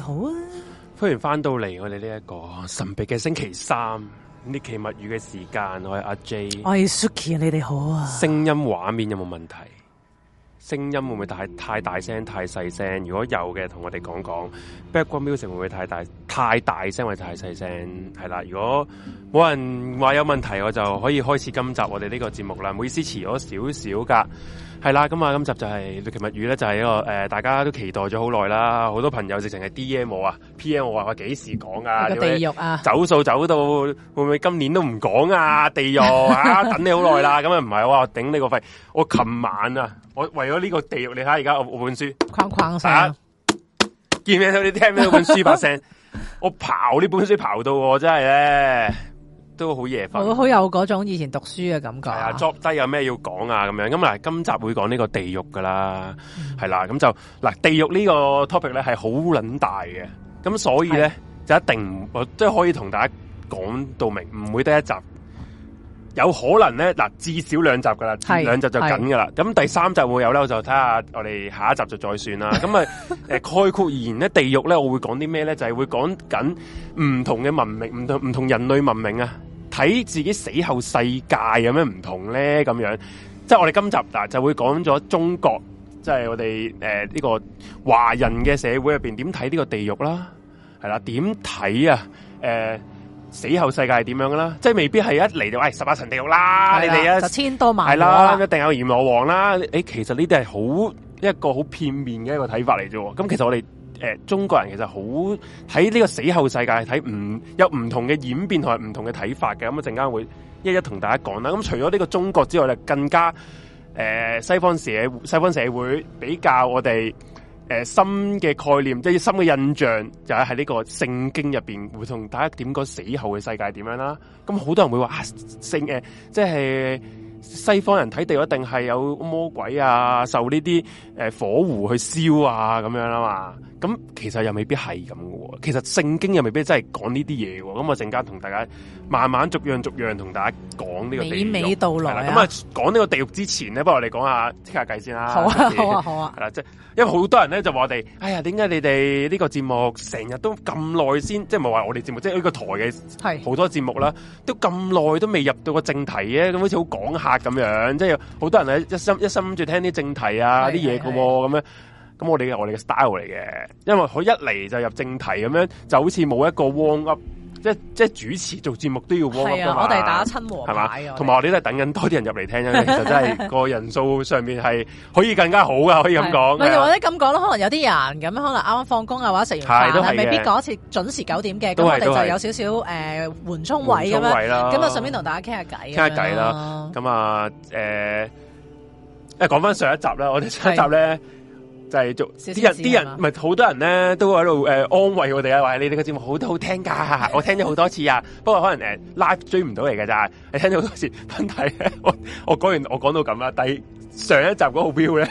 嗯、好啊！歡迎翻到嚟，我哋呢一個神秘嘅星期三，呢期物語嘅時間，我係阿 J，我係 Suki，你哋好啊！聲音畫面有冇問題？聲音會唔會太太大聲、太細聲？如果有嘅，同我哋講講。Background music 會唔會太大、太大聲或者太細聲？係啦，如果冇人話有問題，我就可以開始今集我哋呢個節目啦。唔好意思，遲咗少少噶。係啦，咁啊，今集就係《綠奇物語》咧，就係一個誒，大家都期待咗好耐啦，好多朋友直情係 D M 我啊，P M 我話我幾時講啊，那個、地獄啊，走數走到會唔會今年都唔講啊？地獄 啊，等你好耐啦，咁啊唔係我話頂你個肺！我琴晚啊，我為咗呢個地獄，你睇下而家我本書框框晒，見唔見到你聽咩？聽到本書把聲， 我刨呢本書刨到喎，真係咧。都好夜瞓，好有嗰種以前讀書嘅感覺。係啊，作低有咩要講啊，咁樣咁嗱，今集會講呢個地獄噶啦，係、嗯、啦，咁就嗱地獄個呢個 topic 咧係好捻大嘅，咁所以咧就一定即係可以同大家講到明，唔會得一集，有可能咧嗱至少兩集噶啦，兩集就緊噶啦，咁第三集會有咧，我就睇下我哋下一集就再算啦。咁 啊，誒、呃、概括而言咧，地獄咧我會講啲咩咧，就係、是、會講緊唔同嘅文明，唔同唔同人類文明啊。睇自己死後世界有咩唔同咧，咁樣即係我哋今集嗱就會講咗中國，即、就、係、是、我哋呢、呃呢個華人嘅社會入面點睇呢個地獄啦，係啦，點睇啊？死後世界係點樣噶啦？即係未必係一嚟就誒十八層地獄啦，你哋啊千多萬多，係啦，一定有閻羅王啦。欸、其實呢啲係好一個好片面嘅一個睇法嚟啫。咁、嗯、其實我哋。誒、哎，中國人其實好喺呢個死後世界睇唔有唔同嘅演變同埋唔同嘅睇法嘅，咁我陣間會一一同大家講啦。咁、嗯、除咗呢個中國之外，咧更加誒、呃、西方社西方社會比較我哋誒、呃、深嘅概念，即係深嘅印象，就係喺呢個聖經入邊，會同大家點個死後嘅世界點樣啦。咁、嗯、好多人會話聖誒，即係西方人睇地獄一定係有魔鬼啊，受呢啲誒火湖去燒啊，咁樣啊嘛。咁其實又未必係咁嘅，其實聖經又未必真係講呢啲嘢喎。咁我陣間同大家慢慢逐樣逐樣同大家講呢個美美道路。咁啊，講呢個地獄、啊、之前咧，不如我哋講下傾下偈先啦、啊就是。好啊，好啊，好啊。係、就、啦、是，即係因為好多人咧就話我哋，哎呀，點解你哋呢個節目成日都咁耐先？即係唔係話我哋節目，即係呢個台嘅好多節目啦，都咁耐都未入到個正題嘅，咁好似好講客咁樣。即係好多人呢，一心一心住聽啲正題啊啲嘢嘅，咁樣。咁我哋嘅我哋嘅 style 嚟嘅，因為佢一嚟就入正題咁樣，就好似冇一個 warm up，即即主持做節目都要 warm up 噶嘛。我哋打親和，係嘛？同埋、啊、我哋都係等緊多啲人入嚟聽， 其實真係個人數上面係可以更加好噶，可以咁講。咪或者咁講咯，可能有啲人咁樣，可能啱啱放工啊，或者食完飯啊，未必嗰次準時九點嘅，咁我哋就有少少誒緩衝位咁、啊、樣，咁啊順便同大家傾下偈，傾下偈啦。咁啊誒，誒講翻上一集啦，我哋上一集咧。就係、是、做啲人啲人唔係好多人咧，都喺度誒安慰我哋啊，話你哋個節目好都好聽噶。 我聽咗好多次啊。不過可能誒 live、呃、追唔到嚟嘅咋，你聽咗好多次。問題，我我講完我講到咁啦。第上一集嗰個 view 咧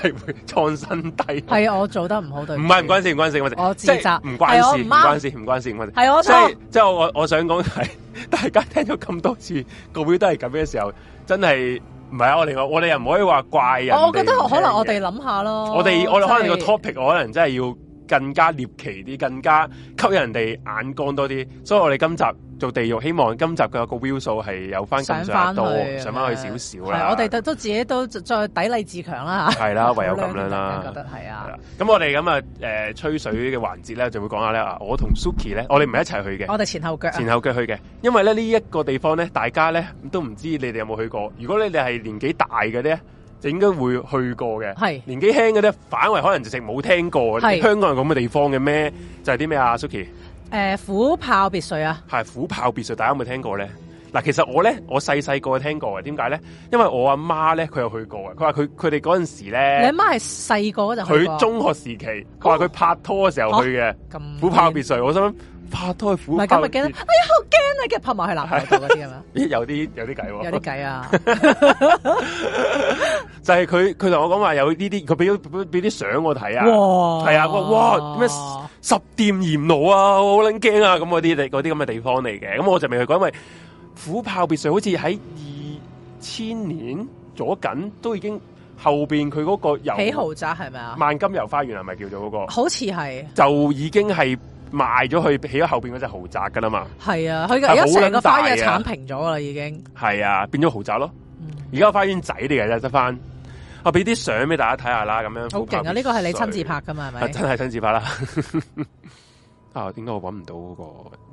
係會創新低。係啊，我做得唔好對不。唔係唔關事，唔關事，唔關事。我自責，唔、就是、關事，唔關事，唔關事。唔關事。係我即即、就是、我我，我想講係大家聽咗咁多次個 view 都係咁嘅時候，真係。唔係啊！我另我哋又唔可以話怪人，哦。我覺得可能我哋諗下咯。我哋我哋可能個 topic，我可能真係要。更加獵奇啲，更加吸引人哋眼光多啲，所以我哋今集做地獄，希望今集嘅個 view 數係有翻咁上下多，上翻去少少啦。我哋都都自己都再砥礪自強啦。係啦，唯有咁樣啦。覺得係啊。咁、嗯、我哋咁啊，誒、呃，吹水嘅環節咧，就會講下咧啊。我同 Suki 咧，我哋唔係一齊去嘅，我哋前後腳、啊，前後腳去嘅。因為咧呢一、呢個地方咧，大家咧都唔知你哋有冇去過。如果你哋係年紀大嘅咧，就應該會去過嘅，年紀輕嗰啲反為可能直情冇聽過，是香港人咁嘅地方嘅咩？就係啲咩啊，Suki，誒、呃，虎豹別墅啊，係虎豹別墅，大家有冇聽過咧？嗱，其實我咧，我細細個聽過嘅，點解咧？因為我阿媽咧，佢有去過嘅，佢話佢佢哋嗰陣時咧，你阿媽係細個嗰陣，佢中學時期，佢話佢拍拖嘅時候去嘅，哦啊，虎豹別墅，我心想。拍拖去虎豹是的，哎呀好驚啊！跟住拍埋係南太島嗰啲係嘛？有啲、啊、有啲計喎，有啲計啊！就係佢佢同我講話有呢啲，佢俾咗俾啲相我睇啊！係啊，話哇咩十殿閻羅啊，好捻驚啊！咁嗰啲地嗰啲咁嘅地方嚟嘅，咁我就未去過，因為虎豹別墅好似喺二千年左緊，都已經後邊佢嗰個又起豪宅係咪啊？萬金油花園係咪叫做嗰、嗰個？好似係就已經係。賣咗去起咗後邊嗰隻豪宅噶啦嘛，係啊，佢而家成個花園鏟平咗噶啦，已經係啊，啊，變咗豪宅咯。而、嗯、家花園仔啲嘅，又得翻，我俾啲相俾大家睇下啦，咁樣好勁啊！呢個係你親自拍噶嘛，係咪、啊？真係親自拍啦。 啊！點解我揾唔到嗰、那個？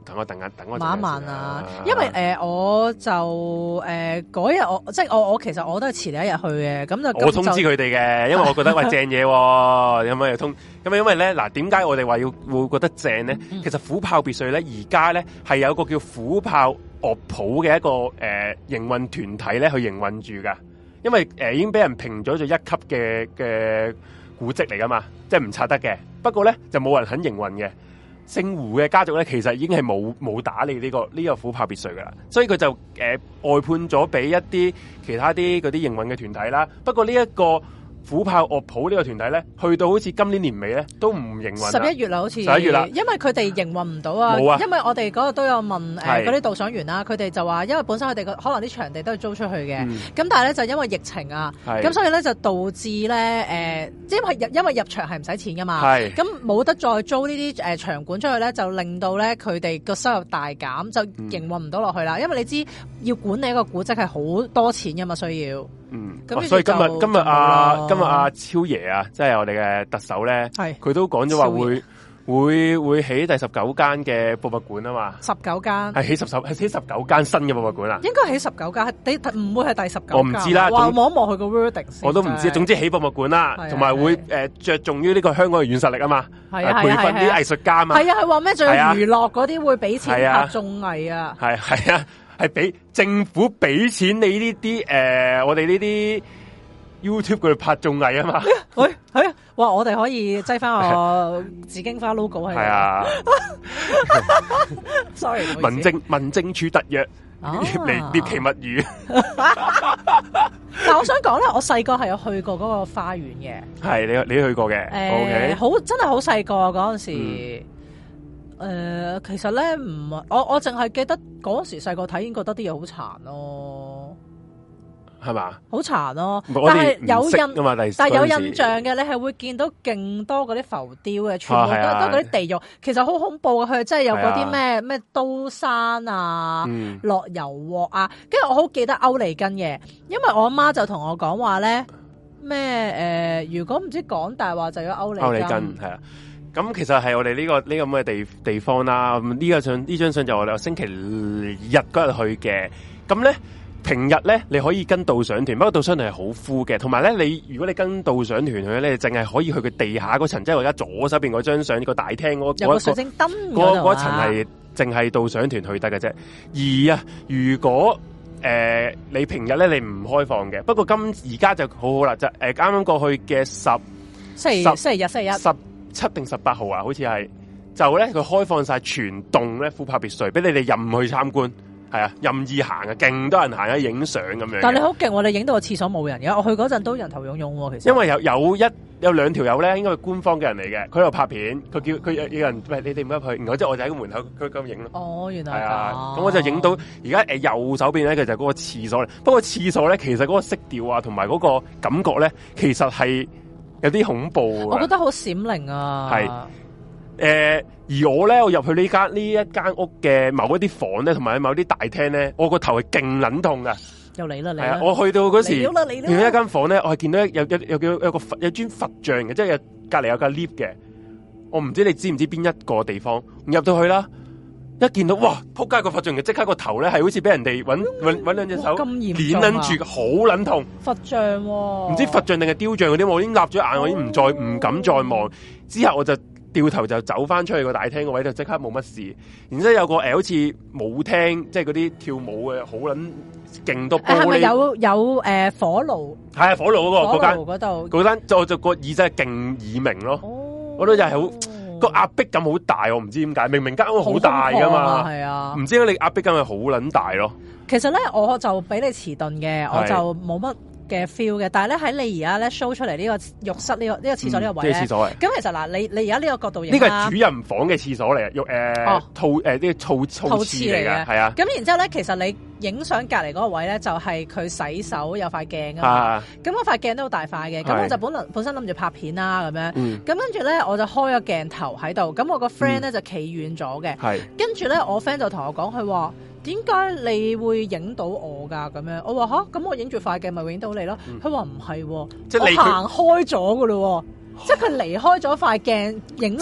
等我等下，等我。慢慢啊，因為誒、呃，我就誒嗰日我即係我我其實我都係遲第一日去嘅，咁就我通知佢哋嘅， 因為我覺得喂正嘢，有冇又通咁，因為咧嗱，點解我哋話要會覺得正咧？嗯、其實虎豹別墅咧，而家咧係有個叫虎豹樂譜嘅一個誒、呃、營運團體咧去營運住㗎，因為誒、呃、已經俾人評咗咗一級嘅嘅、呃、古蹟嚟噶嘛，即係唔拆得嘅。不過咧就冇人肯營運嘅。姓胡嘅家族咧，其實已經係冇冇打理呢、這個呢、這個虎豹別墅噶啦，所以佢就誒、呃、外判咗俾一啲其他啲嗰啲營運嘅團體啦。不過呢、這、一個。虎豹樂譜呢個團體咧，去到好似今年年尾咧，都唔營運。十一月啦，好似十一月啦，因為佢哋營運唔到啊，啊。因為我哋嗰度都有問嗰啲、呃、導賞員啦、啊，佢哋就話因為本身佢哋個可能啲場地都要租出去嘅，咁、嗯、但係咧就因為疫情啊，咁所以咧就導致咧誒，即、呃、係因，因為入場係唔使錢噶嘛，咁冇得再租呢啲誒場館出去咧，就令到咧佢哋個收入大減，就營運唔到落去啦、嗯。因為你知要管理一個古跡係好多錢㗎嘛，需要。嗯，所以今日今日阿今日阿超爺啊，即係我哋嘅特首咧，佢都講咗話會會會起第十九間嘅博物館啊嘛，十九間係起十十係起十九間新嘅博物館啊，應該起十九間，第唔會係第十九，我唔知啦，望一望佢個 wording，我都唔知，總之起博物館啦，同埋會誒着重於呢個香港嘅軟實力啊嘛，培訓啲藝術家嘛，係啊佢話咩仲有娛樂嗰啲會俾錢拍綜藝啊，係係啊。係俾政府俾錢你呢啲誒，我哋呢啲 YouTube 佢哋拍綜藝啊嘛、哎。喂、哎，係、哎、啊，哇，我哋可以擠翻我紫荊花 logo 係啊。 sorry，民政民政處特約，嚟、啊、獵奇物語 。但我想講咧，我細個係有去過嗰個花園嘅。係你你去過嘅。誒、欸 okay，好真係好細個嗰陣時。嗯誒、呃，其實咧唔，我我淨係記得嗰時細個睇，已經覺得啲嘢好殘咯，係嘛？好殘咯，但係有，有印象，但係有印象嘅，你係會見到勁多嗰啲浮雕嘅，全部都嗰啲、啊啊、地獄，其實好恐怖嘅，佢真係有嗰啲咩咩刀山啊、嗯、落油鑊啊，跟住我好記得歐里根嘅，因為我媽就同我講話咧，咩誒、呃，如果唔知講大話就要歐里根，係啊。咁、嗯、其實係我哋呢、這個呢咁嘅地地方啦、啊。咁、這、呢、個、張呢張相就是我哋星期日嗰日去嘅。咁咧平日咧，你可以跟導賞團。不過導賞團係好枯嘅。同埋咧，你如果你跟導賞團去咧，淨係可以去佢地下嗰層，即係我而家左手邊嗰張相，呢個大廳嗰個水晶燈嗰層是，係淨係導賞團去得嘅啫。而啊，如果誒、呃、你平日咧，你唔開放嘅。不過今而家就很好好啦，就誒啱啱過去嘅十，星期星期日，星期日一十。七定十八號啊，好似係就咧，佢開放晒全棟咧富拍別墅俾你哋任去參觀，係啊，任意行啊，勁多人行啊，影相咁樣。但係你好勁、哦，我哋影到個廁所冇人嘅，我去嗰陣都人頭涌湧、啊、其實。因為有有一有兩條友咧，應該係官方嘅人嚟嘅，佢度拍片，佢叫佢有人唔、哦、你哋唔得去，然後之後我就喺個門口，佢咁影咯。哦，原來係啊，咁我就影到而家誒右手邊咧，佢就嗰、是、個廁所，不過廁所咧其實嗰個色調啊，同埋嗰個感覺咧，其實係。有啲恐怖，我覺得好閃靈啊是！係，誒，而我咧，我入去呢間呢一間屋嘅某一啲房咧，同埋某啲大廳咧，我個頭係勁撚痛㗎。又嚟啦，你係啊！我去到嗰時到間到有有有有，有一間房咧，我係見到有有有叫有個有尊佛像嘅，即係有隔籬有架 lift 嘅。我唔知你知唔知邊一個地方，入到去啦。一見到哇，撲街個佛像嘅，即刻頭呢個頭咧係好似俾人哋搵兩隻手，碾撚住，好撚、啊、痛。佛像喎、哦，唔知佛像定係雕像嗰啲，我已經立咗眼，我已經唔再唔、哦、敢再望。之後我就掉頭就走翻出去個大廳個位，就即刻冇乜事。然之後有個好似舞廳，即係嗰啲跳舞嘅，好撚勁多。係咪有有火爐？係啊，係係呃、火爐嗰、嗰個嗰間嗰度，間、嗰個、就我就個耳真係勁耳鳴咯。哦、我都就係好。個、嗯、壓迫感好大，我唔知點解，明明間屋好大噶嘛，唔、係啊、知點解你壓迫感係好撚大咯。其實咧，我就俾你遲鈍嘅，我就冇乜。嘅 feel 嘅，但係咧喺你而家咧 show 出嚟呢個浴室呢、呢個呢、呢個廁所呢個位咧，即、嗯、廁所咁其實嗱，你你而家呢個角度影呢個係主人房嘅廁所嚟嘅，浴、呃哦、套誒啲、呃、套套廁嚟㗎，啊！咁、啊、然之後咧，其實你影相隔離嗰個位咧，就係佢洗手有塊鏡㗎嘛，咁、啊、我塊鏡都好大塊嘅，咁我就本能、啊、本身諗住拍片啦咁樣咁、嗯、跟住咧我就開個鏡頭喺度，咁我個 friend 咧就企遠咗嘅、嗯啊，跟住咧我 friend 就同我講佢話。點解你會影到我噶？咁樣，我話吓，咁、啊、我影住塊鏡咪影到你咯。佢話唔係，你行開咗噶啦，即係佢離開咗塊鏡影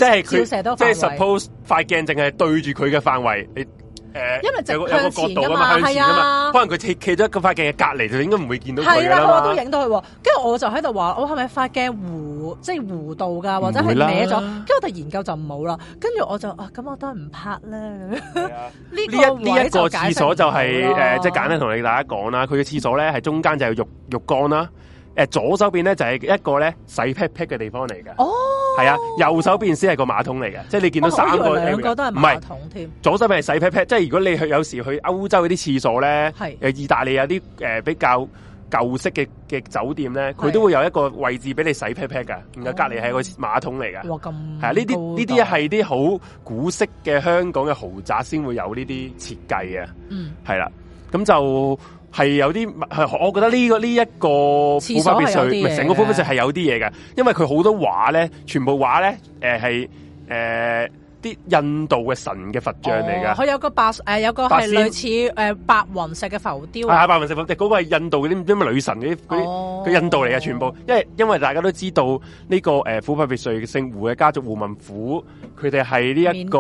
射到，即係 suppose 塊鏡淨係對住佢嘅範圍你。因為個角度啊嘛，係啊，可能佢企咗個塊鏡嘅隔籬，就應該唔會見到佢啊嘛，嘛。係啦，我都影到佢喎。跟住，我就喺度話，我係咪發鏡弧，即、就、係、是、弧度噶，或者係歪咗？跟住我哋研究就冇啦。跟住我就啊，咁我都係唔拍啦。呢、啊、 個呢一個廁所就係、是、誒，即、呃、係、就是、簡單同你大家講啦。佢嘅廁所咧係中間就係浴浴缸啦。左手邊咧就係、是、一個咧洗 pet pet 嘅地方嚟嘅，係、哦、啊，右手邊先係個馬桶嚟嘅、哦，即係你見到三個我兩個都係馬桶添。左手邊係洗 pet pet 即係如果你去有時去歐洲嗰啲廁所咧，意大利有啲、呃、比較舊式嘅嘅酒店咧，佢都會有一個位置俾你洗 pet pet 嘅，然後隔離係個馬桶嚟嘅，係呢啲呢啲係啲好古式嘅香港嘅豪宅先會有呢啲設計嘅，係、嗯、啦，咁、啊、就。係有啲，係我覺得呢、這個呢一、這個富花別墅，唔係成個富花別墅係有啲嘢嘅，因為佢好多畫咧，全部畫咧，誒係誒。印度嘅神嘅佛像嚟噶，佢有個白誒、呃，有個係類似誒白雲石嘅浮雕，係白雲石浮雕，嗰個係印度嗰啲啲女神啲啲，佢印度嚟嘅全部，因為因為大家都知道呢、這個誒、呃、虎豹別墅姓胡嘅家族胡文虎，佢哋係呢一個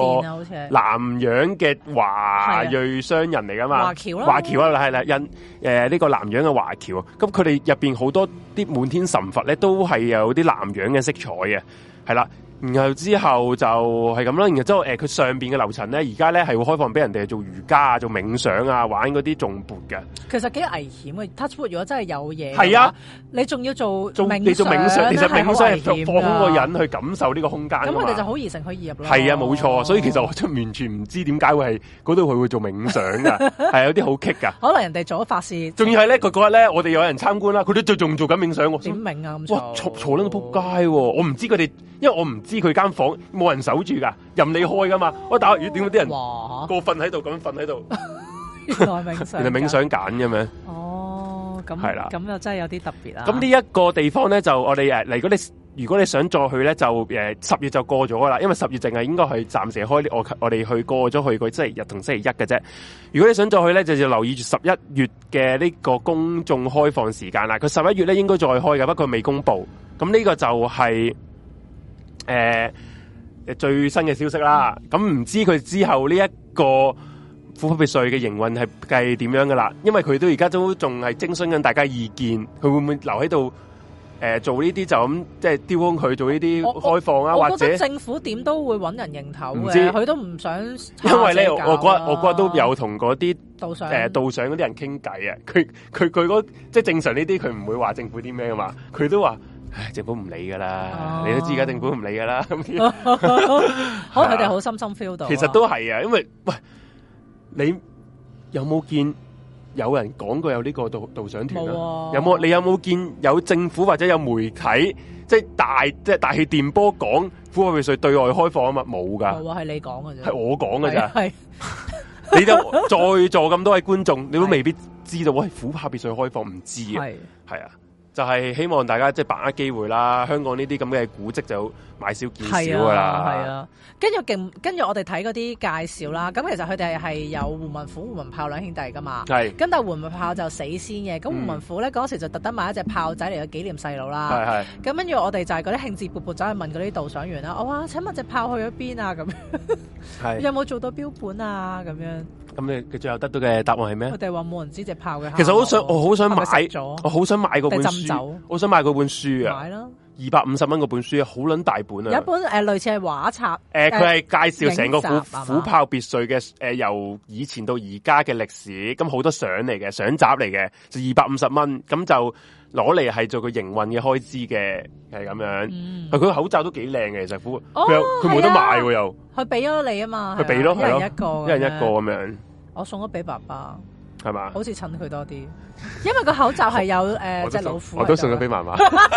南洋嘅華裔商人嚟噶、啊、嘛，華僑啦，華僑啦係啦，印誒呢個南洋嘅華僑，咁佢哋入邊好多啲滿天神佛咧，都係有啲南洋嘅色彩嘅，係啦。然後之後就係咁啦，然後之後誒，佢、呃、上邊嘅樓層咧，而家咧係會開放俾人哋做瑜伽啊，做冥想啊，玩嗰啲重搏嘅。其實幾危險啊 Touch wood 如果真係有嘢，係啊，你仲要做冥想做，你做冥想，其實冥想係放空個人去感受呢個空間。咁佢哋就好易成去易入咯。係啊，冇錯、哦，所以其實我真完全唔知點解會係嗰度佢會做冥想噶，係 有啲好棘噶。可能人哋做咗法事，仲要係咧，佢嗰日咧，我哋有人參觀啦，佢都仲做緊冥想喎。點冥啊？哇，坐坐喺度扑街喎，我唔知佢哋，因為我唔。知佢間房冇人守住噶，任你開噶嘛？我打雨點啲人過瞓喺度，咁瞓喺度， 原、來 原來冥想，原來冥想揀咁樣。哦，咁係啦，咁就真係有啲特別啦。咁呢一個地方咧，就我哋誒嚟。如果你如果你想再去咧，就誒十月就過咗噶啦，因為十月淨係應該係暫時開。我我哋去過咗去，佢星期日同星期一嘅啫。如果你想再去咧，就、呃就、就是、就要留意住十一月嘅呢個公眾開放時間啦。佢十一月咧應該再開嘅，不過未公布。咁呢個就係、是。誒，誒，最新嘅消息啦，咁、嗯、唔、嗯、知佢之後呢一個副科別墅嘅營運係計點樣噶啦？因為佢都而家都仲係徵詢緊大家意見，佢會唔會留喺度？誒、呃，做呢啲就咁，即係丟佢做呢啲開放啊？或者政府點都會揾人認頭嘅，佢都唔想、啊。因為咧，我嗰我嗰日都有同嗰啲誒導賞嗰、呃、啲人傾偈啊，佢佢佢嗰即係正常呢啲，佢唔會話政府啲咩噶嘛，佢都話。政府唔理噶啦，你都知噶，政府唔理噶啦。啊的了啊、 可能佢哋好深深 feel 到、啊。其實都係啊，因為喂，你有冇見有人講過有呢個導導賞團啊？有冇？你有冇見有政府或者有媒體即係、就是、大即係大氣電波講虎豹別墅對外開放沒有的沒有啊？嘛，冇噶，係你講噶啫，係我講噶咋？係你就在座咁多位觀眾，你都未必知道喂，虎豹別墅開放，唔知啊，係係啊。就係、是、希望大家即係把握機會啦，香港呢啲咁嘅古蹟就買少見少噶啦。係啊，跟住勁，跟住、啊、我哋睇嗰啲介紹啦。咁其實佢哋係有胡文虎、胡文豹兩兄弟噶嘛。係。咁但胡文豹就先死先嘅，咁、嗯、胡文虎咧嗰時就特登買一隻豹仔嚟去紀念細佬啦。係係。咁跟住我哋就係嗰啲興致勃勃走去問嗰啲導賞員啦。我話：請問隻豹去咗邊啊？咁樣。有冇做到標本啊？咁樣。咁佢最後得到嘅答案係咩？佢哋話冇人知隻豹嘅。其實好想，我好想買，我好想買嗰本書，我想買嗰本書啊！買啦，二百五十蚊嗰本書，好撚大本啊！有一本誒、呃、類似係畫冊，誒佢係介紹成個虎虎豹別墅嘅誒、呃，由以前到而家嘅歷史，咁好多相嚟嘅，相集嚟嘅，就二百五十蚊，咁就攞嚟係做個營運嘅開支嘅，係咁樣。佢、嗯、佢口罩都幾靚嘅，其實，佢冇得賣喎，又佢俾咗你啊嘛，佢俾咯，一人一個，一人一個咁樣。我送咗俾爸爸，係嘛？好似襯佢多啲。因為個口罩係有誒，隻老虎。我都送咗俾媽媽，了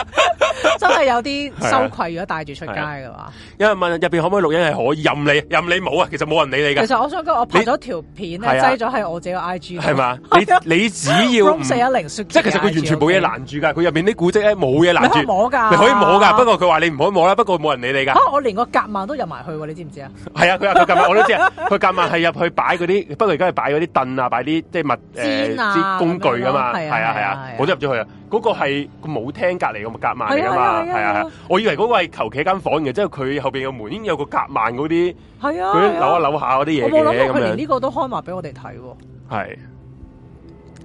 真係有啲羞愧。如果戴住出街嘅話、啊啊啊，因為問入邊可唔可以錄影，係可以，任你任你冇啊，其實冇人理你噶。其實我想講，我拍咗條片是啊，擠咗喺我自己個 I G。係嘛， 你只要唔，即係其實佢完全冇嘢攔住噶，佢入邊啲古蹟咧冇嘢攔住摸噶，你可以摸噶、啊。不過佢話你唔可以摸啦，不過冇人理你噶、啊。我連個夾萬都入埋去，你知唔知啊？係 啊，佢話佢夾我都知道隔是 是是啊。佢夾萬係入去擺嗰啲，不過而家係擺嗰啲凳啊，擺啲即係物誒。工具噶嘛，係啊係啊，啊，啊，啊，我都入咗去啊。嗰、啊啊啊嗰個係個舞廳隔籬個夾萬嚟噶嘛，係啊，啊，啊，啊，啊。我以為嗰個係求其一間房，嘅，即係佢後邊個門有個夾萬嗰啲，係啊，扭下扭下嗰啲嘢嘅咁樣。佢、啊、連呢個都開埋俾我哋睇、哦。係，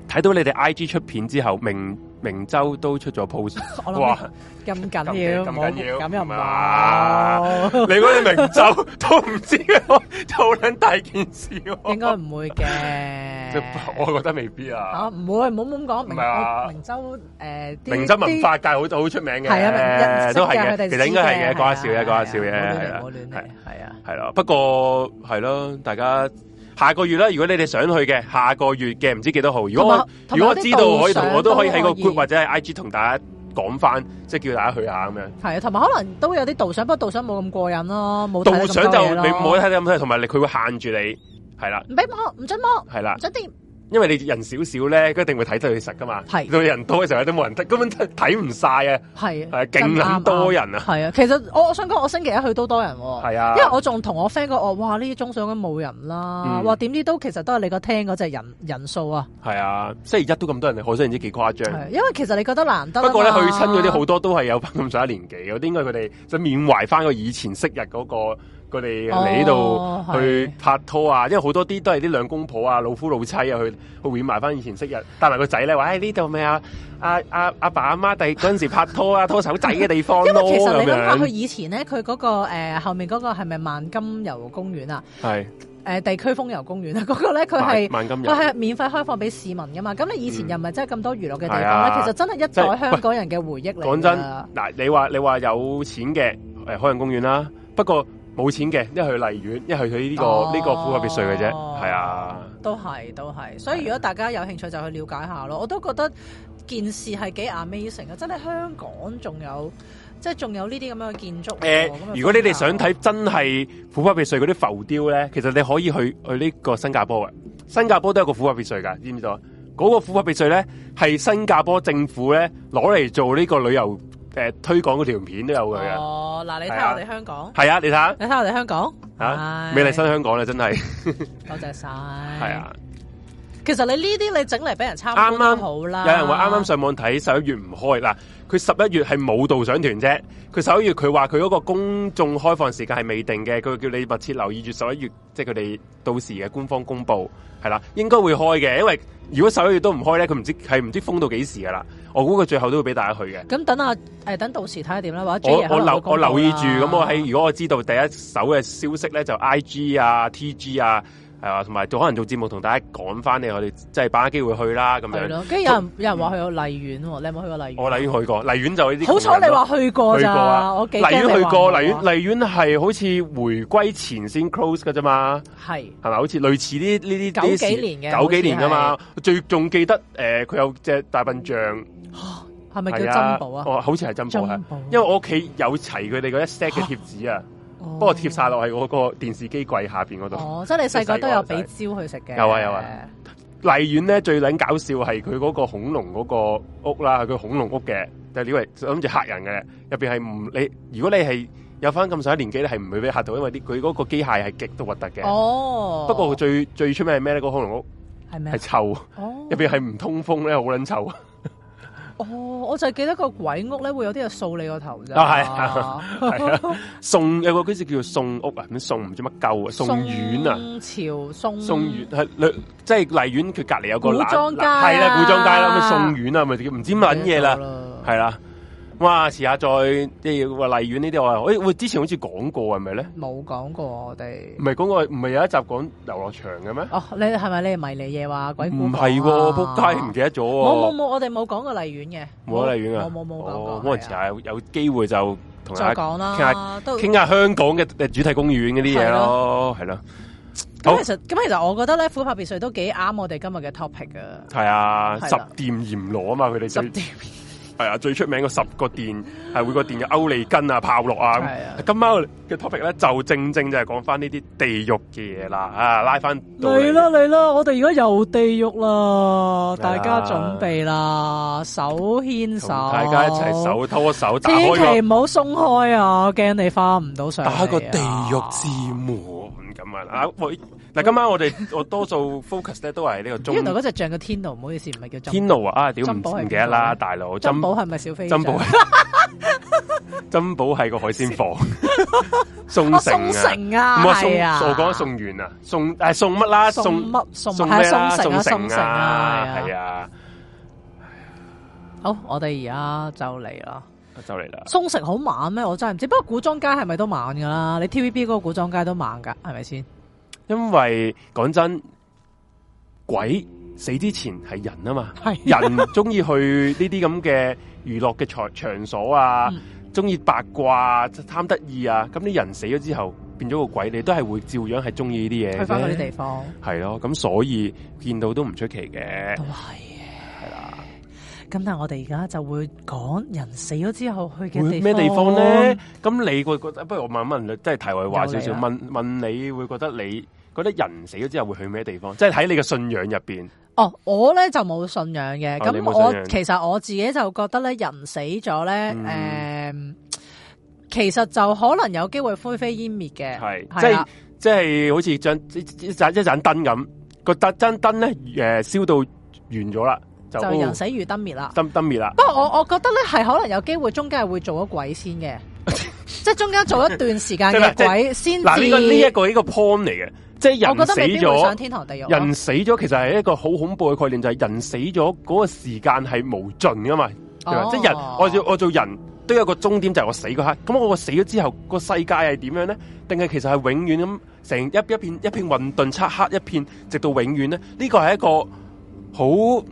睇到你哋 IG 出片之後，明。明州都出咗 post 哇，咁緊要咁緊要，咁又唔你嗰你明州都唔知，好 捻大件事喎。應該唔會嘅， 我覺得未必啊。唔、啊、會唔好咁講明州，誒、呃，明州文化界好好出名嘅，係啊，émie, 都係嘅，其實應該係嘅，講下笑嘅，講下笑嘅係啊，係啊，係咯。係對不過係咯，大家。下個月啦，如果你哋想去嘅，下個月嘅唔知幾多號。如果如果我知道，我可以同我都可以喺個 group 或者係 IG 同大家講翻，即係、就是、叫大家去下咁樣。係啊，同埋可能都會有啲導賞，不過導賞冇咁過癮咯，冇。導賞就你冇得睇睇咁睇，同埋你佢會限住你，係啦。唔俾摸，唔準摸，係啦，唔準掂。因為你人少少咧，佢一定會睇得佢食噶嘛。係到人多嘅時候，有啲冇人，根本睇唔晒啊。係係勁多人啊。係啊，其實我我想講，我星期一去都多人。係啊，因為我仲同我 friend 講，我哇呢啲中上都冇人啦。話點知都其實都係你個廳嗰隻人人數啊。係啊，星期一都咁多人，可想而知幾誇張。因為其實你覺得難得。不過咧，去親嗰啲好多都係有班咁上一年紀，啲應該佢哋就緬懷翻個以前昔日嗰、那個？佢哋嚟呢度去拍拖啊，哦、因為好多啲都係啲兩公婆啊、老夫老妻啊，去去緬埋翻以前昔日，帶埋個仔咧，話誒呢度咩啊？阿阿阿爸阿媽第嗰陣時拍拖啊、 拖手仔嘅地方，因為其實你諗下，佢以前咧，佢嗰、嗰個誒、呃、後面嗰個係咪萬金油公園啊？係誒、呃、地區風油公園啊，嗰、嗰個咧佢係萬金油，係免費開放俾市民噶嘛。咁你以前又唔係真係咁多娛樂嘅地方咧、嗯啊，其實真係一代香港人嘅回憶嚟。講真，嗱你話你話有錢嘅誒海洋公園啦、啊，不過。冇錢嘅，一去荔園，一去佢、這、呢個呢、哦這個虎豹別墅嘅啫，係啊，都係都係，所以如果大家有興趣就去了解一下咯、啊，我都覺得件事係幾 amazing 啊！真係香港仲有，即係仲有呢啲咁樣嘅建築。誒、呃，如果你哋想睇真係虎豹別墅嗰啲浮雕咧，其實你可以去去呢個新加坡嘅，新加坡都有個虎豹別墅㗎，知唔知道啊？嗰、那個虎豹別墅咧係新加坡政府咧攞嚟做呢個旅遊。誒，推廣嗰條片都有佢嘅。哦，嗱，你睇下我哋香港係啊，啊，你睇下，你睇下我哋香港啊美麗新香港咧，真係多謝晒。係啊，其實你呢啲你整嚟俾人參觀啱啱好啦。有人話啱啱上網睇十一月唔開喇，佢十一月係冇導賞團啫。佢十一月佢話佢嗰個公眾開放時間係未定嘅，佢叫你密切留意住十一月，即係佢哋到時嘅官方公布係啦、啊，應該會開嘅。因為如果十一月都唔開咧，佢唔知係唔知封到幾時噶啦。我估佢最後都會俾大家去嘅。咁等下、哎、等到時睇下點啦。或者我我留我留意住咁，啊、我喺如果我知道第一手嘅消息咧，就 I G 啊、T G 啊，同埋做可能做節目同大家講翻你。我哋即係把握機會去啦咁樣。跟住有人有人話去過荔園，你有冇去過荔園啊？我荔園去過，荔園就呢啲。好彩你話去過啊，我荔園去過，荔園荔園係好似回歸前先 close 㗎啫嘛。係，係咪？好似類似啲呢啲九幾年嘅九幾年㗎嘛。最仲記得佢有隻大笨象。係、哦、咪叫珍寶啊，啊？哦，好似係珍寶，啊、因為我屋企有齊佢哋嗰一 set 嘅貼紙啊，不過貼晒落係我個電視機櫃下邊嗰度。哦、oh，即係你細個都有俾蕉去食嘅、 就是。有啊有啊。麗苑咧最捻搞笑係佢嗰個恐龍嗰個屋啦，佢恐龍屋嘅就是、以為諗住吓人嘅，入邊係唔你如果你係有翻咁上一年紀咧，係唔會俾嚇到，因為啲佢嗰個機械係極都核突嘅。哦、oh。不過最最出名係咩咧？嗰、那個、恐龍屋係咩？係臭。入邊係唔通風咧，好捻臭。哦，我就記得個鬼屋咧，會有啲人掃你個頭咋。啊係係啊，宋有個嗰次叫做宋屋啊，咩宋唔知乜鳩啊，宋苑啊。宋、啊、朝宋宋苑係，即係荔園佢隔籬有個古裝街，係啦古裝街啦，咪宋苑啊，咪唔、啊、知乜嘢啦，係啦。哇！遲下再即係話荔園呢啲，我誒我之前好似講過係咪咧？冇講過我哋。唔係講過，唔係有一集講遊樂場嘅咩？哦，你係咪你迷你嘢話、啊、鬼、啊？唔係喎，撲街唔記得咗喎。冇冇冇，我哋冇講過荔園嘅。冇啊，荔園啊！冇冇冇可能遲下係有機會就同你傾下傾下香港嘅主題公園嗰啲嘢咯，係咯。咁其實咁其實我覺得咧，虎豹別墅都幾啱我哋今日嘅 topic 啊。係啊，十殿閻羅啊嘛，佢哋十 係啊，最出名個十個電係每個電嘅歐利根啊、炮烙啊。今晚嘅 topic 咧就正正就係講翻呢啲地獄嘅嘢啦。啊，拉翻嚟啦嚟啦！我哋而家遊地獄啦，大家準備啦，手牽手、啊，大家一齊手拖手，千祈唔好鬆開啊！驚你翻唔到上。啊、打開個地獄之門咁啊！啊，我。嗱，今晚我哋我多數 focus 咧都係呢個鐘。原來嗰隻像嘅天奴，唔好意思，唔係叫天奴啊！啊，屌唔唔記得啦，大佬。珍寶係咪小飛？珍 寶係個海鮮舫。宋城啊，係啊。我講宋完啊，宋啊，誒宋乜啦？宋乜？宋咩？宋城啊，宋城啊，係啊，啊，啊，啊，啊。好，我哋而家就嚟啦，啊。就嚟啦！宋城好慢咩？我真係唔知道。不過古裝街係咪都慢噶啦？你 TVB 嗰個古裝街都慢噶，係咪先？因為講真，鬼死之前係人啊嘛，係 人中意去呢啲咁嘅娛樂嘅場所啊，中 意八卦，啊、貪得意啊，咁啲人死咗之後變咗個鬼，你都係會照樣係中意呢啲嘢，去翻嗰啲地方，係咯，咁所以見到都唔出奇嘅。 咁但係我哋而家就會講人死咗之後去嘅咩地方咧？咁你會覺得，不如我問一問，即係題外話少少，問問你會覺得你覺得人死咗之後會去咩地方？即係喺你嘅信仰入邊。哦，我咧就冇信仰嘅。咁、哦、我其實我自己就覺得咧，人死咗咧，誒、嗯呃，其實就可能有機會灰飛煙滅嘅。係，即係即係好似將一盞一盞燈咁，個燈燈燈咧，誒，燒到完咗啦。就人死如燈滅啦，燈燈滅啦。嗯、不過我我覺得咧，係可能有機會中間會做咗鬼先嘅， 即係中間做一段時間嘅鬼先。嗱，呢、這個呢、這個、一個呢個 point 嚟嘅，即係人死咗，我覺得上天堂地獄啊、人死咗其實係一個好恐怖嘅概念，就係、是、人死咗嗰個時間係無盡噶嘛。哦、是是即係人我做我做人，我做人都有個終點，就係、是、我死嗰刻。咁我死咗之後、那個世界係點樣咧？定係其實係永遠咁成一一片一片，一片混沌漆黑一片，直到永遠咧？呢個係一個好。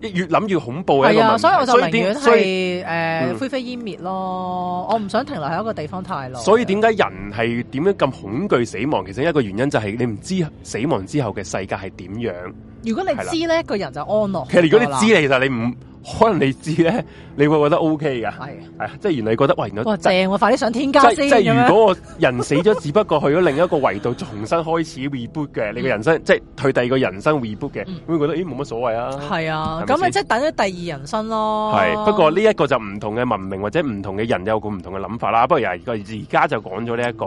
越諗越恐怖啊！係啊，所以我就寧願係誒灰飛煙滅咯，嗯、我唔想停留喺一個地方太耐。所以點解人係點樣咁恐懼死亡？其實一個原因就係你唔知死亡之後嘅世界係點樣。如果你知咧，個人就安樂。其實如果你知你，其實你唔。嗯可能你知咧，你會覺得 O K 噶，係係即係原來你覺得喂，我正、啊，我快啲上天家先即。即係如果我人死咗， 只不過去咗另一個維度，重新開始 reboot 嘅、嗯，你個人生即係去第二個人生 reboot 嘅，會、嗯、唔會覺得咦冇乜所謂啊？係啊，咁咪即係等咗第二人生咯。係不過呢一個就唔同嘅文明或者唔同嘅人有個唔同嘅諗法啦。不如而家就講咗呢一個。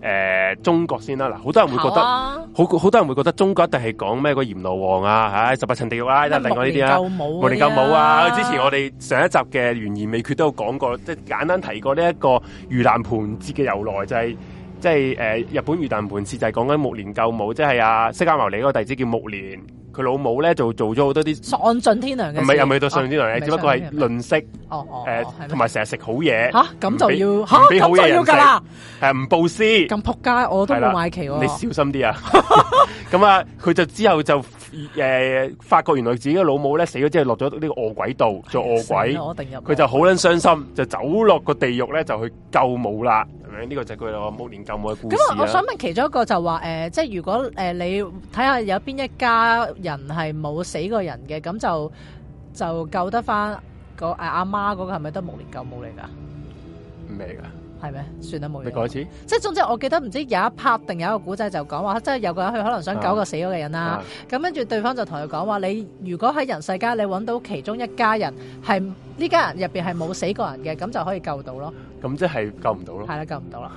誒、呃，中國先啦，嗱，好多人會覺得，啊、好好多人會覺得中國一定係講咩個閻羅王啊，啊，十八層地獄啊，都、啊、係另外呢啲啊，木蓮救母啊，啊，啊，啊，之前我哋上一集嘅懸疑未決都有講過，即、就、係、是、簡單提過呢一個盂蘭盆節嘅由來，就係即係誒，日、就、本、是呃、盂蘭盆節就係講緊木蓮救母，即、就、係、是、啊，釋迦牟尼嗰個弟子叫木蓮。佢老母咧就做咗好多啲喪盡天良嘅，唔係又唔係到喪盡天良嘅，啊，只不過係吝嗇，哦哦，誒、啊，同埋成日食好嘢吓，咁、啊啊啊啊、就要吓，好嘢、啊。要噶啦，係唔布施咁仆街，我都冇買旗、啊、你小心啲啊！咁 啊，佢就之後就。誒，發覺原來自己嘅老母咧死咗，之後落咗呢個餓鬼道做餓鬼，佢就好捻傷心，就走落個地獄咧就去救母啦。咁呢個就係佢個目連救母嘅故事啦。咁我我想問其中一個就話，誒，即係如果誒你睇下有邊一家人係冇死過人嘅，咁就就救得返個阿媽嗰個係咪得目連救母嚟噶？咩嚟噶？係咩？算啦，冇嘢。你改一次，即係總之，我記得唔知有一拍定有一個古仔就講話，即係有個人佢可能想救個死咗嘅人啦。咁跟住對方就同佢講話，你如果喺人世間你揾到其中一家人係呢家人入邊係冇死過人嘅，咁就可以救到咯。咁即係救唔到咯？係啦，救唔到啦。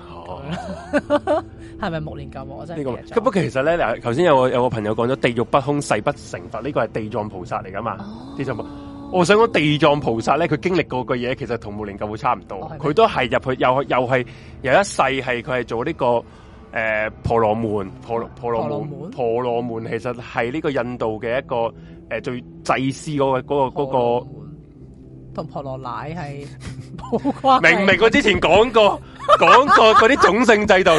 係係咪目連救我真？呢、這個咁，不過，其實咧，頭先有個有個朋友講咗：地獄不空，誓不成佛。呢個係地藏菩薩嚟噶嘛？地藏菩。我想講地藏菩薩呢，佢經歷過嘅嘢其實同無靈救會差唔多，佢都係入去又又係有一世係佢係做呢、這個誒、呃、婆羅門，婆婆羅門，婆羅門，婆羅門其實係呢個印度嘅一個、呃、最祭司嗰、那個嗰、那個同婆羅乃係冇關。那個、 明唔明我之前講過講 過嗰啲種姓制度？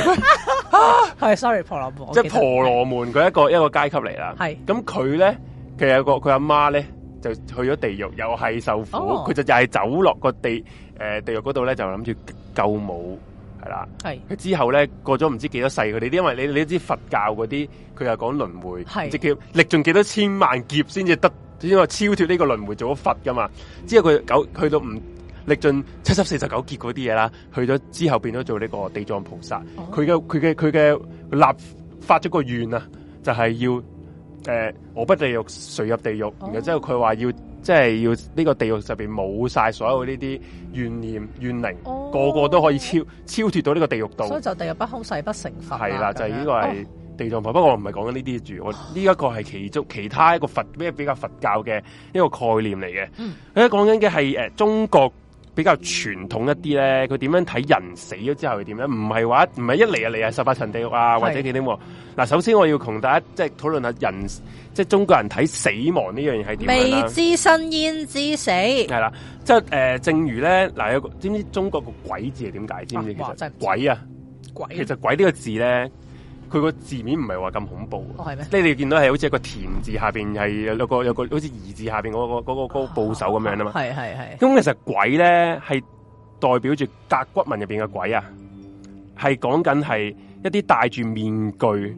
係 sorry，婆羅門即係、就是、婆羅門佢一,一個階級嚟啦。咁佢咧，其實有個佢阿媽咧。就去咗地獄，又係受苦。佢、oh. 就又係走落個地誒、呃，地獄嗰度咧就諗住救母係啦。係佢之後咧過咗唔知幾多世佢哋，因為你你都知道佛教嗰啲，佢又講輪迴，直係歷盡幾多千萬劫先至得，先至超脫呢個輪迴，做咗佛噶嘛。之後佢九去到唔歷盡七十四十九劫嗰啲嘢啦，去咗之後變咗做呢個地藏菩薩。佢嘅佢嘅佢嘅立發咗個願啊，就係、是、要。誒、呃，我不地獄，誰入地獄？Oh. 然後之後佢話要，即、就、係、是、要呢個地獄入面冇晒所有呢啲怨念怨靈，oh. 個個都可以超、okay. 超脫到呢個地獄度。所以就地獄不空，誓、不成佛。係啦，就呢、是、個係地藏菩薩。Oh. 不過我唔係講緊呢啲住，我呢一、這個係其中其他一個佛咩比較佛教嘅一個概念嚟嘅。佢講緊嘅係誒中國。比較傳統一啲咧，佢點樣睇人死咗之後係點樣？唔係話唔係一嚟就嚟係十八層地獄啊，或者幾點點。嗱，首先我要同大家即係討論下人，即係中國人睇死亡呢樣嘢係點樣？未知生焉知死？係啦，即係誒，正如咧嗱，有個知唔知中國個鬼字係點解？知唔知其實鬼啊鬼？其實鬼呢個字咧。佢個字面唔係話咁恐怖的、哦，咧你見到係好似一個田字下邊係有一個有個好似兒字下邊嗰、嗰個嗰、嗰個嗰部首咁樣啊嘛，係係係。咁其實鬼咧係代表住甲骨文入邊嘅鬼啊，係講緊係一啲戴住面具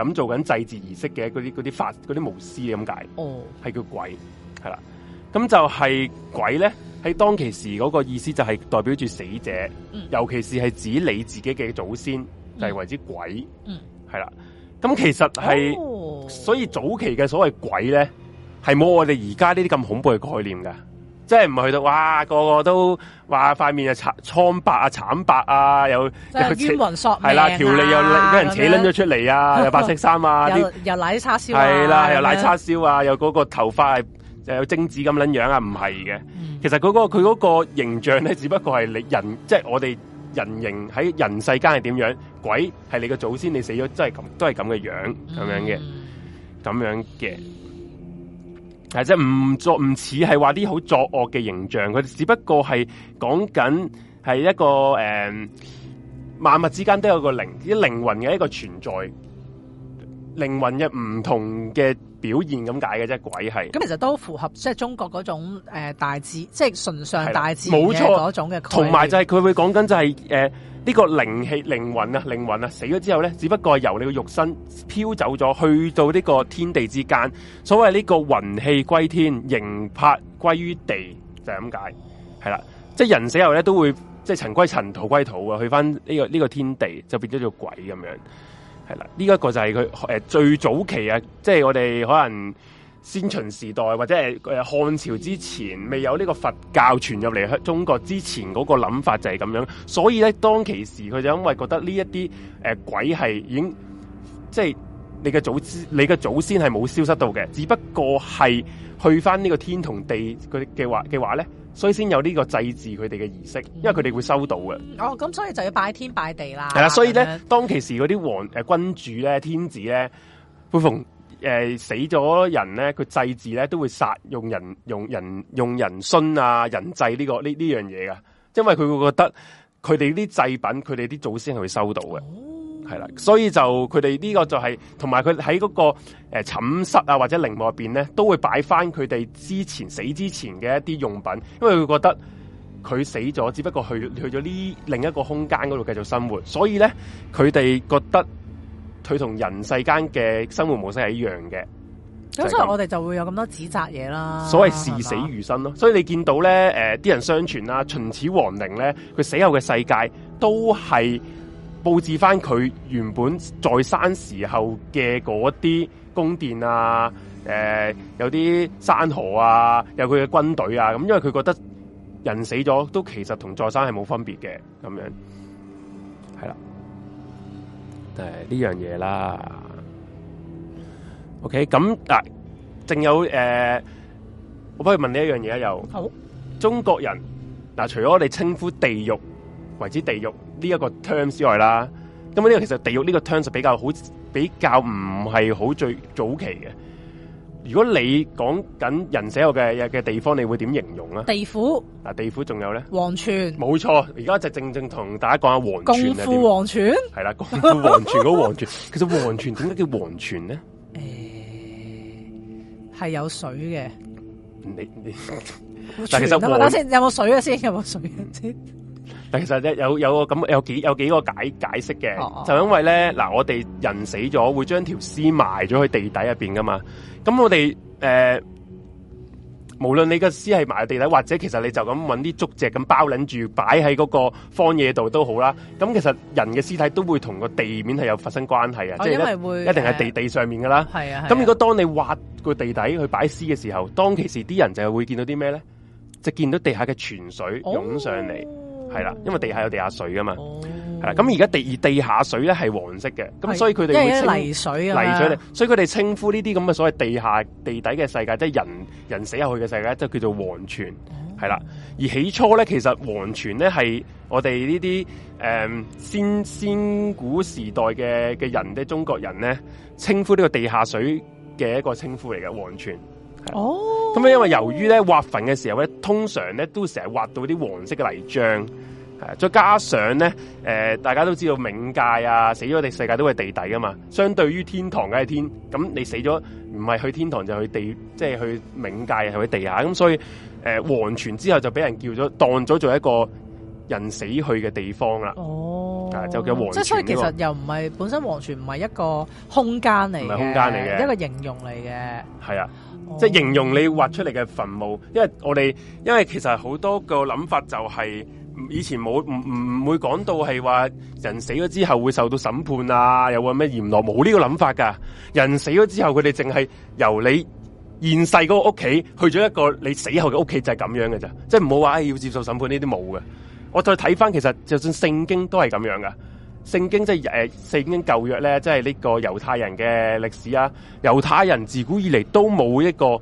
咁做緊祭祀儀式嘅嗰啲嗰啲法嗰啲巫師咁解，哦，係叫鬼，係啦。咁就係鬼咧喺當其時嗰個意思就係代表住死者、嗯，尤其是係指你自己嘅祖先。就係、是、為之鬼，係、嗯、啦，咁其實係、哦，所以早期嘅所謂鬼咧，係冇我哋而家呢啲咁恐怖嘅概念噶，即係唔係去到哇個個都話塊面啊慘蒼白啊慘白啊，有、啊、冤魂索命係、啊、啦，條脷又俾人扯拎咗出嚟啊，又、啊、白色衫啊，又又奶叉燒係啦，又奶叉燒啊，又嗰個頭髮係就有貞子咁捻樣啊，唔係嘅，其實、那個佢嗰個形象咧，只不過係你人，即係我哋。人形喺人世間係點樣？鬼係你個祖先，你死咗，真係咁都係咁嘅樣咁樣嘅，咁樣嘅，係即係唔作唔似係話啲好作惡嘅形象，佢哋只不過係講緊係一個誒、呃，萬物之間都有個靈，啲靈魂嘅一個存在，靈魂嘅唔同嘅。表現咁解嘅啫，鬼係咁，其實都符合即係、就是、中國嗰種、呃、大致，即純自係純上大致冇錯嗰種嘅。同埋就係佢會講緊就係呢個靈氣、靈魂啊、靈魂啊，死咗之後咧，只不過係由你個肉身飄走咗，去到呢個天地之間。所謂呢個雲氣歸天，形魄歸於地，就係咁解。係啦，即係人死後咧都會即係塵歸塵，土歸土啊，去翻呢個呢個天地就變咗做鬼咁樣。係啦，呢一個就係佢誒最早期啊，即係我哋可能先秦時代或者係誒漢朝之前未有呢個佛教傳入嚟中國之前嗰個諗法就係咁樣，所以咧當其時佢就因為覺得呢一啲誒鬼係已經即係、就是、你嘅祖、祖先，你嘅祖先係冇消失到嘅，只不過係去翻呢個天同地嗰嘅話嘅話咧。所以先有呢個祭祀佢哋嘅儀式，因為佢哋會收到嘅、嗯。哦，咁所以就要拜天拜地啦。係啦，所以咧，當其時嗰啲王誒、呃、君主咧、天子咧，會逢誒、呃、死咗人咧，佢祭祀咧都會殺用人、用人、用人殉啊、人祭呢、呢個呢呢樣嘢噶，因為佢會覺得佢哋啲祭品，佢哋啲祖先係會收到嘅。哦。係啦，所以就佢哋呢個就係同埋佢喺嗰個誒寢、呃、室啊或者陵墓入邊咧，都會擺翻佢哋之前死之前嘅一啲用品，因為佢覺得佢死咗，只不過去去咗呢另一個空間嗰度繼續生活，所以咧佢哋覺得佢同人世間嘅生活模式係一樣嘅。咁所以我哋就會有咁多指責嘢啦。所謂視死如生咯，所以你見到咧誒啲人相傳啊，秦始皇陵咧佢死後嘅世界都係。布置翻佢原本在山時候嘅嗰啲宮殿啊，誒、呃，有啲山河啊，有佢嘅軍隊啊，咁因為佢覺得人死咗都其實同在山係冇分別嘅，咁樣係啦，但誒呢樣嘢啦，OK，咁嗱，仲、呃、有誒、呃，我不如問你一樣嘢啊，又好，中國人嗱、呃，除咗我哋稱呼地獄，為之地獄呢一個 term 之外啦，咁呢個其實地獄呢個 term 就比較好，比較唔係好最早期嘅。如果你講緊人死後嘅嘅地方，你會點形容咧？地府嗱，地府仲有咧？黃泉沒錯，冇錯。而家就正正同大家講下黃泉啊，點黃泉係啦，黃泉個黃泉， 其實黃泉點解叫黃泉咧？誒、哎，係有水嘅。你你 ，但其實我等下先有冇水啊先，有冇水啊先。 其實咧有有個咁有幾有幾個解解釋嘅，oh. 就因為咧嗱，我哋人死咗會將條屍埋咗喺地底入邊噶嘛，咁我哋誒、呃，無論你個屍係埋喺地底，或者其實你就咁搵啲竹席咁包捻住擺喺嗰個荒野度都好啦。咁其實人嘅屍體都會同個地面係有發生關係啊，即、oh, 係一定係地、呃、地上面噶啦。係啊，咁如果當你挖個地底去擺屍嘅時候，啊啊、當其時啲人就係會見到啲咩咧？就見到地下嘅泉水湧上嚟。Oh. 係啦，因為地下有地下水噶嘛，係、哦、啦。咁而家地而地下水咧係黃色嘅，咁所以佢哋會稱、即係泥水啊，泥水。所以佢哋稱呼呢啲咁嘅所謂地下地底嘅世界，即係人人死下去嘅世界，即係叫做黃泉，係啦。而起初咧，其實黃泉咧係我哋呢啲誒先先古時代嘅嘅人，即係中國人咧，稱呼呢個地下水嘅一個稱呼嚟嘅黃泉。哦，咁樣因為由於咧挖墳嘅時候咧，通常咧都成日挖到啲黃色嘅泥漿，係、啊、再加上咧，誒、呃，大家都知道冥界啊，死咗嘅世界都係地底噶嘛。相對於天堂梗係天，咁、嗯、你死咗唔係去天堂就是、去地，即、就、係、是、去冥界，係、就是、去地下。咁、啊、所以誒，黃、呃、泉之後就俾人叫咗當咗做一個人死去嘅地方啦。哦，啊、就叫黃泉。即係所以其實又唔係本身黃泉唔係一個空間嚟嘅，唔係空間嚟嘅，一個形容嚟嘅。係啊。即係形容你挖出嚟嘅墳墓，因為我哋因為其實好多個諗法就係、是、以前冇唔唔會講到係話人死咗之後會受到審判啊，又話咩閻羅冇呢個諗法噶。人死咗之後，佢哋淨係由你現世嗰個屋企去咗一個你死後嘅屋企就係、是、咁樣嘅咋，即係唔好話要接受審判呢啲冇嘅，我再睇翻，其實就算聖經都係咁樣噶。聖經即係誒，聖經舊約咧，即係呢個猶太人嘅歷史啊。猶太人自古以嚟都冇一個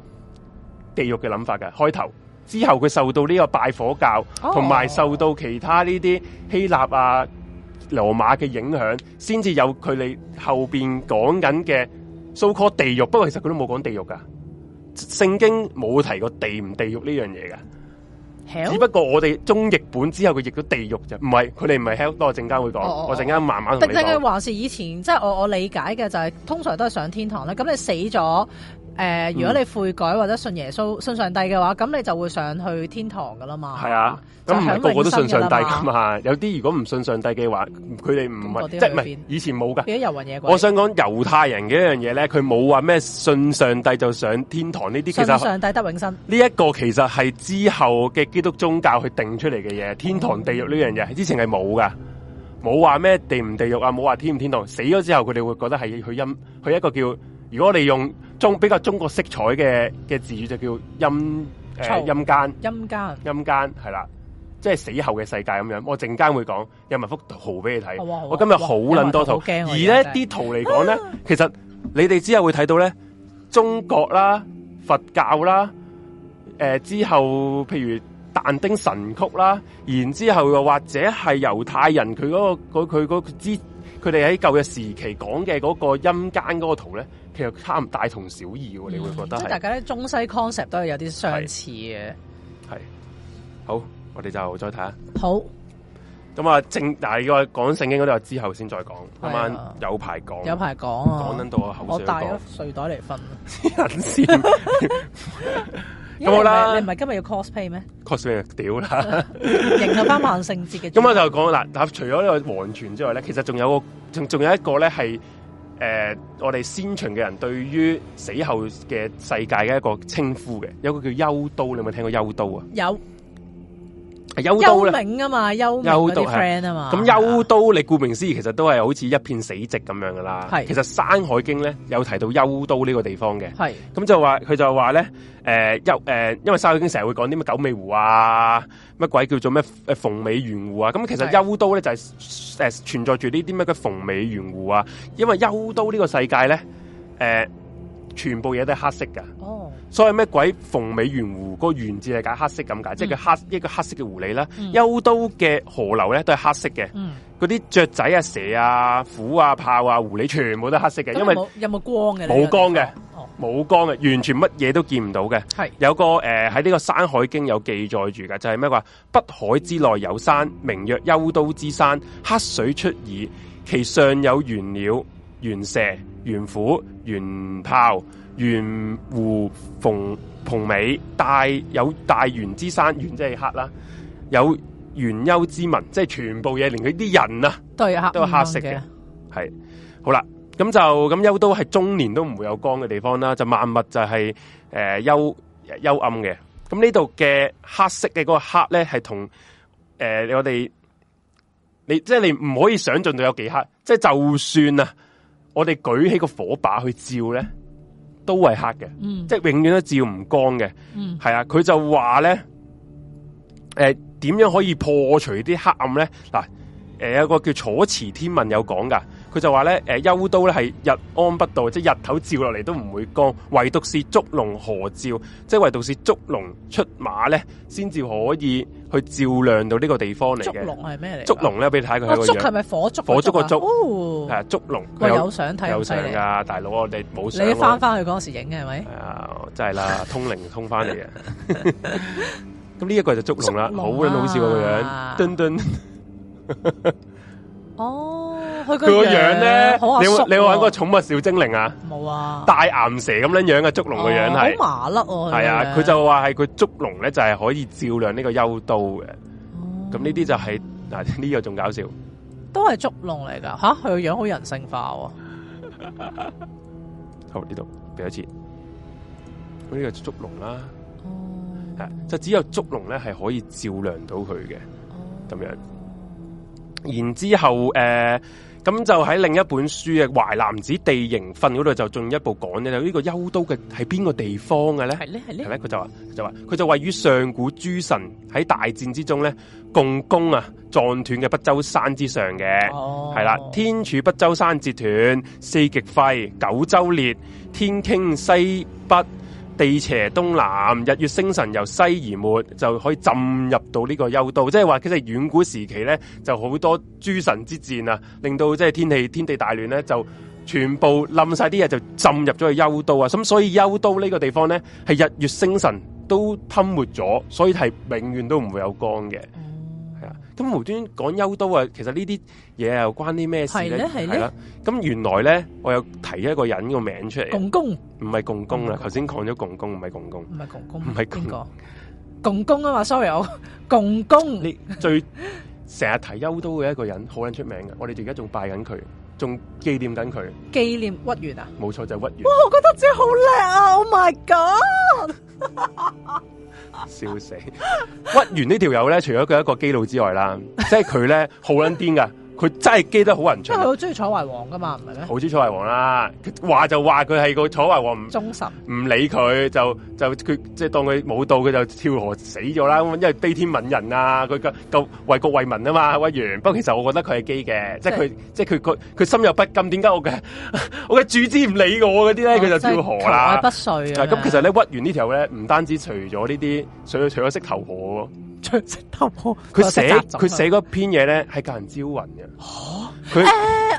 地獄嘅諗法嘅，開頭之後佢受到呢個拜火教，Okay. 同埋受到其他呢啲希臘啊、羅馬嘅影響，先至有佢哋後邊講緊嘅所謂地獄。不過其實佢都冇講地獄噶聖經冇提過地唔地獄呢樣嘢噶。Help? 只不過我哋中譯本之後佢譯都地獄啫，唔係佢哋唔係響多陣間會講，oh, oh, oh. 我陣間慢慢同你講。正佢話是以前，即係我我理解嘅就係、是、通常都係上天堂咧。咁你死咗？誒、呃，如果你悔改或者信耶穌、信上帝嘅話，咁你就會上去天堂噶啦嘛。係啊，咁唔係個個都信上帝噶嘛，嘛。有啲如果唔信上帝嘅話，佢哋唔係即係以前冇噶。我想講猶太人嘅一樣嘢咧，佢冇話咩信上帝就上天堂呢啲。其實信上帝得永生呢一、這個其實係之後嘅基督宗教去定出嚟嘅嘢，天堂地獄呢樣嘢之前係冇噶，冇話咩地唔地獄啊，冇話天唔天堂。死咗之後佢哋會覺得係去陰去一個叫。如果我哋用中比較中國色彩嘅嘅字語，就叫陰誒陰間陰間陰間係啦，即係死後嘅世界咁樣。我陣間會講有埋幅圖俾你睇，哦哦。我今日好捻多圖，而呢啲圖嚟講咧，啊、其實你哋之後會睇到咧，中國啦、佛教啦、誒、呃、之後譬如但丁神曲啦，然之後又或者係猶太人佢嗰，嗰個佢佢嗰支。佢哋喺舊嘅時期講嘅嗰個陰間嗰個圖咧，其實差唔大同小異喎，你會覺得、嗯、即係大家咧，中西 concept 都係有啲相似嘅。係。好，我哋就再睇下。好。咁啊，正，但係如果講聖經嗰啲，之後先再講。今晚有排講，有排講。講到我口。我帶咗睡袋嚟瞓。人 咁好啦，你唔係今日要 cosplay 咩？cosplay，屌啦！迎合翻萬聖節嘅。咁我就講啦，嗱，除咗呢個黃泉之外咧，其實仲有個，仲仲有一個咧係，誒、呃，我哋先秦嘅人對於死後嘅世界嘅一個稱呼嘅，有個叫幽都，你有冇聽過幽都啊？有。幽都咧嘛，幽都啲 friend 啊嘛。咁幽都，你顧名思義，其實都係好似一片死寂咁樣噶啦。係，其實《山海經》咧有提到幽都呢個地方嘅。係。咁就話佢就話咧，誒幽誒，因為《山海經》成日會講啲咩九尾狐啊，乜鬼叫做咩誒鳳尾玄狐啊。咁其實幽都咧就係、是、誒、呃、存在住呢啲咩嘅鳳尾玄狐啊。因為幽都呢個世界咧，誒、呃、全部嘢都係黑色噶。哦。所以咩鬼鳳尾玄狐個玄字係解黑色咁解、嗯，即係黑一個黑色嘅狐狸啦。嗯、幽都嘅河流咧都係黑色嘅，嗰、嗯、啲雀仔啊、蛇啊、虎啊、豹啊、狐狸、啊、狐狸全部都黑色嘅，嗯、因為有冇光嘅冇光嘅，冇光嘅、哦，完全乜嘢都見唔到嘅。係有個誒喺呢個山海經有記載住嘅，就係咩話？北海之內有山，名曰幽都之山，黑水出耳。其上有玄鳥、玄蛇、玄虎、玄豹。玄豹圓湖逢蓬尾，大有大圓之山，圓即係黑啦。有圓幽之民，即係全部嘢，連佢啲人啊，都係黑，都係黑色嘅。係、嗯嗯、好啦，咁就咁幽都係中年都唔會有光嘅地方啦。就萬物就係誒幽幽暗嘅。咁呢度嘅黑色嘅嗰個黑咧，係同誒、呃、我哋你即係、就是、你唔可以想象到有幾黑。即、就、係、是、就算啊，我哋舉起個火把去照咧。都係黑嘅，嗯、即係永遠都照唔光嘅，係、嗯、啊！佢就話咧，誒、呃，點樣可以破除啲黑暗咧？嗱，誒、呃，有個叫《楚辭天問》有講噶。佢就話咧，誒，幽都咧係日安不到，即係日頭照落嚟都唔會光，唯獨是燭龍何照，即係唯獨是燭龍出馬咧，先至可以去照亮到呢個地方嚟嘅。燭龍係咩嚟？燭龍咧，俾你睇佢個樣。燭係咪火燭？火燭個燭。係啊，燭龍。我有相睇，有相噶，大佬，我哋冇相。你翻翻去嗰時影嘅係咪？係啊，真係啦，通靈通翻嚟嘅。咁呢一個就燭龍啦，好樣，好似個樣，噔噔。哦。佢、啊、個樣咧，你你玩過寵物小精靈啊？冇啊！大岩蛇咁樣樣嘅竹龍個樣係，好麻甩。係啊，佢、啊啊、就話係佢竹龍咧，就係可以照亮呢個幽都嘅。哦，咁呢啲就係嗱，呢個仲搞笑，都係竹龍嚟噶吓，佢、啊、個樣好人性化、啊 好。好呢度俾一次，咁、這、呢個竹龍啦，係、嗯、就只有竹龍咧係可以照亮到佢嘅，咁樣。然之後誒。呃咁就喺另一本書嘅《淮南子地形訓》嗰度就進一步講嘅呢個幽都嘅係邊個地方嘅咧？係咧係咧，係咧佢就話就話佢就位於上古諸神喺大戰之中咧，共工啊撞斷嘅不周山之上嘅，係、哦、啦，天柱不周山折斷，四極廢，九州裂，天傾西北。地邪東南，日月星辰由西而沒，就可以浸入到呢個幽都。即係話，其實遠古時期呢，就好多諸神之戰啊，令到即係天氣天地大亂呢，就全部冧晒啲嘢，就浸入咗去幽都啊。咁所以幽都呢個地方呢，係日月星辰都吞沒咗，所以係永遠都唔會有光嘅。咁無端講幽都啊，其實呢啲嘢又關啲咩事咧？係咧係咧。咁原來咧，我有提一個人個名出嚟。公公共工唔係共工啊！頭先講咗共工唔係共工，唔係共工，唔係共工。共工啊嘛！Sorry，我共工。你最成日提幽都嘅一個人好撚出名嘅，我哋而家仲拜緊佢。仲紀念緊佢，紀念屈原啊！冇錯，就屈原。哇！我覺得自己好叻啊！Oh my god！ 笑死！屈原呢條友咧，除咗佢一個基佬之外啦， 即係佢咧好撚癲噶。 佢真係基得好人，即佢好中意楚懷王噶嘛，唔係咩？好中意楚懷王啦，話就話佢係個楚懷王唔忠臣，唔理佢就就佢即係當佢冇到，佢就跳河死咗啦。因為悲天憫人啊，佢夠夠為國為民啊嘛屈原。不過其實我覺得佢係基嘅，即係佢即係佢佢佢心有不甘。點解我嘅我嘅主子唔理我嗰啲咧？佢就跳河啦。就是，不遂啊！咁其實咧屈原呢條咧，唔單止除咗呢啲，除咗除咗識投河。佢寫佢寫嗰篇嘢咧係教人招魂嘅。吓、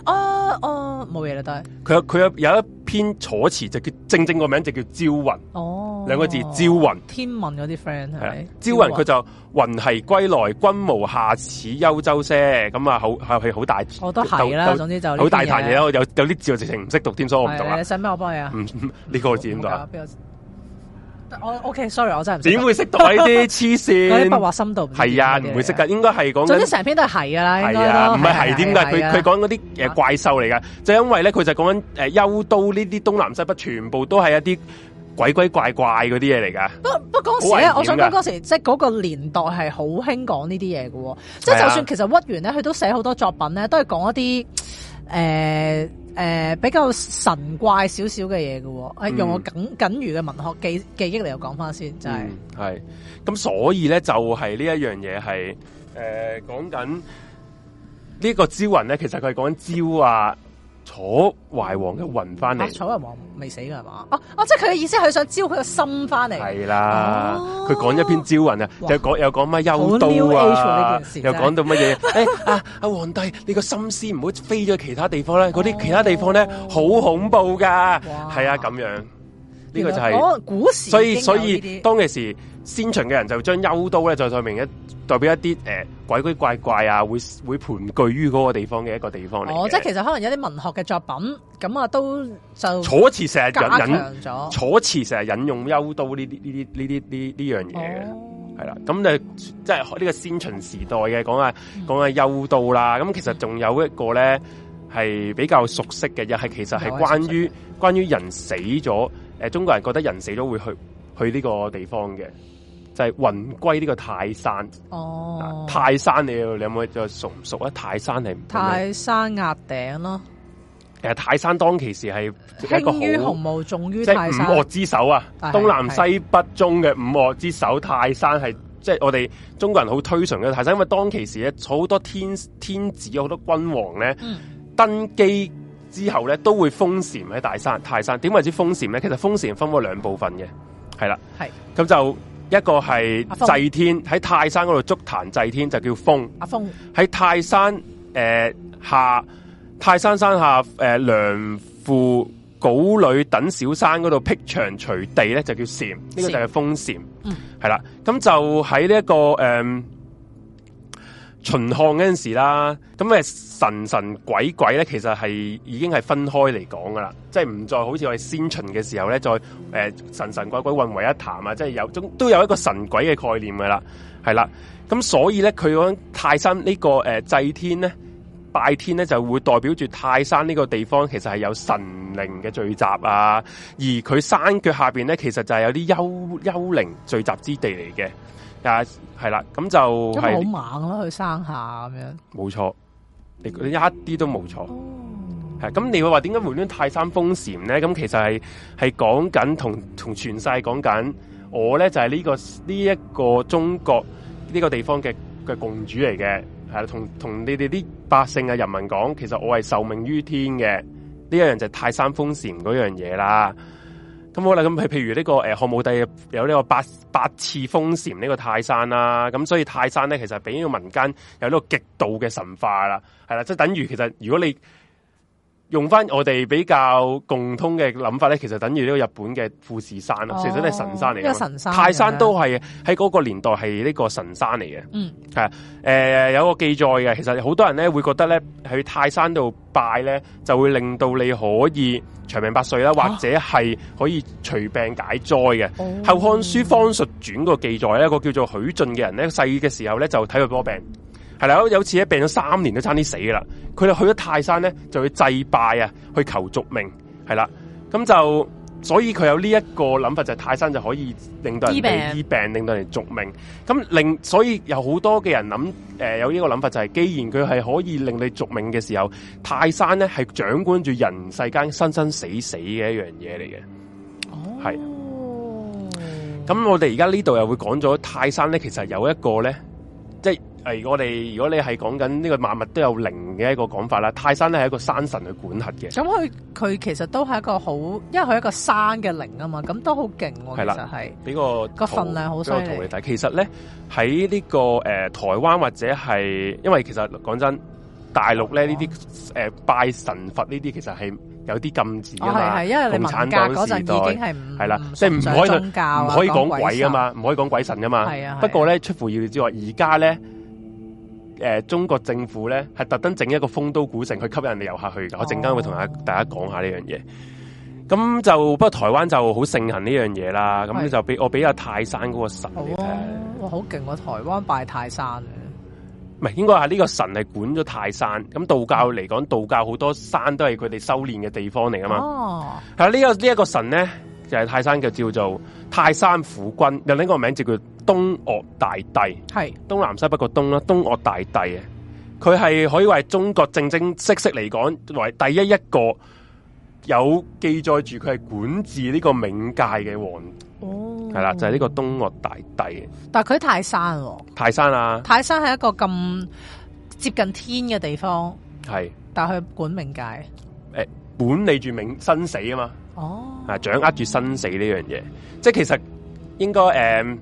哦，佢冇嘢啦，但係、欸。佢有佢有有一篇楚辭就叫正正個名字就叫招魂。哦。兩個字招魂。天文嗰啲 friend 係。招魂佢就魂兮歸來，君無下此幽州些。咁啊，好係好大。我都係啦，總之就好大壇嘢咯。有有啲字我直情唔識讀添，所以我唔讀啦。你想乜我幫你啊？呢 個字點讀、啊。我 OK，sorry，、okay，我真係唔知點會識到呢啲黐線？嗰啲 筆畫深度唔係啊，唔、啊、會識噶，應該係講。總之成篇都係係噶啦，應該唔係係點解佢佢講嗰啲誒怪獸嚟噶？啊、就因為咧，佢就講緊誒幽都呢啲東南西北全部都係一啲鬼鬼怪怪嗰啲嘢嚟噶。不，不當時咧、啊，我想講嗰時即係嗰個年代係好興講呢啲嘢㗎喎。即、就、係、是、就算其實屈原咧，佢都寫好多作品咧，都係講一啲。誒、呃、誒、呃，比較神怪少少嘅嘢嘅，用我僅僅餘嘅文學記記憶嚟，我講翻先，就係係咁，所以咧就係、是呃這個、呢一樣嘢係誒講緊呢個招魂咧，其實佢係講招啊。楚懷王一魂翻嚟，楚懷王未死噶係嘛？哦哦、啊啊，即係佢嘅意思係想招佢個心翻嚟的。係啦、啊，佢講一篇招魂哇啊，又講又講乜幽都啊，又講到乜嘢？誒啊啊，皇帝，你個心思唔好飛咗其他地方咧，嗰啲 其他地方咧好恐怖噶，係啊咁樣。呢、這個就係古時，所以所以，所以當其時。先秦嘅人就將幽都咧，就上面一代表一啲誒、呃、鬼鬼怪怪啊，會會盤踞於嗰個地方嘅一個地方嚟嘅。哦，即係其實可能有啲文學嘅作品，咁啊都就楚辭成日引引咗，楚辭成日引用幽都呢呢呢啲呢啲呢呢樣嘢嘅，係啦。咁誒，即係呢個先秦時代嘅講啊，講啊幽都啦。咁、嗯、其實仲有一個咧係比較熟悉嘅，又係其實係關於關於人死咗。誒、呃，中國人覺得人死咗會去去呢個地方嘅。就係雲歸呢個泰山哦，泰山你你有冇就熟唔熟啊？泰山係泰山壓頂咯。誒，泰山當其時係輕於鴻毛重於泰山，即係、五嶽之首啊！東南西北中嘅五嶽之首，泰山係即係我哋中國人好推崇嘅泰山。因為當其時咧，好多天天子，好多君王咧、嗯，登基之後咧，都會封禪喺泰山。泰山點為之封禪咧？其實封禪分咗兩部分嘅，係啦，係咁就。一個係祭天喺泰山嗰度築壇祭天就叫封，喺泰山誒、呃、下泰山山下誒、呃、梁父蒿里等小山嗰度辟長除地咧就叫禪」。呢、這個就係封禪」。嗯，係啦，咁就喺呢一個誒。呃秦漢嗰陣時啦，咁誒神神鬼鬼咧，其實係已經係分開嚟講噶啦，即係唔再好似我哋先秦嘅時候咧，再誒、呃、神神鬼鬼混為一談啊！即係有總都有一個神鬼嘅概念噶啦，係啦，咁所以咧，佢講泰山呢個誒、呃、祭天咧、拜天咧，就會代表住泰山呢個地方其實係有神靈嘅聚集啊，而佢山腳下邊咧，其實就係有啲幽幽靈聚集之地嚟嘅。係啦，咁就係、是、好猛咯、啊，去生下咁樣。冇錯，你一啲都冇錯，係、嗯、咁你會話點解換咗泰山封禪咧？咁其實係係講緊同同全世界講講緊，我咧就係、是、呢、這個呢一、這個中國呢、這個地方嘅嘅共主嚟嘅，係同同你哋啲百姓啊人民講，其實我係受命於天嘅呢樣就係泰山封禪嗰樣嘢啦。咁好啦，咁譬譬如呢個誒漢武帝有呢個八八次封禪呢個泰山啦、啊，咁所以泰山咧其實俾呢個民間有呢個極度嘅神化啦，係啦，即係等於其實如果你，用翻我哋比較共通嘅諗法咧，其實等於呢個日本嘅富士山啦，其、哦、實都係神山嚟，泰山都係喺嗰個年代係呢個神山嚟嘅。嗯，呃、有個記載嘅，其實好多人咧會覺得咧去泰山度拜咧就會令到你可以長命百歲啦，或者係可以除病解災嘅、哦。後漢書方術傳個記載咧，一個叫做許峻嘅人咧，細嘅時候咧就睇佢波病。係啦，有次咧病咗三年都差啲死嘅啦，佢哋去咗泰山咧，就去祭拜啊，去求續命，係啦，咁就所以佢有呢一個諗法就係、是、泰山就可以令到人哋醫，醫病，令到人續命，咁令所以有好多嘅人諗誒、呃，有呢個諗法就係、是，既然佢係可以令你續命嘅時候，泰山咧係掌管住人世間生生死死嘅一樣嘢嚟嘅，哦，係，咁我哋而家呢度又會講咗泰山咧，其實有一個咧，即係。誒，我哋如果你係講緊呢個萬物都有靈嘅一個講法啦，泰山咧係一個山神去管轄嘅。咁佢佢其實都係一個好，因為佢係一個山嘅靈啊嘛，咁都好勁喎。係啦，畀個個份量好。我同你睇，其實咧喺、啊、呢在、這個誒、呃、台灣或者係，因為其實講真，大陸咧呢啲誒、呃、拜神佛呢啲其實係有啲禁止㗎嘛。係、哦、係，因為你共產黨嗰陣已經係唔係啦，即係唔可以唔可以講鬼啊嘛，唔可以講鬼神㗎嘛。係啊，不，不，不，不過咧出乎意料之外，而家咧。誒、呃，中國政府咧係特登整一個豐都古城去吸引人哋遊客去噶，我陣間會同大家講下呢樣嘢。咁、oh. 就不過台灣就好盛行呢樣嘢啦。咁就俾我俾阿泰山嗰個神嚟睇，好勁！喎、oh. oh. 啊，台灣拜泰山唔係，應該係呢個神係管咗泰山。咁道教嚟講，道教好多山都係佢哋修煉嘅地方嚟啊嘛。係、oh. 呢、啊，這個呢一、這個神咧。就係、是，、泰山，就叫做泰山府君，又另一個名字叫東嶽大帝，係東南西北個東啦，東嶽大帝啊，佢係可以為中國正正式式嚟講，為第一一個有記載住佢係管治呢個冥界嘅王。哦，係啦，就係、是、呢個東嶽大帝。但係佢泰山，哦，泰山啊，泰山係一個咁接近天嘅地方。係，但係佢管冥界誒，管、呃、理住冥生死啊嘛。哦。啊！掌握住生死呢樣嘢，即係其實應該誒、嗯，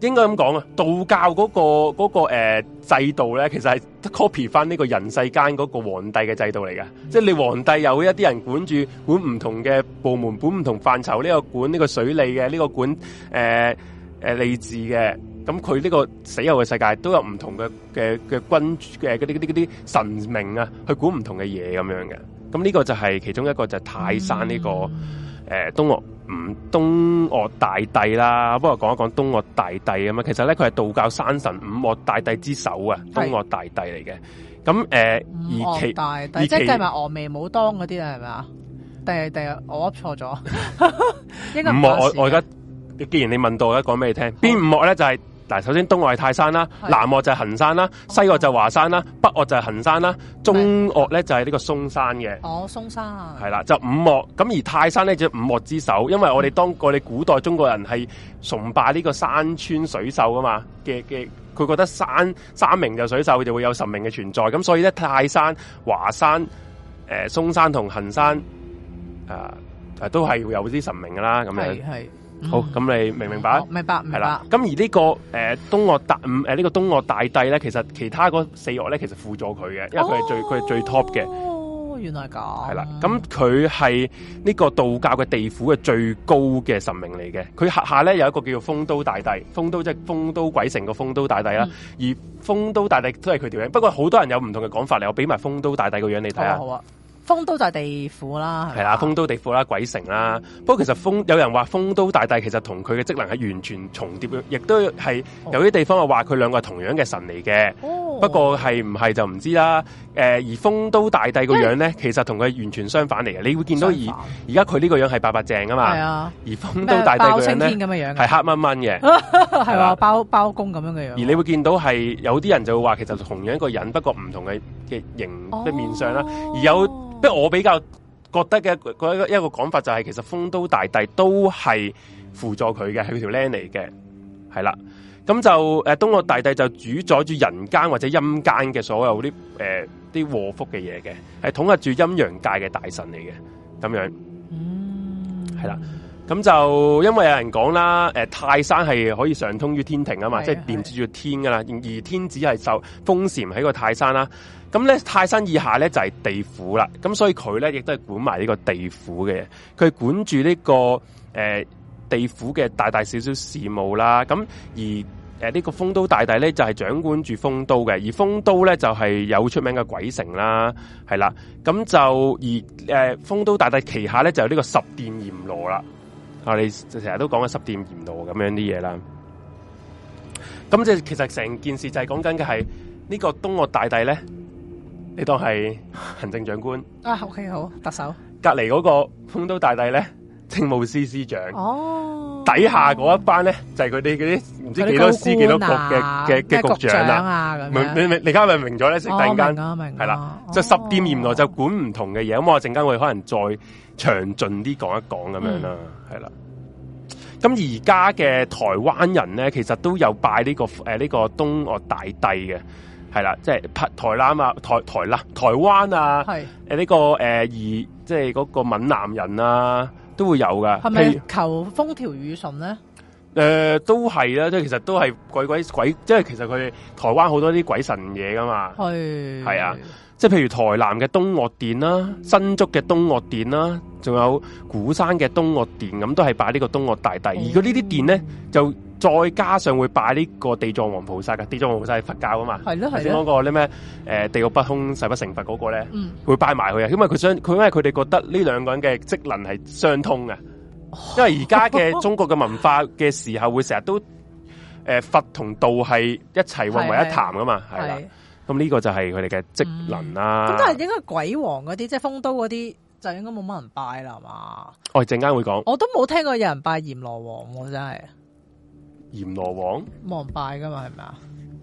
應該咁講啊，道教嗰、嗰個、嗰個誒、呃、制度咧，其實係 copy 翻呢個人世間嗰個皇帝嘅制度嚟㗎。即係你皇帝有一啲人管住管唔同嘅部門，管唔同範疇，呢個管呢、呢個水利嘅，呢、呢個管誒誒、呃呃、利治嘅。咁佢呢個死後嘅世界都有唔同嘅嘅嘅君嘅啲啲啲神明啊，去管唔同嘅嘢咁樣嘅。咁呢個就係其中一個就係泰山呢、這個誒、嗯呃、東嶽唔、嗯、東嶽大帝啦，不過講一講東嶽大帝咁啊，其實咧佢係道教山神五嶽大帝之首啊，東嶽大帝嚟嘅。咁、嗯、誒、呃，五嶽大帝即係話峨眉武當嗰啲啊，係咪啊？定係定係我噏錯咗？唔我我我而家既然你問到我，而家講俾你聽，邊五嶽咧就係、是。但首先東嶽係泰山啦，南嶽就係衡山啦，西嶽就係華山啦，北嶽就係衡山啦，中嶽咧就係呢個嵩山嘅。哦，嵩山啊，係啦，就五嶽咁。而泰山咧就五嶽之首，因為我哋當過你古代中國人係崇拜呢個山川水秀噶嘛嘅嘅，佢覺得山山明就水秀就會有神明嘅存在，咁所以咧泰山、華山、誒、呃、嵩山同衡山啊誒、呃、都係會有啲神明噶啦咁樣。嗯、好，咁你明唔明白？明白，明白。咁而呢、這個誒、呃、東嶽大五誒、呢個東嶽大帝咧，其實其他嗰四岳咧，其實輔助佢嘅，因為佢係最佢係最 top 嘅。哦，原來係咁、啊。係啦，咁佢係呢個道教嘅地府嘅最高嘅神明嚟嘅。佢下下咧有一個叫做豐都大帝，豐都即係豐都鬼城個豐都大帝啦。嗯、而豐都大帝都係佢條樣？不過好多人有唔同嘅講法嚟，我俾埋豐都大帝個樣、哦、你睇下。哦好啊封都就係地府啦，係啦，封都地府啦，鬼城啦。不過其實封有人話封都大帝其實同佢嘅職能係完全重疊嘅，亦都係有啲地方係話佢兩個係同樣嘅神嚟嘅。哦哦、不過係唔係就唔知啦。誒、呃，而豐都大帝個樣咧，其實同佢完全相反嚟嘅。你會見到而而家佢呢個樣係白白淨啊嘛。啊而豐都大帝佢咧，係黑掹掹嘅，係 話包包公咁樣嘅樣。而你會見到係有啲人就會話，其實同樣一個人，不過唔同嘅、嘅形嘅、哦、面相啦。而有不過我比較覺得嘅，一個講、講法就係、是，其實豐都大帝都係輔助佢嘅，係佢條靚嚟嘅，係啦。咁就誒，東岳大帝就主宰住人間或者陰間嘅所有啲誒啲禍福嘅嘢嘅，係、呃、統合住陰陽界嘅大神嚟嘅，咁樣，係、嗯、啦。咁就因為有人講啦，誒、呃，泰山係可以上通於天庭啊嘛，即係連接住天噶啦。而天子係受封禪喺個泰山啦。咁咧，泰山以下咧就係、是、地府啦。咁所以佢咧亦都係管埋呢個地府嘅，佢管住呢、這個誒。呃地府嘅大大小小事務啦，咁而誒呢、呃這個豐都大帝咧就係、是、掌管住豐都嘅，而豐都咧就係、是、有出名嘅鬼城啦，係啦，咁就而誒豐、呃、都大帝旗下咧就有呢個十殿閻羅啦，我哋成日都講緊十殿閻羅咁樣啲嘢啦，咁即係其實成件事就係講緊嘅係呢個東岳大帝咧，你當係行政長官啊？O、okay, K，好，特首，隔籬嗰個豐都大帝咧。政務司司長哦，底下嗰一班咧、哦、就係佢哋嗰啲唔知幾多司幾、啊、多局嘅嘅嘅局長啊，咁樣你你家咪明咗咧？突然間明係啦，即係十殿閻羅就管唔同嘅嘢。咁、哦、我陣間我可能再詳盡啲講一講咁樣啦，係、嗯、啦。咁而家嘅台灣人咧，其實都有拜呢、這個誒呢、呃這個東岳大帝嘅係啦，即係台南啊、台台啦台灣啊，係誒呢個誒而、呃、即係嗰個閩南人啊。都會有噶，係咪求風調雨順咧？誒、呃，都係啦，即係其實都係鬼鬼鬼，即係其實佢哋台灣好多啲鬼神嘢噶嘛，係係啊，即係譬如台南嘅東嶽殿啦，新竹嘅東嶽殿啦，仲有鼓山嘅東嶽殿咁，都係擺呢個東嶽大帝。嗯、而果呢啲殿咧就。再加上會拜呢個地藏王菩薩噶，地藏王菩薩係佛教啊嘛。係咯，頭先講個呢咩？誒，地獄不空，誓不成佛嗰個咧，嗯，會拜埋佢啊。因為，佢想，佢因為佢哋覺得呢兩個人嘅職能係相通嘅，因為而家嘅中國嘅文化嘅時候， 會成日都誒、呃、佛同道係一齊混為一談噶嘛，係啦。咁呢個就係佢哋嘅職能啦。咁都係應該鬼王嗰啲，即係酆都嗰啲，就應該冇乜人拜啦嘛。我陣間會講，我都冇聽過有人拜閻羅王喎，真係。閻羅王，忘拜噶嘛係咪啊？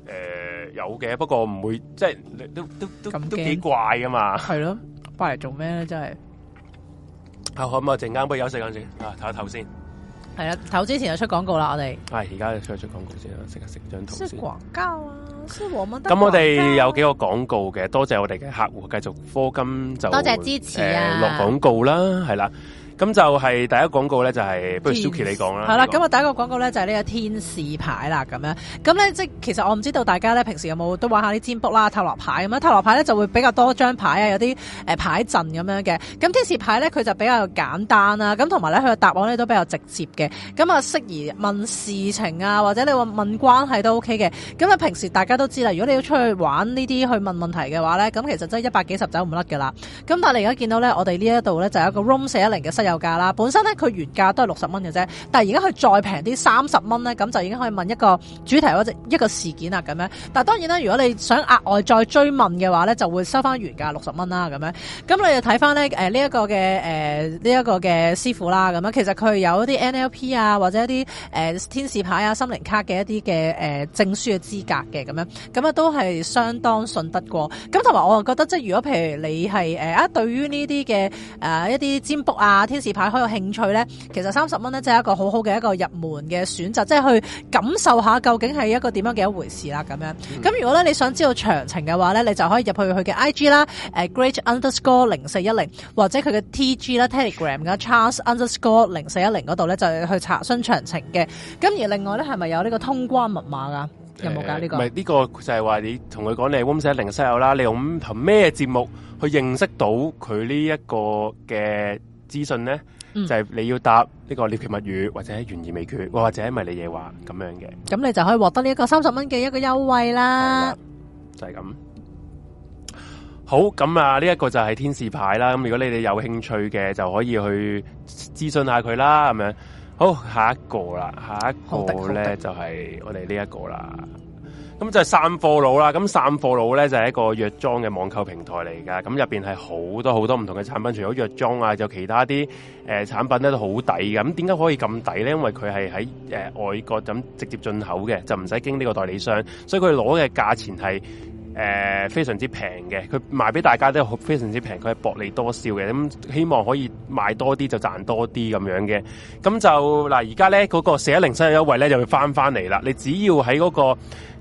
誒、呃，有嘅，不過唔會，即係都都都都幾怪噶嘛。係咯，拜嚟做咩咧？真係。好，好，咁啊，陣間不如休息緊先啊，唞一唞先。係啦，唞之前就出廣告啦，我哋。係、哎，而家出一出廣告先，識下食張圖先。出廣告啊，咁我哋、啊、有幾個廣告嘅，多謝我哋嘅客戶繼續課金就多謝支持啊，落、呃、廣告啦，係啦。咁就係第一個廣告咧，就係，就係不如 Suki 你講啦。係啦，咁啊、嗯、第一個廣告咧就係呢個天使牌啦，咁樣。咁咧即其實我唔知道大家咧平時有冇都玩下啲占卜啦、塔羅牌咁樣。塔羅牌咧就會比較多張牌啊，有啲誒、呃、牌陣咁樣嘅。咁天使牌咧佢就比較簡單啦，咁同埋咧佢嘅答案咧都比較直接嘅。咁啊適宜問事情啊，或者你話問關係都 OK 嘅。咁啊平時大家都知啦，如果你要出去玩呢啲去問問題嘅話咧，咁其實真係一百幾十走唔甩噶啦。咁但係你而家見到咧，我哋呢一度咧就有一個 Room 四一零嘅室價啦，本身咧佢原價都係六十蚊嘅啫，但係而家佢再平啲三十蚊咧，咁就已經可以問一個主題或者一個事件啦咁樣。但係當然啦，如果你想額外再追問嘅話咧，就會收翻原價六十蚊啦咁樣。咁你就睇翻咧誒呢一、呃這個嘅誒呢一個嘅師傅啦咁樣，其實佢有一啲 NLP 啊或者一啲誒、呃、天使牌啊心靈卡嘅一啲嘅誒證書嘅資格嘅咁樣，咁啊都係相當信得過。咁同埋我又覺得即係如果譬如你係誒啊對於呢啲嘅誒一啲占卜啊。啲市牌好有興趣咧，其實三十蚊咧,即係一個好好嘅一個入門嘅選擇，即係去感受下究竟係一個點樣嘅一回事啦。咁樣咁，如果咧你想知道詳情嘅話咧，你就可以入去佢嘅 I G 啦，誒，Great Underscore 零四一零，或者佢嘅 T G 啦，Telegram 嘅 Charles Underscore 零四一零嗰度咧，就去查詢詳情嘅。咁而另外咧，係咪有呢個通關密碼啊？有冇噶呢個？唔係呢個就係話你同佢講你係 m s 一零嘅室友啦。你用憑咩節目去認識到佢呢一個嘅？資訊咧，就係、是、你要答呢個獵奇物語或者懸疑未決，或者係咪你嘢話咁樣嘅，咁你就可以獲得呢一個三十蚊嘅一個優惠啦。係啦，就係、是、咁。好，咁啊呢一個就係天使牌啦。咁如果你哋有興趣嘅，就可以去諮詢下佢啦。咁樣，好，下一個啦，下一個咧就係、是、我哋呢一個啦。咁就係散貨佬啦，咁散貨佬咧就係、是、一個藥妝嘅網購平台嚟噶，咁入面係好多好多唔同嘅產品，除咗藥妝啊，就其他啲、呃、產品咧都好抵㗎。咁點解可以咁抵咧？因為佢係喺外國咁直接進口嘅，就唔使經呢個代理商，所以佢攞嘅價錢係。誒非常之平嘅，佢賣俾大家都好非常之平，佢係薄利多銷嘅。咁希望可以賣多啲就賺多啲咁樣嘅。咁就嗱而家咧嗰個四一零新嘅優惠咧就會翻翻嚟啦。你只要喺嗰個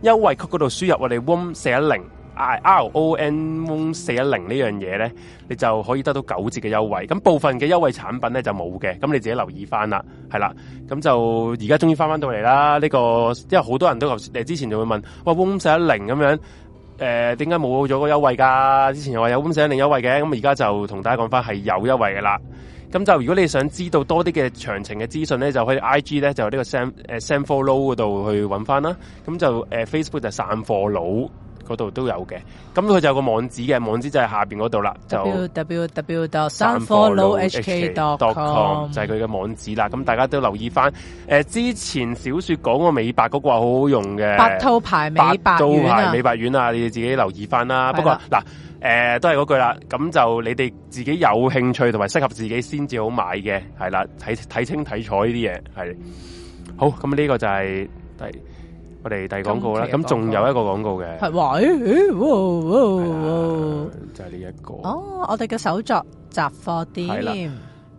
優惠曲嗰度輸入我哋 WOM 四一零 I R O N WOM 四一零呢樣嘢咧，你就可以得到九折嘅優惠。咁部分嘅優惠產品咧就冇嘅，咁你自己留意翻啦，係啦。咁就而家終於翻翻到嚟啦。呢、這個因為好多人都頭之前就會問，喂，WOM 四一零咁樣。誒、呃，點解冇咗個優惠噶？之前又話有咁寫有另優惠嘅，咁而家就同大家講翻係有優惠㗎啦。咁就如果你想知道多啲嘅詳情嘅資訊咧，就可以 I G 咧就呢個 Sam 誒、呃、Sam Follow 嗰度去搵翻啦。咁就誒 Facebook 就散貨佬。嗰度都有嘅，咁、嗯、佢就有個網址嘅，網址就係下邊嗰度啦，就 www. 三 follow h k 點 com 就係佢嘅網址啦。咁、嗯嗯、大家都留意翻，誒、呃，之前小雪講個美白嗰個話，好好用嘅，白兔牌美白都啊，美白丸啊，你哋自己留意翻啦。不過嗱，誒，都係嗰句啦，咁就你哋自己有興趣同埋適合自己先至好買嘅，係啦，睇睇清睇楚呢啲嘢，係好。咁、嗯、呢、嗯、個就係、是、第。我哋第廣告啦，咁仲有一個廣告嘅，係、欸、就係呢一個。哦，我哋嘅手作雜貨店啦，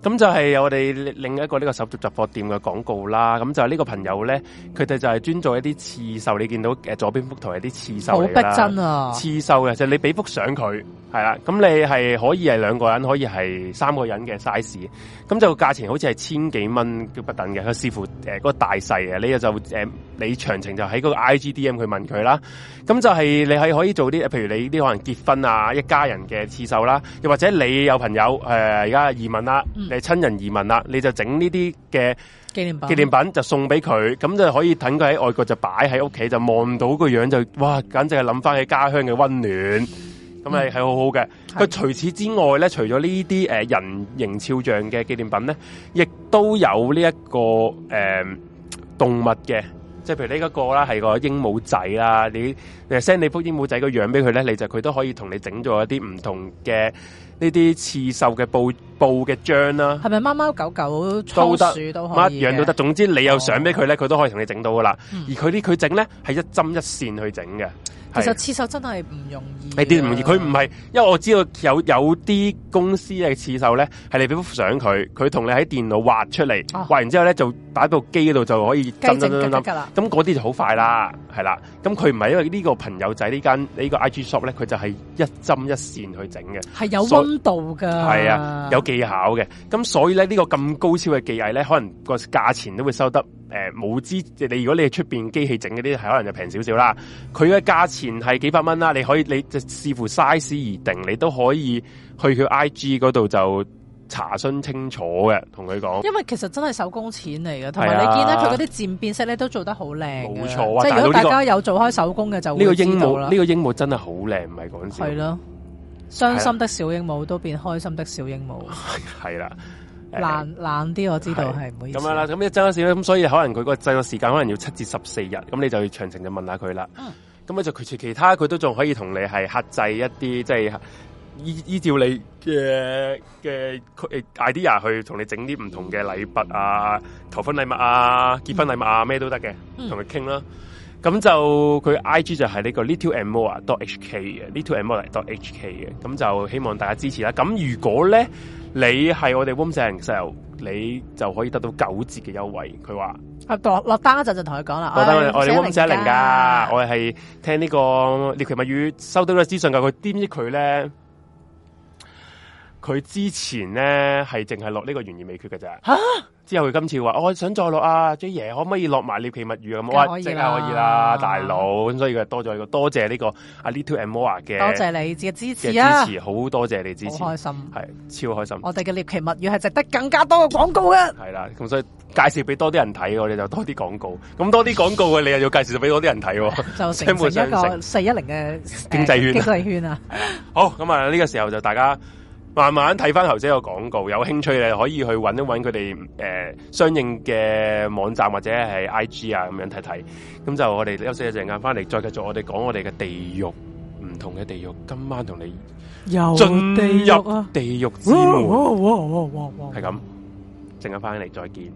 咁就係我哋另一個呢個手作雜貨店嘅廣告啦。咁就係呢個朋友咧，佢、嗯、哋就係專做一啲刺繡，你見到左邊幅圖係啲刺繡好逼真啊，刺繡嘅就係、是、你俾幅相佢。係啦，咁你係可以係兩個人，可以係三個人嘅 size，咁就價錢好似係千幾蚊不等嘅，佢視乎誒嗰個大細啊。你又就誒、呃，你詳情就喺嗰個 IGDM 去問佢啦。咁就係你係可以做啲，譬如你啲可能結婚啊，一家人嘅刺繡啦，又或者你有朋友誒而家移民啦，嗯、你親人移民啦，你就整呢啲嘅紀念品，紀念品就送俾佢，咁就可以等佢喺外國就擺喺屋企，就望到個樣就哇，簡直係諗翻起家鄉嘅溫暖。咁咪係好好嘅。佢除此之外咧，除咗呢啲誒人形俏像嘅紀念品咧，亦都有呢、這個呃這個、一個誒動物嘅，即係譬如呢一個啦，係個鸚鵡仔啦、啊。你你 send 你幅鸚鵡仔個樣俾佢咧，你就佢都可以你做做不同你整咗一啲唔同嘅呢啲刺繡嘅布布嘅章啦。係咪貓貓狗狗都、都鼠都可以？乜樣都得。總之你有相俾佢咧，佢、哦、都可以同你整到噶啦。而佢啲，佢整咧係一針一線去整嘅。其實刺繡真係唔容,容易，你掂唔易。佢唔係，因為我知道有有啲公司嘅刺繡咧，係你俾幅相佢，佢同你喺電腦畫出嚟，畫、啊、完之後咧就擺部機嗰度就可以針針針針。計噶啦。咁嗰啲就好快啦，係啦。咁佢唔係，因為呢個朋友仔呢間呢個 IG shop 咧，佢就係一針一線去整嘅，係有温度噶，係啊，有技巧嘅。咁所以咧，呢、這個咁高超嘅技藝咧，可能個價錢都會收得。誒、呃，冇知，你如果你係出邊機器整嗰啲，係可能就平少少啦。佢嘅價錢係幾百蚊啦，你可以你就視乎 size 而定，你都可以去佢 IG 嗰度就查詢清楚嘅，同佢講。因為其實真係手工錢嚟嘅，同埋、啊、你見到佢嗰啲漸變色咧都做得好靚。冇錯，即係如果大家有做開手工嘅，啊這個，就呢、這個鸚鵡，呢、這個鸚鵡真係好靚，唔係講笑。係咯，傷心的小鸚鵡都變開心的小鸚鵡，係啦，啊。冷冷啲我知道係唔、啊、好意思咁樣啦，咁一爭一少咁，所以可能佢個製作時間可能要七至十四日，咁你就詳情問問、嗯、就問下佢啦。咁咧就佢其他佢都仲可以同你係克製一啲，即、就、係、是、依依照你嘅嘅 idea 去你同你整啲唔同嘅禮物啊，求婚禮物啊，結婚禮物啊，咩、嗯、都得嘅，同佢傾啦。咁就佢 IG 就係呢個 littleandmore.hk 嘅 littleandmore.hk 嘅，咁就希望大家支持啦。咁如果咧？你係我哋 Warmster Sales 你就可以得到九折嘅優惠。佢話落落單嗰陣就同佢講啦。我哋我哋 Warmster Sales 噶，我哋係聽呢個獵奇物語收到嘅資訊噶，佢掂一佢咧，佢之前咧係淨係落呢，呢只是下這個懸而未決嘅咋。啊之後佢今次話，我、哦、想再落啊，J 爺可唔可以落埋獵奇物語啊？咁啊，即係可以啦，大佬。咁所以佢多咗個多謝呢個阿 Little and More 嘅，多謝你之嘅支持啊支持！好多謝你支持，開心係超開心。我哋嘅獵奇物語係值得更加多嘅廣告㗎！係啦，咁所以介紹俾多啲人睇，我哋就多啲廣告。咁多啲廣告嘅，你又要介紹俾多啲人睇。 就成一個四一零嘅經濟圈經濟圈啊！啊、好，咁啊呢個時候就大家。慢慢睇翻頭先個廣告，有興趣你可以去揾一揾佢哋誒相應嘅網站或者係 IG 啊，咁樣睇睇。咁就我哋休息一陣間，翻嚟再繼續我哋講我哋嘅地獄，唔同嘅地獄。今晚同你進入地獄啊！地獄之門，係咁、啊，陣間翻嚟再見。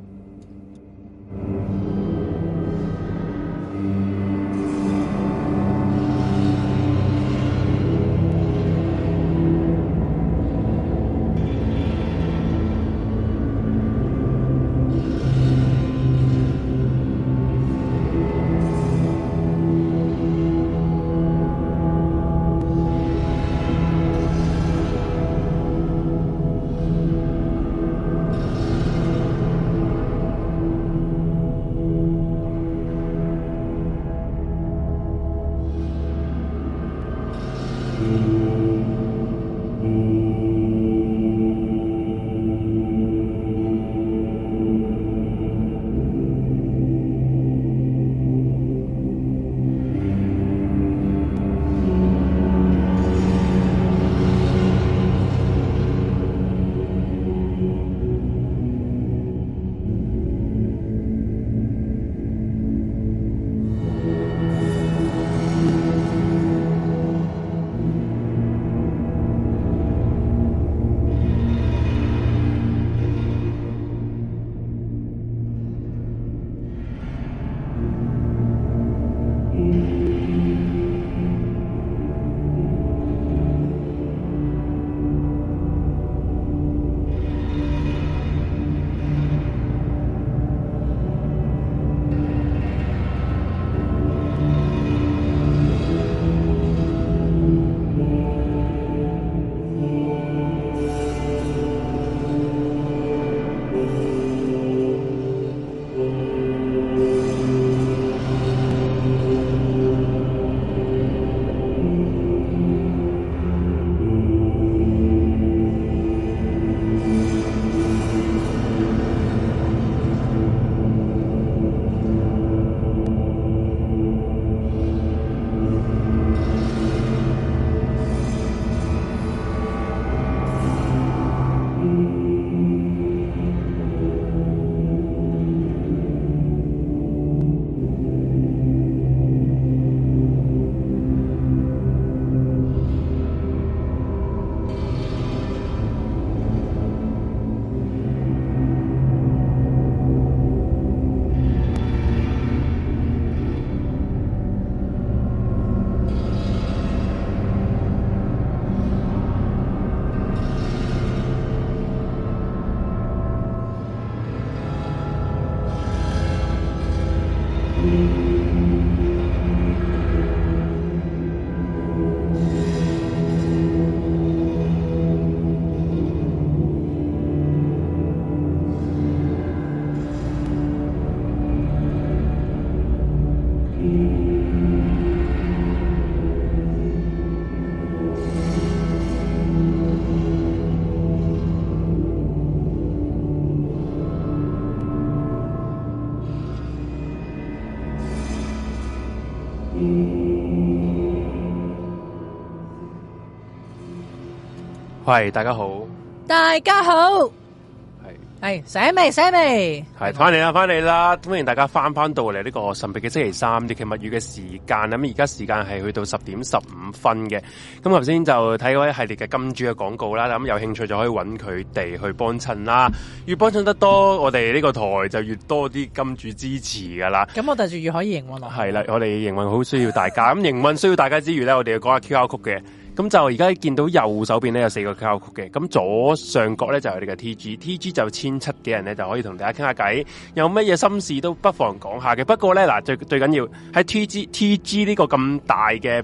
喂，大家好！大家好，係係，醒未醒未翻嚟啦，翻嚟啦！歡迎大家翻翻到嚟呢個神秘嘅星期三，呢期物語嘅時間。咁而家時間係去到十點十五分嘅。咁頭先就睇過一系列嘅金主嘅廣告啦。咁、嗯、有興趣就可以揾佢哋去幫襯啦。越幫襯得多，我哋呢個台就越多啲金主支持噶啦。咁我哋就越可以營運啦。係啦，我哋營運好需要大家。咁營運需要大家之餘咧，我哋要講下 Q R 曲嘅。咁就而家見到右手邊咧，有四個交曲嘅，咁左上角咧就係你嘅 TG，TG 就千七幾人咧就可以同大家傾下偈，有乜嘢心事都不妨講下嘅。不過咧嗱，最最緊要喺 TG，TG 呢個咁大嘅。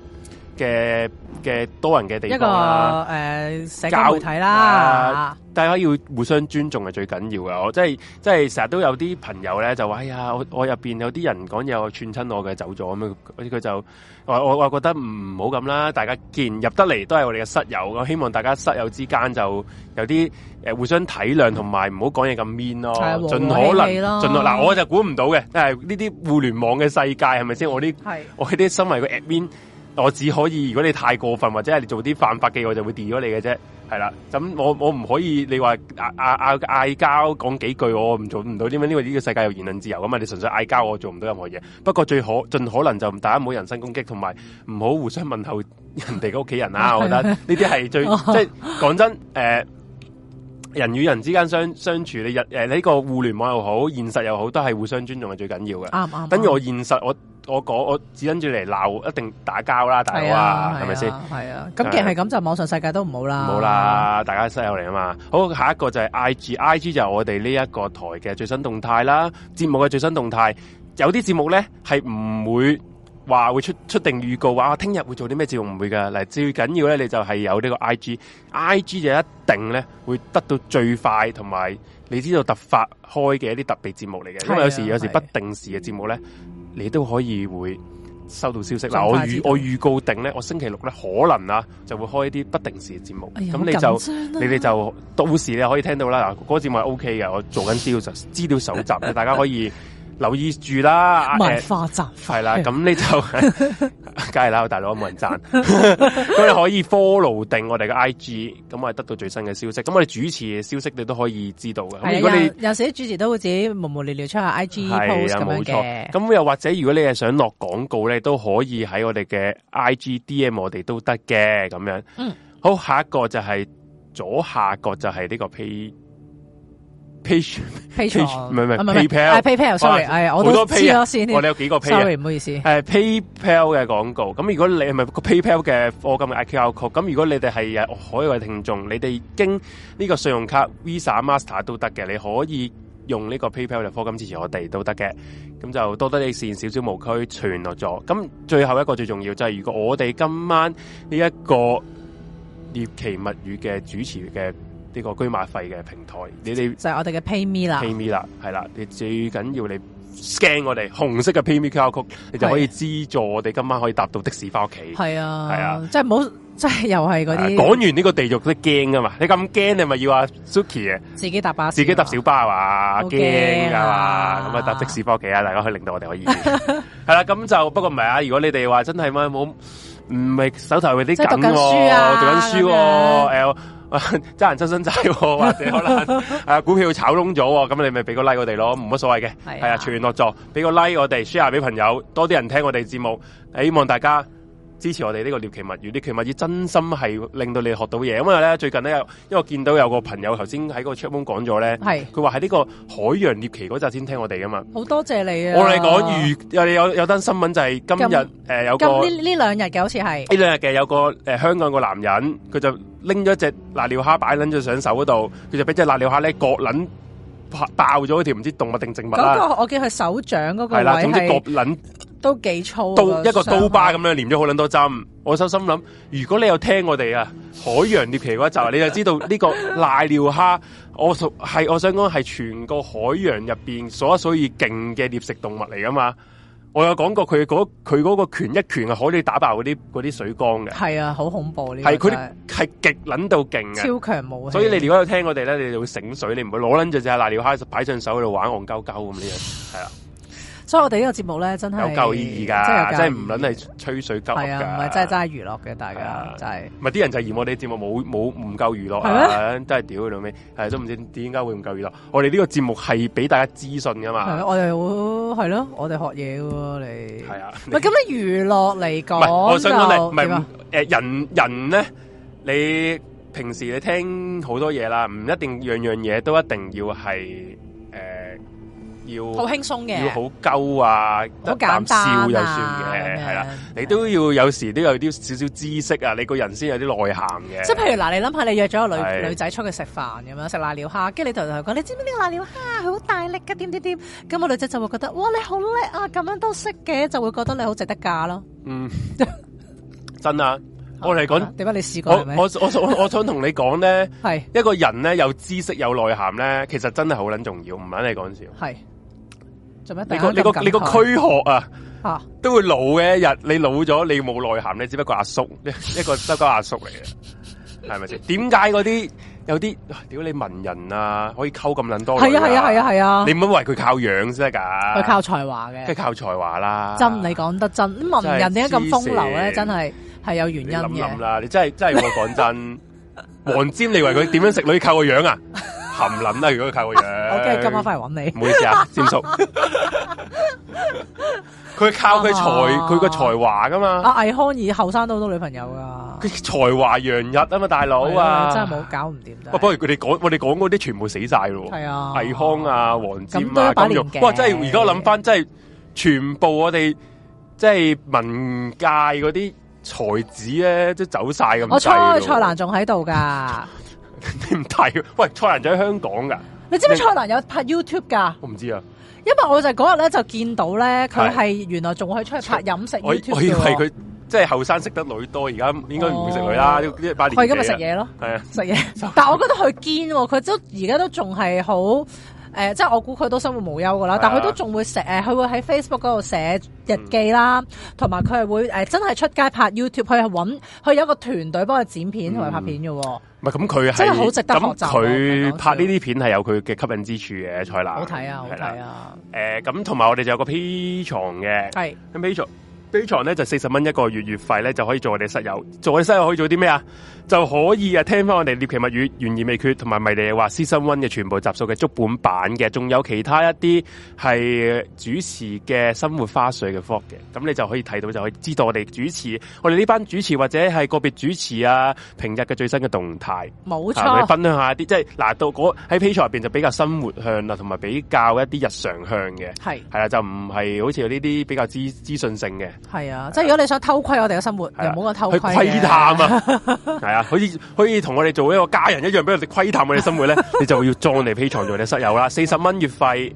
嘅嘅多人嘅地方啦、啊，誒，社交、呃、媒體啦教、啊，大家要互相尊重係最緊要嘅。我即係即係成日都有啲朋友咧，就話：哎呀，我入邊有啲人講嘢我串親我嘅走咗咁樣。好似佢就我我我覺得唔好咁啦。大家既然入得嚟都係我哋嘅室友，我希望大家室友之間就有啲誒互相體諒，同埋唔好講嘢咁 mean 咯。盡可能，盡可嗱、啊，我就估唔到嘅，但係呢啲互聯網嘅世界係咪先？我啲我啲身為個 admin。我只可以，如果你太過分或者係你做啲犯法嘅，我就會跌咗你嘅啫。係啦，咁我我唔可以，你話啊啊嗌交講幾句，我唔做唔到點解？因為呢個世界有言論自由噶嘛，你純粹嗌交，我做唔到任何嘢。不過最可盡可能就大家冇人身攻擊，同埋唔好互相問候人哋嘅屋企人啊。 我覺得呢啲係最 即係講真，誒、呃、人與人之間相相處，你日誒呢個互聯網又好，現實又好，都係互相尊重係最緊要嘅，嗯嗯。等於我現實我。我講我只跟住嚟鬧，一定打交啦，大佬啊，係咪先？係啊，咁其實係咁，就網上世界都唔好啦。唔好啦、啊，大家室友嚟啊嘛。好，下一個就係 I G，I G 就係我哋呢一個台嘅最新動態啦，節目嘅最新動態。有啲節目咧係唔會話會出出定預告，話我聽日會做啲咩節目唔會噶。嗱，最緊要咧，你就係有呢個 I G，I G 就一定咧會得到最快，同埋你知道突發開嘅一啲特別節目嚟嘅。因為有時有時、啊啊、不定時嘅節目咧。你都可以會收到消息啦，我預我預告定咧，我星期六咧可能啊就會開一啲不定時嘅節目。咁、哎、你就、啊、你哋就，你就到時你可以聽到啦。嗱，嗰節目係 OK 嘅，我做緊資料資料蒐集咧，大家可以留意住啦，文化站係啦，咁、嗯嗯啊嗯、你就梗係啦， 我大佬冇人讚，咁 你可以 follow 定我哋嘅 IG，咁我哋得到最新嘅消息，咁我哋主持嘅消息你都可以知道嘅。如果你有，有時主持都會自己無無聊聊出下 IG，係啊，冇錯。咁又或者如果你係想落廣告咧，都可以喺我哋嘅 IG DM，我哋都得嘅咁樣。嗯，好，下一個就係左下角就係呢個 P。PayPay 唔係唔係 PayPal，係、哎、PayPal，sorry，係、哎、我都黐咗線。我哋有幾個 Pay，sorry，唔、uh, 好意思、uh,。係 PayPal 嘅廣告，咁如果你係咪個 PayPal 嘅課金嘅 account 咁，如果你哋係海外聽眾，你哋經呢個信用卡 Visa、Master 都得嘅，你可以用呢個 PayPal 嚟課金支持我哋都得嘅，咁就多得你線少少無區存落咗。咁最後一個最重要就係、是，如果我哋今晚呢一個獵奇物語嘅主持嘅。呢、這個居馬費嘅平台，你哋就係、是、我哋嘅 PayMe 啦，PayMe 啦，係啦，你最緊要你 scan 我哋紅色嘅 PayMe QR Code，你就可以資助我哋今晚可以搭到的士翻屋企。係啊，係啊，即係唔好，即係又係嗰啲。講完呢個地獄都驚噶嘛？你咁驚，你咪要阿 Suki 啊？自己搭巴士，自己搭小巴怕怕的的的啊？驚噶嘛？咁啊搭的士翻屋企啊？ 大家可以令到我哋可以。係 啦，咁就不過唔係啊？如果你哋話真係冇，唔係手頭有啲緊、啊，我、就是、讀緊書啊，讀緊書誒、啊。真 人真身債，或者可能股票炒窿咗，咁你咪畀個 like 我哋咯，唔乜所謂嘅。係啊，全員落座，畀個 like 我哋，share 俾朋友，多啲人聽我哋節目，希望大家。支持我哋呢個獵奇物語，啲奇物語真心係令到你學到嘢，因為咧最近咧，因為我見到有個朋友頭先喺個 chat room 講咗咧，係佢話喺呢個海洋獵奇嗰陣先聽我哋噶嘛，好多謝、謝你啊！我哋講如有有有單新聞就係、是、今日誒、呃、有個今呢呢兩日嘅好似係呢兩日嘅有個誒、呃、香港個男人，佢就拎咗隻瀨尿蝦擺撚咗上手嗰度，佢就俾隻瀨尿蝦咧、呃、割撚爆爆咗條唔知動物定植物嗰個我見佢手掌嗰個、嗯、總之割撚。都幾粗，刀一個刀疤咁樣，黏咗好捻多針。我心心諗，如果你有聽我哋啊，海洋獵奇嗰一集，你就知道呢個瀨尿蝦，我係我想講係全個海洋入邊所所以勁嘅獵食動物嚟噶嘛。我有講過佢嗰佢個拳一拳係，可以打爆嗰啲嗰啲水缸嘅。係啊，好恐怖呢！係佢係極捻到勁嘅，超強武器。所以你如果有聽我哋咧，你就會醒水，你唔會攞捻隻隻瀨尿蝦擺上手喺度玩戇鳩鳩咁呢樣。係啊。所以我哋呢個節目呢，真係有夠意義㗎，真係唔論係吹水鳩，係啊，唔係真係齋娛樂嘅，大家、啊、就係、是。唔係啲人就嫌我哋節目冇冇唔夠娛樂啊，啊！真係屌佢老咩？係都唔知點解會唔夠娛樂。我哋呢個節目係俾大家資訊㗎嘛。我哋好！係囉，我哋、啊、學嘢喎，你。係啊。咁樣，娛樂嚟講就我想講你唔係，誒人人咧，你平時你聽好多嘢啦，唔一定樣樣嘢都一定要係。要好輕鬆嘅，要好鳩啊，好搞、啊嗯、笑又算嘅，係啦、啊啊。你都要有時都有啲少少知識啊，你個人先有啲內涵嘅。即、就、係、是、譬如嗱，你諗下，你約咗個女、啊、女仔出去食飯咁樣，食瀨尿蝦，跟住你同佢講，你知唔知呢個瀨尿蝦係好大力㗎？點點點，咁個女仔就會覺得哇，你好叻啊，咁樣都識嘅，就會覺得你好值得嫁咯。嗯， 真啊，我嚟講，點解你試過？我我我我，我想同你講咧，係、 啊、一個人咧有知識有內涵咧，其實真係好撚重要，唔係、啊、你講笑。係、啊。你個你個軀殼啊，啊，都會老嘅一日。你老咗，你冇內涵你只不過阿叔，一個得哥阿叔嚟嘅，係咪先？點解嗰啲有啲，屌、哎、你文人啊，可以溝咁捻多，啊？係啊係啊係啊係啊！你唔好為佢靠樣先得噶，佢靠才華嘅，即係靠才華啦。真你講得真，文人點解咁風流咧、就是？真係係有原因諗啦，你真係真會講真的， 黃霑你以為佢點樣食女靠個樣啊？冚捻啦，如果佢靠嘅樣子， 我梗係今晚翻嚟揾你。唔好意思啊，占 叔先數。佢 靠佢才，佢、啊、個才華噶嘛。阿、啊、魏康以後生都好多女朋友，佢才華洋溢啊嘛，大佬啊，啊真係冇搞唔掂、啊。不過不如佢哋講，我哋講嗰啲全部死晒咯。係啊，魏康啊，王占啊，咁樣哇！真係而家諗翻，真、啊、係全部我哋即係文界嗰啲才子咧，都走晒咁。我初開蔡瀾仲喺度噶。 你唔睇、啊？喂，蔡瀾仔喺香港噶、啊，你知唔知蔡瀾有拍 YouTube 噶？我唔知啊，因為我就嗰日咧就見到咧，佢係原來仲可以出去拍飲食 YouTube、哦、我以為佢即係後生識得女多，而家應該唔會食女啦，一、哦、八年。佢而家咪食嘢咯？係啊，食嘢。但係我覺得佢堅喎，佢都而家都仲係好。誒、呃，即係我估佢都生活無憂噶啦，但係佢都仲會寫，誒、呃，佢會喺 Facebook 嗰度寫日記啦，同埋佢係會誒、呃、真係出街拍 YouTube，佢係揾佢有一個團隊幫佢剪片同埋拍片嘅喎。唔係，咁佢係咁，佢拍呢啲片係有佢嘅吸引之處嘅，蔡娜。好睇啊，好睇啊，誒，咁同埋我哋就有個 P 床嘅，咁 P 床 P 牀咧，就四十蚊一個月月費咧，就可以做我哋室友，做我哋室友可以做啲咩啊？就可以啊！聽翻我哋《獵奇物語》懸而未決，同埋迷你話 season one 嘅全部集數嘅足本版嘅，仲有其他一啲係主持嘅生活花絮嘅 f o 嘅，咁你就可以睇到，就可以知道我哋主持，我哋呢班主持或者係個別主持啊，平日嘅最新嘅動態。冇錯。啊、你分享下啲即係嗱，到嗰喺 Patreon 入邊就比較生活向啦，同埋比較一啲日常向嘅，係係啊，就唔係好似有呢啲比較資資訊性嘅。係啊，即係如果你想偷窺我哋嘅生活，啊、又唔好偷窺，去窺、啊、探啊。 可以可以同我哋做一個家人一樣，俾人哋窺探我哋生活咧， 你就要裝嚟 Patreon，做你室友啦。四十蚊月費，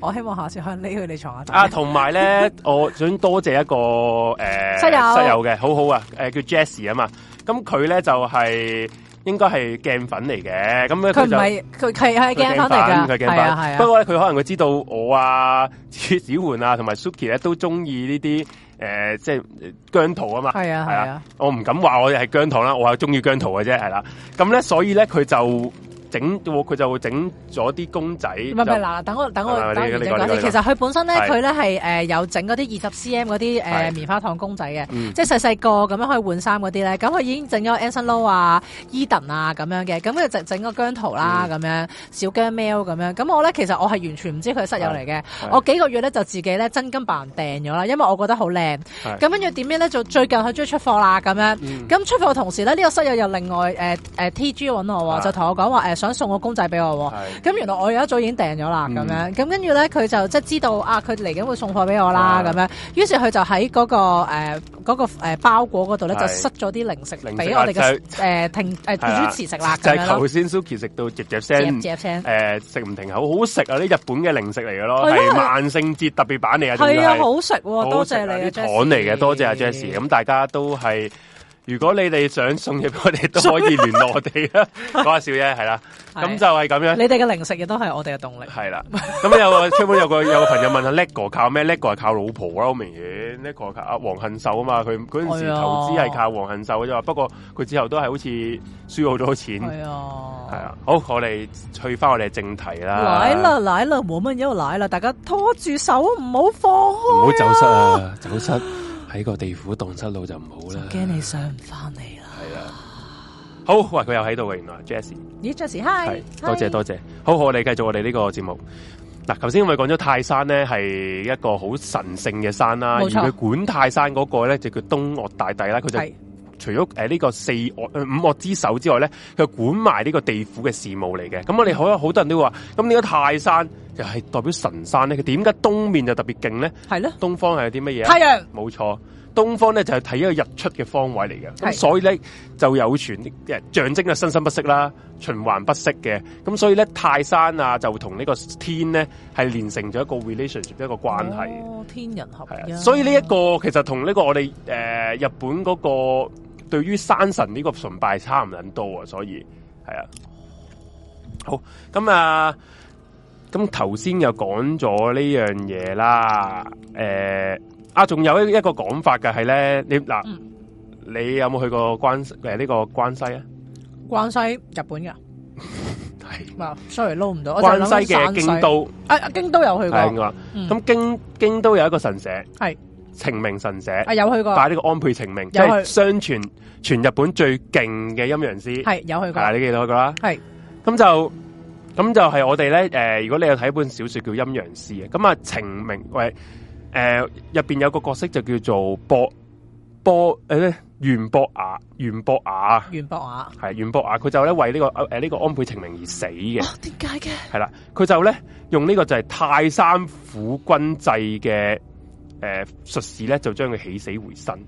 我希望下次可以匿佢哋床下。啊，同埋咧， 我想多謝一個誒、呃、室友室友嘅，好好、呃就是、啊，誒叫 Jesse 啊嘛，咁佢咧就係應該係鏡粉嚟嘅，咁佢唔係佢係鏡粉嚟噶，係啊係啊，不過佢可能佢知道我啊，小媛啊，同埋 Suki 咧都中意呢啲。誒、呃、即係姜糖啊嘛，係啊係啊，啊，我唔敢話我哋係姜糖啦，我係中意姜濤嘅啫，係啦，啊，咁咧所以咧佢就。整佢就會整咗啲公仔，唔係嗱，等我等我、啊、等我講先。其實佢本身咧，佢咧係誒有整嗰啲二十 cm 嗰啲誒棉花糖公仔嘅，嗯、即係細細個咁樣可以換衫嗰啲咧。咁佢已經整咗 Anson Lo 啊、Eden 啊咁樣嘅，咁佢整整個姜濤啦咁樣，小姜 Mail 咁樣。咁我咧其實我係完全唔知佢室友嚟嘅。我幾個月咧就自己咧真金白銀訂咗啦，因為我覺得好靚。咁跟住點樣咧？就最近佢終於出貨啦咁樣。咁、嗯、出貨同時咧，呢、這個室友又另外誒誒、呃呃、T.G 揾我喎，就同我講話誒。想送個公仔俾我喎，咁原來我有一早已經訂咗啦，咁、嗯、樣，咁跟住咧佢就即係知道啊，佢嚟緊會送貨俾我啦，咁、啊、樣，於是佢就喺嗰、嗰個誒嗰、呃嗰個包裹嗰度咧就塞咗啲零食俾我哋嘅誒停誒主持食啦，就係頭先 Suki 食到嚼嚼聲，食唔停口，好食啊！啲、就是呃呃就是呃啊、日本嘅零食嚟嘅咯，係萬聖節特別版嚟嘅，係啊，好食喎，多謝，多謝你啲嚟嘅，多謝阿 Jess，咁大家都係。如果你哋想送入我哋都可以聯絡我哋啦，講下笑啫， 係啦。咁就係咁樣，你哋嘅零食亦都係我哋嘅動力。係啦，咁有個聽 有個有個朋友問下叻哥靠咩？叻哥係靠老婆啊，好明顯。叻哥靠阿黃杏秀啊嘛，佢嗰陣時投資係靠黃杏秀嘅，就話、啊、不過佢之後都係好似輸好多錢。係啊，係啊。好，我哋去翻我哋嘅正題啦。奶啦，奶啦，冇乜嘢，奶啦。大家拖住手唔好放開、啊，唔好走失啊，走失。 喺個地府蕩失路就唔好啦，驚你上唔翻嚟啦。係啊，好，喂，佢又喺度嘅原來 Jessie 咦 Jessie，Hi，多謝多謝，好好，我哋繼續我哋呢個節目。嗱、啊，頭先我哋講咗泰山咧，係一個好神聖嘅山啦，而佢管泰山嗰個咧就叫東岳大帝啦，佢就除咗誒呢個四岳、呃、五岳之首之外咧，佢管埋呢個地府嘅事務嚟嘅。咁我哋好有好多人都會話，咁點解泰山？就係代表神山咧，佢點解東面就特別勁咧？係咯，東方係有啲乜嘢？太陽冇錯，東方咧就係睇一個日出嘅方位嚟嘅。咁所以咧就有傳啲誒象徵啊生生不息啦，循環不息嘅。咁所以咧泰山啊就同呢個天咧係連成咗一個 relationship 一個關係。哦，天人合一啊！啊所以呢一個其實同呢個我哋誒、呃、日本嗰個對於山神呢個崇拜差唔撚多啊！所以係啊，好咁啊。咁頭先又講咗呢樣嘢啦，誒，啊，仲有一一個講法嘅係咧，你嗱，你有冇去過關誒呢個關西啊？關西日本噶，哇，sorry 撈唔到，關西嘅京都，誒，京都有去過，咁京京都有一個神社，係晴明神社，啊有去過，帶呢個安倍晴明，即係相傳全日本最勁嘅陰陽師，係有去過，你記得去過啦，係咁就。咁就係我哋咧，誒、呃，如果你有睇一本小說叫《陰陽師》啊，咁啊，晴明喂，誒、呃，入邊有個角色就叫做博博誒，博雅，原博雅，原博雅係博雅，佢就咧為呢、這個誒呢、呃這個安倍晴明而死嘅，點解嘅？係啦，佢就咧用呢個就係泰山府君制嘅，誒、呃，術士咧就將佢起死回生。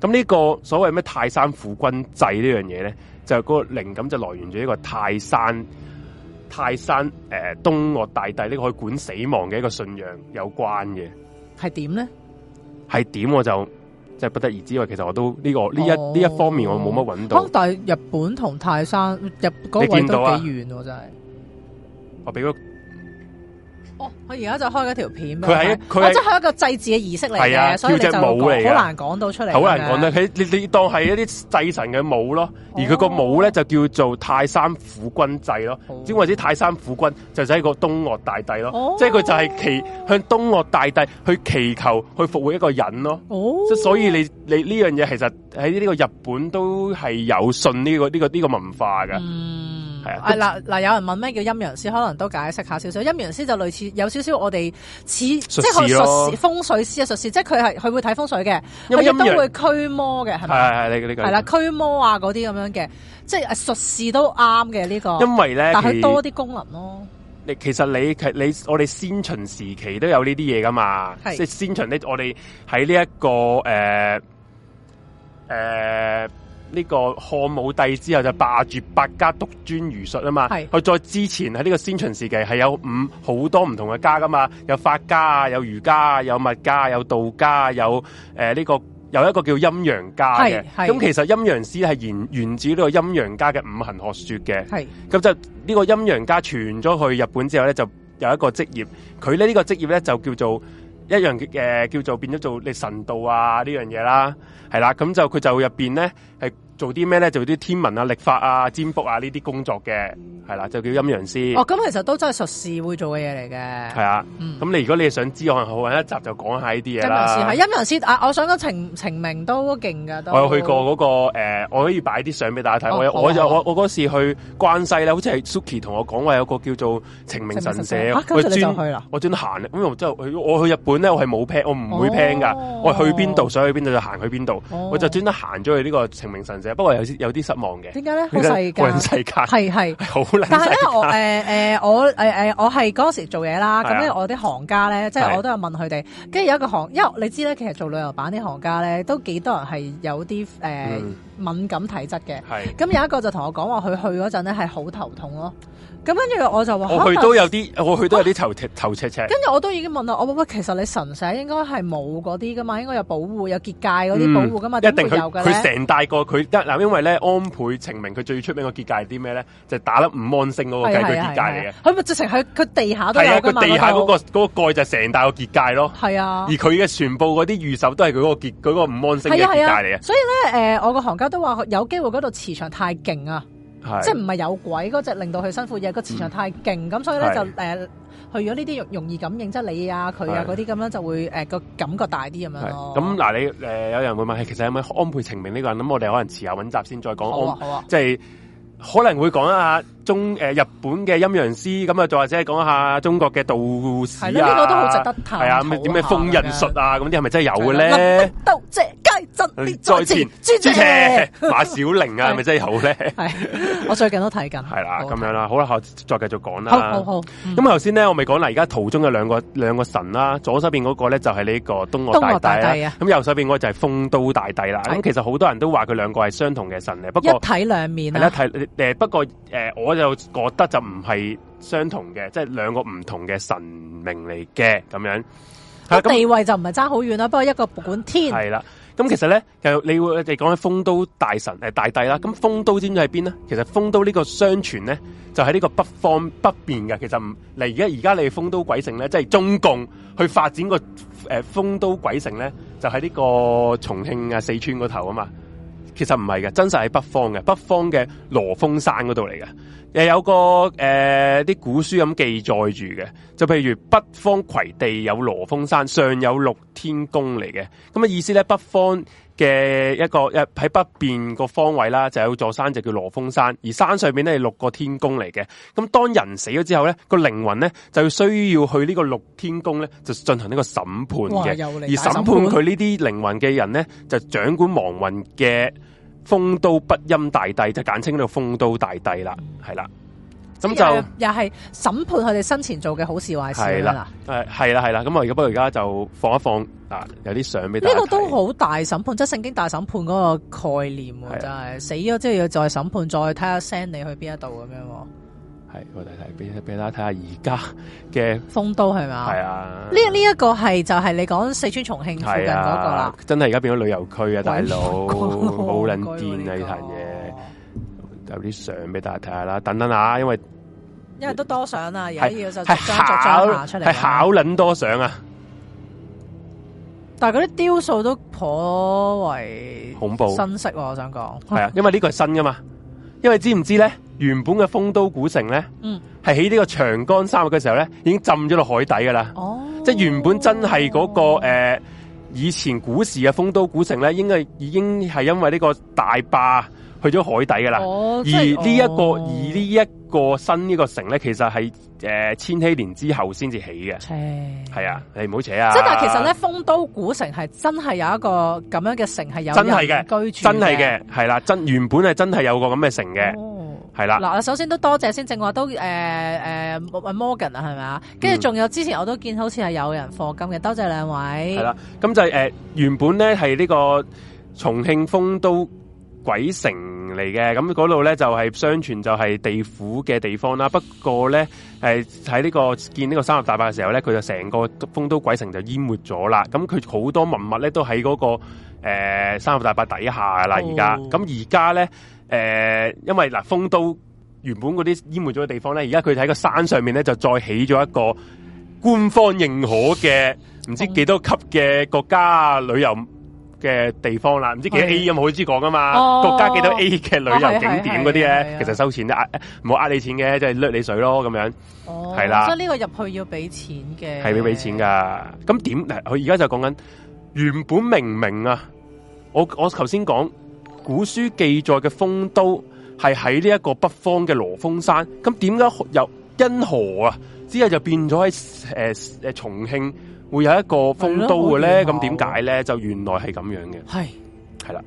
咁呢個所謂咩泰山府君制呢樣嘢咧，就個靈感就來源於呢個泰山。泰山誒、呃，東嶽大帝呢個去管死亡嘅一個信仰有關嘅，係點咧？係點我就即係、就是、不得而知。我其實我都呢、這個呢一呢、哦、一方面我沒，哦哦那個啊，我冇乜搵到。但係日本同泰山日嗰位都幾遠，真係。我俾個。哦、我我而家就開咗條片佢係，佢係佢即係一個祭祀嘅儀式嚟嘅，啊，叫隻舞嚟嘅，好難講到出嚟，好難講到。你你你當係一啲祭神嘅舞咯，哦、而佢個舞咧就叫做泰山府君祭咯。只為啲泰山府君就係一個東嶽大帝咯，哦、即係佢就係祈向東嶽大帝去祈求去復活一個人咯。即、哦、所以你你呢樣嘢其實喺呢個日本都係有信呢，這個呢，這個呢，這個文化嘅，嗯。係，嗱 啊啊啊，有人問咩叫陰陽師？可能都解釋下少少。陰陽師就類似有少少我哋似術即係術士風水師啊，術士，即係佢係佢會睇風水嘅，佢亦都會驅魔嘅，係嘛？係係呢個呢個係啦，驅魔啊嗰啲咁樣嘅，即係術士都啱嘅呢個。因為咧，但係多啲功能咯。你其實你你我哋先秦時期都有呢啲嘢噶嘛？即係先秦呢，我哋喺呢一個誒誒。呃呃呢、這個漢武帝之後就罷黜百家獨尊儒術啊嘛，佢再之前喺呢個先秦時期係有五好多唔同嘅家噶嘛，有法家啊，有儒家啊，有墨家啊，有道家啊，有誒呢、呃這個有一個叫陰陽家嘅，咁、嗯、其實陰陽師係源源自呢個陰陽家嘅五行學說嘅，咁就呢個陰陽家傳咗去日本之後咧，就有一個職業，佢咧呢、這個職業咧就叫做。一樣嘅、呃、叫做變咗做力神道啊，呢樣嘢啦，係啦，咁就佢就入邊咧係。做啲咩咧？做啲天文啊、歷法啊、占卜啊呢啲工作嘅，係啦，就叫陰陽師。哦，咁其實都真係術士會做嘅嘢嚟嘅。係啊，咁、嗯、你如果你想知，可能好搵一集就講下呢啲嘢，陰陽師係陰陽師啊！我想講晴晴明都勁噶，我有去過嗰、那個誒、呃，我可以擺啲相俾大家睇、哦。我有、哦、我就、哦、我我嗰時去關西咧，好似係 Suki 同我講話有個叫做晴明神社，神社啊、你我專去啦，我專行。咁然之我去日本咧，我係冇 plan 我唔會 plan 噶，我去邊度想去邊度就行去邊度，我就專登行咗去呢、哦、個晴明神社。不過有有啲失望嘅，點解咧？好世界，係係好，世是是好世，但係咧、 呃呃，我誒誒、呃呃、我誒誒我係嗰時做嘢啦，咁咧、啊、我啲行家咧，即、就、係、是、我都有問佢哋，跟住、啊、有一個行，因為你知咧，其實做旅遊版啲行家咧，都幾多人係有啲誒、呃嗯、敏感體質嘅，咁有一個就同我講話，佢去嗰陣咧係好頭痛咯。咁跟住我就話，我去都有啲、啊，我去都有啲頭赤赤赤。跟、啊、住我都已經問啦，我話喂，其實你神社應該係冇嗰啲噶嘛，應該有保護，有結界嗰啲保護噶嘛，一、嗯、定有㗎咧。佢成大個佢，嗱，因為咧安倍晴明佢最出名個結界係啲咩咧？就係、是、打得五芒星嗰、那個叫結界嚟嘅。佢咪直情喺佢地下都有。係啊，佢地下嗰、那個嗰個蓋、那個、就係成大個結界咯。係啊。而佢嘅全部嗰啲御守都係佢嗰個結，嗰個五芒星嘅結界嚟嘅、啊啊。所以咧，誒、呃，我個行家都話有機會嗰度磁場太勁啊。即係唔係有鬼嗰隻令到佢辛苦嘢、個磁場太勁，咁、嗯、所以咧就誒、呃，去咗呢啲容容易感應，即係你啊佢啊嗰啲咁樣就會誒個、呃、感覺大啲咁樣。咁嗱、呃、你誒、呃，有人會問，其實有咪安倍晴明呢個人？咁我哋可能遲下搵集先再講、啊。好啊，即、就、係、是、可能會講一下。中誒、呃、日本嘅陰陽師咁啊，再或者講下中國嘅道士啊，呢、呢個都好值得睇。係啊，咩點咩封印術啊，咁啲係咪真係有嘅咧？道劍皆真，在前朱馬小玲啊，係咪真係好咧？我最近都睇緊。係啦，咁樣啦，好啦，後再繼續講啦。好好。咁頭先咧，我咪講嗱，而家圖中嘅兩個兩個神啦、啊，左手邊嗰個咧就係呢個東岳大帝啊，咁、啊啊、右手邊嗰就係酆都大帝啦、啊。咁其實好多人都話佢兩個係相同嘅神咧、啊，不過一體兩面係、啊、啦，不過誒我。就覺得就唔係相同嘅，即係兩個唔同嘅神明嚟嘅咁樣，係地位就唔係差好遠啦。不過一個管天係啦。咁其實咧，又你會我哋講緊豐都大神誒大帝啦。咁豐都知唔知喺邊咧？其實豐都呢個相傳咧，就喺呢個北方北邊嘅。其實唔嚟而家而家你豐都鬼城咧，即係中共去發展個誒豐都鬼城咧，就喺呢個重慶啊四川嗰頭啊嘛。其實唔係嘅，真實喺北方嘅，北方嘅羅峰山嗰度嚟嘅。又有個誒啲、呃、古書咁記載住嘅，就譬如北方葵地有羅峰山，上有六天宮嚟嘅。咁意思咧，北方嘅一個一喺北邊個方位啦，就有座山就叫羅峰山，而山上邊咧係六個天宮嚟嘅。咁當人死咗之後咧，個靈魂咧就需要去呢個六天宮咧，就進行呢個審判嘅。而審判佢呢啲靈魂嘅人咧，就掌管亡魂嘅。豐都不陰大帝就簡稱到豐都大帝啦，係啦，咁就又係審判佢哋生前做嘅好事壞事啦，係啦，係啦，係啦，咁我而家不過而家就放一放，嗱，有啲相俾大家睇，呢個都好大審判，即係聖經大審判嗰個概念啊，就係死咗之後要再審判，再睇下 send 你去邊一度咁樣。係，我睇睇，俾俾大家睇下而家嘅風都係嘛？係啊，呢呢一個係就係、是、你講四川重慶附近嗰個啦、啊。真係而家變咗旅遊區 啊，大佬，好撚癲啊呢行嘢。有啲相俾大家睇下啦，等等下、啊，因為因為都多相啊，啲要就裝作裝下出嚟，考撚多相啊。但係嗰啲雕塑都頗為恐怖、新式，我想講。係啊，因為呢個係新㗎嘛。因為知唔知咧？原本嘅豐都古城咧，係、嗯、喺呢個長江三峽嘅時候咧，已經浸咗落海底噶啦、哦。即係原本真係嗰、那個誒、呃，以前古時嘅豐都古城咧，應該已經係因為呢個大壩。去咗海底噶啦、oh，這個，而呢一個而呢一個新呢個城咧，其實係誒、呃、千禧年之後先至起嘅，係、oh。啊，你唔好扯啊！即係其實咧，豐都古城係真係有一個咁樣嘅城，係有人居住嘅，真係嘅，真係嘅係啦，真原本係真係有個咁嘅城嘅，係啦嗱，首先謝謝都多謝先正話都誒誒 Morgan 啊，係咪啊？跟住仲有之前我都見好似係有人課金嘅，嗯、多謝兩位係啦。咁就誒、是呃、原本咧係呢個重慶豐都鬼城。嚟嘅。咁嗰度咧就係相傳就係地府嘅地方啦，不過咧喺呢，這個建呢個三峽大壩嘅時候咧，佢就成個豐都鬼城就淹沒咗啦。咁佢好多文物咧都喺嗰，那個誒三峽大壩底下噶啦。而家咁而家咧誒，因為嗱豐都原本嗰啲淹沒咗嘅地方咧，而家佢喺個山上面咧就再起咗一個官方認可嘅唔知幾多級嘅國家旅遊嘅地方啦，唔知幾多 A 有冇好意思講噶嘛、哦？國家幾多 A 嘅旅遊景點嗰啲咧，其實收錢壓唔好呃你錢嘅，即係掠你水咯咁樣。哦，係啦。所以呢個入去要俾錢嘅，係要俾錢噶。咁點？佢而家就講緊原本明明啊，我我頭先講古書記載嘅豐都係喺呢一個北方嘅羅峰山，咁點解由因何啊？之後就變咗喺誒誒重慶。會有一個豐都嘅咧，咁點解咧？就原來係咁樣嘅，係係啦。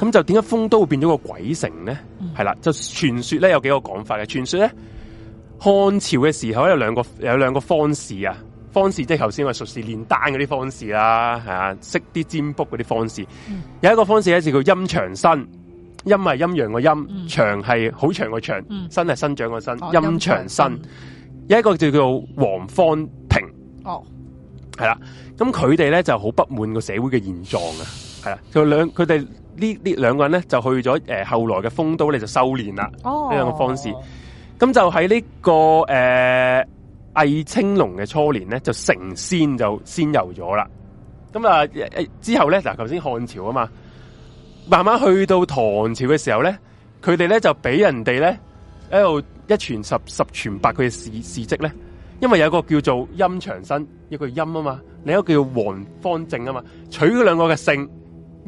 咁就點解豐都會變咗個鬼城咧？係、嗯、啦，就傳說咧有幾個講法嘅。傳說咧，漢朝嘅時候呢，有兩個有兩個方士啊，方士即係頭先個術士煉丹嗰啲方士啦，係啊，識啲占卜嗰啲方士。有一個方士咧就叫陰長生，陰係陰陽個陰，嗯、長係好長個長，身生係生長個生。陰、哦、長生，陰長生、嗯，有一個就叫王方平哦。係啦，咁佢哋咧就好不滿個社會嘅現狀啊！係啦，就兩佢哋呢呢兩個人咧就去咗誒、呃、後來嘅豐都咧就修煉啦，呢、oh. 兩個方士。咁就喺呢、這個誒、呃、魏青龍嘅初年咧就成仙就仙遊咗啦。咁啊、呃、之後咧嗱，頭先漢朝啊嘛，慢慢去到唐朝嘅時候咧，佢哋咧就俾人哋咧喺度一傳十十傳百佢嘅事事蹟咧。因為有一個叫做陰長生，一個叫陰啊嘛，另一個叫黃方正啊嘛，取佢兩個嘅姓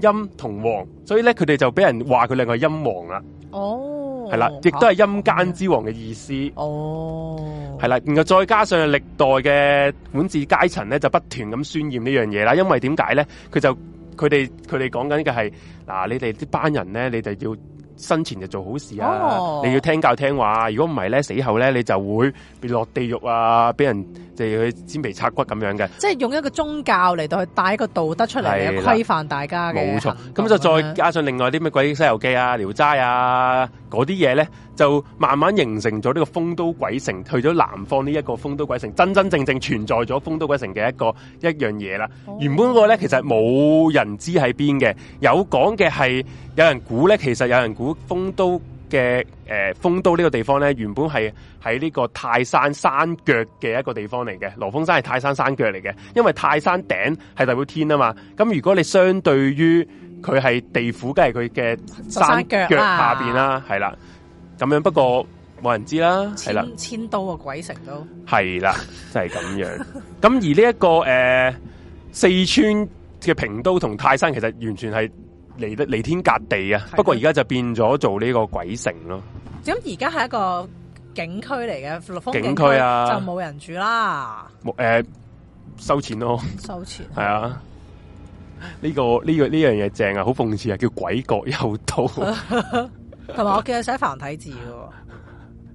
陰同黃，所以咧佢哋就俾人話佢兩個係陰王啦。哦，係啦，亦都係陰間之王嘅意思。哦，係啦，然後再加上歷代嘅管治階層咧，就不斷咁宣揚呢樣嘢啦。因為點解咧？佢就佢哋佢哋講緊嘅係嗱，你哋呢班人咧，你哋要。生前就做好事啊！Oh. 你要聽教聽話，如果唔係咧，死後咧你就會落地獄啊，俾人就要去煎皮拆骨咁樣嘅。即係用一個宗教嚟到去帶一個道德出嚟嚟規範，大家嘅冇、啊、錯。咁就再加上另外啲咩鬼《西遊記》啊、《聊齋》啊，嗰啲嘢咧，就慢慢形成咗呢個豐都鬼城，去咗南方呢一個豐都鬼城，真真正正存在咗豐都鬼城嘅一個一樣嘢啦。Oh. 原本個咧其實冇人知喺邊嘅，有講嘅係有人估咧，其實有人估。古豐都嘅誒，豐、呃、都呢個地方咧，原本係喺呢個泰山山腳嘅一個地方嚟嘅。羅峰山係泰山山腳嚟嘅，因為泰山頂係代表天啊嘛。咁如果你相對於佢係地府，梗係佢嘅山腳下邊啦，係啦、啊，咁樣。不過冇人知啦，係啦，千都啊鬼城都係啦，就係、是、咁樣。咁 而呢、這、一個誒、呃，四川嘅平都同泰山其實完全係。離得離天隔地啊！不過而家就變咗做呢個鬼城咯。咁而家係一個景區嚟嘅，風景區啊，就冇人住啦。冇誒，收錢咯，收錢係啊。呢個呢個呢樣嘢正啊，好諷刺啊，叫鬼國幽都。同埋我見佢寫繁體字嘅，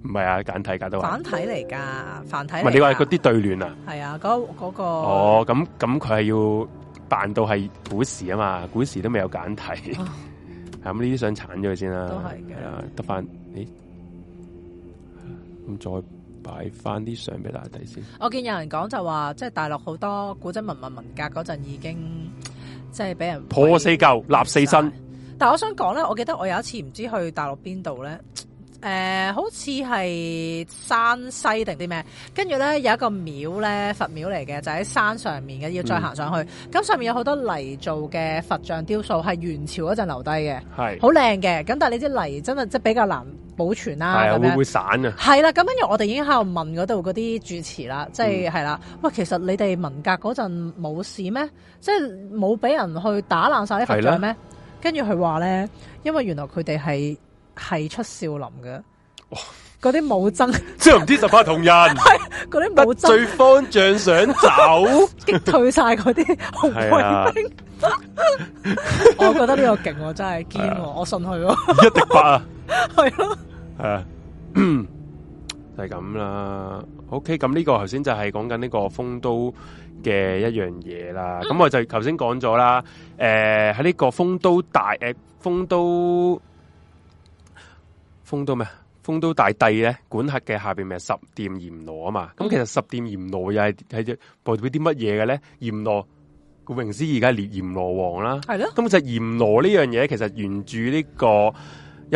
唔係啊，簡體噶都。繁體嚟噶，繁體。唔係你話嗰啲對聯啊？係啊，嗰嗰個。哦，咁咁佢係要。扮到係古時啊嘛，古時都未有簡體，咁呢啲相鏟咗佢先啦，得翻，咁、啊、再擺翻啲相俾大家睇先。我見有人講就話，即、就、係、是、大陸好多古仔文物文，文革嗰陣已經，即係俾人被破四舊立四新。但係我想講咧，我記得我有一次唔知去大陸邊度咧。誒、呃，好似係山西定啲咩？跟住咧有一個廟咧，佛廟嚟嘅，就喺、是、山上面嘅，要再行上去。咁、嗯、上面有好多泥做嘅佛像雕塑，係元朝嗰陣留低嘅，係好靚嘅。咁但係你知泥真係即係比較難保存啦、啊，咁、啊、會會散啊。係啦，咁跟住我哋已經喺度問嗰度嗰啲住持啦，即係係啦。喂、嗯，其實你哋文革嗰陣冇事咩？即係冇俾人去打爛晒啲佛像咩？跟住佢話咧，因為原來佢哋係。提出少林嘅，嗰啲武僧，即係唔知十八銅人，係 啲武僧對方像想走，擊 退晒嗰啲紅衛兵。啊、 我覺得呢個勁，我真係堅、啊，我信佢、啊。一定八啊，係咯，係啊，就係咁啦。OK，咁呢個頭先就係講緊呢個都的《風、嗯、都》嘅一樣嘢啦。咁我就頭先講咗啦，誒喺呢個《風都》大，誒、呃《風都》。酆都咩？酆都大帝咧，管轄嘅下邊咪十殿閻羅啊嘛。咁其實十殿閻羅又係係代表啲乜嘢嘅咧？閻羅顧名思義，而家列閻羅王啦，係咯。咁就實閻羅呢樣嘢其實源自呢個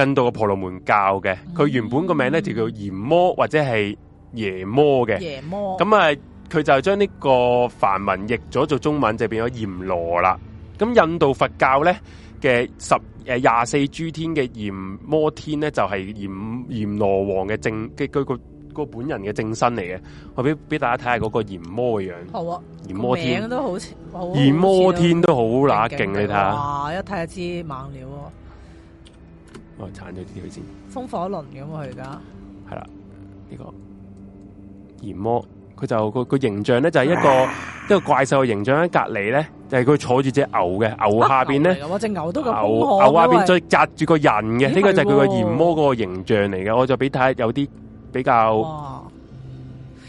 印度嘅婆羅門教嘅。佢原本個名咧就叫閻魔或者係耶魔嘅。耶魔。咁啊，佢就將呢個梵文譯咗做中文就變咗閻羅啦。咁印度佛教咧。嘅十誒廿、啊、四諸天嘅閻摩天咧，就係閻閻羅王嘅正嘅佢個個本人嘅正身嚟嘅，我俾俾大家睇下嗰個閻摩嘅樣。好啊，閻摩，摩天都好好，閻摩天都好乸勁，你睇下。哇！一睇就知猛料，啊。我鏟咗啲佢先。是風火輪咁佢而家。係啦，呢、這個閻摩佢就個個形象咧，就係、是、一個 一個怪獸嘅形象喺隔籬咧。就係佢坐住隻牛嘅，牛下邊咧，我隻牛都咁可愛，牛下邊再扎住個人嘅，呢、這個就係佢個閻魔嗰個形象嚟嘅。我就俾睇有啲比較，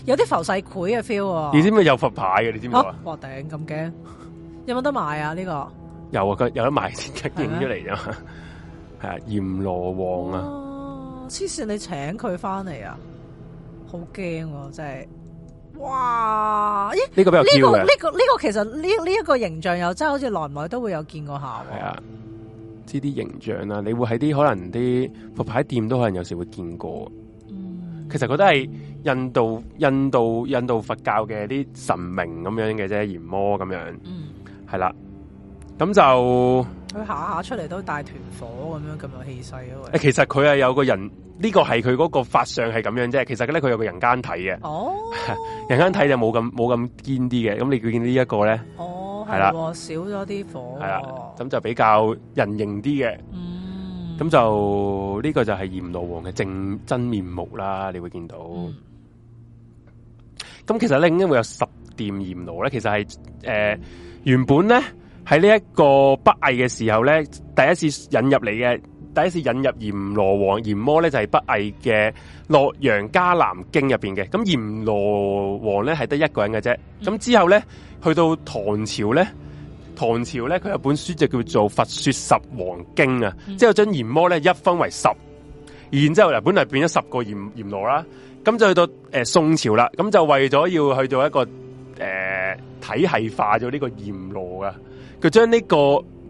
有啲浮世繪嘅 feel、啊。你知唔知有佛牌嘅？你知唔知啊？哇頂咁驚， 有冇得賣啊？呢、這個有啊，佢有得賣先，影出嚟啊。係啊，閻羅王啊。黐線，你請佢翻嚟啊？好驚啊！真係。哇！呢、欸這個比較 Q 嘅、這個，呢、這個呢、這個其實呢呢一個形象又真係好似耐唔耐都會有見過下。係啊，呢啲形象啊，你會喺啲可能啲佛牌店都可能有時會見過。嗯，其實佢都係印度印度印度佛教嘅啲神明咁樣嘅啫，閻魔咁樣。嗯，係啦，咁就。佢下下出嚟都帶團火咁樣，咁有氣勢誒，其實佢係有個人，呢個係佢嗰個法相係咁樣啫。其實咧，佢有個人間體嘅。哦，人間體就冇咁冇咁堅啲嘅。咁你會見見呢一個咧？哦，係啦，少咗啲火啊。係啦，咁就比較人形啲嘅。嗯、mm.，咁就呢個就係閻羅王嘅正真面目啦。你會見到。咁、mm. 其實你點解會有十殿閻羅咧？其實係誒、呃、原本咧。喺呢一個北魏嘅時候咧，第一次引入嚟嘅，第一次引入閻羅王閻魔咧就係、是、北魏嘅《洛陽伽藍經面的》入邊嘅。咁閻羅王咧係得一個人嘅啫。咁、嗯、之後咧去到唐朝咧，唐朝咧佢有本書就叫做《佛說十王經》啊、嗯，之後將閻魔咧一分為十，然之後嗱，本來變咗十個閻閻羅啦。咁就去到誒、呃、宋朝啦，咁就為咗要去做一個誒、呃、體系化咗呢個閻羅啊。佢將呢個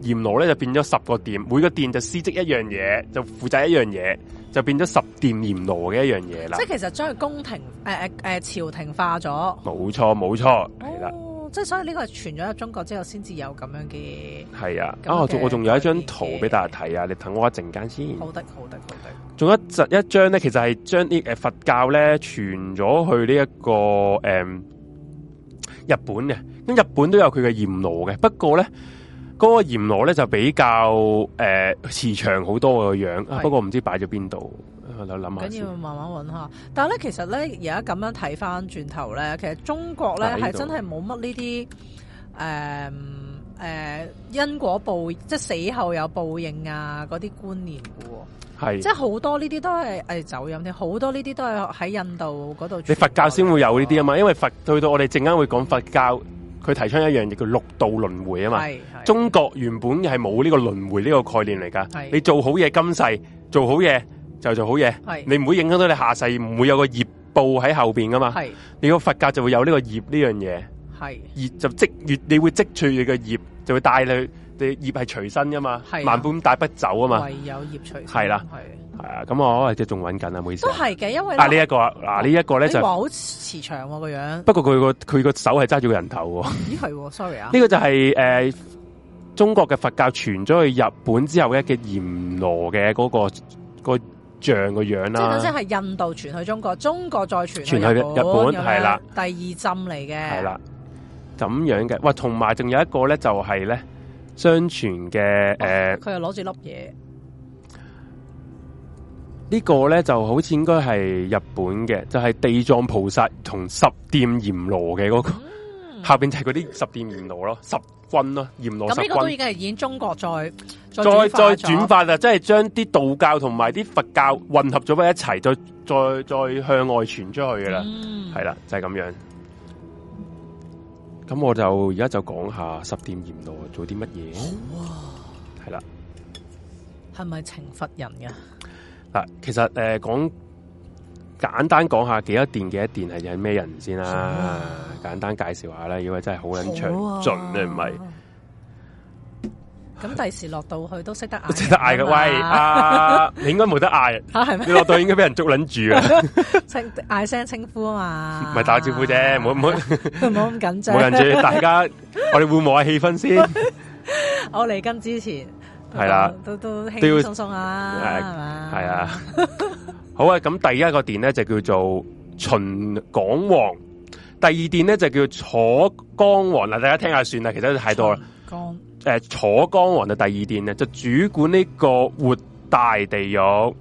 閻羅咧就變咗十個殿，每個殿就司職一樣嘢，就負責一樣嘢，就變咗十殿閻羅嘅一樣嘢啦。即係其實將佢宮廷誒誒誒朝廷化咗。冇錯冇錯，係啦。哦、即係所以呢個係傳咗入中國之後先至有咁樣嘅。係啊，啊，啊我我仲有一張圖俾大家睇啊，你等我一陣間先好。好得，好得，好得。仲有一張咧，其實係將呢誒佛教咧傳咗去呢、這、一個誒。嗯日本嘅，咁日本都有佢嘅閻羅嘅，不過咧，嗰個閻羅咧就比較誒慈祥好多嘅樣子，不過唔知擺咗邊度，我諗下。咁要慢慢搵下，但係咧，其實咧而家咁樣睇翻轉頭咧，其實中國咧係真係冇乜呢啲誒誒因果報，即係死後有報應啊嗰啲觀念嘅。係，即係好多呢啲都係誒、哎、走音啲，好多呢啲都係喺印度嗰度。你佛教先會有呢啲啊嘛、哦，因為佛去到我哋陣間會講佛教，佢提倡一樣嘢叫六道輪迴啊嘛。中國原本係冇呢個輪迴呢個概念嚟㗎。你做好嘢今世做好嘢就做好嘢，你唔會影響到你下世，唔會有個業報喺後邊㗎嘛。你個佛教就會有呢個業呢樣嘢。業就積月，你會積住你嘅業，就會帶你。啲葉係隨身噶嘛，啊、萬般帶不走啊嘛，唯有葉隨身係啦，係啊，咁我即係仲搵緊啊，唔好、嗯、意思都係嘅，因為但呢一、啊這個嗱、啊這個、呢一個咧就好慈祥個樣、啊，不過佢個佢個手係揸住個人頭，咦係、啊、，sorry 啊，呢、這個就係、是、誒、呃、中國嘅佛教傳咗去日本之後嘅一個閻羅嘅嗰個、那個像個樣啦、啊，即係即係印度傳去中國，中國再傳傳去日本係啦、啊，第二浸嚟嘅係啦，咁、啊、樣嘅，喂，同埋仲有一個咧就係、是、咧。相傳嘅誒，佢、呃、又攞住粒嘢。這個、呢個咧就好似應該係日本嘅，就係、是、地藏菩薩同十殿閻羅嘅嗰個，嗯、下邊就係嗰啲十殿閻羅咯，十君咯，閻羅十君。咁呢個都已經係演中國再再再轉法啦，即係將啲道教同埋啲佛教混合咗翻一齊，再再再向外傳出去嘅啦，係、嗯、啦，就係、是、咁樣。咁我就而家就講下十殿閻羅做啲乜嘢，係啦，係咪懲罰人嘅？嗱，其實誒，講、呃、簡單講下幾多殿幾多殿係有咩人先啦、啊，簡單介紹下啦，如果真係好捻長盡，盡你唔係。咁第時落到去都識得嗌，識得嗌嘅。喂，啊 你應該冇得嗌，吓係咩？你落到應該俾人捉捻住啊！嗌 聲稱呼啊嘛，咪 打招呼啫，唔好唔好，唔好咁緊張，冇緊住大家我哋緩和下氣氛先 。我嚟跟之前係啦、啊，都都輕鬆鬆下啦，係啊，啊，啊，啊，啊， 啊，好啊。咁第一個電咧就叫做秦廣王，第二電咧就叫做楚江王。大家聽下算啦，其實都太多啦。江、呃、誒，楚江王就第二殿咧，就主管呢個活大地獄；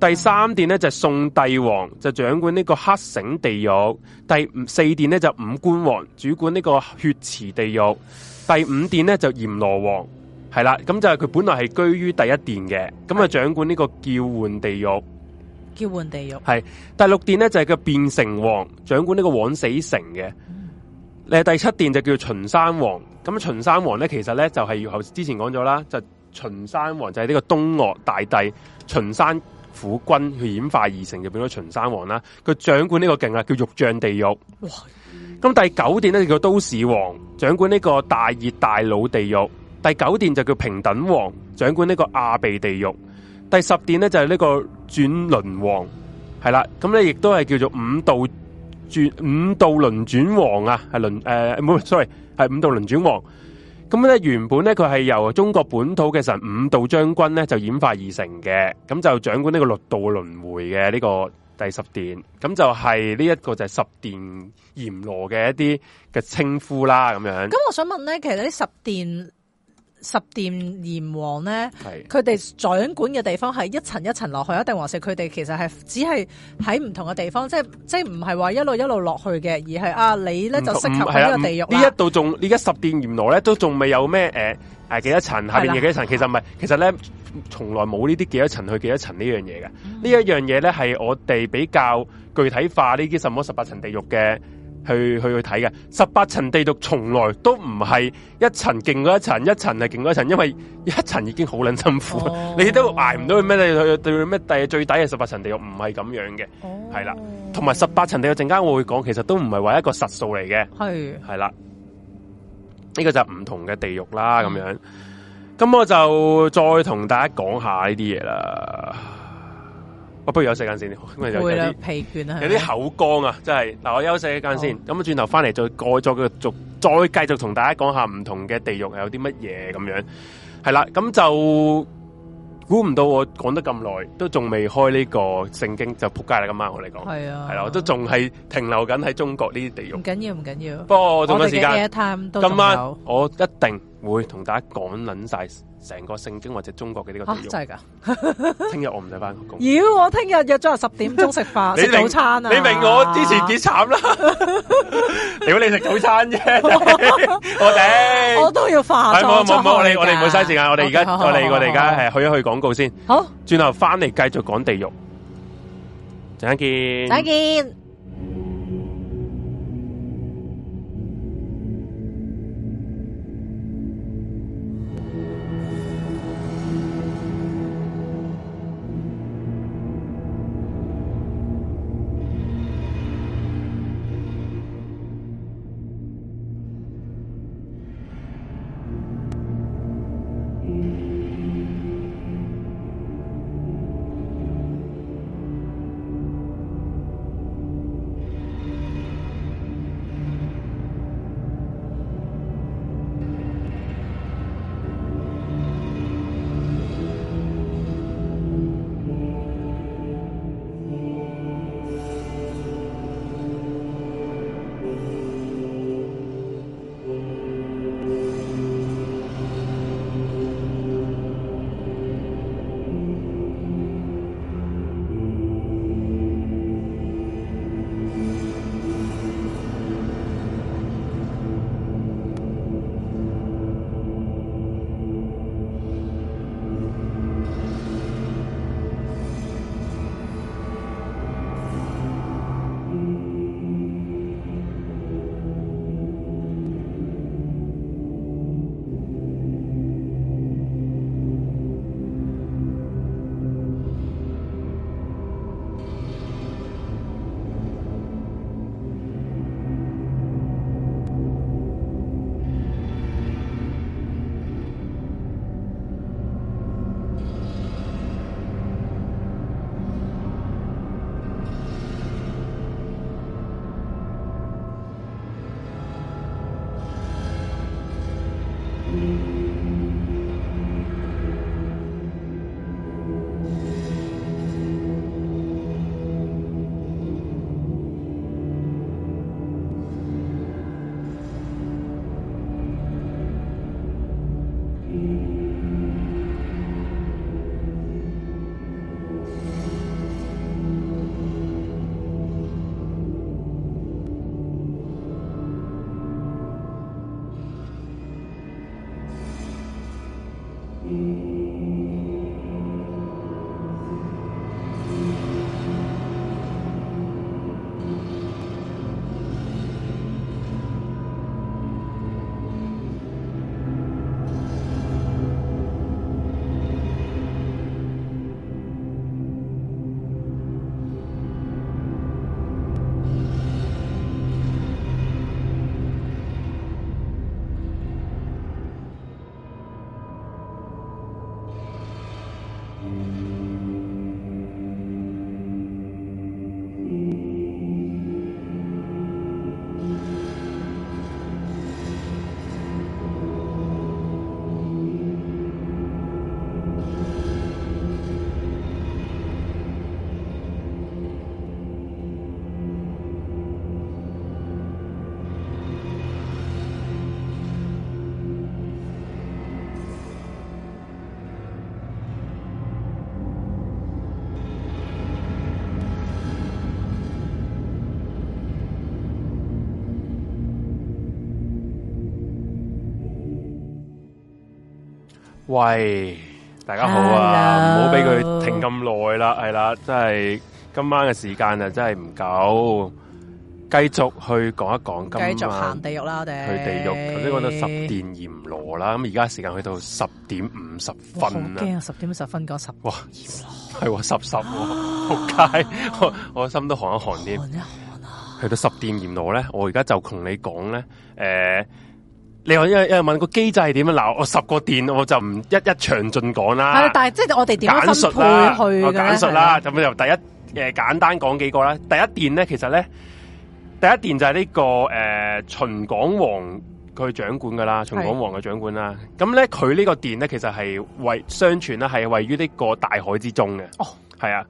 第三殿咧就是、宋帝王，就掌管呢個黑繩地獄；第四殿咧就是、五官王，主管呢個血池地獄；第五殿咧就閻羅王，係啦，咁就係佢本來係居於第一殿嘅，咁啊掌管呢個叫喚地獄，叫喚地獄係第六殿咧就係、是、個變成王，掌管呢個枉死城嘅。第七殿就叫秦山王，咁秦山王咧，其實咧就係，頭之前講咗啦，就是、秦山王就係呢個東嶽大帝秦山府君演化而成，就變咗秦山王啦。佢掌管呢個勁啊，叫玉象地獄。咁第九殿咧叫都市王，掌管呢個大熱大惱地獄。第九殿就叫平等王，掌管呢個阿鼻地獄。第十殿咧就係呢個轉輪王，係啦，咁咧亦都係叫做五道。轉五道輪轉王啊，係輪誒，唔好，sorry，係五道輪轉王。咁咧原本咧佢係由中國本土嘅神五道將軍咧就演化而成嘅，咁就掌管呢個六道輪迴嘅呢個第十殿，咁就係呢一個就係十殿閻羅嘅一啲嘅稱呼啦，咁樣。咁我想問咧，其實呢十殿。十殿閻王咧，佢哋掌管嘅地方係一層一層落去的，一定還是佢哋其實係只係喺唔同嘅地方，即係即係唔係話一路一路落去嘅，而係啊你咧就適合喺呢個地獄。啊、這還現在呢一度仲呢家十殿閻羅咧都仲未有咩誒誒幾多層下邊幾多層，其實唔係，其實咧從來冇呢啲幾多層去幾多層、嗯、呢樣嘢嘅，呢一樣嘢咧係我哋比較具體化呢啲什麼十八層地獄嘅。去去去睇嘅十八層地獄從來都唔係一層勁過一層，一層係勁過一層，因為一層已經好撚辛苦，oh. 你都捱唔到去咩？你去對咩？第最底嘅十八層地獄唔係咁樣嘅，係啦，同埋十八層地獄陣間我會講，其實都唔係話一個實數嚟嘅，係、oh. 啦，呢、這個就唔同嘅地獄啦，咁、mm. 樣，咁我就再同大家講下呢啲嘢啦。不如休息一陣先，因為有啲疲倦啊，有啲口乾啊，真係。嗱，我休息一陣先，咁啊，轉頭翻嚟，再過咗佢，續再繼續同大家講下唔同嘅地獄有啲乜嘢咁樣，係啦，咁就估唔到我講得咁耐，都仲未開呢個聖經就撲街啦。今晚我嚟講，係啊，係啦，我都仲係停留緊喺中國呢啲地獄。唔緊要，唔緊要。不過我仲有時間。今晚我一定。會同大家講捻晒成個聖經或者中國嘅呢個地獄，啊，真係噶！聽日我唔使翻工。妖、啊，我聽日約咗人十點鐘食飯食早餐啊你！你明我之前幾慘啦，如果你食早餐啫 要、 哎，我哋、啊！我都要飯。唔好唔好唔好，我哋我哋唔好嘥時間。我哋而家我哋我哋而家係去一去廣告先。好，轉頭翻嚟繼續講地獄。陣間見，再見。喂，大家好啊！唔好俾佢停咁耐啦，係啦，真係今晚嘅時間啊，真係唔夠，繼續去講一講，繼續行地獄啦，我哋去地獄？頭先講到十殿閻羅啦，咁而家時間去到十點五十分啦，好驚啊！十點五十分講十，哇，係話十十，撲街、 啊， 我我心都寒一寒添，寒一寒、啊、去到十殿閻羅咧，我而家就同你講咧，誒、呃。你話一一問個機制係點樣？嗱，我十個電我就唔一一詳盡講啦。係，但係即係我哋點樣分配去嘅簡述啦，咁樣由第一誒簡單講幾個啦。第一電咧，其實咧，第一電就係呢、這個誒、呃、秦廣王佢掌管嘅啦，秦廣王嘅掌管啦。咁咧佢呢個電咧，其實係位相傳咧係位於呢個大海之中嘅。哦的，係啊，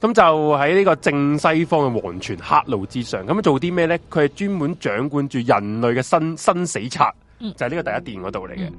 咁就喺呢個正西方嘅黃泉黑路之上。咁做啲咩咧？佢係專門掌管住人類嘅生生死冊。就係、是、呢個第一段嗰度嚟嘅，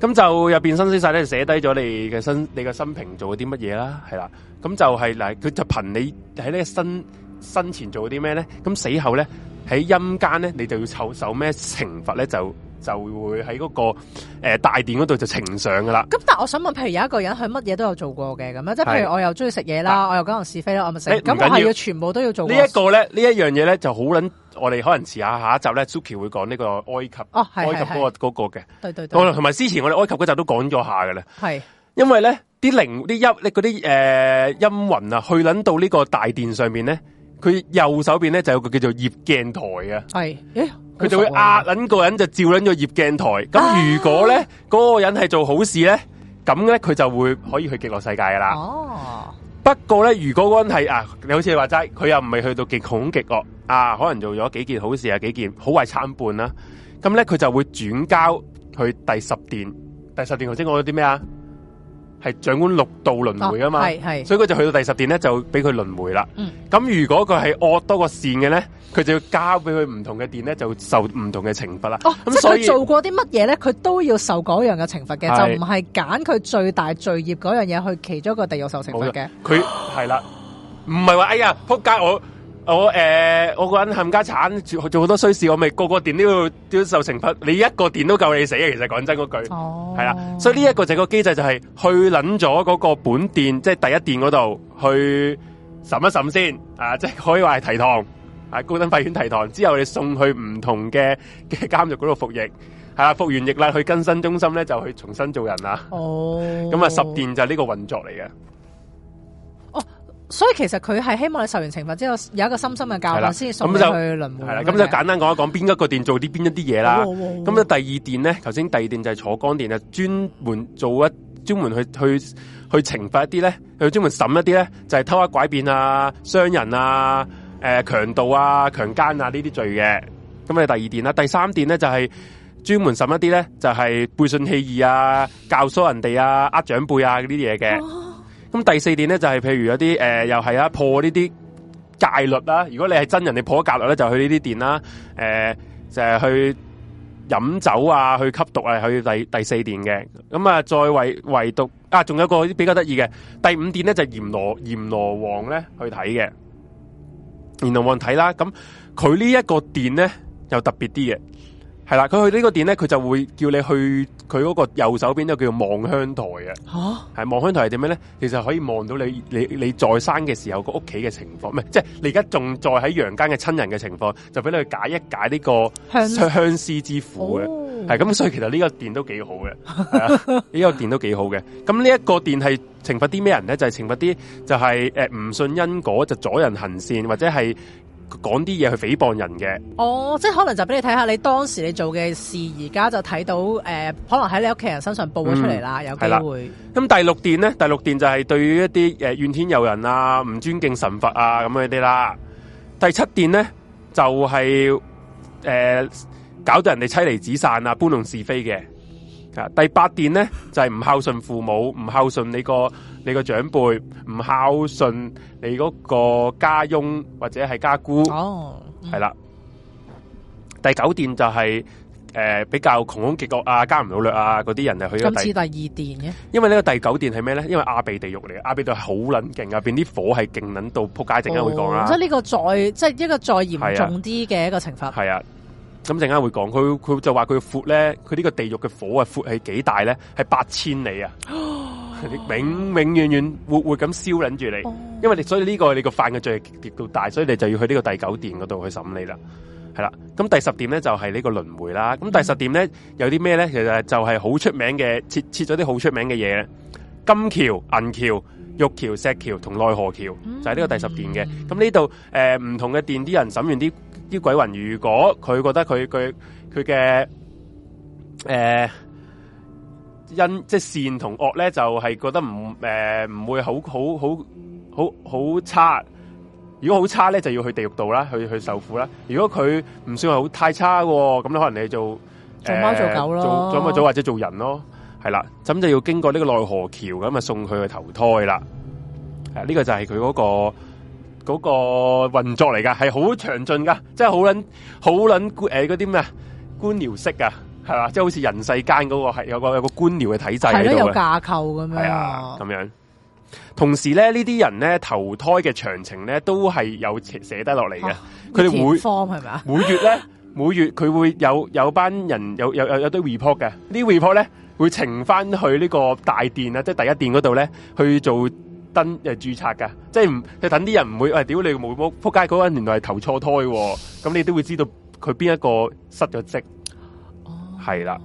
咁就入邊分析晒咧，寫低咗你嘅身，你嘅生平做咗啲乜嘢啦，係啦，咁就係、是、嗱，佢就憑你喺呢個身生前做咗啲咩咧，咁死後咧喺陰間咧，你就要受受咩懲罰咧就，就會喺嗰、嗰個誒、呃、大殿嗰度就呈上噶啦。咁但係我想問，譬如有一個人佢乜嘢都有做過嘅咁樣，即係譬如我又中意食嘢啦，我又講人是非啦，我咪食死，咁係要全部都要做過呢。這個、呢一個咧，呢一樣嘢咧就好捻。我哋可能遲下下一集咧，Suki 會講呢個埃及。哦，埃及嗰個嗰個嘅。對對對。同埋之前我哋埃及嗰集都講咗下噶啦。係。因為咧啲靈、啲音、咧嗰啲誒陰雲啊，去捻到呢個大殿上面咧。佢右手邊咧就有個叫做葉鏡台啊，係、欸，佢就會壓捻個人就照捻咗葉鏡台。咁、欸、如果咧嗰、啊、個人係做好事咧，咁咧佢就會可以去極樂世界噶啦。哦，不過咧如果嗰個人係啊，你好似話齋，佢又唔係去到極恐極惡啊，啊，可能做咗幾件好事啊，幾件好壞參半啦。咁咧佢就會轉交去第十殿。第十殿頭先講咗啲咩啊？係掌管六道輪回噶嘛、哦，所以佢就去到第十殿咧，就俾佢輪回啦。咁如果佢係惡多過善嘅咧，佢就要交俾佢唔同嘅殿咧，就受唔同嘅懲罰啦。哦，嗯、所以即係佢做過啲乜嘢咧，佢都要受嗰樣嘅懲罰嘅，就唔係揀佢最大罪孽嗰樣嘢去其中一個地獄受懲罰嘅。佢係啦，唔係話哎呀仆街我。我誒、呃，我個人冚家產做好多衰事，我咪個個電都要都受懲罰。你一個電都夠你死，其實講真嗰句。哦，係啦，所以呢一個就一個機制就係去捻咗嗰個本電，即係第一電嗰度去審一審先啊，即係可以話係提堂啊，高等法院提堂之後，你送去唔同嘅嘅監獄嗰度服役，係啊，服完役啦，去更新中心咧就去重新做人啦。哦、oh. 嗯，咁啊，十電就係呢個運作嚟嘅。所以其實佢係希望你受完懲罰之後有一個深深嘅教訓才，先去輪迴。咁就簡單講一講邊一個殿做啲邊一啲嘢啦。咁咧第二殿咧，頭先第二殿就係楚江殿啊，就是、專門做一專門去去去懲罰一啲咧，去專門審一啲咧，就係、是、偷呃拐騙啊、傷人啊、誒、呃、強盜啊、強奸啊呢啲罪嘅。咁咪第二殿啦。第三殿咧就係、是、專門審一啲咧，就係背信棄義啊、教唆人哋啊、呃長輩啊呢啲嘢嘅。咁第四殿咧就係、是、譬如有啲誒又係啊破呢啲戒律啦，如果你係真人你破咗戒律咧就去呢啲殿啦，誒、呃、就係去飲酒啊，去吸毒啊，去第第四殿嘅。咁、嗯、啊再為唯獨啊仲有一個比較得意嘅第五殿咧就閻羅閻羅王咧去睇嘅，閻羅王睇啦。咁佢呢一個殿咧又特別啲嘅，係啦，佢去呢個殿咧佢就會叫你去。佢嗰個右手邊都叫望鄉台啊，係望鄉台係點咩咧？其實可以望到你你你在生嘅時候個屋企嘅情況，唔係即係你而家仲在喺陽間嘅親人嘅情況，就俾你去解一解呢個相相思之苦嘅，係咁，哦、所以其實個殿，啊這個，殿 個殿呢個殿都幾好嘅，呢個殿都幾好嘅。咁呢一個殿係懲罰啲咩人咧？就係懲罰啲就係誒唔信因果就阻人行善或者係。講啲嘢去誹謗人嘅，哦，即係可能就俾你睇下你當時你做嘅事，而家就睇到誒、呃，可能喺你屋企人身上報咗出嚟啦、嗯，有機會。咁第六殿咧，第六殿就係對於一啲誒怨天尤人啊、唔尊敬神佛啊咁樣啲啦。第七殿咧就係、是、誒、呃、搞到人哋妻離子散啊、搬弄是非嘅。第八殿咧就係、是、唔孝順父母，唔孝順你個你個長輩，唔孝順你嗰個家翁或者係家姑，係、哦、啦、嗯。第九殿就係、是、誒、呃、比較窮凶極惡啊，奸淫擄掠啊嗰啲人就去咗第第二殿嘅。因為呢個第九殿係咩咧？因為阿鼻地獄嚟嘅，阿鼻度好卵勁噶，入邊啲火係勁卵到撲街，陣間會講啦、哦。即係呢個再即係一,一個再嚴重啲嘅一個懲罰。係啊。咁陣間會講，佢佢就話佢闊咧，佢呢個地獄嘅火啊闊係幾大咧？係八千里啊！永永遠遠會會咁燒緊住你，因為你所以呢、這個你個犯嘅罪極到大，所以你就要去呢個第九殿嗰度去審理啦，係啦。咁第十殿咧就係、是、呢個輪迴啦。咁第十殿咧有啲咩咧？其實就係好出名嘅，設設咗啲好出名嘅嘢，金橋、銀橋、玉橋、石橋同奈何橋，就係、是、呢個第十、呃、的殿嘅。咁呢度誒唔同嘅殿啲人審完啲。啲鬼魂，如果佢覺得佢佢佢嘅誒因即善同惡咧，就係、是、覺得唔誒唔會好好好好好差。如果好差咧，就要去地獄度啦，去去受苦啦。如果佢唔算好太差嘅，咁咧可能你做、呃、做貓做狗咯，做做，做或者做人咯，係啦，咁就要經過呢個奈何橋，咁啊送佢去投胎啦。誒，呢個就係佢嗰個。嗰、那個運作嚟噶，係好詳盡噶，即係好捻好捻誒，嗰啲咩官僚式啊，係嘛，即係好似人世間嗰、那個係有個有個官僚嘅體制喺度。有架構咁樣。係啊，咁樣。同時咧，呢啲人咧投胎嘅詳情咧都係有寫得落嚟嘅。佢哋每方係嘛？每月咧，每月佢 會有有班人有有有，有堆 report 嘅。呢 report 咧會呈翻去呢個大殿啊，即係第一殿嗰度咧去做。登又註冊噶，即係唔佢等啲人唔會，喂、哎，屌你冇冇仆街嗰一年原來係投錯胎喎，咁你都會知道佢邊一個失咗職。哦，係啦，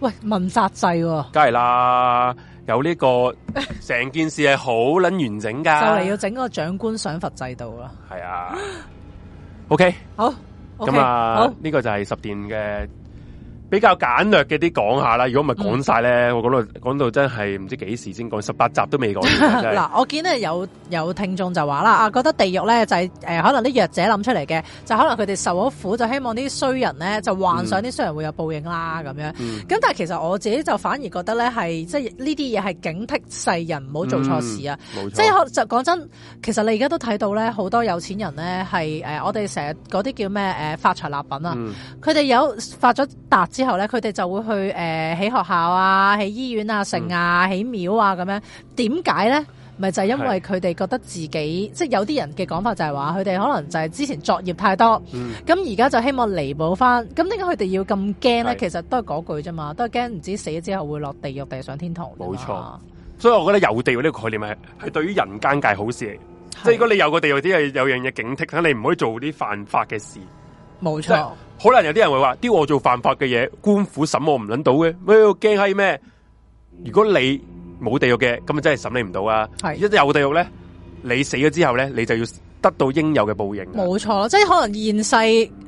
喂，問責制，梗係啦，有呢、這個成件事係好撚完整噶， 就嚟要整嗰個長官賞罰制度啦，係 啊，OK，好，咁、okay, 啊，呢、這個就係十殿嘅。比較簡略嘅啲講下啦，如果唔係講晒咧，我講到講到真係唔知幾時先講，十八集都未講。嗱， 我見咧有有聽眾就話啦，啊覺得地獄咧就係、是呃、可能啲弱者諗出嚟嘅，就可能佢哋受咗苦，就希望啲衰人咧就幻想啲衰人會有報應啦咁、嗯、樣。咁但係其實我自己就反而覺得咧，係即係呢啲嘢係警惕世人唔好做錯事啊。嗯、即係就講真，其實你而家都睇到咧，好多有錢人咧係、呃、我哋成日嗰啲叫咩誒、呃、發財納品啊，佢、嗯、哋有發咗達。之後咧，佢哋就會去誒，起、呃、學校啊，起醫院啊，城啊，起廟啊，咁樣。點解咧？咪就係、是、因為佢哋覺得自己，是即係有啲人嘅講法就係話，佢哋可能就係之前作業太多。咁而家就希望彌補翻。咁點解佢哋要咁驚咧？其實都係嗰句啫嘛，都係驚唔知死咗之後會落地獄定上天堂。冇錯。所以我覺得有地獄呢個概念係係對於人間界好事嚟，嗯、即係如果你有個地獄，啲嘢有樣嘢警惕，你唔可以做啲犯法嘅事。冇錯。可能有啲人會話，啲我做犯法嘅嘢，官府審我唔捻到嘅，咩驚係咩？如果你冇地獄嘅，咁啊真係審你唔到啊！一有地獄咧，你死咗之後咧，你就要得到應有嘅報應。冇錯，即係可能現世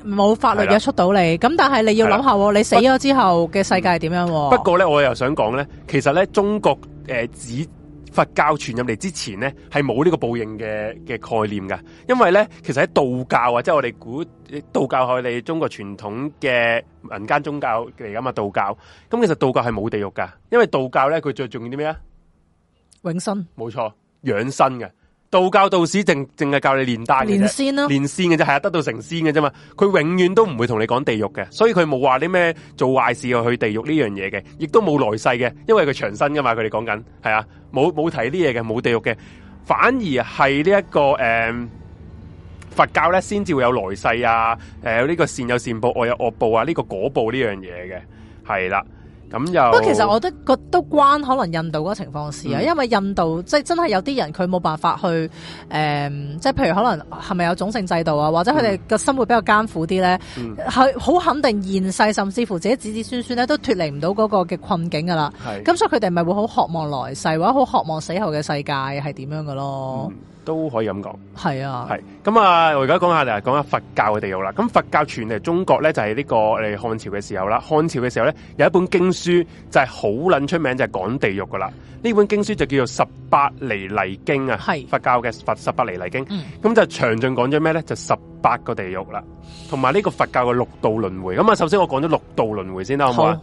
冇法律約束到你，咁但係你要諗下，你死咗之後嘅世界係點樣不？不過咧，我又想講咧，其實咧，中國誒、呃佛教傳入嚟之前咧，係冇呢個報應嘅嘅概念噶，因為咧，其實喺道教啊，即係我哋古道教係我哋中國傳統嘅民間宗教嚟噶嘛，道教,教,道教，咁其實道教係冇地獄噶，因為道教咧，佢最重要啲咩啊？永生錯，冇錯，養生嘅。道教道士淨淨係教你練丹嘅，練仙咯、啊，練仙嘅啫，係啊，得到成仙嘅啫嘛。佢永遠都唔會同你講地獄嘅，所以佢冇話啲咩做壞事去地獄呢樣嘢嘅，亦都冇來世嘅，因為佢長生噶嘛。佢哋講緊係啊，冇冇睇啲嘢嘅，冇地獄嘅，反而係呢一個誒、嗯、佛教咧先至會有來世啊，誒、呃、呢、這個善有善報，惡有惡報啊、呢、這個果報呢樣嘢嘅，係啦。又不過其實我都覺都關可能印度嗰個情況事啊，因為印度、嗯、即係真係有啲人佢冇辦法去、嗯、即係譬如可能係咪有種姓制度啊，或者佢哋嘅生活比較艱苦啲咧，係好、嗯、肯定現世，甚至乎自己子子孫孫咧都脫離唔到嗰個嘅困境噶啦。咁所以佢哋咪會好渴望來世，或者好渴望死後嘅世界係點樣㗎咯。嗯都可以咁講，係啊，係咁啊，我而家講下嚟講下佛教嘅地獄啦。咁佛教傳嚟中國咧就係、是、呢個誒漢朝嘅時候啦。漢朝嘅時候咧有一本經書就係好撚出名，就係、是、講地獄噶啦。呢本經書就叫做《十八泥犁經》啊，係佛教嘅佛《十八泥犁經》嗯。咁就詳盡講咗咩咧？就十八個地獄啦，同埋呢個佛教嘅六道輪迴。咁啊，首先我講咗六道輪迴先啦，好唔好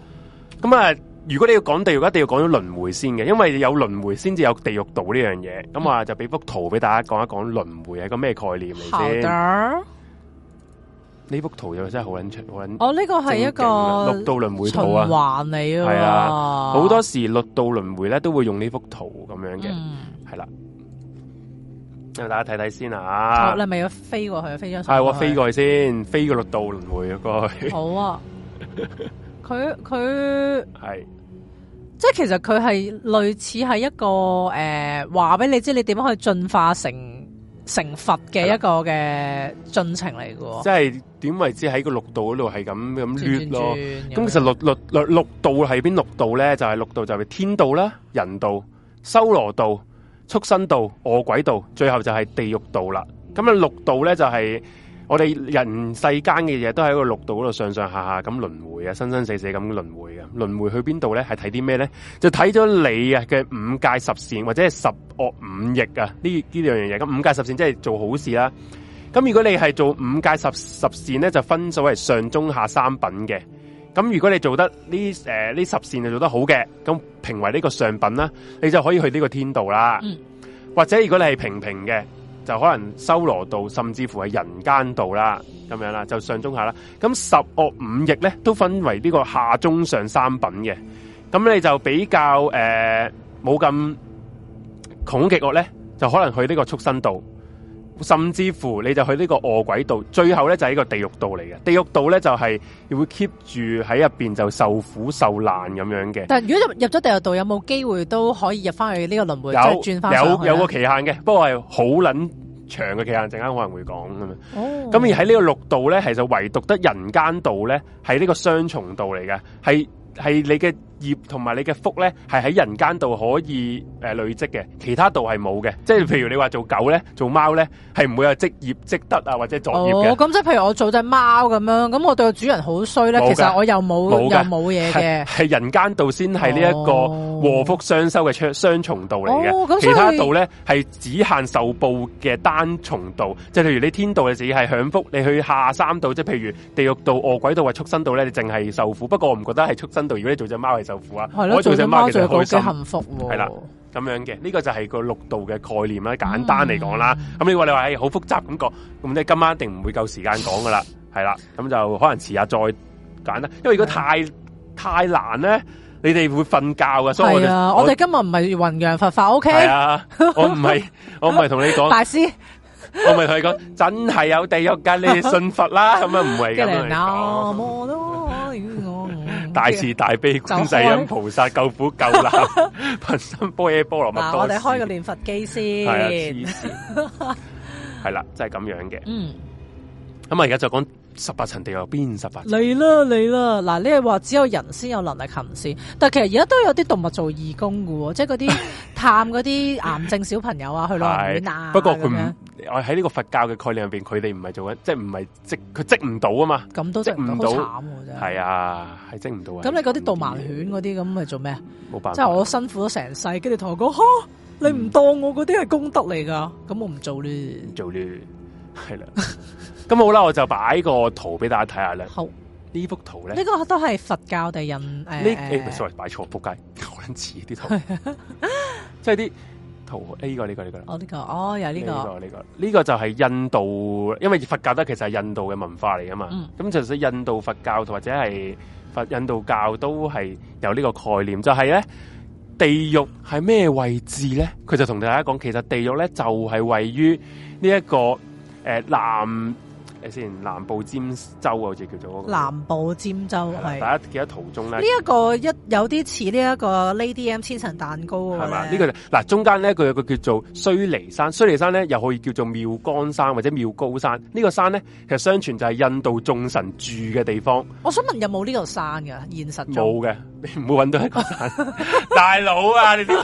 咁啊。如果你要講地獄，一定要講咗輪迴先嘅，因為有輪迴先至有地獄道呢樣嘢。咁啊，就俾幅圖俾大家講一講輪迴係一個咩概念嚟嘅。呢幅圖又真係好捻出，我呢、哦這個係一個六道輪迴圖啊，係啊，啊，好多時六道輪迴咧都會用呢幅圖咁樣嘅，係、嗯、啦、啊啊。啊，大家睇睇先啊。你咪要飛過去，飛上去。係、哎、我飛過去先，飛個六道輪迴過去。好啊。 佢佢係，即係其實佢係類似係一個誒，話、呃、俾你知你點樣去進化成成佛嘅一個嘅進程嚟嘅。即係點為之喺個六道嗰度係咁咁亂咯。咁、啊、其實六道係邊六道咧？就係、是、六道就係天道啦，人道，修羅道，畜生道，餓鬼道，最後就係地獄道啦。咁啊六道咧就係、是。我哋人世間嘅嘢，都喺個六道嗰度上上下下咁輪迴啊，生生死死咁輪迴啊。輪迴去邊度咧？係睇啲咩咧？就睇咗你啊嘅五戒十善或者係十惡、啊、五逆啊呢呢兩樣嘢。咁五戒十善即係做好事啦。咁如果你係做五戒十十善咧，就分數係上中下三品嘅。咁如果你做得呢誒呢十善就做得好嘅，咁評為呢個上品啦，你就可以去呢個天道啦、嗯。或者如果你係平平嘅。就可能修羅道，甚至乎係人間道啦，咁樣啦，就上中下啦。咁十惡五逆咧，都分為呢個下中上三品嘅。咁你就比較誒，冇、呃、咁窮兇極惡咧，就可能去呢個畜生道。甚至乎你就去呢個餓鬼道，最後咧就係、是、一個地獄道嚟嘅。地獄道咧就係、是、會 keep 住喺入邊就受苦受難咁樣嘅。但係如果入入咗地獄道，有冇機會都可以入翻去，就是、去呢個輪迴，即係轉翻上去咧？有有個期限嘅，不過係好捻長嘅期限，陣間可能會講咁樣。哦、oh.，咁而喺呢個六道咧，其實唯獨得人間道咧係呢個雙重道嚟嘅，係係你嘅。業同埋你嘅福咧，係喺人間度可以誒、呃、累積嘅，其他度係冇嘅。即係譬如你話做狗咧，做貓咧，係唔會有職業積德啊，或者作業嘅。哦，咁即係譬如我做隻貓咁樣，咁我對個主人好衰咧，其實我又冇又冇嘢嘅。係人間度先係呢一個禍福雙修嘅雙重道嚟嘅、哦，其他道咧係只限受報嘅單重道。即係譬如你天道嘅只係享福，你去下三道，即係譬如地獄道、餓鬼道或畜生道咧，你淨係受苦。不過我唔覺得係畜生道，如果你做隻貓係。舅父啊，我做隻貓，其實好幸福係啦，咁樣嘅呢個就係個六度嘅概念啦，簡單嚟講啦。咁你話你話係好複雜咁講，咁你今晚一定唔會夠時間講噶啦，係啦，咁就可能遲下再揀，因為如果太太難咧，你哋會瞓覺噶。所以，我哋今日唔係弘揚佛法，O K？係啊，我唔係，我唔係同你講大師，我唔係同你講，真係有地獄噶，你信佛啦，咁樣唔係咁樣。大慈大悲觀世音菩薩，菩薩救苦救難，佛 心波耶波羅蜜多。嗱，我哋開個念佛機先，係啦、啊，即係咁樣嘅。嗯，咁啊，而家就講。十八層地獄邊十八層？嚟啦嚟啦！嗱，你係話只有人先有能力行善，但係其實而家都有啲動物做義工嘅，即係嗰啲探嗰啲癌症小朋友 去啊，去攞碗。不過佢唔，我喺呢個佛教嘅概念入邊，佢哋唔係做緊，即係唔係即，佢積唔到啊嘛。咁都積唔到，好慘真係。係啊，係積唔到啊。咁你嗰啲導盲犬嗰啲咁，咪做咩？冇辦法，即係我辛苦咗成世，跟住同我講，吓你唔當我嗰啲係功德嚟噶，咁、嗯、我唔做呢。唔做呢。係啦。 咁、嗯、好啦，我就擺個圖俾大家睇下咧。好，呢幅圖咧，呢、這個都係佛教地印誒。呢，sorry，擺錯，仆街、欸欸，我諗似啲圖，即係啲圖。A、欸這個呢、這個呢、這個，哦呢、這個，哦，有呢、這個，呢個呢個，呢、這個這個這個這個就係印度，因為佛教咧，其實係印度嘅文化嚟㗎嘛。咁、嗯、就係印度佛教同或者係佛印度教都係有呢個概念，就係、是、咧，地獄係咩位置咧？佢就同大家講，其實地獄咧就係、是、位於呢一個誒、呃、南。誒，先南部尖洲，啊，好似叫做、嗰個南部尖洲，係。大家記得途中咧呢一、呢個一有啲似呢一個 Lady M 千層蛋糕係嘛？呢、呢個嗱中間咧佢有個叫做須彌山，須彌山咧又可以叫做妙光山或者妙高山。呢、呢個山咧其實相傳就係印度眾神住嘅地方。我想問有冇呢個山㗎？現實冇嘅，你唔會搵到一個山， 大佬啊！你點 .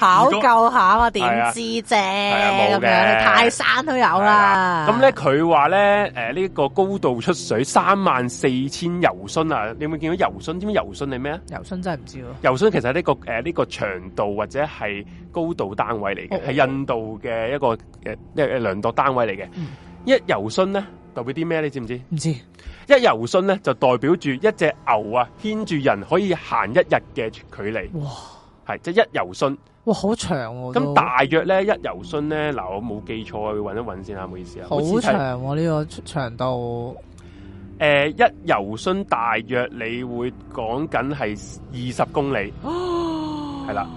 考究一下嘛，點知啫？咁樣、啊啊、泰山都有啦。咁咧佢話咧誒呢，呢、呃這個高度出水三萬四千油寸啊！你有冇見到油寸？知唔知油寸係咩啊？油寸真係唔知咯。油寸其實呢、這個誒呢、呃這個長度或者係高度單位嚟嘅，係、哦哦、印度嘅一個誒一量度單位嚟嘅、嗯。一油寸咧代表啲咩？你知唔知？唔知。一油寸咧就代表住一隻牛啊牽住人可以行一日嘅距離。哇！係即一油寸。好長、啊，咁大約咧一游信咧嗱，我冇記錯，我搵一搵先啊，唔好意思啊。好長呢個長度，誒、呃，一游信大約你會講緊係二十公里，係、啊、啦，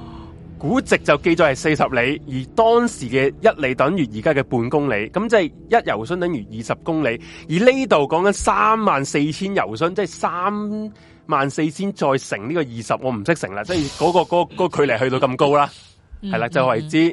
古籍就記載係四十里，而當時嘅一里等於而家嘅半公里，咁即係一游信等於二十公里，而呢度講緊三萬四千游信，即係三。萬四千再乘呢個二十，我唔識乘啦，即係嗰個嗰、嗰個嗰個距離去到咁高啦，係、嗯、啦就為之，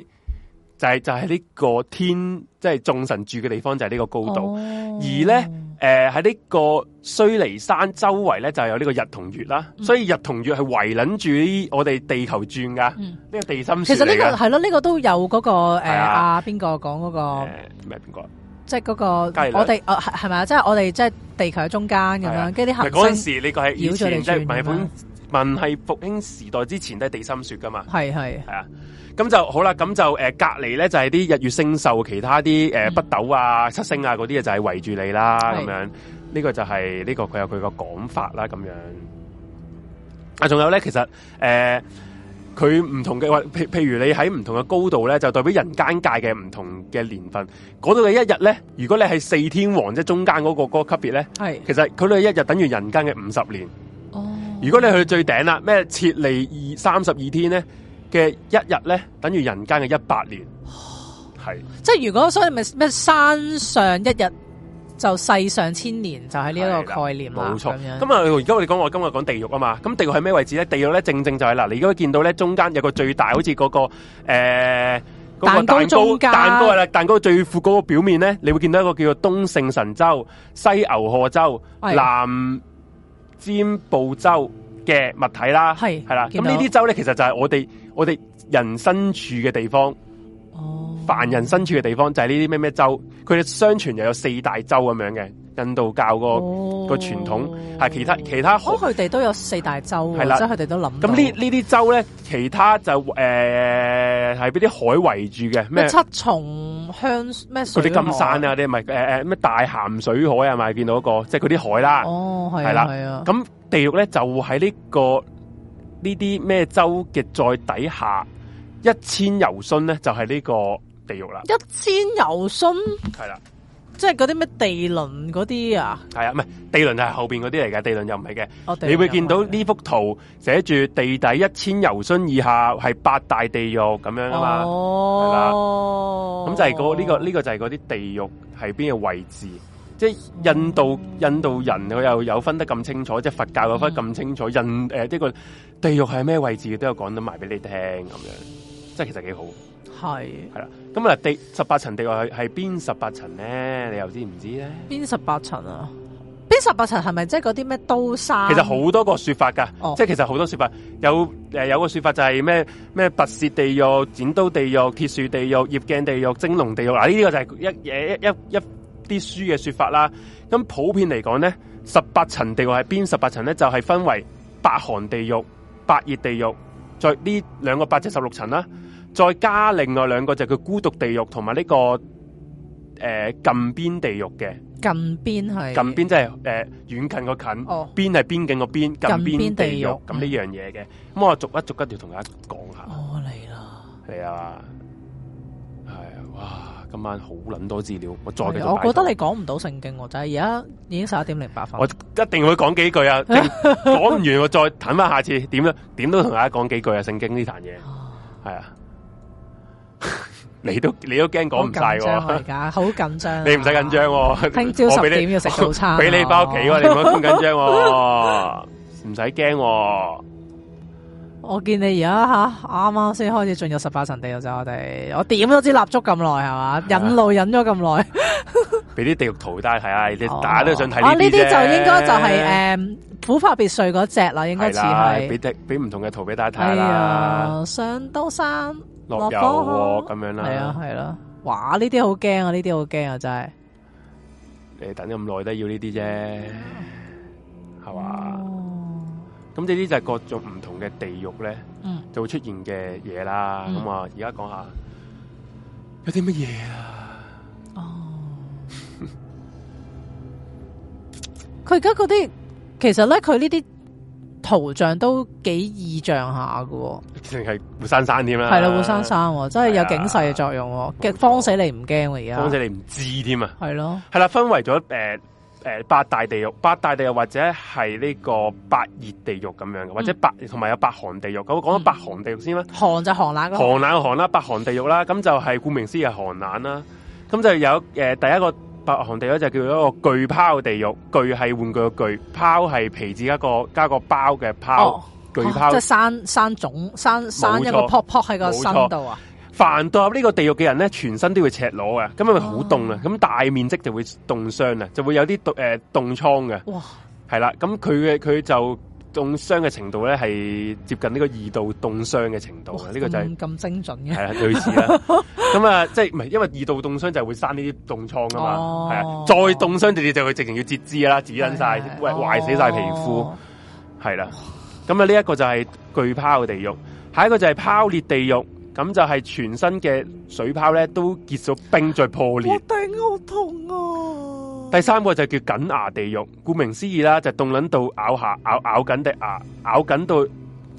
就係、是、就係、是、呢個天，即係眾神住嘅地方，就係、是、呢個高度。哦、而咧，誒喺呢個須彌山周圍咧，就係有呢個日同月啦、嗯，所以日同月係圍捻住呢我哋地球轉噶，呢、嗯呢個地心。其實呢、呢個係咯，呢、呢個都有嗰個誒阿邊個講嗰個咩邊個？呃即係、那、嗰個裡裡，我哋，係咪啊？即係、就是、我哋即係地球喺中間咁樣，跟啲行星繞住嚟轉嘛。嗰陣時呢個以前文係完全即係問係本民時復興時代之前嘅地心說噶嘛？係係係啊，咁就好啦。咁就誒、呃，隔籬咧就係、是、啲日月星宿，其他啲誒、呃、北斗啊、七星啊嗰啲嘢，就係圍住你啦。咁樣呢、這個就係、是、呢、這個佢有佢個講法啦。咁樣啊，仲有咧，其實誒。呃佢唔同嘅話，譬譬如你喺唔同嘅高度咧，就代表人間界嘅唔同嘅年份。嗰度嘅一日咧，如果你係四天王即係中間嗰個嗰個級別咧，係其實佢哋一日等於人間嘅五十年。哦，如果你去最頂啦，咩設離二三十二天咧嘅一日咧，等於人間嘅一百年。係、哦，即係如果所以咪咩山上一日。就世上千年，就喺呢個概念冇錯。咁啊，而家我哋講，我今日講地獄啊嘛。咁地獄喺咩位置咧？地獄咧正正就係、是，嗱，你而家見到咧，中間有一個最大，好似嗰個誒，呃嗰個蛋糕蛋糕啦，蛋糕最最闊嘅表面咧，你會見到一個叫做東勝神洲、西牛賀洲、的南瞻部洲嘅物體啦，係係啦。咁呢啲洲咧，其實就係我哋我哋人身處嘅地方。凡人身處嘅地方就係呢啲咩咩州，佢哋相傳又有四大洲咁樣嘅印度教個個傳統，係、哦、其他其他佢哋都有四大洲，係啦，即係佢哋都諗到。咁呢呢啲州咧，其他就誒係俾啲海圍住嘅咩七重香咩水，嗰啲金山啊啲咪誒誒咩大鹹水海啊咪見到一個，即係嗰啲海啦。哦，係啦，係啊。咁地獄咧就喺呢個呢啲咩州嘅再底下。一千由旬咧就係呢個地獄啦，一千由旬係啦，即係嗰啲咩地輪嗰啲啊？係啊，唔係地輪就係後邊嗰啲嚟嘅，地輪又唔係嘅。哦、你會見到呢幅圖寫住地底一千由旬以下係八大地獄咁樣啊嘛，哦，啦，咁、嗯、就係嗰呢個呢、這個就係嗰啲地獄係邊個位置，即、就、係、是、印度印度人佢又有分得咁清楚，即、就、係、是、佛教有分得咁清楚，印誒呢個地獄係咩位置嘅都有講到埋俾你聽咁樣。即其實幾好的是是的，係係啦。咁啊，地十八層地獄係邊十八層咧？你又知唔知咧？邊十八層啊？邊十八層係咪即係嗰啲咩刀山？其實好多個說法噶，哦、即係其實好多說法有誒，有個說法就係咩咩拔舌地獄、剪刀地獄、鐵樹地獄、葉鏡地獄、蒸籠地獄。嗱，呢個就係一嘢一一一啲書嘅說法啦。咁普遍嚟講咧，十八層地獄係邊十八層咧？就係、是、分為八寒地獄、八熱地獄，再呢兩個八只十六層啦。再加另外兩個就係佢孤獨地獄同埋呢個誒、呃、近邊地獄嘅近邊係、就是呃、近邊即係誒遠近個、哦、近邊係邊境個邊近邊地獄咁呢樣嘢嘅，咁我逐一逐一條同大家講下。哦嚟啦，係啊，係哇！今晚好捻多資料，我再繼續，我覺得你講唔到聖經，我真係而家已經十一點零八分，我一定會講幾句啊！講 唔完我再彈翻下，下次，點咧？點都同大家講幾句啊！聖經呢壇嘢係啊。 你都你都驚講唔晒喎？緊張係噶，好緊張。 你唔使緊張，聽朝十點要食早餐， 俾 你翻屋企喎，你唔好咁緊張，唔使驚。我見你而家吓啱啱先開始進入十八層地獄，就我哋我點咗支蠟燭咁耐係嘛， 引路引咗咁耐，俾啲地獄圖帶睇你打、啊啊就是呃、 大家都想睇啊？呢啲就應該就係誒虎豹別墅嗰隻啦，應該似係俾俾唔同嘅圖俾大家睇啦。上刀山。落油咁樣啦，係啊，係咯，哇！呢啲好驚啊，呢啲好驚啊，真係。你等咗咁耐都係要呢啲啫，係嘛？咁即係呢就係各種唔同嘅地獄咧，就會出現嘅嘢啦。咁啊，而家講下有啲乜嘢啊？哦，佢而家嗰啲其實咧，佢呢啲。圖像都幾意象下嘅，淨係活生生添啦，係啦，活生生，真係有警示嘅作用、啊，驚慌、啊、死你唔驚喎，而家慌死你唔知添啊，係咯，係啦，分為咗誒誒八大地獄、八大地獄或者係呢個八熱地獄咁樣嘅，或者八同埋、嗯、有八寒地獄，咁我講下八寒地獄先啦，寒就係寒冷寒冷寒啦，八寒地獄啦，咁就係顧名思義係寒冷啦，咁就有誒、呃、第一個。白寒地咧就叫做一個巨泡地獄，巨係玩具個巨，泡係皮子一個加一個包嘅泡、哦、巨泡、啊、即係生生種生生一個泡泡喺個身度啊！凡到入呢個地獄嘅人咧，全身都會赤裸嘅，咁咪好凍啊！咁、哦、大面積就會凍傷啊，就會有啲凍誒凍瘡嘅。哇，係啦，咁佢嘅佢就。凍傷嘅程度咧係接近呢個二度凍傷嘅程度啊！呢、哦這個就係、是、咁精準嘅，係啦類似啦。咁 啊，即係唔係因為二度凍傷就係會生呢啲凍瘡噶嘛？係、哦、啊，再凍傷直接就佢直情要截肢啦，剪緊晒，喂、哎、壞死晒皮膚，係、哦、啦。咁啊呢一個就係巨泡嘅地獄，下一個就係泡裂地獄。咁就係全身嘅水泡咧都結咗冰再破裂。頂，好痛啊！第三個就叫緊牙地獄，顧名思義啦，就凍、是、撚到咬下咬咬緊對牙，咬緊到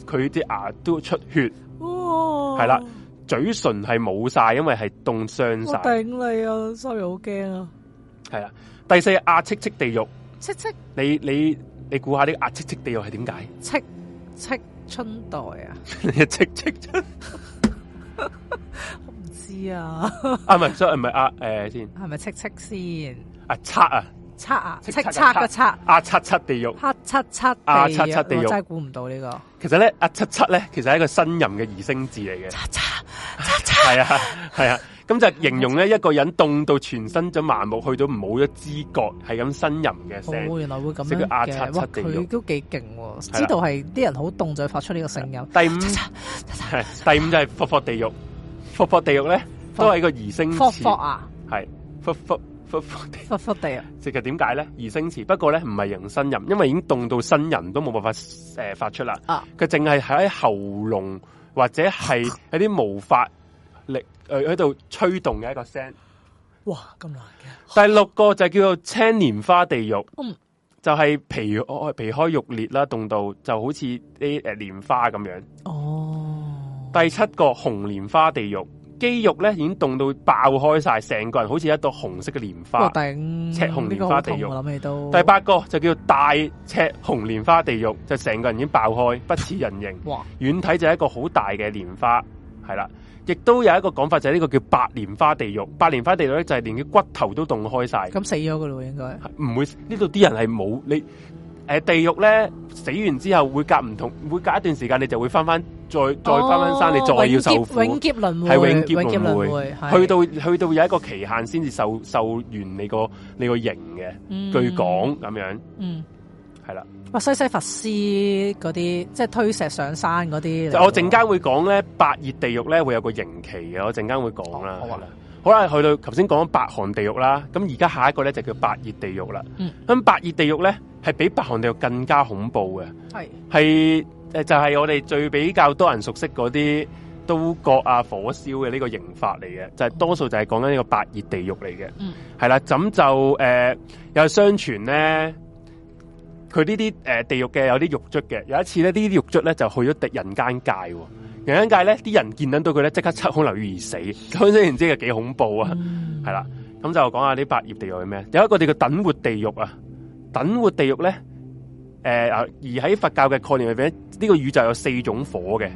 佢啲牙都出血，係、哦、啦、哦哦哦，嘴唇係冇晒，因為係凍傷晒。頂你啊，所以好驚啊！係啦，第四牙戚戚地獄，戚戚，你你你估下呢個牙戚戚地獄係點解？戚戚春代啊， 你戚戚春，唔知啊， 知道啊咪、 啊？所以唔係牙誒先，係咪戚戚」先？阿七啊，七啊，七七嘅七，阿七七地獄，黑七七，阿七七地獄，我真係估唔到個呢個、啊。其實咧，啊七七咧，其實係一個呻吟嘅擬聲字嚟嘅。七七七七，係啊係啊，咁、啊啊、就形容咧一個人凍到全身咁麻木，去到冇咗知覺，係咁呻吟嘅聲。哦，原來會咁樣嘅。七、啊、七地獄，佢都幾勁，知道係啲人好凍，就發出呢個聲音。第五，啊、第五就係佛佛地獄，佛佛地獄咧都係一個擬聲啊，係忽忽地啊！即係點解咧？擬聲詞，不過咧唔係人呻吟，因為已經凍到新人都冇辦法誒、呃、發出啦。啊！佢淨係喺喉嚨或者係喺啲毛髮力誒喺度吹動嘅一個聲。哇！咁難嘅。第六個就叫做青蓮花地獄，嗯，就係、是、皮開皮開肉裂啦，凍到就好似啲誒蓮花咁樣。哦。第七個紅蓮花地獄。肌肉咧已經凍到爆開晒，成個人好似一朵紅色嘅蓮花。赤紅蓮花地獄，我諗、嗯這個，起都。第八個就叫大赤紅蓮花地獄，就成個人已經爆開，不似人形。哇！遠睇就係一個好大嘅蓮花，係啦，亦都有一個講法就係、是，呢個叫白蓮花地獄。白蓮花地獄咧就係連啲骨頭都凍開晒。咁死咗噶咯，應該係，唔會。呢度啲人係冇你。誒，地獄咧死完之後會隔唔同，會隔一段時間，你就會翻翻再再翻翻山，你再要受苦，永劫輪回係永劫輪回，去到去到有一個期限先至受受完你個你個刑嘅、嗯，據講咁樣，嗯，係啦，哇，西西弗斯嗰啲，即係推石上山嗰啲，我陣間會講咧，八、嗯、熱地獄咧會有個刑期嘅，我陣間會講啦。哦好啦，去到頭先講咗八寒地獄啦，咁而家下一個咧就叫八熱地獄啦。咁、嗯、八熱地獄咧係比八寒地獄更加恐怖嘅，係就係、是、我哋最比較多人熟悉嗰啲刀割啊、火燒嘅呢個刑法嚟嘅，就係、是、多數就係講緊呢個八熱地獄嚟嘅。嗯，係啦，咁就誒、呃、又係相傳咧，佢呢啲地獄嘅有啲獄卒嘅，有一次咧啲獄卒咧就去咗敵人間界、喔。有一界咧，啲人見到佢咧，即刻七孔流血而死，可想而知係幾恐怖啊！係啦，咁就講下呢八業地獄係咩？有一個叫等活地獄啊，等活地獄咧，誒、呃、啊，而喺佛教嘅概念入邊，呢、這個宇宙有四種火嘅，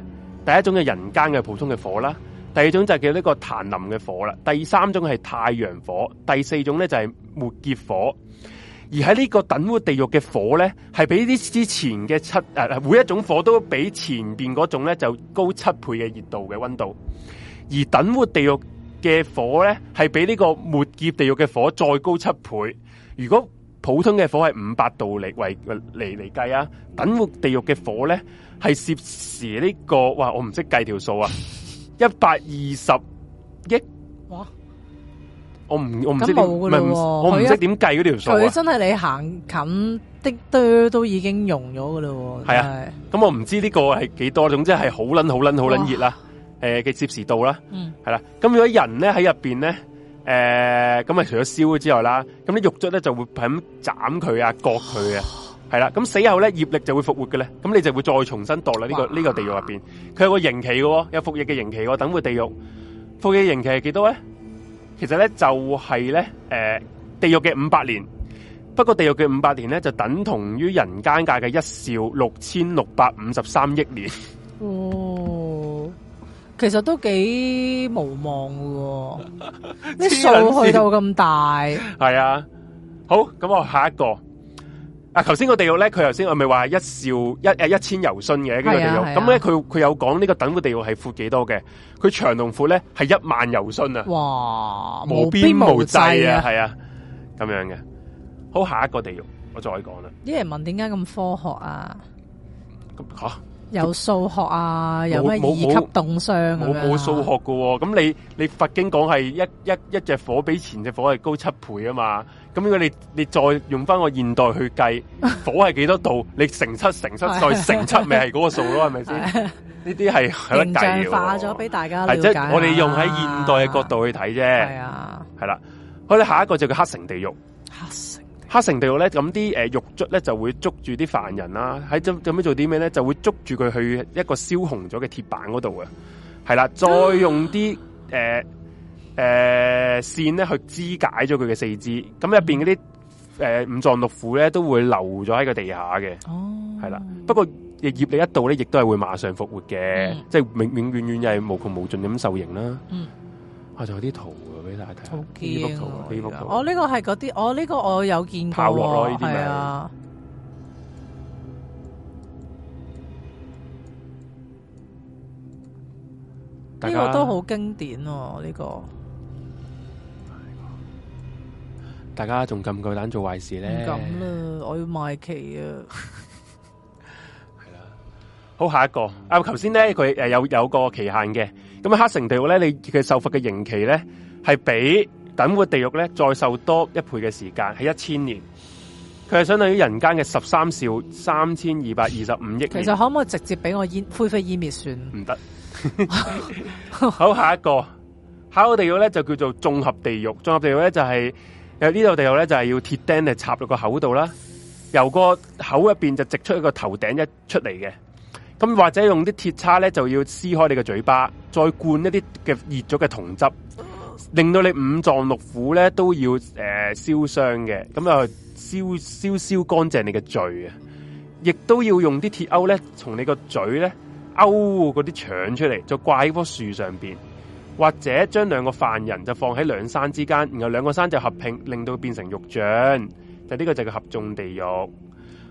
第一種係人間嘅普通嘅火啦，第二種就係叫呢個檀林嘅火啦，第三種係太陽火，第四種咧就係末劫火。而喺呢個等活地獄嘅火咧，係比呢啲之前嘅七誒、啊、每一種火都比前邊種咧就高七倍嘅熱度嘅温度。而等活地獄嘅火咧，係比呢個末劫地獄嘅火再高七倍。如果普通嘅火係五百度嚟為嚟嚟計啊，等活地獄嘅火咧係攝時呢、這個，哇！我唔識計條數啊，一百二十億。我唔我唔知道我唔識點計嗰條數。佢、啊、真係你行近啲堆都已經溶咗噶啦。係啊，咁我唔知呢個係幾多。種，即係好撚好撚好撚熱啦。誒嘅攝氏度啦，係啦。咁如果人咧喺入邊咧，誒咁啊除咗燒之外啦，咁啲肉質咧就會係咁斬佢啊、割佢啊，係啦。咁死後咧業力就會復活嘅咧，咁你就會再重新墮落呢個呢個地獄入邊。佢有個刑期嘅、哦，有服役嘅刑期喎。等過地獄服役刑期係幾多咧？其實咧就係咧，誒，地獄嘅五百年，不過地獄嘅五百年咧就等同於人間界嘅一兆六千六百五十三億年。哦，其實都幾無望喎。啲數去到咁大。係啊，好，咁我下一個。啊！頭先個地獄咧，佢頭先係咪話一兆一誒一千游迅嘅，呢個地獄，咁咧佢佢有講呢個等級地獄係闊幾多嘅？佢長同闊咧係一萬遊信啊！哇，無邊無際，無邊無際啊，係啊，咁樣嘅。好，下一個地獄我再講啦。啲人問點解咁科學啊，啊？有數學啊？有冇二級凍傷咁冇數學嘅喎、啊。咁、啊、你你佛經講係一一一隻火比前隻火係高七倍啊嘛？咁如果你你再用翻個現代去計火係幾多度，你乘七乘七 再乘七，咪係嗰個數咯，係咪先？呢啲係有得計嘅。形象化咗俾大家，即係、就是、我哋用喺現代嘅角度去睇啫。係 啊，係啦。好啦，下一個就叫黑城地獄。黑城地獄黑城地獄咧，咁啲誒獄卒咧就會捉住啲犯人啦，喺咁咁做啲咩咧，就會捉住佢去一個燒紅咗嘅鐵板嗰度啊。係啦，再用啲誒。 誒、呃，線咧去肢解咗佢嘅四肢，咁入邊嗰啲誒五臟六腑咧都會流咗喺個地下嘅，係、哦、啦。不過業力一度咧，亦都係會馬上復活嘅、嗯，即係永永遠遠又係無窮無盡咁受刑啦。嗯，我、啊、仲有啲圖俾大家睇，呢呢我呢個係嗰啲，我呢、哦這個哦這個我有見過、哦，落呢啲啊，呢、這個都好經典喎、哦，呢、這個。大家仲咁唔夠膽做壞事咧？唔敢啦，我要賣旗啊！ 係啦，好下一個啊！頭先咧，佢誒有有個期限嘅，咁啊黑城地獄咧，佢受罰嘅刑期咧係比等個地獄咧再受多一倍嘅時間，係一千年。佢係相當於人間嘅十三兆三千二百二十五億。其實可唔可以直接俾我煙灰飛煙滅算？唔得。 好下一個，下一個地獄咧就叫做綜合地獄。綜合地獄咧就係、是。誒，呢度地獄咧，就係、是、要鐵釘嚟插落個口度啦，由個口入邊就直出一個頭頂一出嚟嘅，咁或者用啲鐵叉咧，就要撕開你個嘴巴，再灌一啲嘅熱咗嘅銅汁，令到你五臟六腑咧都要誒燒傷嘅，咁啊燒燒燒乾淨你嘅嘴，啊，亦都要用啲鐵鈎咧，從你個嘴咧勾嗰啲腸出嚟，就掛喺棵樹上邊。或者將兩個犯人就放喺兩山之間，然後兩個山就合併，令到變成肉醬。就、這、呢個就叫合眾地獄。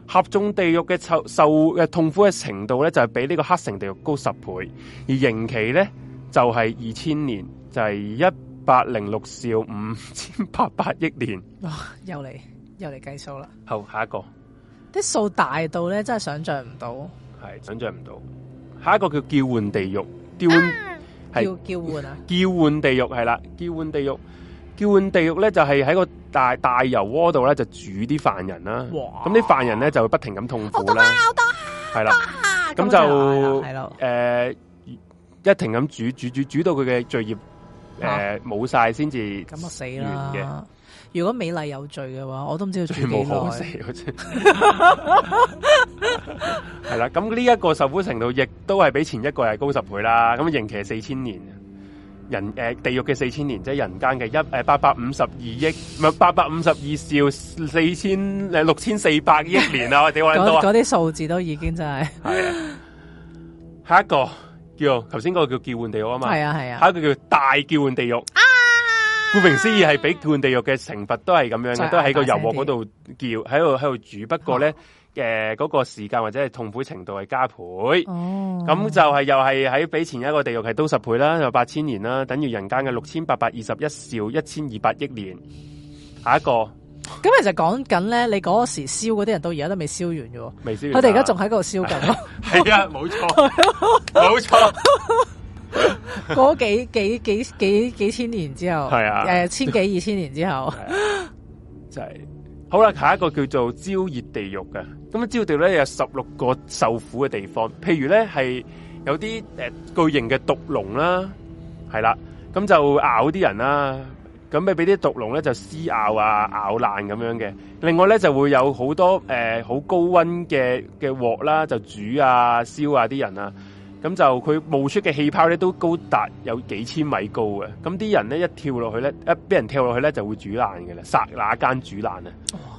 合眾地獄嘅受受嘅痛苦嘅程度咧，就係比呢個黑城地獄高十倍，而刑期咧就係二千年，就係一百零六兆五千八百億年。哇、哦！又嚟又嚟計數啦。好，下一個啲數大到咧，真係想象唔到。係想象唔到。下一個叫叫喚地獄。是叫叫喚啊！叫喚地獄係啦，叫喚地獄，叫喚地獄咧就係喺個大大油鍋度咧就煮啲犯人啦。哇！咁啲犯人咧就不停咁痛苦啦。係啦、啊，咁、啊、就係咯。誒、呃，一停咁煮煮煮煮到佢嘅罪孽誒冇晒先至咁就死啦。如果美麗有罪嘅話，我都唔知道罪幾耐好似係啦，咁呢一個受苦程度亦都係比前一個係高十倍啦。咁刑期四千年，人誒、呃、地獄嘅四千年，即係人間嘅一誒、呃、八百五十二億，唔、呃、係八百五十二兆四千誒、呃、六千四百億年啊！我哋話多，嗰 啲數字都已經真係係啊！下一個叫頭先嗰個叫叫喚地獄啊嘛，係啊係啊，啊下一個叫大叫喚地獄。 顧名思義係俾斷地獄嘅懲罰都係咁樣嘅，都喺個油鍋嗰度叫喺度喺度煮。不過咧，誒、嗯、嗰、呃、嗰個時間或者係痛苦程度係加倍。哦，咁就係又係喺比前一個地獄係都十倍啦，又八千年啦，等於人間嘅六千八百二十一兆一千二百億年。下一個，咁其實講緊咧，你嗰時燒嗰啲人到而家都未燒完嘅，未燒完，佢哋而家仲喺度燒緊。係 啊，冇錯，冇 錯沒錯。 嗰 幾幾幾幾幾，幾千年之後，係啊，誒、啊，千幾二千年之後，是啊、就係、是、 好啦。下一個叫做焦熱地獄嘅，咁啊，焦熱地獄咧有十六個受苦嘅地方，譬如咧係有啲誒巨型嘅毒龍啦，係啦，咁就咬啲人啦，咁咪俾啲毒龍咧就撕咬啊，咬爛咁樣嘅。另外咧就會有好多誒好、呃、高溫嘅嘅鑊啦，就煮啊、燒啊啲人啊。咁就佢冒出嘅氣泡咧，都高達有幾千米高嘅。咁啲人咧一跳落去咧，一俾人跳落去咧，就會煮爛嘅啦，剎那間煮爛啊。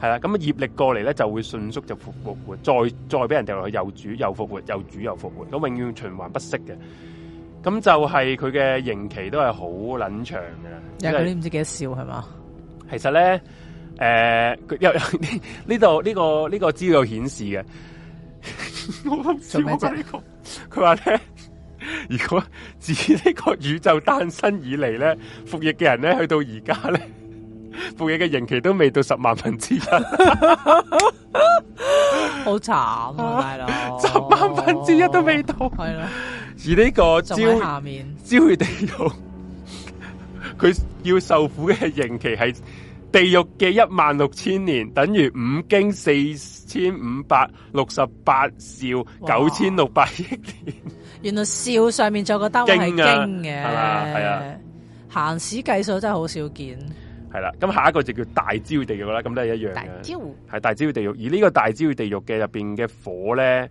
係、oh. 啦，咁啊業力過嚟咧，就會迅速就復活，再再俾人掉落去又煮又復活又煮又復活，咁永遠循環不息嘅。咁就係佢嘅刑期都係好捻長嘅。又嗰啲唔知幾多兆，係嘛？其實咧，誒、呃，有呢度呢個呢個資料顯示嘅，我 呢、這個。這個 佢話咧，如果自呢個宇宙誕生以嚟咧，服役嘅人咧，去到而家咧，服役嘅刑期都未到十萬分之一，好 慘係、啊、啦，十萬分之一都未到，係 啦。而呢個朝下面朝與地獄，佢要受苦嘅刑期係。地獄嘅一萬六千年等於五經四千五百六十八兆九千六百億年。原來兆上面仲有個單位係經嘅，係啊，啊，啊，行史計數真係好少見。係啦、啊，咁下一個就叫大焦地獄啦，咁都係一樣大焦，係大焦地獄。而呢個大焦地獄嘅入邊嘅火咧。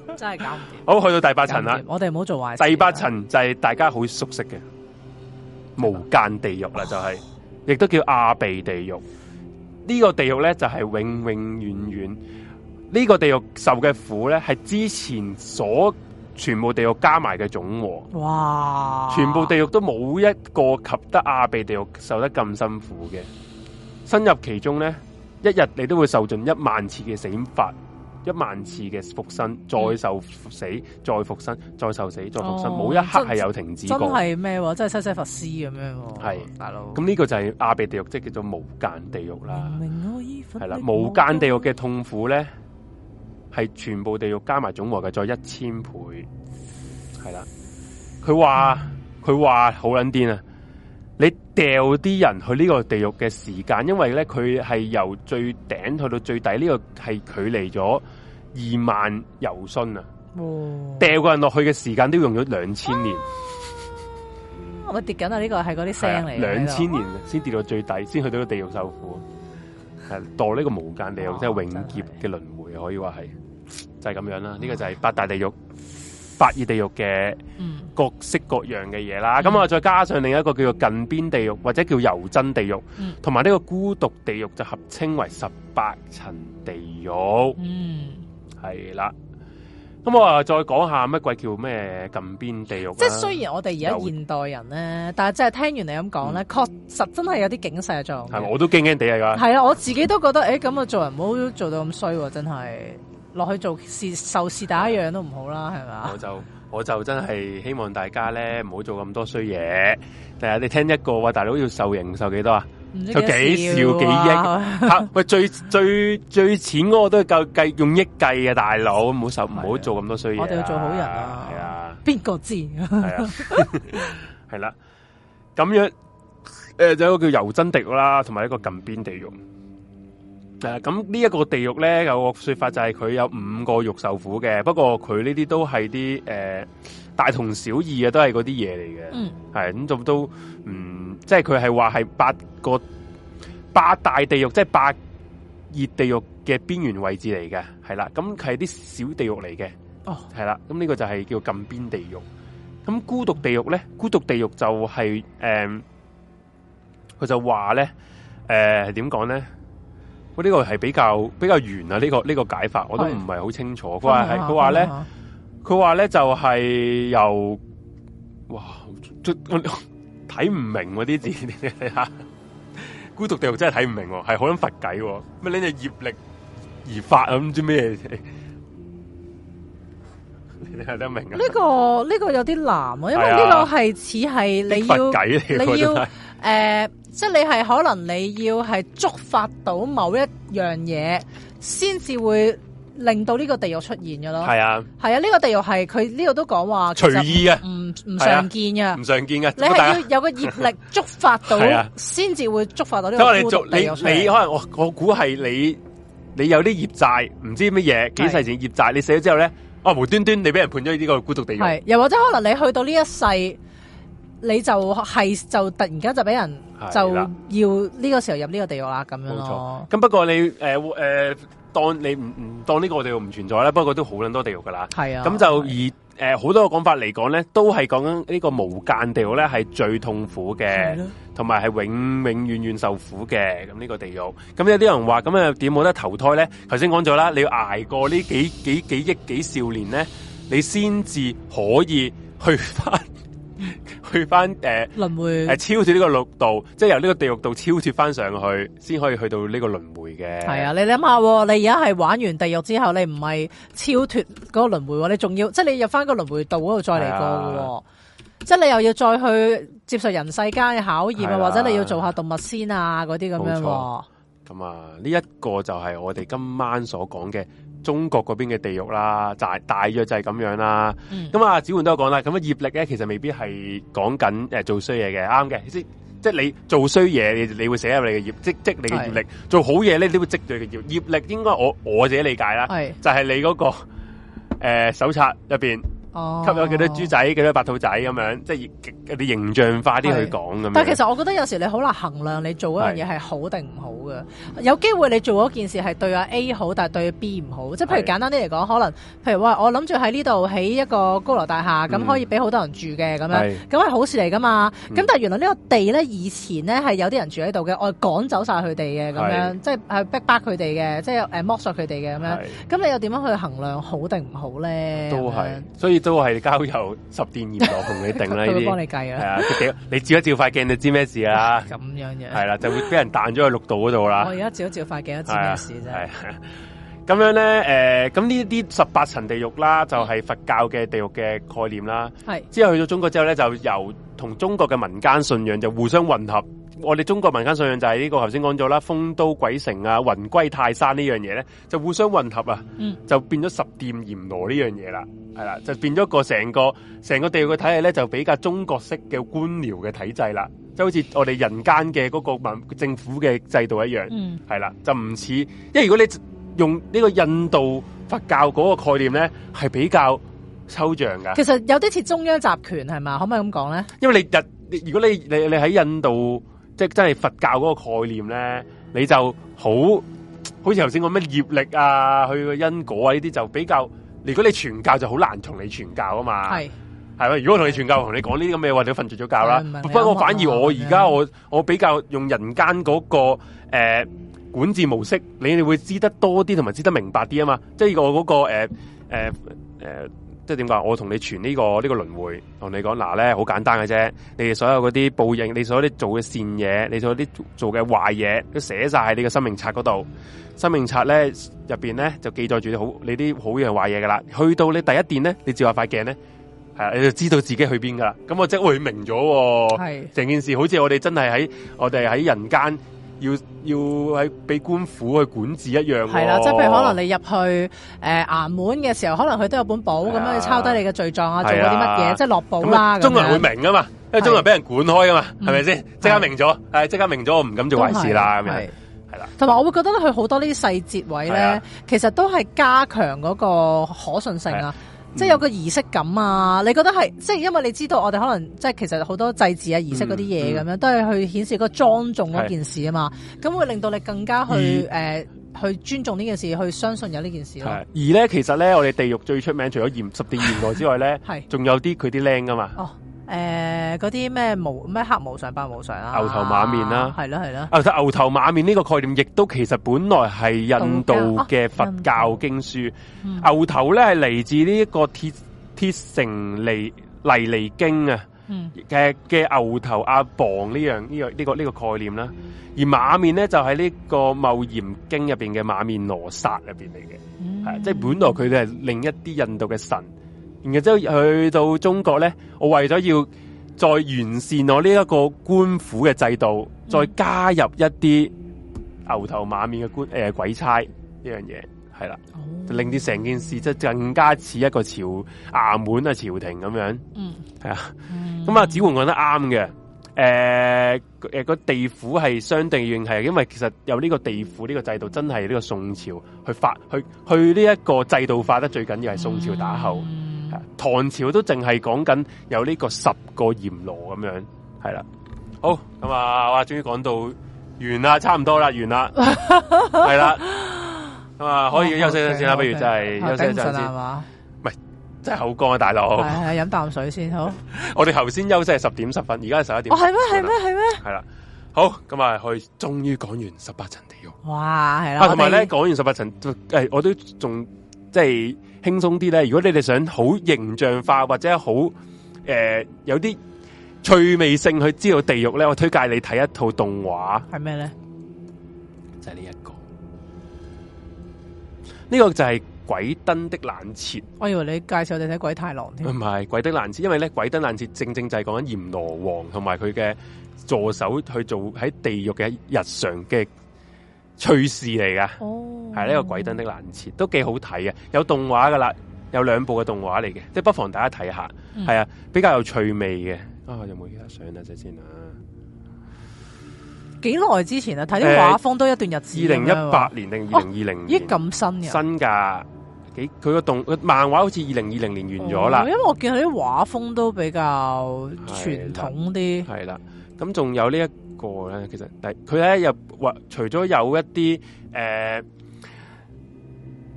真係搞唔掂！好，去到第八層啦，我哋唔好做壞事。第八層就係大家好熟悉嘅無間地獄啦，就係，就係亦都叫阿鼻地獄。呢、呢個地獄咧就係永永遠遠呢個地獄受嘅苦咧，係之前所全部地獄加埋嘅總和。哇！全部地獄都冇一個及得阿鼻地獄受得咁辛苦嘅。深入其中咧，一日你都會受盡一萬次嘅死法。一萬次嘅復生、嗯、生，再受死，再復生，再受死，再復生，冇一刻係有停止過，真係咩？真係西西佛斯咁樣。係大佬，咁、啊、呢個就係阿鼻地獄，即、就、係、是、叫做無間地獄啦。係啦，無間地獄嘅痛苦咧，係全部地獄加埋總和嘅再一千倍。係啦，佢話佢話好撚癲啊！你掉啲人去呢個地獄嘅時間，因為咧佢係由最頂去到最底，呢、這個係距離咗二萬由旬、哦、啊！掉個人落去嘅時間都用咗兩千年，我跌緊、這個、啊！呢個係嗰啲聲嚟，兩千年先跌到最底，先、嗯、去到個地獄受苦，係、啊、墮呢個無間地獄、哦，即係永劫嘅輪回，可以話係、哦、就係、是、咁樣啦。呢、哦這個就係八大地獄。八熱地獄嘅各式各樣嘅嘢啦，咁啊再加上另一個叫做近邊地獄或者叫油真地獄，同埋呢個孤獨地獄就合稱為十八層地獄。嗯，係啦。咁我啊再講下乜鬼叫咩近邊地獄？即係雖然我哋而家現代人咧，但係真係聽完你咁講咧，確實真係有啲警世嘅作用。係，我都驚驚地啊！係、這、啊、個，我自己都覺得，誒咁啊，做人唔好做到咁衰喎，真係。落去做事，受事打一樣都唔好啦，係嘛？我就我就真係希望大家咧唔好做咁多衰嘢。第日你聽一個喂大佬要受刑受幾多，多啊？就幾兆幾億吓？喂，最最最淺嗰個都係計用億計嘅！大佬唔好受，唔好做咁多衰嘢。我哋要做好人啊！係啊，邊個知？係 啦對了，咁 樣誒、呃，就有一個叫油真敵啦，同埋一個近邊地獄。咁呢一個地獄咧，有個說法就係佢有五個獄受苦嘅，不過佢呢啲都係啲誒大同小異嘅，都係嗰啲嘢嚟嘅。嗯，係咁就都唔、嗯、即係佢係話係八個八大地獄，即係八熱地獄嘅邊緣位置嚟嘅，係啦。咁佢係啲小地獄嚟嘅。哦，係啦。咁呢個就係叫近邊地獄。咁孤獨地獄咧，孤獨地獄就係、是、誒、佢、呃、就話咧，誒點講咧？呢、哦呢個係比較比較圓啊，呢、呢個呢、呢個解法，我都唔係好清楚。佢話係，佢話咧，佢話咧就係、是、由哇，睇唔明啲字，你睇下《嗯、 孤獨地獄》真係睇唔明，係好諗佛偈，乜你哋業力而發什麼、嗯 呢個呢個、啊？唔知咩？你睇得明啊？呢個呢個有啲難，因為呢個係似係你要你要誒。即係你係可能你要係觸發到某一樣嘢，先至會令到呢個地獄出現嘅咯。係啊，係啊，呢個地獄係佢呢度都講話隨意嘅，唔唔常見嘅，唔常見嘅。你係要有個業力觸發到，先至會觸發到呢個地獄。即係你你你你可能我我估係你你有啲業債唔知乜嘢幾世前業債，你死咗之後咧，啊、哦、無端端你俾人判咗呢個孤獨地獄。又或者可能你去到呢一世，你就係就突然間就俾人。就要呢個時候入呢個地獄啦，咁樣，冇錯。咁不過你誒誒、呃呃，當你唔唔當呢個地獄唔存在啦，不過都好捻多地獄噶啦。係啊。咁就而誒，好、呃、多個講法嚟講咧，都係講緊呢個無間地獄咧，係最痛苦嘅，同埋係永永遠遠受苦嘅。咁呢個地獄，咁有啲人話咁啊，點冇得投胎咧？頭先講咗啦，你要挨過呢幾幾幾億幾少年咧，你先至可以去翻。 去翻誒輪回誒、呃、超脱呢個六道，即係由呢個地獄道超脱翻上去，先可以去到呢個輪回嘅。係啊，你諗下，你而家係玩完地獄之後，你唔係超脱嗰個輪回，你仲要即係你入翻個輪回道嗰度再嚟過喎。即係你,、啊、你又要再去接受人世間嘅考驗啊，或者你要做下動物先啊，嗰啲咁樣。咁啊，呢一個就係我哋今晚所講嘅。中國嗰邊嘅地獄啦，大大約就係咁樣啦。咁、嗯、啊、嗯，子煥都有講啦。咁啊，業力咧其實未必係講緊誒做衰嘢嘅，啱嘅。即即你做衰嘢，你你會寫入你嘅業，積即，即你嘅業力。的做好嘢咧，你會積聚嘅業。業力應該我我自己理解啦，係就係你嗰、那個誒、呃、手冊入邊。哦，吸咗幾多豬仔，幾多白兔仔咁樣，即係啲形象化啲去講咁。但係其實我覺得有時你好難衡量你做嗰樣嘢係好定唔好嘅。有機會你做嗰件事係對阿 A 好，但係對 B 唔好。即係譬如簡單啲嚟講，可能譬如話我諗住喺呢度起一個高樓大廈，咁、嗯、可以俾好多人住嘅咁樣，咁係好事嚟噶嘛。咁、嗯、但係原來呢個地咧以前咧係有啲人住喺度嘅，我趕走晒佢哋嘅咁樣，即係誒逼巴佢哋嘅，即係誒剝削佢哋嘅咁樣。咁你又點樣去衡量好定唔好咧？都係，所以。都係交由十殿閻羅同你定啦，呢啲佢幫你計啊。係啊，你照一照塊鏡，你知咩事啊？咁樣嘅。係啦，就會俾人彈咗去六道嗰度啦。 我而家照一照塊鏡，知咩事啫？咁樣咧，誒、呃，咁呢啲十八層地獄啦，就係佛教嘅地獄嘅概念啦。係。之後去到中國之後咧，就由同中國嘅民間信仰就互相混合。我哋中國民間信仰就係呢個頭先講咗啦，酆都鬼城啊、雲歸泰山這呢樣嘢咧，就互相混合啊，嗯、就變咗十殿閻羅呢樣嘢啦，係啦，就變咗個成個成個地獄嘅體系咧，就比較中國式嘅官僚嘅體制啦，就好似我哋人間嘅嗰個政府嘅制度一樣，係、嗯、啦，就唔似，因為如果你用呢個印度佛教嗰個概念咧，係比較抽象噶。其實有啲似中央集權係嘛？可唔可以咁講咧？因為你日，如果你你你喺印度。即係佛教嗰個概念咧，你就好好似頭先講咩業力啊，去個因果啊呢啲就比較。如果你傳教就好難同你傳教啊嘛，係係咯。如果同你傳教，同、嗯、你講呢啲咁嘅話，你都瞓住咗覺啦。不過反而我而家我、嗯、我比較用人間嗰、那個誒、呃、管治模式，你哋會知得多啲，同埋知得明白啲啊嘛。即係我嗰、那個誒誒誒。呃呃呃即係點講？我同你傳、這個這個、呢個呢個輪回，同你講嗱咧，好簡單嘅啫。你哋所有嗰啲報應，你所有啲做嘅善嘢，你所有啲做嘅壞嘢，都寫晒喺你嘅生命冊嗰度。生命冊咧入邊咧就記載住好你啲好嘢壞嘢噶啦。去到你第一殿咧，你照下塊鏡咧，係你就知道自己去邊噶啦。咁我即係會明咗、哦，係成件事好似我哋真係喺我哋喺人間。要要喺俾官府去管治一樣，係啦，即係譬如可能你入去誒、呃、衙門嘅時候，可能佢都有本簿咁、啊、樣去抄低你嘅罪狀啊，做過啲乜嘢，啊、即係落簿啦、啊。中國人會明啊嘛，啊因為中國人俾人管開啊嘛，係咪先？即刻明咗，即、啊、刻明咗，我唔敢做壞事啦咁樣係啦。同埋、啊啊啊、我會覺得佢好多呢啲細節位咧，啊、其實都係加強嗰個可信性啊。嗯、即係有個儀式感啊！你覺得係，即係因為你知道我哋可能即係其實好多祭祀啊儀式嗰啲嘢咁樣，都係去顯示個莊重嗰件事啊嘛。咁會令到你更加去誒、呃、去尊重呢件事，去相信有呢件事咯。而咧，其實咧，我哋地獄最出名除咗嚴十殿閻羅之外咧，係仲有啲佢啲靚噶嘛、哦。誒嗰啲咩無咩黑無常白無常啊，牛頭馬面啦，係咯係咯。啊，其實牛頭馬面呢個概念，亦都其實本來係印度嘅佛教經書。啊嗯、牛頭咧係嚟自呢一個鐵鐵城泥泥犁經啊嘅嘅、嗯、牛頭阿旁呢樣呢個呢、呢個呢個概念啦、啊。而馬面咧就喺呢個《茂嚴經》入邊嘅馬面羅剎入邊嚟嘅，係、嗯、即係本來佢哋係另一啲印度嘅神。然之後去到中國咧，我為咗要再完善我呢一個官府嘅制度，再加入一啲牛頭馬面嘅官誒、呃、鬼差呢樣嘢，係啦，就令到成件事即係更加似一個朝衙門啊，朝廷咁樣。嗯，係啊，咁、嗯、啊、嗯，子煥講得啱嘅。誒、呃，誒，個地府係相對應係，因為其實由呢個地府呢、這個制度，真係呢個宋朝去發去去呢一個制度化得最緊要係宋朝打後。嗯唐朝都淨係講緊有呢個十個閻羅咁樣，係啦。好，咁啊，哇！終於講到完啦，差唔多啦，完啦，係 啦。咁啊，可以休息一陣先啦，哦、okay, okay，不如真係休息一陣先。唔、okay，係、okay。啊、真係口乾啊，大佬。係啊，飲啖水先好。 我哋頭先休息係十點十分，而家係十一點。哦，係咩？係咩？係咩？係啦。好，咁啊，去終於講完十八層地獄。哇，係啦。同埋咧，講完十八層，誒，我都仲即係。輕鬆啲咧，如果你哋想好形象化或者好誒、呃、有啲趣味性去知道地獄咧，我推介你睇一套動畫，係咩咧？就係呢一個，呢、呢個就係、係、鬼燈的冷徹。我以為你介紹我哋睇鬼太郎添。唔係鬼的冷徹，因為咧鬼燈冷徹正正就係講緊閻羅王同埋佢嘅助手去做喺地獄嘅日常嘅。趣事嚟噶，係、哦、呢個鬼燈的冷徹，都幾好睇嘅，有動畫噶啦，有兩部嘅動畫嚟嘅，即係不妨大家睇下，係、嗯、啊，比較有趣味嘅。啊，有冇其他相啊，仔先啊？幾耐之前啊？睇啲畫風都一段日子，欸。二零一八年定二零二零？年？咦、哦，咁新嘅，啊？新噶，幾？佢個動，漫畫好似二零二零年完咗啦，哦。因為我見佢啲畫風都比較傳統啲。係啦，咁仲有呢一。個咧，其實第佢咧又或除咗有一啲誒、呃、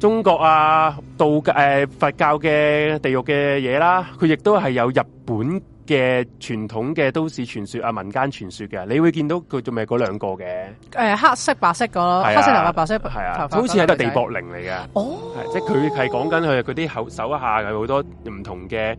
中國啊道教、呃、佛教嘅地獄嘅嘢啦，佢亦都係有日本嘅傳統嘅都市傳說啊民間傳說嘅，你會見到佢仲未嗰兩個嘅誒黑色白色個、啊、黑色藍白白色係啊，係啊，好似係個地縛靈嚟嘅哦，係即係佢係講緊佢佢啲手下有好多唔同嘅。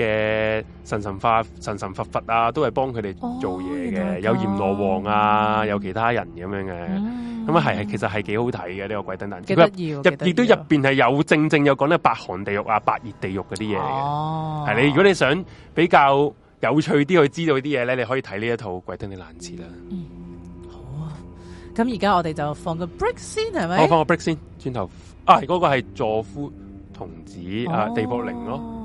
嘅神神化神神佛佛啊，都係幫佢哋做嘢嘅、哦，有閻羅王啊、嗯，有其他人咁樣嘅，咁啊係，其實係幾好睇嘅呢個鬼燈難字，入邊都入邊係有正正有講呢八寒地獄啊、八熱地獄嗰啲嘢嘅，係、哦、你如果你想比較有趣啲去知道啲嘢咧，你可以睇呢一套鬼燈嘅難字啦。嗯，好啊，咁而家我哋就放個 break 先係咪？我放個 break 先，轉頭、哦、啊，嗰、那個係座敷童子、哦、啊，地縛靈咯。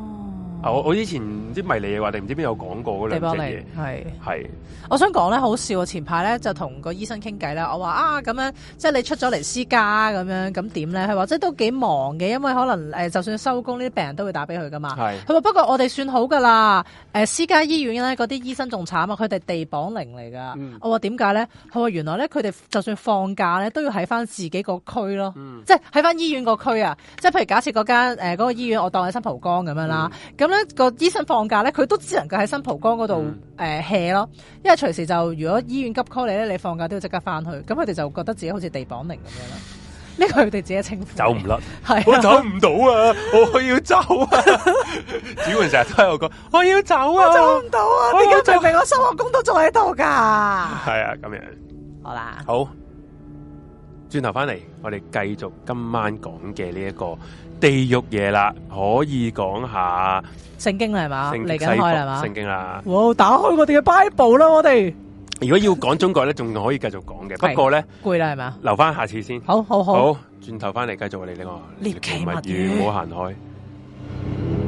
我以前唔知迷你嘅話定唔知邊有講過嗰兩隻嘢。係係，我想講咧，好笑啊！前排咧就同個醫生傾偈啦，我話啊咁樣，即係你出咗嚟私家咁樣，咁點咧？佢話即係都幾忙嘅，因為可能誒、呃、就算收工，呢啲病人都會打俾佢噶嘛。佢話不過我哋算好噶啦，誒、呃、私家醫院咧嗰啲醫生仲慘啊，佢哋地磅零嚟噶。我話點解咧？佢話原來咧佢哋就算放假咧都要喺翻自己個區咯，嗯、即係喺翻醫院個區啊！即係譬如假設嗰間誒嗰個醫院，我當喺新蒲崗咁樣啦，咁、嗯個醫生放假咧，佢都只能夠喺新蒲崗嗰度誒 hea 咯，因為隨時就如果醫院急 call 你咧，你放假都要即刻翻去。咁佢哋就覺得自己好似地綁靈咁樣咯，呢、這個佢哋自己稱呼。走唔甩，係、啊、我走唔到啊 走啊 我！我要走啊！主管成日都喺度講，我要走啊！走唔到啊！點解明明我收完工都仲喺度噶？係啊，咁樣好啦，好轉頭翻嚟，我哋繼續今晚講嘅呢一個。地獄嘢啦，可以講下聖經啦係嘛，嚟緊開係嘛，聖經啦，哇，打開我哋嘅 Bible 啦，我哋如果要講中國咧，仲 可以繼續講嘅，不過咧攰啦係嘛，留翻下次先，好好好，轉頭翻嚟繼續我哋呢個，獵奇物語唔好行開。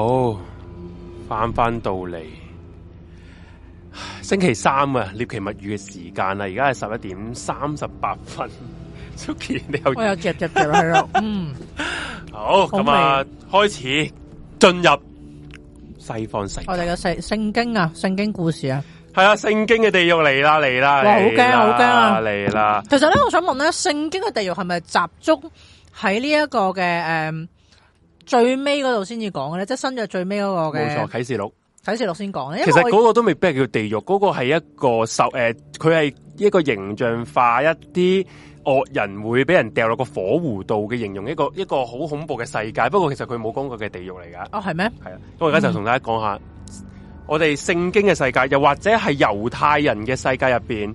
好翻翻到嚟，星期三啊！獵奇物語嘅時間啦，啊，而家係十一點三十八分。Suki， 你有我有夾夾夾係咯，嗯。好，咁啊，開始進入西方世界，我哋嘅聖聖經啊，聖經故事啊，係啊，聖經嘅地獄嚟啦，嚟啦，哇，好驚好驚啊，嚟啦，啦！其實咧，我想問咧，聖經嘅地獄係咪集中喺呢一個嘅誒？嗯最尾嗰度先至講嘅咧，即係新約最尾嗰個嘅冇錯啟示錄，啟示錄先講咧。其實嗰個都未必係叫地獄，嗰、嗰個係一個受，呃，佢係一個形象化一啲惡人會俾人掉落個火湖度嘅形容，一個一個好恐怖嘅世界。不過其實佢冇講過嘅地獄嚟噶。哦，係咩？係啊，咁我而家就同大家講下我哋聖經嘅世界、嗯，又或者係猶太人嘅世界入面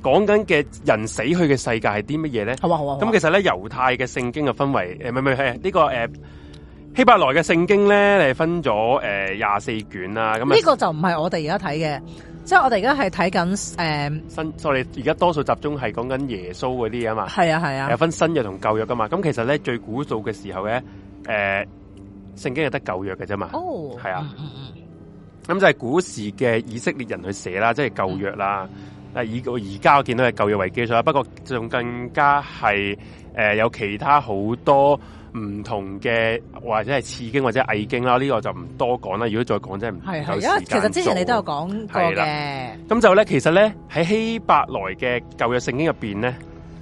講緊嘅人死去嘅世界係啲乜嘢咧？好好啊。咁、啊啊、其實咧，猶太嘅聖經就分為唔係呢個、呃希伯來嘅聖經咧，係分咗誒廿四卷啦。咁、嗯、呢、這個就唔係我哋而家睇嘅，即、就、係、是、我哋而家係睇緊誒新。我哋而家多數集中係講緊耶穌嗰啲嘢嘛。係啊係啊。有、啊、分新約同舊約㗎嘛？咁、嗯、其實咧最古早嘅時候咧，誒、呃、聖經係得舊約嘅啫嘛。哦，係啊。咁、嗯嗯、就係、是、古時嘅以色列人去寫是啦，即係舊約啦。以現在我而家我見到係舊約為基礎啦，不過仲更加係誒、呃、有其他好多。唔同嘅或者係次經或者偽經啦，呢、這個就唔多講啦。如果再講，真係唔夠時間做，因為其實之前你都有講過嘅。咁就咧，其實咧喺希伯來嘅舊約聖經入邊咧，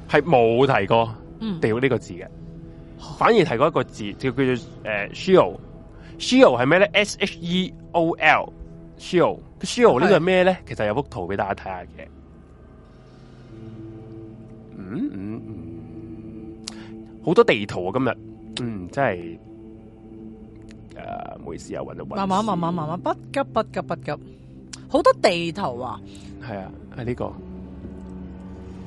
係冇提過地獄呢個字嘅、嗯，反而提過一個字叫叫做誒、呃、sheol, sheol。sheol 係咩咧？S H E O L sheol。sheol sheol 呢個係咩咧？其實有幅圖俾大家睇下嘅。嗯嗯嗯，好、嗯嗯、多地圖啊今日。嗯，真係誒，唔、呃、好意思啊，搵到搵、啊，慢慢慢慢慢慢不急不急不急，好多地圖啊，啊，係啊，係、啊啊、呢個，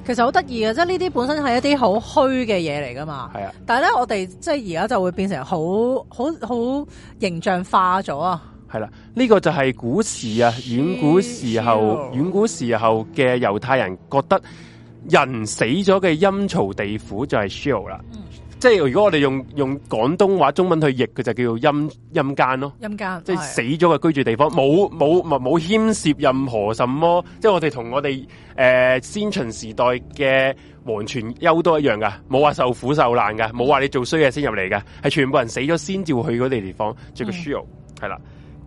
其實好得意嘅，即係呢啲本身係一啲好虛嘅嘢嚟噶嘛，係啊，但係咧我哋即係而家就會變成好好好形象化咗啊，啊，係啦，呢個就係古時啊，遠古時候シシ遠古時候嘅猶太人覺得人死咗嘅陰曹地府就係 Sheol 啦。嗯即係如果我哋用用廣東話中文去譯，佢就叫做陰陰間咯，陰間。陰間即係死咗嘅居住地方，冇冇冇牽涉任何什麼。即係我哋同我哋誒、呃、先秦時代嘅黃泉幽都一樣噶冇話受苦受難噶冇話你做衰嘢先入嚟㗎。係全部人死咗先至會去嗰啲地方 h、嗯呃、個 Sheol 係啦，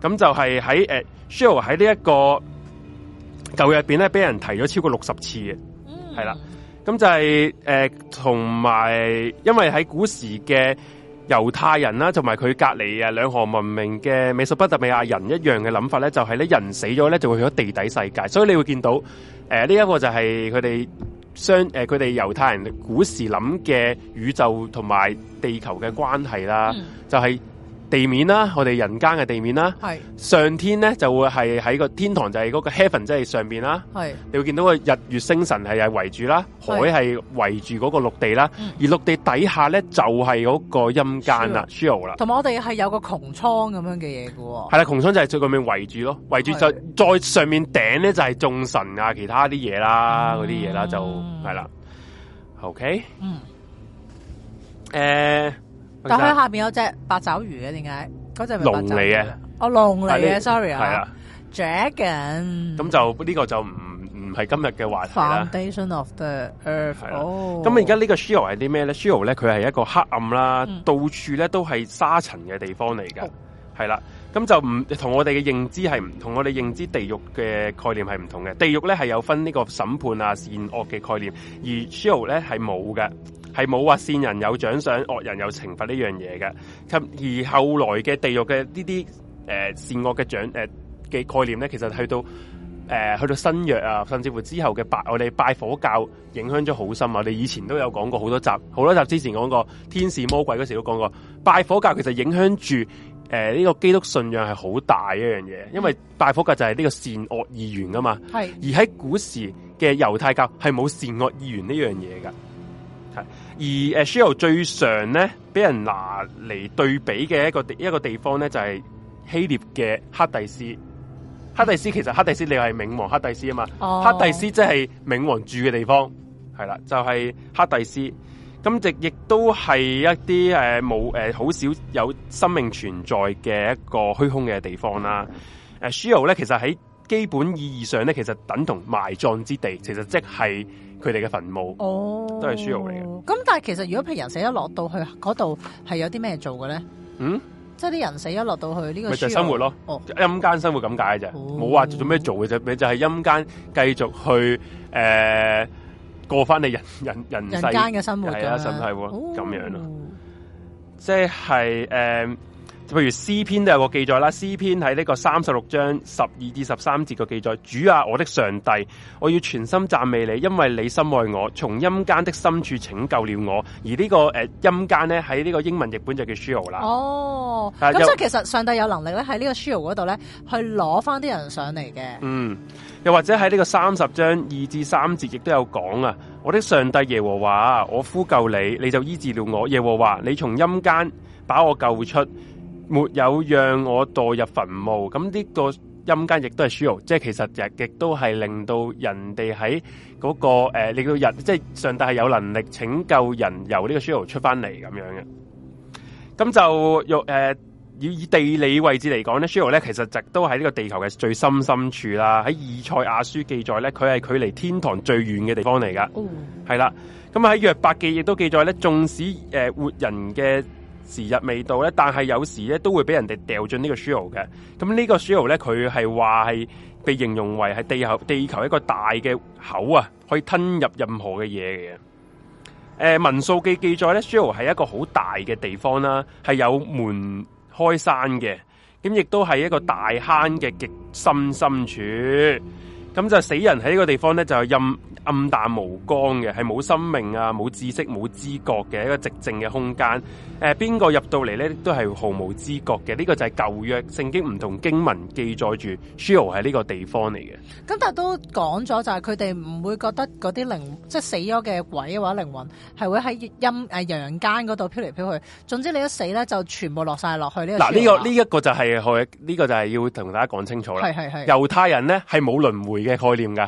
咁就係喺誒 Sheol 喺呢一個舊約入邊咧，俾人提咗超過六十次嘅，係、嗯、啦。咁就係、是、誒、同、呃、埋因為喺古時嘅猶太人啦、啊，同埋佢隔籬啊兩河文明嘅美索不達米亞人一樣嘅諗法咧，就係、是、咧人死咗咧就會去咗地底世界，所以你會見到誒呢一個就係佢哋相誒佢哋猶太人古時諗嘅宇宙同埋地球嘅關係啦，嗯、就係、是。地面啦，我哋人間嘅地面啦，上天咧就會係喺個天堂就係嗰個 heaven 即係上邊啦，你會見到個日月星辰係圍住啦，是海係圍住嗰個陸地啦，嗯、而陸地底下咧就係、是、嗰個陰間啦，Sheol 啦，同埋我哋係有個穹蒼咁樣嘅嘢嘅喎，係啦，穹蒼就係最上面圍住咯，圍住就再上面頂咧就係眾神啊，其他啲嘢啦，嗰啲嘢啦就係啦，OK，嗯，誒、呃。但佢下邊有隻八爪魚嘅，點解？嗰隻龍嚟嘅，哦龍嚟嘅，sorry 啊，dragon。咁就呢、這個就唔唔係今日嘅話題啦。Foundation of the Earth。哦，咁而家呢個 shiro 係啲咩咧？shiro 咧，佢係一個黑暗啦、嗯，到處咧都係沙塵嘅地方嚟嘅，係、哦、啦。咁就唔同我哋嘅認知係唔同，我哋認知地獄嘅概念係唔同嘅。地獄咧係有分呢個審判啊、嗯、善惡嘅概念，而 shiro 咧係冇嘅。係冇話善人有獎賞，惡人有懲罰呢樣嘢嘅。咁而後來嘅地獄嘅呢啲誒善惡嘅獎誒嘅概念咧，其實去到誒、呃、去到新約啊，甚至乎之後嘅拜我哋拜火教影響咗好深啊！我哋以前都有講過好多集，好多集之前講過天使魔鬼嗰時都講過拜火教，其實影響住誒呢個基督信仰係好大一樣嘢，因為拜火教就係呢個善惡二元㗎嘛。係，而喺古時嘅猶太教係冇善惡二元呢樣嘢噶，係。而、啊、Shiro 最常咧俾人拿嚟對比嘅一個地一個地方咧，就係希臘嘅黑蒂斯。黑蒂斯，其實黑蒂斯你係冥王黑蒂斯啊嘛，oh. 黑蒂斯即係冥王住嘅地方，係啦，就係黑蒂斯。咁亦亦都係一啲誒冇誒好少有生命存在嘅一個虛空嘅地方啦。啊、Shiro 咧其實喺基本意義上咧，其實等同埋葬之地，其實即係。佢哋嘅墳墓哦，都係書屋嚟嘅。咁但係其實如果譬如人死咗落到去嗰度，係有啲咩做嘅咧？嗯，即係啲人死咗落到去呢、這個咪就係生活咯，陰、哦、間生活咁解嘅啫，冇、哦、話做咩做嘅啫，咪就係陰間繼續去誒、呃、過翻你人人人間嘅生活係啊，身體真係咁樣咯、啊，即係誒。呃譬如詩篇都有個記載啦，詩篇喺呢個三十六章十二至十三節嘅記載，主啊，我的上帝，我要全心讚美你，因為你深愛我，從陰間的深處拯救了我。而、這個呃、陰間呢個誒陰間咧喺呢個英文譯本就叫 Sheol 啦。哦，咁、啊、即係其實上帝有能力咧喺呢個 Sheol 嗰度咧去攞翻啲人上嚟嘅。嗯，又或者喺呢個三十章二至三節亦都有講啊，我的上帝耶和華，我呼救你，你就醫治了我。耶和華，你從陰間把我救出。沒有讓我墮入墳墓，咁呢個陰間亦都係 Shiro 即係其實亦都係令到人哋喺嗰個誒、呃，令到人即係上帝係有能力拯救人由呢個 Shiro 出翻嚟咁樣嘅。咁就用誒，要、呃、以地理位置嚟講咧 Shiro 咧其實直都喺呢個地球嘅最深深處啦。喺以賽亞書記載咧，佢係距離天堂最遠嘅地方嚟噶，係、嗯、啦。咁喺約伯記亦都記載咧，縱使誒、呃、活人嘅。時日未到咧，但係有時咧都會俾人哋掉進這個的這個呢個 Shul 嘅。咁呢個 Shul 咧，佢係話係被形容為係地球地球一個大嘅口啊，可以吞入任何嘅嘢嘅。誒、呃《民數記》記載呢，Shul 係一個好大嘅地方啦，係有門開山嘅，咁亦都係一個大坑嘅極深深處。咁就死人喺呢個地方咧，就陰暗淡無光嘅，係冇生命啊，冇知識、冇知覺嘅一個寂靜嘅空間。誒、呃，邊個入到嚟咧，都係毫無知覺嘅。呢、這個就係舊約聖經唔同經文記載住 Sheol 喺呢個地方嚟嘅。咁但係都講咗，就係佢哋唔會覺得嗰啲靈，即係死咗嘅鬼或者靈魂，係會喺陰誒陽間嗰度飄嚟飄去。總之你一死咧，就全部落晒落去呢。嗱呢個呢一個就係去呢個就係要同大家講清楚啦。係係係猶太人咧係冇輪回嘅概念噶，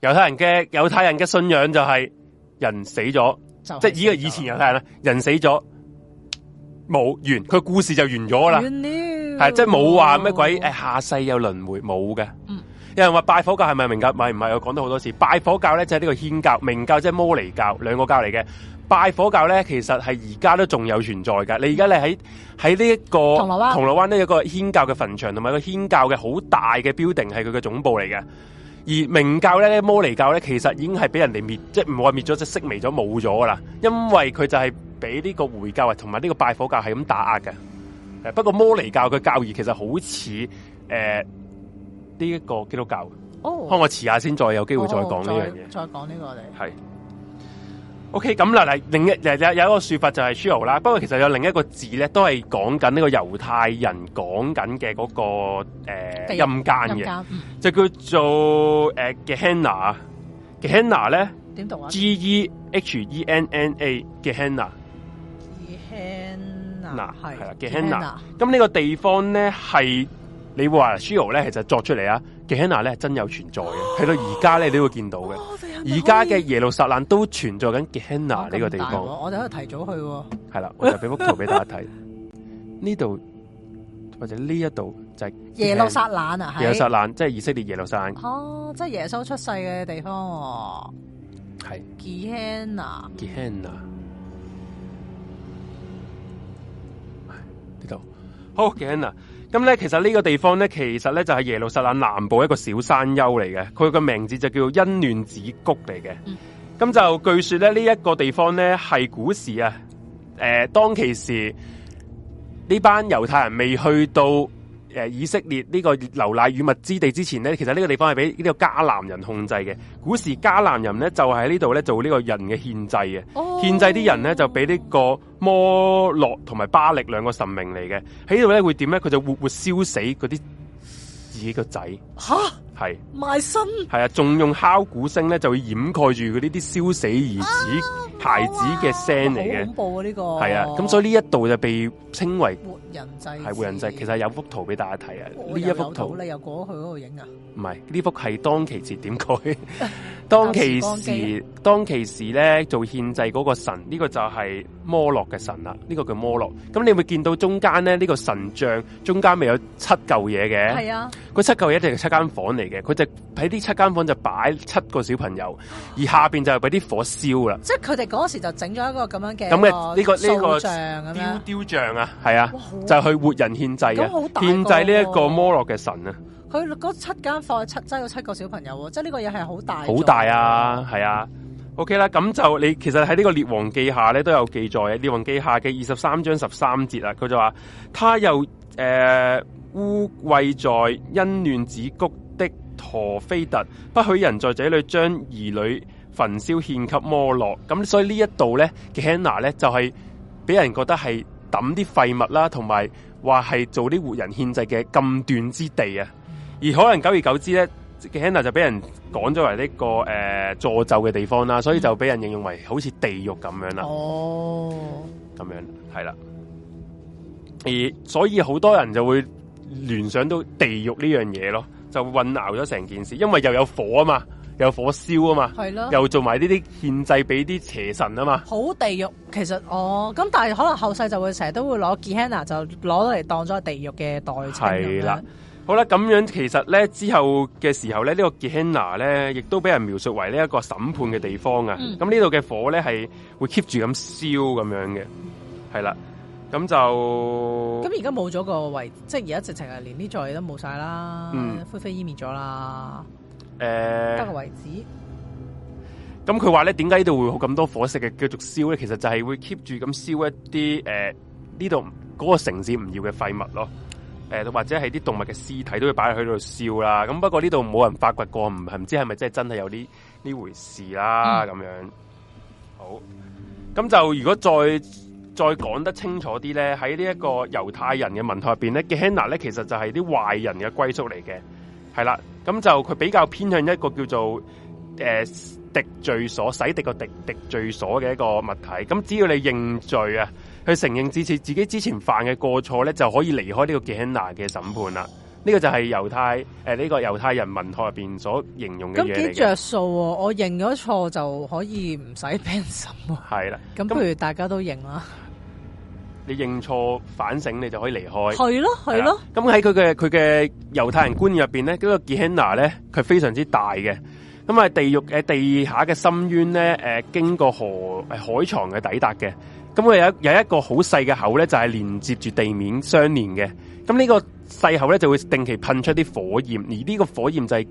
猶、嗯、太人嘅猶太人嘅信仰就係人死咗，就是、死即係以個以前猶太人啦，人死咗冇完，佢故事就完咗啦，係即係冇話咩鬼誒、哎、下世又輪迴冇嘅。嗯，有人話拜火教係咪明教？咪唔係我講咗好多次，拜火教咧就係呢個祆教，明教即係摩尼教，兩個教嚟嘅。拜火教咧，其實係而家都仲有存在噶。你而家你喺喺呢一個銅鑼灣咧，有個祆教嘅墳場，同埋個祆教嘅好大嘅 building 係佢嘅總部嚟嘅。而明教咧、摩尼教咧，其實已經係俾人哋滅，即係唔係滅咗，即係熄微咗、冇咗噶啦。因為佢就係俾呢個回教同埋呢個拜火教係咁打壓嘅。誒，不過摩尼教嘅教義其實好似誒呢一個基督教。哦、oh，可我遲下先再有機會再講呢樣嘢，再講呢、這個嚟係。O K，咁嗱，另一有有一個說法就係 Shul 啦，不過其實有另一個字咧，都係講緊呢個猶太人講緊嘅嗰個誒陰間嘅，呃、就叫做、呃、Gehenna Gehenna 呢，咧點讀啊？G E H E N N A Gehenna Gehenna，係係啦，Gehenna 咁呢個地方咧係。是你話 s h i o 咧，其實作出嚟啊，Gehenna 咧真有存在嘅，去到而家咧你都會見到嘅。而、哦、家嘅耶路撒冷都存在緊 Gehenna 呢個地方。哦、我哋可以提早去、哦。係啦，我就俾幅圖俾大家睇。呢 度或者呢一度就係耶路撒冷啊。是耶路撒冷即係、就是、以色列耶路撒冷。哦，即係耶穌出世嘅地方、哦。係。Gehenna。Gehenna。呢、哎、度好 Gehenna。咁咧，其實呢個地方咧，其實咧就係耶路撒冷南部一個小山丘嚟嘅，佢個名字就叫欣嫩子谷嚟嘅。咁就據說咧，呢、這、一個地方咧係古時啊，誒、呃，當其時呢班猶太人未去到。誒，以色列呢個流奶與蜜之地之前咧，其實呢個地方係俾呢個迦南人控制嘅。古時迦南人咧就喺、是、呢度咧做呢個人嘅獻祭嘅，獻、oh. 祭啲人咧就俾呢個摩洛同埋巴力兩個神明嚟嘅，喺度咧會點咧？佢就活活燒死嗰啲自己個仔。Huh? 係賣身，係啊，仲用敲鼓聲咧，就會掩蓋住佢呢啲燒死兒子孩、啊、子嘅聲嚟嘅。恐怖啊、這個！呢個係啊，咁、嗯嗯嗯、所以呢一度就被稱為活人祭，係活人祭。其實有幅圖俾大家睇啊，呢一幅圖你又過咗去嗰度影啊？唔係呢幅係當其 當時點佢？ 當其時，當其時咧做獻祭嗰個神呢、這個就係摩洛嘅神啦。呢、這個叫摩洛。咁你會見到中間咧呢、這個神像中間咪有七嚿嘢嘅？係啊，個七嚿嘢一定係七間房嚟。嘅佢就喺呢七間房就擺七個小朋友，而下邊就俾啲火燒啦。即係佢哋嗰時就整咗一個咁樣嘅咁嘅呢個呢、呢個雕像咁雕像啊，係啊，就係、去活人獻祭嘅、啊啊、獻祭呢一個摩洛嘅神啊。佢嗰七間房七真係有七個小朋友，即係呢個嘢係好大好大啊，係啊。OK 啦，咁就你其實喺呢個、啊《列王記下》咧都有記載，《列王記下》嘅二十三章十三節啊，佢就話他又誒污穢在欣嫩子谷。陀非特不許人在這裏將兒女焚燒獻給摩洛，咁所以呢一度咧，Gehenna 咧就係、是、俾人覺得係抌啲廢物啦，同埋話係做啲活人獻祭嘅禁斷之地啊。而可能久而久之咧，Gehenna 就俾人講咗為呢個誒詛、呃、咒嘅地方啦、啊，所以就俾人形容為好似地獄咁樣啦、啊。哦、oh.，咁樣係啦，而所以好多人就會聯想到地獄呢樣嘢咯。就混淆咗成件事，因為又有火啊嘛，又有火燒啊嘛，係咯，又做埋呢啲獻祭俾啲邪神啊嘛，好地獄，其實哦，咁但係可能後世就會成日都會攞 Gehenna 就攞到嚟當咗地獄嘅代詞，係啦，好啦，咁樣其實咧之後嘅時候咧，這個、呢個 Gehenna 咧亦都俾人描述為呢一個審判嘅地方啊，咁、嗯、呢度嘅火咧係會 keep 住咁燒咁樣嘅，係啦。咁就咁而家冇咗個遺，即係而家直情係連座嗯嗯、嗯、呢座嘢都冇晒啦，灰飛煙滅咗啦。誒，得個遺址。咁佢話咧，點解呢度會有咁多火石嘅繼續燒咧？其實就係會 keep 住咁燒一啲誒，呢度嗰個城市唔要嘅廢物咯。誒，或者係啲動物嘅屍體都要擺喺佢度燒啦。咁不過呢度冇人發掘過，唔係唔知係咪真係真係有啲呢回事啦。咁樣、嗯、好，咁就如果再。再講得清楚啲咧，喺呢一個猶太人嘅文學入邊咧，Gehenna 咧其實就係啲壞人嘅歸宿嚟嘅，係啦，咁就佢比較偏向一個叫做誒滌、呃、罪所，洗滌個滌、滌罪所嘅一個物體。咁只要你認罪啊，去承認之前自己之前犯嘅過錯咧，就可以離開呢個 Gehenna 嘅審判啦。呢、呢個就係猶太誒呢、呃呢個猶太人文學入邊所形容嘅嘢嚟嘅。着數喎、哦，我認咗錯就可以唔使俾人審啊。係啦，咁譬如大家都認啦。你認錯反省，你就可以離開。係咯，係咯。咁喺佢嘅佢嘅猶太人觀念入邊咧，嗰、這個 Gehenna 呢佢非常之大嘅。咁啊，地獄地下嘅深淵咧、呃，經過河海床嘅抵達嘅。咁佢有有一個好細嘅口咧，就係、是、連接住地面相連嘅。咁呢個細口咧，就會定期噴出啲火焰，而呢個火焰就係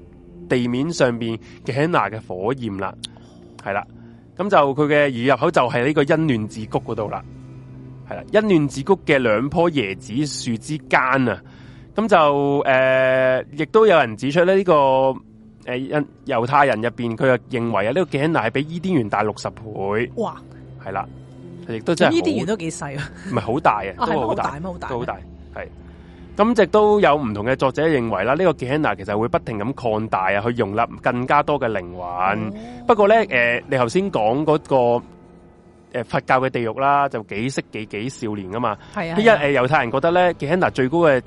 地面上面 Gehenna 嘅火焰啦。係啦，咁就佢嘅而入口就係呢個欣嫩子谷嗰度啦。因嫩子谷嘅兩棵椰子樹之間啊，咁就誒，亦、呃、都有人指出咧呢、這個誒，猶、呃、太人入邊佢又認為啊，呢、這個 Gehenna 係比伊甸園大六十倍。哇，係啦，亦都真係。伊甸園都幾細啊？唔係好大 啊，都好大，都好大。係咁，亦都、嗯、都有唔同嘅作者認為啦，呢、這個 Gehenna 其實會不停咁擴大啊，去容納更加多嘅靈魂。哦、不過咧，誒、呃，你頭先講嗰個。誒，佛教嘅地獄啦，就幾識幾幾少年㗎嘛？係啊。一誒，猶太人覺得咧，基亨納最高嘅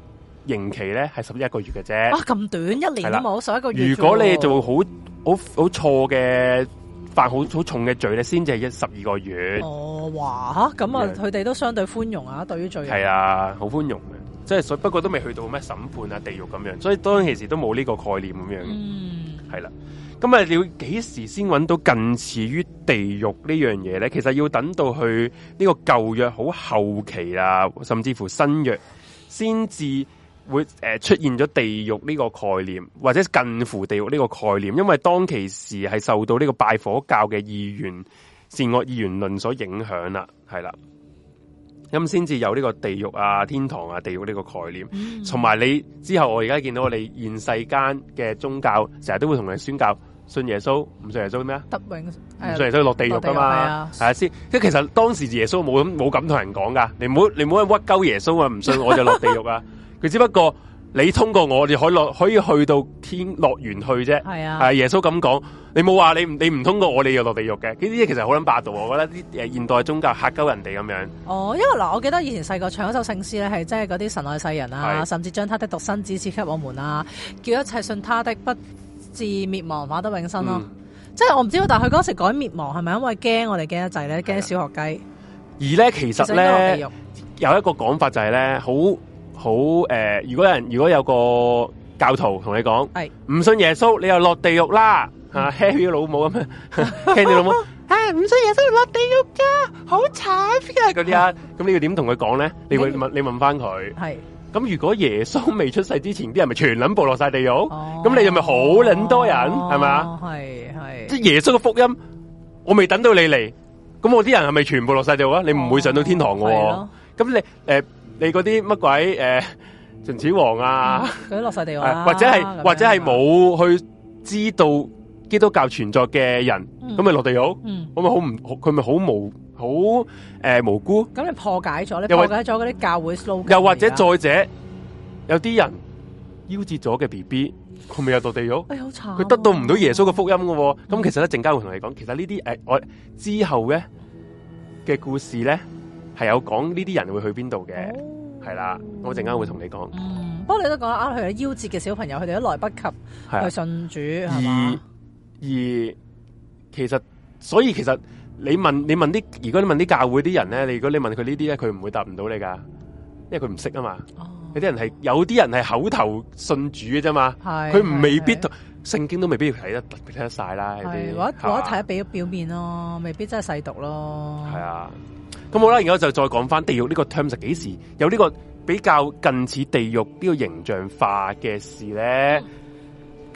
刑期咧係十一個月嘅啫。哇、啊，咁短，一年都冇十一個月，啊。如果你做好好好錯嘅犯好好重嘅罪咧，先至係一十二個月。哦，哇！咁啊，佢哋都相對寬容啊，對於罪係啊，好寬容嘅，即係所不過都未去到咩審判啊，地獄咁樣，所以當其時都冇呢個概念咁樣。嗯，係啦，啊。咁啊，你要幾時先揾到近似於地獄呢樣嘢咧？其實要等到去呢個舊約好後期啦，甚至乎新約先至會誒出現咗地獄呢個概念，或者近乎地獄呢個概念，因為當其時係受到呢個拜火教嘅二元、善惡二元論所影響啦，係啦。咁先至有呢個地獄啊、天堂啊、地獄呢、啊、個概念，同、嗯、埋你之後我而家見到我哋現世間嘅宗教，成日都會同人宣教，信耶穌唔信耶穌咩啊？得永唔信耶穌落地獄噶嘛？係啊，先即其實當時耶穌冇咁冇同人講噶，你唔好你唔好去屈鳩耶穌啊，唔信我就落地獄啊，佢 只不過。你通過我，哋可以可以去到天樂園去啫。係啊，啊，係耶穌咁講。你冇話你你唔通過我，你又落地獄嘅。呢啲其實好撚霸道。我覺得啲現代宗教吓鳩人哋咁樣。哦，因為嗱，我記得以前細個唱一首聖詩咧，係即係嗰啲神愛世人啊，啊嗯、甚至將他的獨生子賜給我們啊，叫一切信他的不至滅亡，得永生咯、啊。嗯、即係我唔知道，但係佢嗰時改滅亡係咪因為驚我哋驚一滯咧，驚小學雞、啊。而咧，其實咧有一個講法就係咧好。好誒、呃！如果有人如果有個教徒同你講，係唔信耶穌，你又落地獄啦，吓聽住老母咁樣，哈哈 聽你老母，誒 唔、哎、信耶穌落地獄噶、啊，好慘㗎。」嗰啲啊，咁你要點同佢講咧？你會問你問翻佢，係咁如果耶穌未出世之前，啲人咪全捻部落晒地獄？咁你又咪好捻多人係咪？係、呃、係，即係耶穌嘅福音，我未等到你嚟，咁我啲人係咪全部落晒地獄啊？你唔會上到天堂嘅，咁你誒。你嗰啲乜鬼誒、呃、秦始皇啊？佢、啊、落晒地獄、啊啊、或者係或者係冇去知道基督教存在嘅人，咁咪落地獄？嗯，咪好唔佢咪好無好誒、呃、無辜？咁你破解咗咧？又解咗啲教會 slogan，又或者再者，有啲人夭折咗嘅 B B，佢咪又落地獄？哎呀好慘佢、啊、得到唔到耶穌嘅福音嘅？咁、嗯、其實咧，一陣間會同你講，其實呢啲誒，我之後咧嘅故事咧。係有講呢啲人會去邊度嘅。係、哦、啦，我陣間會同你講。不、嗯、過你都講啱佢，夭折嘅小朋友，佢哋都來不及去信主。而而其實，所以其實你問你問啲，如果你問啲教會啲人咧，你如果你問佢呢啲咧，佢唔會答唔到你噶，因為佢唔識啊嘛。有啲人係有啲人係口頭信主嘅啫嘛，佢唔未必聖經都未必要睇得特別睇晒啦。係，我我一睇俾咗表面咯，未必真係細讀咯。係啊。好啦，而家就再講翻地獄呢個 terms 係幾時有呢個比較近似地獄呢個形象化嘅事咧？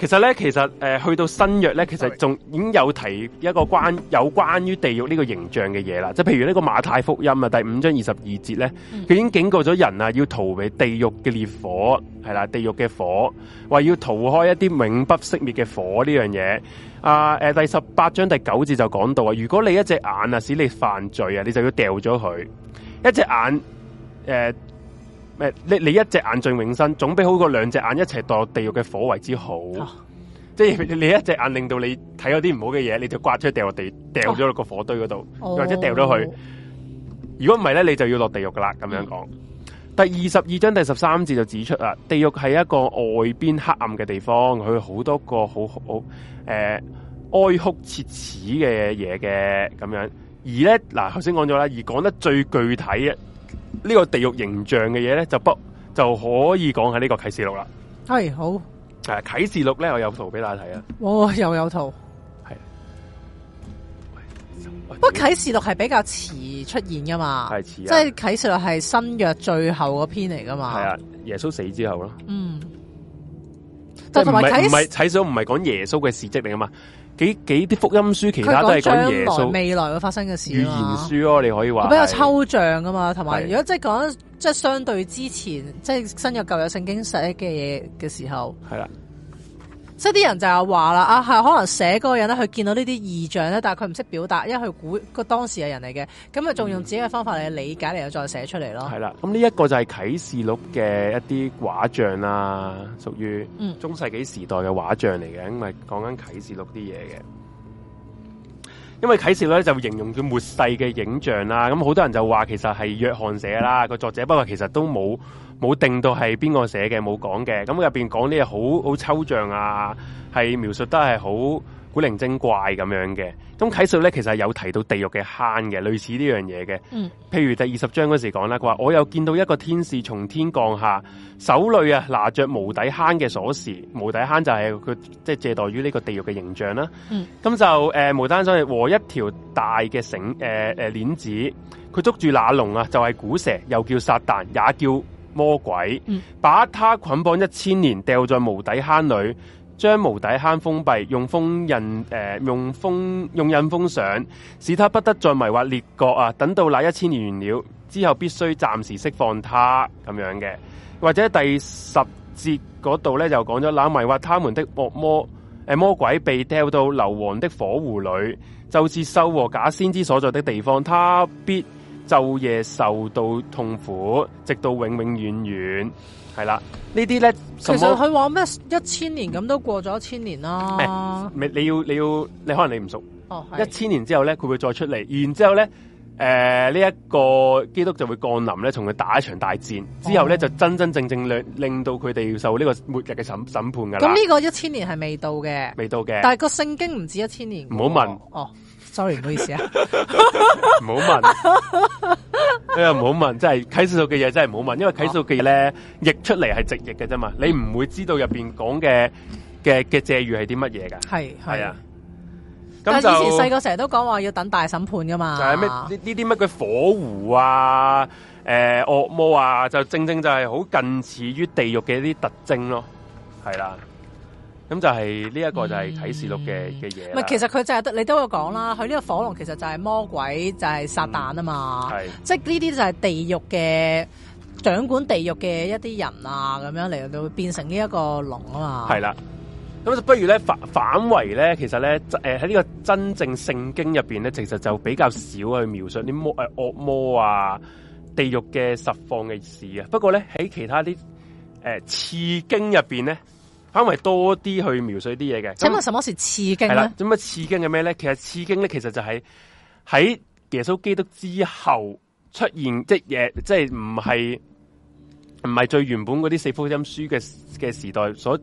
其實咧，其實誒、呃，去到新約咧，其實仲已經有提一個關有關於地獄呢個形象嘅嘢啦，即係譬如呢、這個馬太福音啊，第五章二十二節咧，佢已經警告咗人啊，要逃避地獄嘅烈火，係啦，地獄嘅火，話要逃開一啲永不熄滅嘅火呢樣嘢。啊，誒，第十八章第九節就講到啊，如果你一隻眼啊使你犯罪啊，你就要掉咗佢，一隻眼誒。呃咩？你你一隻眼盡永生，總比好過兩隻眼一齊墮落地獄嘅火為之好。啊、即係你一隻眼令到你睇到啲唔好嘅嘢，你就刮出去掉落地，掉咗落個火堆嗰度、啊，或者掉咗去。如果唔係咧，你就要落地獄噶啦。咁樣講、嗯，第二十二章第十三節就指出啦，地獄係一個外邊黑暗嘅地方，佢好多個好好誒哀哭切齒嘅嘢嘅咁樣。而咧嗱，頭先講咗啦，而講得最具體嘅。呢、呢個地獄形象嘅嘢咧，就不就可以講係呢個啟示錄啦。係好，係啟示錄咧，我有圖俾大家睇啊。哦，又有圖，係。不過啟示錄係比較遲出現噶嘛，係遲，即係啟示錄係新約最後嗰篇嚟噶嘛。係啊，耶穌死之後咯。嗯，就同埋唔係啟示錄唔係講耶穌嘅事跡嚟噶嘛。幾幾啲福音書，其他都係講嘢。未來未來會發生嘅事。預言書咯、啊，你可以話。比較抽象噶嘛，同埋如果即係講即係相對之前，即、就、係、是、新約舊約聖經寫嘅嘢嘅時候，係啦。即係啲人就話啦，啊係可能寫嗰個人咧，佢見到呢啲異象咧，但係佢唔識表達，因為佢估個當時嘅人嚟嘅，咁啊仲用自己嘅方法嚟理解嚟，嗯、再寫出嚟咯。係啦，咁呢一個就係啟示錄嘅一啲畫像啦，屬於中世紀時代嘅畫像嚟嘅，咁咪講緊啟示錄啲嘢嘅。因為啟示錄咧就會形容佢末世嘅影像啦，咁好多人就話其實係約翰寫啦、個作者，不過其實都冇。冇定到係邊個寫嘅，冇講嘅。咁入面講啲嘢好好抽象啊，係描述得係好古靈精怪咁樣嘅。咁啟示咧，其實有提到地獄嘅坑嘅，類似呢樣嘢嘅。嗯。譬如第二十章嗰時講啦，佢話我又見到一個天使從天降下，手裏啊拿着無底坑嘅鎖匙，無底坑就係佢即係借代於呢個地獄嘅形象啦、啊。嗯。咁就誒、呃、無單鎖匙和一條大嘅繩鏈、呃、子，佢捉住那龍啊，就係、是、古蛇，又叫撒旦，也叫。魔鬼把他捆綁一千年，掉在無底坑裏，將無底坑封閉，用封印誒、呃，用封用印封，封上，使他不得再迷惑列國啊！等到那一千年完了之後，必須暫時釋放他咁樣嘅，或者第十節嗰度咧就講咗，那迷惑他們的惡魔、呃、魔鬼被掉到硫磺的火湖裏，就是獸和假先知所在的地方，他必。晝夜受到痛苦，直到永永遠遠，係啦。呢啲咧，其實佢話咩一千年咁都過咗千年啦。咪、哎、你要你要，你可能你唔熟。哦，係。一千年之後咧，佢會，會再出嚟，然之後咧，誒呢一個基督就會降臨咧，同佢打一場大戰之後咧、哦，就真真正正令令到佢哋要受呢個末日嘅審審判噶啦。咁呢個一千年係未到嘅，未到嘅。但係個聖經唔止一千年，唔好問哦。Sorry 唔好意思啊，唔好問，你又唔好問，即係啟示錄嘅嘢真係唔好問，因為啟示錄嘅嘢咧譯出嚟係直譯嘅啫嘛，你唔會知道入邊講嘅嘅嘅借喻係啲乜嘢噶，係係啊。咁以前細個成日都講話要等大審判噶嘛，就係咩呢？呢啲乜嘅火湖啊，誒、呃、惡魔啊，就正正就係好近似於地獄嘅一啲特徵咯，係啦、啊。咁就係呢一個就係啟示錄嘅嘅嘢。係，其實佢就係、得、你都有講啦。佢呢個火龍其實就係魔鬼，就係、是、撒旦啊嘛。係、嗯，即係呢啲就係地獄嘅掌管地獄嘅一啲人啊，咁樣嚟到變成呢一個龍啊嘛。係啦，咁就不如咧反反為咧。其實咧，誒喺呢個真正聖經入邊咧，其實就比較少去描述啲魔誒惡魔啊、地獄嘅實況嘅事啊。不過咧喺其他啲誒、呃、次經入邊咧。反為多啲去描述啲嘢嘅。請問什麼是次經咧？咁啊，次經係咩咧？其實次經咧，其實就係、是、喺耶穌基督之後出現，即係即係唔係唔係最原本嗰啲四福音書嘅嘅時代所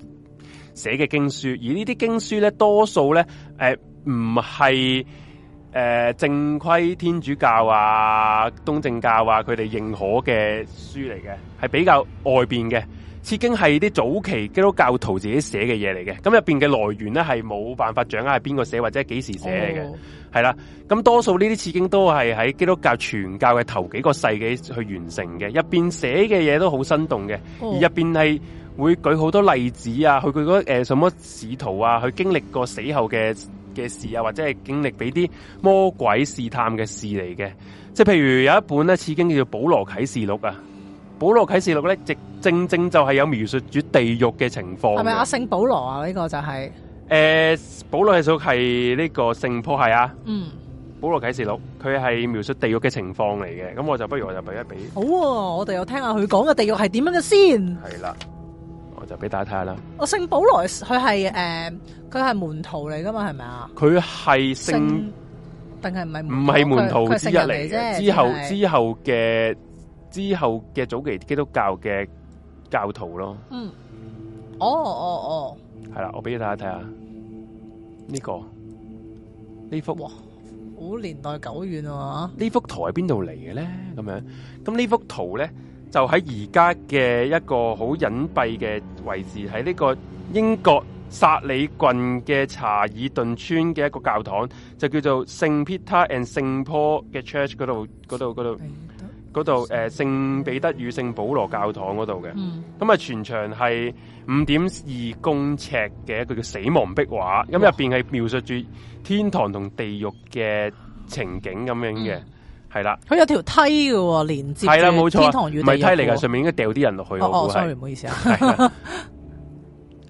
寫嘅經書。而呢啲經書咧，多數咧，誒、呃，唔係誒正規天主教啊、東正教啊，佢哋認可嘅書嚟嘅，係比較外邊嘅。次經係啲早期基督教徒自己寫嘅嘢嚟嘅，咁入邊嘅來源咧，係冇辦法掌握係邊個寫或者幾時寫嘅，係、oh. 啦。咁多數呢啲次經都係喺基督教傳教嘅頭幾個世紀去完成嘅，入邊寫嘅嘢都好生動嘅，oh. 而入邊係會舉好多例子啊，去佢嗰誒什麼使徒啊，去經歷過死後嘅嘅事啊，或者係經歷俾啲魔鬼試探嘅事嚟嘅，即係譬如有一本咧，次經叫做保羅啟示錄啊。保羅啟示錄咧，正正正就係有描述住地獄嘅情況。係咪阿聖保羅啊？呢、啊這個就係、是、誒，保羅係屬係呢個聖僕係啊。嗯，保羅啟示錄佢係描述地獄嘅情況嚟嘅。咁我就不如我就俾一俾。好、啊，我哋又聽下佢講嘅地獄係點樣嘅先。係啦，我就俾大家睇下啦。我聖保羅佢係誒，佢係、呃、門徒嚟噶嘛？係咪啊？佢係聖，定係唔係唔係門徒之一嚟啫。之後之後嘅。之後嘅早期基督教嘅教徒咯，嗯，哦哦哦，係、哦、啦，我俾你睇下睇下呢個呢幅，哇，好年代久遠啊！呢幅圖喺邊度嚟嘅咧？咁樣，咁呢幅圖咧就喺而家嘅一個好隱蔽嘅位置，喺呢個英國薩里郡嘅查爾頓村嘅一個教堂，就叫做聖 p 彼得 and 聖保羅嘅 church 度度嗰度。嗰度誒，聖、呃、彼得與聖保羅教堂嗰度嘅，咁、嗯、啊，全場係五點二公尺嘅，一個叫死亡壁畫，咁入邊係描述住天堂同地獄嘅情景咁樣嘅，係、嗯、啦，佢有條梯喎、哦，連接，係啦，冇錯，天堂唔係梯嚟噶，上面應該掉啲人落去，哦,我估係，sorry，唔好意思啊。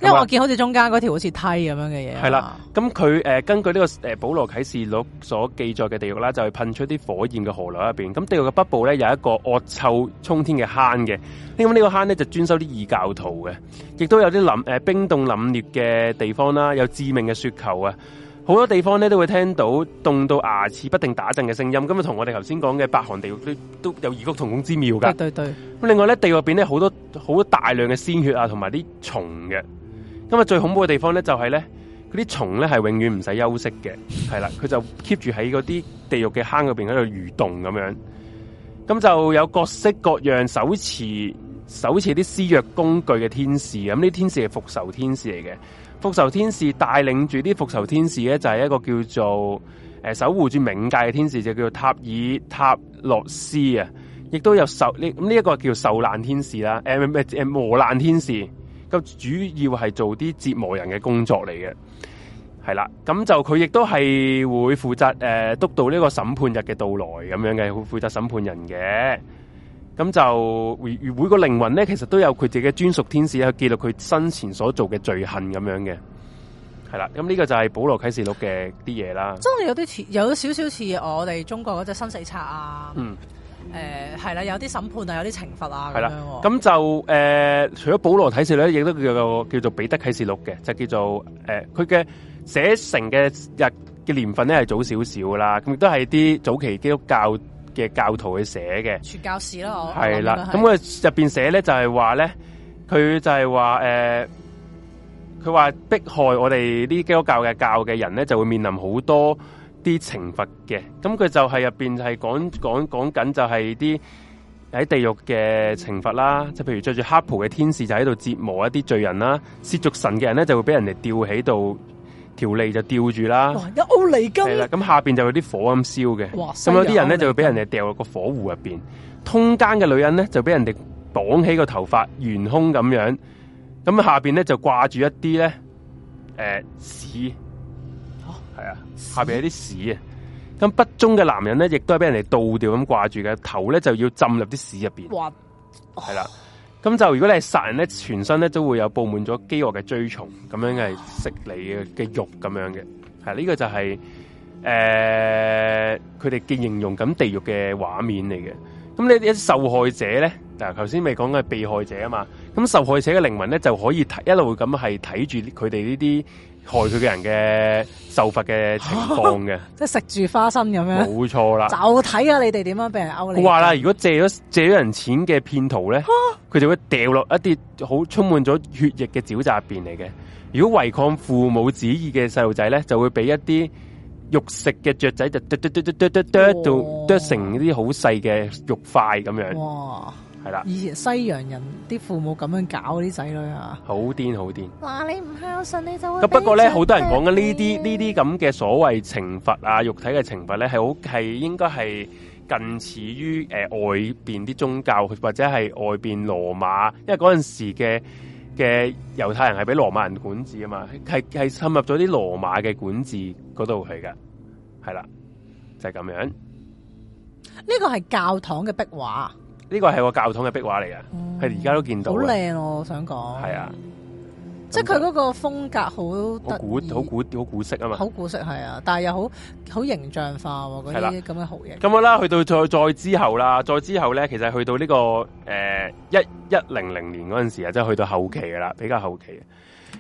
因為我見好似中間嗰條好似梯咁樣嘅嘢，係啦。咁佢誒根據呢、這個誒、呃、保羅啟示錄所記載嘅地獄啦，就係噴出啲火焰嘅河流入邊。咁地獄嘅北部咧有一個惡臭沖天嘅坑嘅。咁呢個坑咧就專修啲異教徒嘅，亦都有啲冷誒冰凍凜冽嘅地方啦，有致命嘅雪球啊，好多地方咧都會聽到凍到牙齒不定打震嘅聲音。咁啊同我哋頭先講嘅八寒地獄都都有異曲同工之妙噶。對對、對。咁另外咧地獄入邊咧好多好多大量嘅鮮血啊，同埋啲蟲嘅。咁啊，最恐怖嘅地方咧就係、是、咧，嗰啲蟲咧係永遠唔使休息嘅，係啦，佢就 keep 住喺嗰啲地獄嘅坑嗰邊喺度蠕動咁樣。咁就有各式各樣手持手持啲施虐工具嘅天使，咁呢啲天使係復仇天使嚟嘅，復仇天使帶領住啲復仇天使咧就係一個叫做誒守護住冥界嘅天使，就叫做塔爾塔洛斯啊，亦都有受呢咁呢一個叫受難天使啦，誒唔係誒磨難天使。個主要係做啲折磨人嘅工作嚟嘅，係啦，咁就佢亦都係會負責誒督導呢個審判日嘅到來咁樣嘅，會負責審判人嘅。咁就會每，每個靈魂咧，其實都有佢自己專屬天使去記錄佢生前所做嘅罪行咁樣嘅。係啦，咁呢個就係保羅啟示錄嘅啲嘢啦。真係有啲似，有少少似我哋中國嗰隻生死冊啊。嗯。誒、呃，係啦，有啲審判些啊，有啲懲罰啊，咁樣。咁就誒，除咗保羅啟示咧，亦都叫做叫做彼得啟示錄嘅，就叫做誒，佢嘅寫成嘅日嘅年份咧係早少少啦，咁亦都係啲早期基督教嘅教徒去寫嘅。傳教士咯，係啦、嗯。咁佢入邊寫咧就係話咧，佢就係話誒，佢、呃、話迫害我哋啲基督教嘅教嘅人咧，就會面臨好多。啲懲罰嘅，咁佢就係入邊係講講講緊就係啲喺地獄嘅懲罰啦，就譬如着住黑袍嘅天使就喺度折磨一啲罪人啦，褻瀆神嘅人咧就會俾人哋吊起到條脷就吊住啦，有奧利金，咁下邊就有啲火咁燒嘅，咁有啲人咧就會俾人哋掉落個火湖入邊，通姦嘅女人咧就俾人哋綁起個頭髮懸空咁樣，咁下邊咧就掛住一啲咧，誒、呃、屎。係啊，下邊有啲屎啊！咁不忠嘅男人咧，亦都係俾人哋倒吊咁掛住嘅頭咧，就要浸入啲屎入邊。係啦，咁、啊、就如果你係殺人咧，全身咧都會有布滿咗飢餓嘅追蟲，咁樣係食你嘅嘅肉咁樣嘅。係呢、啊這個就係、是、誒，佢哋嘅形容緊地獄嘅畫面嚟嘅。咁呢啲受害者咧，嗱頭先咪講嘅被害者啊嘛。咁受害者嘅靈魂咧，就可以睇一路咁係睇住佢哋呢啲。害佢嘅人嘅受罰嘅情況嘅，哦，即係食住花生咁樣，冇錯啦。就睇下你哋點樣俾人勾你。佢話啦，如果借咗借咗人錢嘅騙徒咧，佢，啊，就會掉落一啲好充滿咗血液嘅沼澤入邊嚟嘅。如果違抗父母旨意嘅細路仔咧，就會俾一啲肉食嘅雀仔就剁剁剁剁剁剁到剁成啲好細嘅肉塊咁樣。係啦，以前西洋人啲父母咁樣搞，啲仔女啊，好癲好癲。嗱、啊，你唔孝順，你就咁。不過咧，好多人講緊呢啲呢啲咁嘅所謂懲罰啊，肉體嘅懲罰咧，係好係應該係近似於誒、呃、外邊啲宗教或者係外邊羅馬，因為嗰陣時嘅嘅猶太人係俾羅馬人管治啊嘛，係係滲入咗啲羅馬嘅管治嗰度去噶，係啦，就係、是、咁樣。呢、這個係教堂嘅壁畫。呢、這個係個教堂嘅壁畫嚟㗎，係而家都見到了。好靚，我想講。係啊，嗯嗯、即係佢嗰個風格好古，好古好古色啊嘛，好古色係啊，但係又好好形象化嗰啲咁嘅好嘢。咁啊啦、啊，去到再再之後啦，再之後咧，其實去到呢、這個誒一一零零年嗰陣時啊，即係去到後期噶啦，比較後期。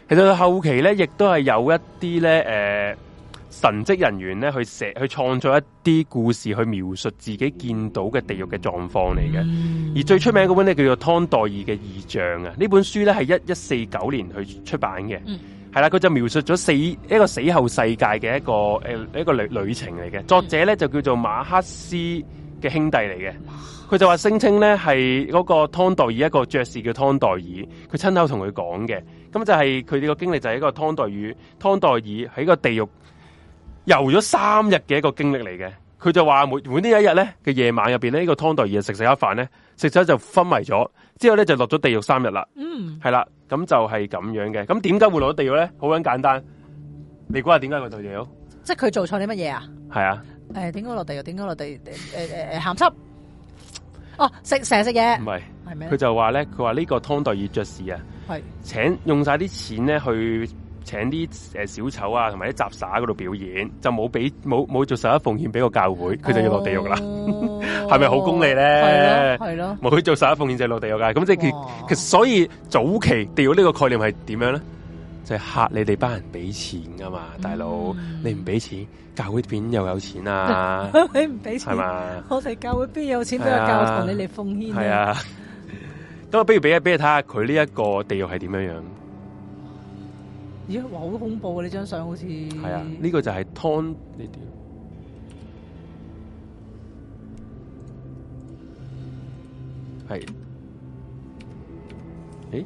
其實到後期咧，亦都係有一啲咧，誒、呃。神職人員咧去寫去創作一啲故事，去描述自己見到嘅地獄嘅狀況嚟嘅。而最出名嗰本咧叫做《湯代爾嘅異象》。啊，呢本書咧係一一四九年去出版嘅，係、嗯、啦。佢就描述咗死一個死後世界嘅一個誒、呃、一個旅旅程嚟嘅。作者咧就叫做馬克思嘅兄弟嚟嘅，佢就話聲稱咧係嗰個湯代爾一個爵士叫湯代爾，佢親口同佢講嘅。咁就係佢哋個經歷就係一個湯代爾湯代爾喺個地獄遊咗三日嘅一個經歷嚟嘅，佢就話每每一天呢一日咧嘅夜晚入邊咧，這個、湯吃呢個湯代爾食食一飯咧，食咗就昏迷咗，之後咧就落咗地獄三日啦。嗯，係啦，咁就係咁樣嘅。咁點解會落咗地獄咧？好簡單，你估下點解地獄？即係佢做錯啲乜嘢啊？係、哎哎哎、啊。誒，點解落地獄？點解落地？誒誒誒，咸濕？哦，食成日食嘢。唔係，係咩？佢就話咧，佢話呢個湯代爾爵士啊，係請用晒啲錢咧去。請啲誒小丑啊，同埋啲雜耍嗰度表演，就冇俾冇冇做十一奉獻俾個教會，佢就要落地獄啦。係咪好功利咧？係咯，冇去做十一奉獻就落地獄噶。咁即係其實，所以早期地獄呢個概念係點樣咧？就係、是、吓，你哋班人俾錢噶嘛，大佬、嗯、你唔俾錢，教會邊又有錢啊？ 你唔俾錢係嘛？我哋教會邊有錢俾個教堂你哋奉獻啊？咁啊，不如俾一俾你睇下佢呢一個地獄係點樣樣。咦！哇，好恐怖啊！呢張相好似係啊，呢個就係 Town 呢啲係。誒，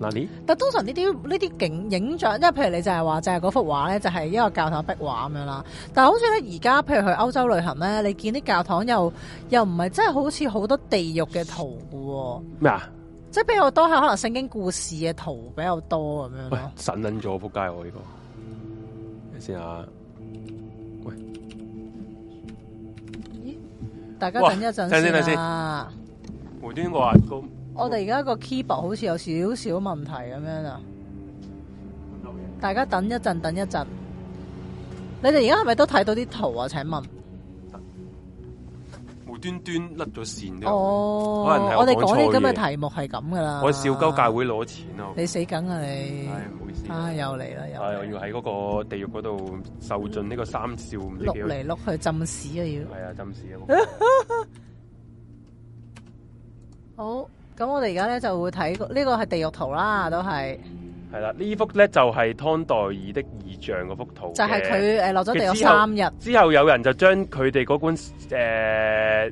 嗱你？但通常呢啲呢啲景影像，即係譬如你就係話就係嗰幅畫咧，就係一個教堂壁畫咁樣啦。但好似咧而家，譬如去歐洲旅行咧，你見啲教堂又又唔係真係好似好多地獄嘅圖嘅喎咩啊？即係比較多係可能聖經故事嘅圖比較多咁樣。喂，神捻咗，仆街我呢個。你先啊。喂。咦？大家等一陣先啊。端我我哋而家個 keyboard 好似有少少問題咁樣啊。大家等一陣，等一陣。你哋而家係咪都睇到啲圖啊？請問？端端甩咗線都，oh, 可能是我哋講啲咁嘅題目係咁噶啦。我笑鳩教會攞錢咯，你死梗啊你！唉唔好意思。啊又嚟啦又，係、啊、我要喺嗰個地獄嗰度受盡呢個三笑唔知碌嚟碌去浸屎啊要。係啊浸屎啊。屎啊那個、 好，咁我哋而家咧就會睇呢、呢個係地獄圖啦，都係。係啦，這幅呢幅咧就係、是、湯代爾的異象嗰幅圖就是他，就係佢誒落咗地獄三日之。之後有人就將佢哋嗰本誒、呃、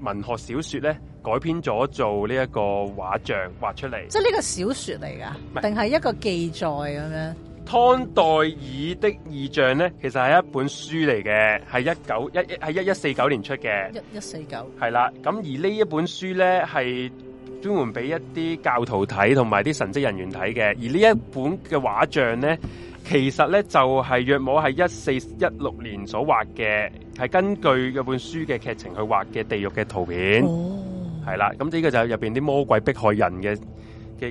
文學小說咧改編咗做呢一個畫像畫出嚟，即係呢個小說嚟噶，定係一個記載咁樣？湯代爾的異象咧，其實係一本書嚟嘅，係一九一係一一四九年出嘅，一一四九係啦。咁而呢一本書咧係。是專門俾一啲教徒睇同埋啲神職人員睇嘅，而呢一本嘅畫像咧，其實咧就係、是、約摸係一四一六年所畫嘅，係根據嗰本書嘅劇情去畫嘅地獄嘅圖片，係、oh. 啦，咁呢個就係入邊啲魔鬼迫害人嘅。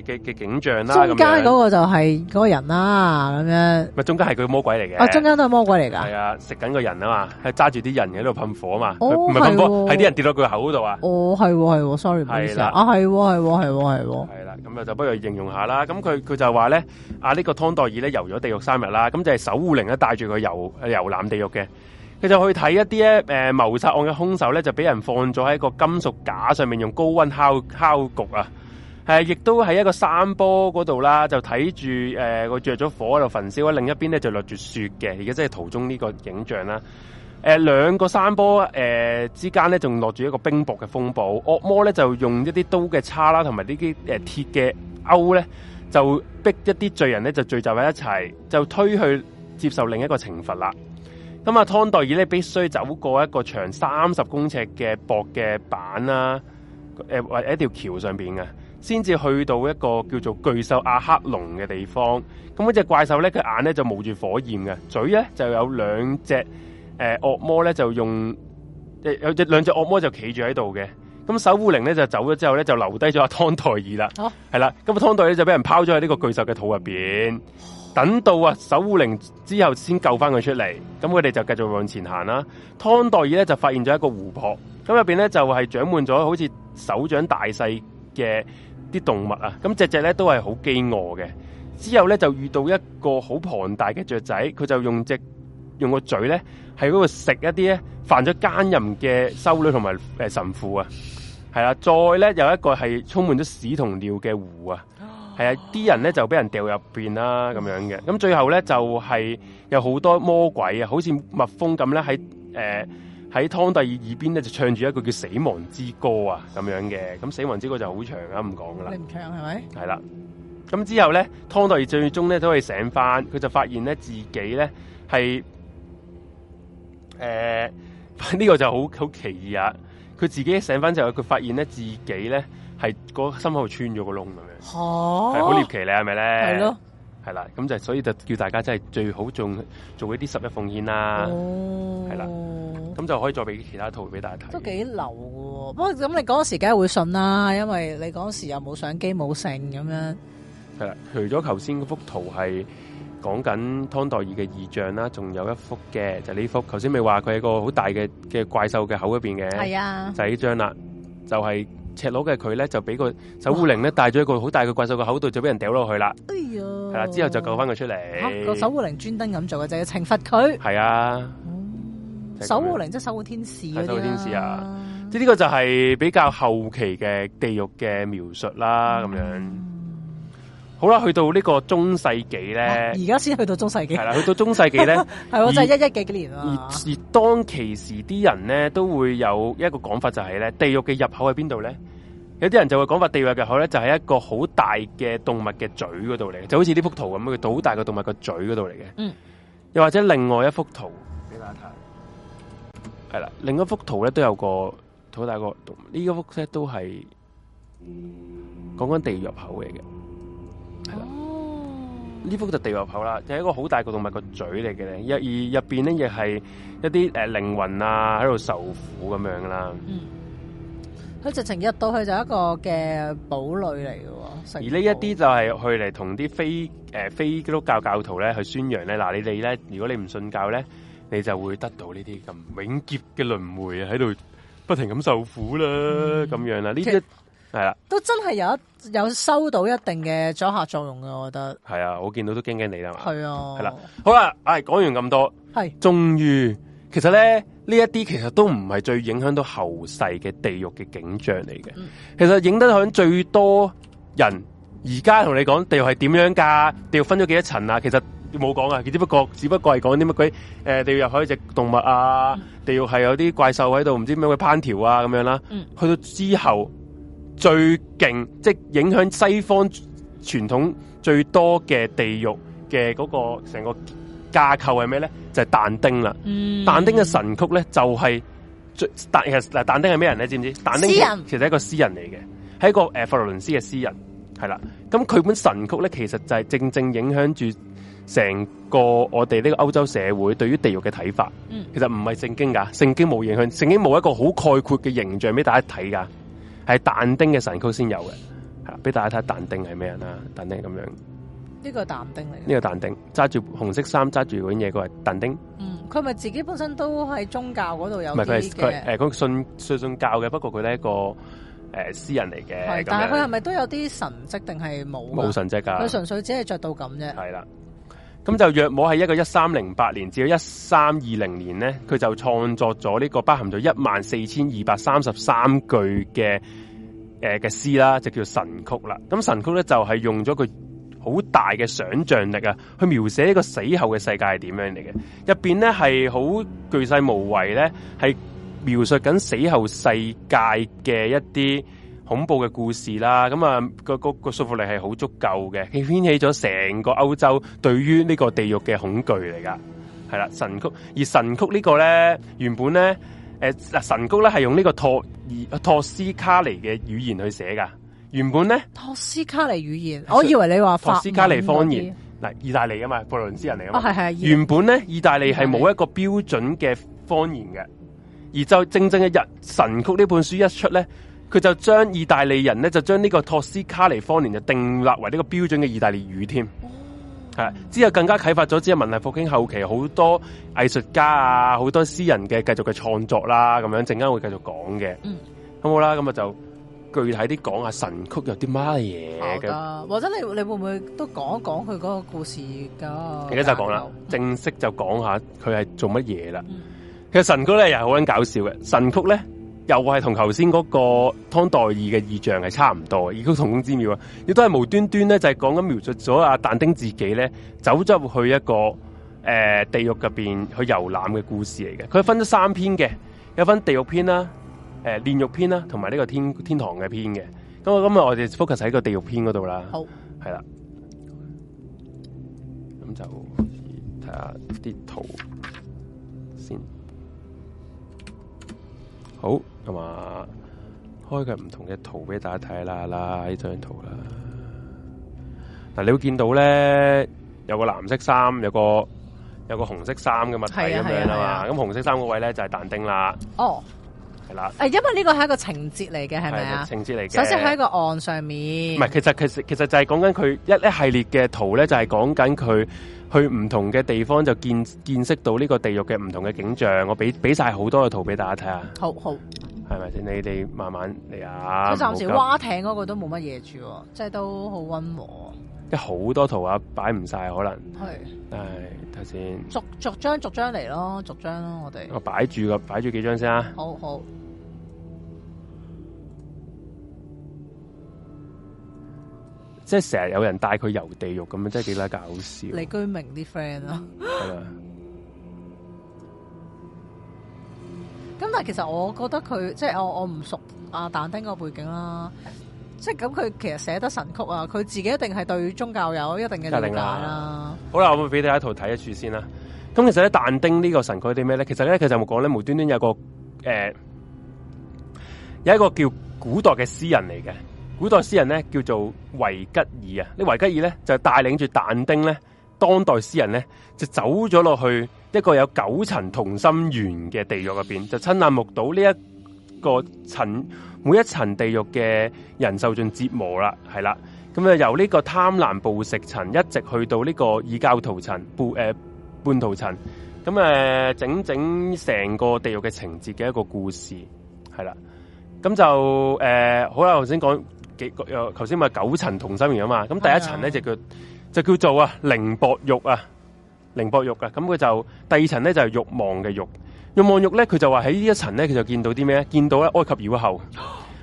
嘅嘅嘅景象啦，中間嗰個就係嗰個人啦、啊，咁樣。咪，中間係佢魔鬼嚟嘅。哦，中間都係魔鬼嚟㗎。係啊，食緊個人啊嘛，係揸住啲人喺度噴火嘛。唔、哦、係噴火，係、哦、啲人跌落佢口嗰度啊。哦，係、哦，係、哦、sorry，唔好意思啊，係、哦，係、哦，係、哦，係、哦。係啦、哦，咁啊、哦，就不如形容下啦。咁佢佢就話咧，啊呢、呢個湯代爾咧遊咗地獄三日啦，咁就係守護靈咧帶住佢遊遊覽地獄嘅。佢就去睇一啲咧誒謀殺案嘅兇手咧，就俾人放咗喺個金屬架上面用高溫烤烤焗啊。亦、啊、都喺一個山坡嗰度啦，就睇住誒個着咗火喺度焚燒，喺另一邊咧就落住雪嘅。而家即係途中呢個影像啦。誒、呃，兩個山坡誒、呃、之間咧，仲落住一個冰雹嘅風暴。惡魔咧就用一啲刀嘅叉啦，同埋、呃、呢啲誒鐵嘅勾咧，就逼一啲罪人咧就聚集喺一齊，就推去接受另一個懲罰啦。咁、嗯、啊，湯代爾咧必須走過一個長三十公尺嘅薄嘅板啦、啊，誒、呃、或一條橋上邊嘅、啊。先至去到一個叫做巨獸阿克隆嘅地方那那隻呢，咁嗰隻怪獸咧，佢眼咧就冒住火焰嘅，嘴咧就有兩隻誒惡魔咧就用有隻兩隻惡魔就企住喺度嘅，咁守護靈咧就走咗之後咧就留低咗阿湯代爾啦，係啦，咁湯代爾就俾人拋咗喺呢個巨獸嘅肚入邊，等到啊守護靈之後先救翻佢出嚟，咁佢哋就繼續往前行啦、啊。湯代爾咧就發現咗一個湖泊，咁入邊咧就係長滿咗好似手掌大細嘅。啲動物啊，咁只隻咧都係好飢餓嘅，之後咧就遇到一個好龐大嘅雀仔，佢就用隻用個嘴咧喺嗰度食一啲咧犯咗奸淫嘅修女同埋誒神父啊，係啦、啊，再咧有一個係充滿咗屎同尿嘅湖啊，係啊，啲人咧就俾人掉入邊啦咁樣嘅，咁、嗯、最後咧就係、是、有好多魔鬼啊，好似蜜蜂咁咧喺誒。呃喺湯帝耳邊咧就唱住一個叫死亡之歌啊咁樣嘅，咁死亡之歌就好長啊。唔講噶啦。你唔唱係咪？係啦，咁之後咧，湯帝最終咧都可以醒翻，佢就發現咧自己咧係，誒呢、呃這個就好好奇異啊！佢自己醒翻之後，佢發現咧自己咧係個心口度穿咗個窿咁樣，吓好獵奇咧係咪咧？係咯。係啦，咁就所以就叫大家真係最好仲做，做一啲十一奉獻啦，哦，係啦，咁就可以再俾其他圖俾大家睇。都幾流喎，不過咁你嗰時梗係會信啦，啊，因為你嗰時又冇相機冇剩咁樣。係啦，除咗頭先幅圖係講緊湯代爾嘅異象啦，仲有一幅嘅就呢、係、幅，頭先咪話佢係個好大嘅嘅怪獸嘅口嗰邊嘅，係啊，就呢、係、張啦，就係、係。赤佬嘅佢咧就俾個守護靈咧帶咗一個好大嘅怪獸嘅口度，就俾人掉落去啦。係、哎、啦，之後就救翻佢出嚟。個、啊、守護靈專登咁做嘅，就要懲罰佢。係啊，嗯就是、守護靈即係守護天使守護天使啊，即係呢個就係比較後期嘅地獄嘅描述啦，咁、嗯、樣。好啦，去到呢個中世紀咧，而家先去到中世紀。係啦，去到中世紀咧，係 我真係一一幾幾年咯。而而當其時，啲人咧都會有一個講法，就係咧，地獄嘅入口喺邊度咧？有啲人就會講法，地獄嘅入口咧就係一個好大嘅動物嘅嘴嗰度嚟嘅，就好似呢幅圖咁樣嘅，好大個動物嘅嘴嗰度嚟嘅。嗯。又或者另外一幅圖，畀大家睇，係啦，另外一幅圖咧都有一個好大個動物，呢一幅咧都係講緊地獄入口嚟嘅。係啦，呢幅就地獄入口啦，就係一個好大個動物個嘴嚟嘅咧。入而入邊咧，亦係一啲誒靈魂啊，喺度受苦咁樣啦。嗯，佢直情入到去就係一個嘅堡壘嚟嘅。而呢一啲就係去嚟同啲非誒非基督教教徒咧去宣揚咧。嗱，你哋咧，如果你唔信教咧，你就會得到呢啲咁永劫嘅輪迴啊，喺度不停咁受苦啦，咁樣啦。呢一係啦，都真係有一有收到一定嘅阻嚇作用㗎。我覺得。係啊，我見到都驚驚你啦嘛。係啊，係啦，好啦，唉、哎，講完咁多，係終於，其實咧呢一啲其實都唔係最影響到後世嘅地獄嘅景象嚟嘅，嗯。其實影得響最多人而家同你講地獄係點樣噶？地獄分咗幾多層啊？其實冇講啊，佢只不過只不過係講啲乜鬼誒，地獄又可以只動物啊，嗯，地獄係有啲怪獸喺度，唔知點樣嘅烹調啊咁樣啦，嗯。去到之後。最勁，即係影響西方傳統最多嘅地獄嘅嗰個成個架構係咩咧？就係、是、但丁啦。但、嗯、但丁嘅神曲咧就係最但其實嗱，但丁係咩人咧？知唔知？但丁其實係一個詩人嚟嘅，係一個誒、呃、佛羅倫斯嘅詩人，係啦。咁佢本神曲咧，其實就係正正影響住成個我哋呢個歐洲社會對於地獄嘅睇法、嗯。其實唔係聖經噶，聖經冇影響，聖經冇一個好概括嘅形象俾大家睇噶。係但丁嘅神曲先有嘅，吓，俾大家睇但丁係咩人啊？但丁咁樣，呢、呢個但丁嚟，嘅、呢個，呢個但丁揸住紅色衫揸住嗰啲嘢，佢係但丁。嗯，佢咪自己本身都喺宗教嗰度有啲嘅。誒，佢、呃、信，信信宗教嘅，不過佢咧一個誒詩、呃、人嚟嘅。但係佢係咪都有啲神蹟定係冇？冇神蹟噶、啊，佢純粹只係着到咁啫。係啦。咁就約莫喺一個一三零八年至到一三二零年咧，佢就創作咗呢、這個包含咗一萬四千二百三十三句嘅誒嘅詩啦，就叫神曲啦。咁、嗯、神曲咧就係、是、用咗佢好大嘅想象力啊去描寫一個死後嘅世界係點樣嚟嘅。入邊咧係好巨細無遺咧，係描述緊死後世界嘅一啲。恐怖嘅故事啦，咁啊，個個個說服力係好足夠嘅，佢掀起咗成個歐洲對於呢個地獄嘅恐懼嚟噶，係啦，神曲，而神曲個呢個咧，原本咧，誒、呃，神曲咧係用呢個托托斯卡尼嘅語言去寫噶，原本咧，托斯卡尼語言，語言，我以為你話托斯卡尼方言，嗱，意大利啊嘛，佛羅倫斯人嚟，哦，係係，原本咧，意大利係冇一個標準嘅方言嘅，而就正正一日，神曲呢本書一出咧。佢就將意大利人咧，就將呢個托斯卡尼方言就定立為呢個標準嘅意大利語添，係、嗯、之後更加啟發咗之後文藝復興後期好多藝術家啊，好、嗯、多詩人嘅繼續嘅創作啦，咁樣陣間會繼續講嘅、嗯，好好啦？咁啊就具體啲講下神曲有啲乜嘢？好或者你你會唔會都講一講佢嗰個故事噶？而家就講啦，正式就講下佢係做乜嘢啦？其實神曲咧又係好撚搞笑嘅，神曲咧。又係同頭先嗰個《湯代爾》嘅意象係差唔多，亦都同工之妙啊，亦都係無端端咧就係講緊描述咗阿但丁自己咧走入去一個誒、呃、地獄入邊去遊覽嘅故事嚟嘅。佢分咗三篇嘅，有分地獄篇啦，誒煉獄篇啦，同埋呢個天天堂嘅篇嘅。咁我今日我哋 focus 喺個地獄篇嗰度啦。好係啦，咁就睇下啲圖先。好，咁啊，開個唔同嘅圖俾大家睇啦，啦呢張圖啦，嗱、啊、你會見到咧有個藍色衫，有個有個紅色衫嘅物體咁樣啦嘛，咁、啊啊啊、紅色衫嗰位咧就係但丁啦。哦。誒，因為呢個係一個情節嚟嘅，係咪啊？情節嚟嘅。首先喺一個岸上面。唔係，其實其實其實就係講緊佢一一系列嘅圖咧，就係講緊佢去唔同嘅地方就見見識到呢個地獄嘅唔同嘅景象。我俾俾曬好多嘅圖俾大家睇下。好，好。係咪先？你哋慢慢嚟啊。暫時蛙艇嗰個都冇乜嘢住，即係都好溫和。即好多圖啊，擺唔曬，可能係。係頭先。逐逐張逐張嚟咯，逐張咯，啊，我哋。我擺住個，擺住幾張先啊。好好。即係成日有人帶佢遊地獄咁樣，真係幾鬼搞笑的。李居明啲 friend 咯。係啦。咁但係其實我覺得佢即係我我唔熟阿但丁個背景啦。即係咁佢其實寫得神曲啊，佢自己一定係對宗教有一定嘅了解啦。好啦，我會俾你一幅圖睇一處先啦。咁其實咧，但丁呢個神曲啲咩咧？其實咧，其實我講咧，無端端有個誒、呃，有一個叫古代嘅詩人嚟嘅。古代詩人咧叫做維吉爾啊，呢維吉爾咧就帶領住但丁咧，當代詩人咧就走咗落去一個有九層同心圓嘅地獄入邊，就親眼目睹呢一個層每一層地獄嘅人受盡折磨啦，係啦，咁、嗯、啊由呢個貪婪暴食層一直去到呢個異教徒層半誒半途層，咁、嗯、誒整整成個地獄嘅情節嘅一個故事，係啦，咁就誒好啦，頭先講。誒頭先咪九層同心圓啊嘛，咁第一層咧就叫就叫做啊靈薄獄啊，靈薄獄啊。咁佢就第二層咧就係、是、慾望嘅獄，慾望獄咧佢就話喺呢一層咧佢就見到啲咩見到咧埃及妖后。